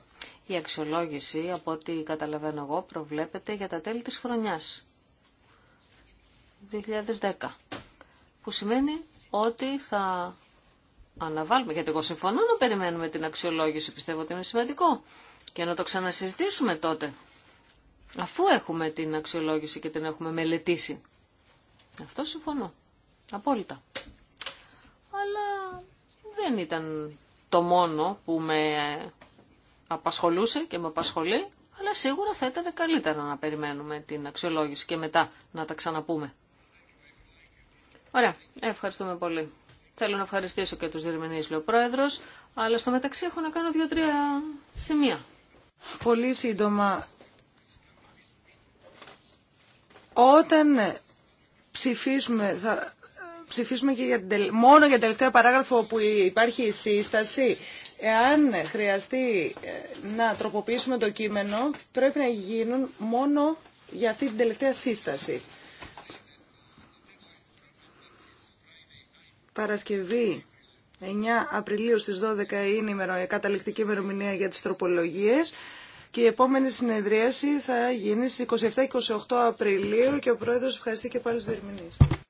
Η αξιολόγηση, από ό,τι καταλαβαίνω εγώ, προβλέπεται για τα τέλη της χρονιάς. 2010. Που σημαίνει ότι θα αναβάλουμε, γιατί εγώ συμφωνώ να περιμένουμε την αξιολόγηση, πιστεύω ότι είναι σημαντικό, και να το ξανασυζητήσουμε τότε, αφού έχουμε την αξιολόγηση και την έχουμε μελετήσει. Αυτό συμφωνώ, απόλυτα. Αλλά δεν ήταν το μόνο που με απασχολούσε και με απασχολεί, αλλά σίγουρα θα ήταν καλύτερα να περιμένουμε την αξιολόγηση και μετά να τα ξαναπούμε. Ωραία, ευχαριστούμε πολύ. Θέλω να ευχαριστήσω και τους διερμηνείς, λέει ο Πρόεδρος, αλλά στο μεταξύ έχω να κάνω δύο-τρία σημεία. Πολύ σύντομα. Όταν ψηφίσουμε, θα ψηφίσουμε και για την, μόνο για την τελευταία παράγραφο που υπάρχει η σύσταση. Εάν χρειαστεί ε, να τροποποιήσουμε το κείμενο, πρέπει να γίνουν μόνο για αυτή την τελευταία σύσταση. Παρασκευή 9 Απριλίου στις 12 είναι η καταληκτική ημερομηνία για τις τροπολογίες και η επόμενη συνεδρίαση θα γίνει στις 27-28 Απριλίου και ο Πρόεδρος ευχαριστεί και πάλι στους διερμηνείς.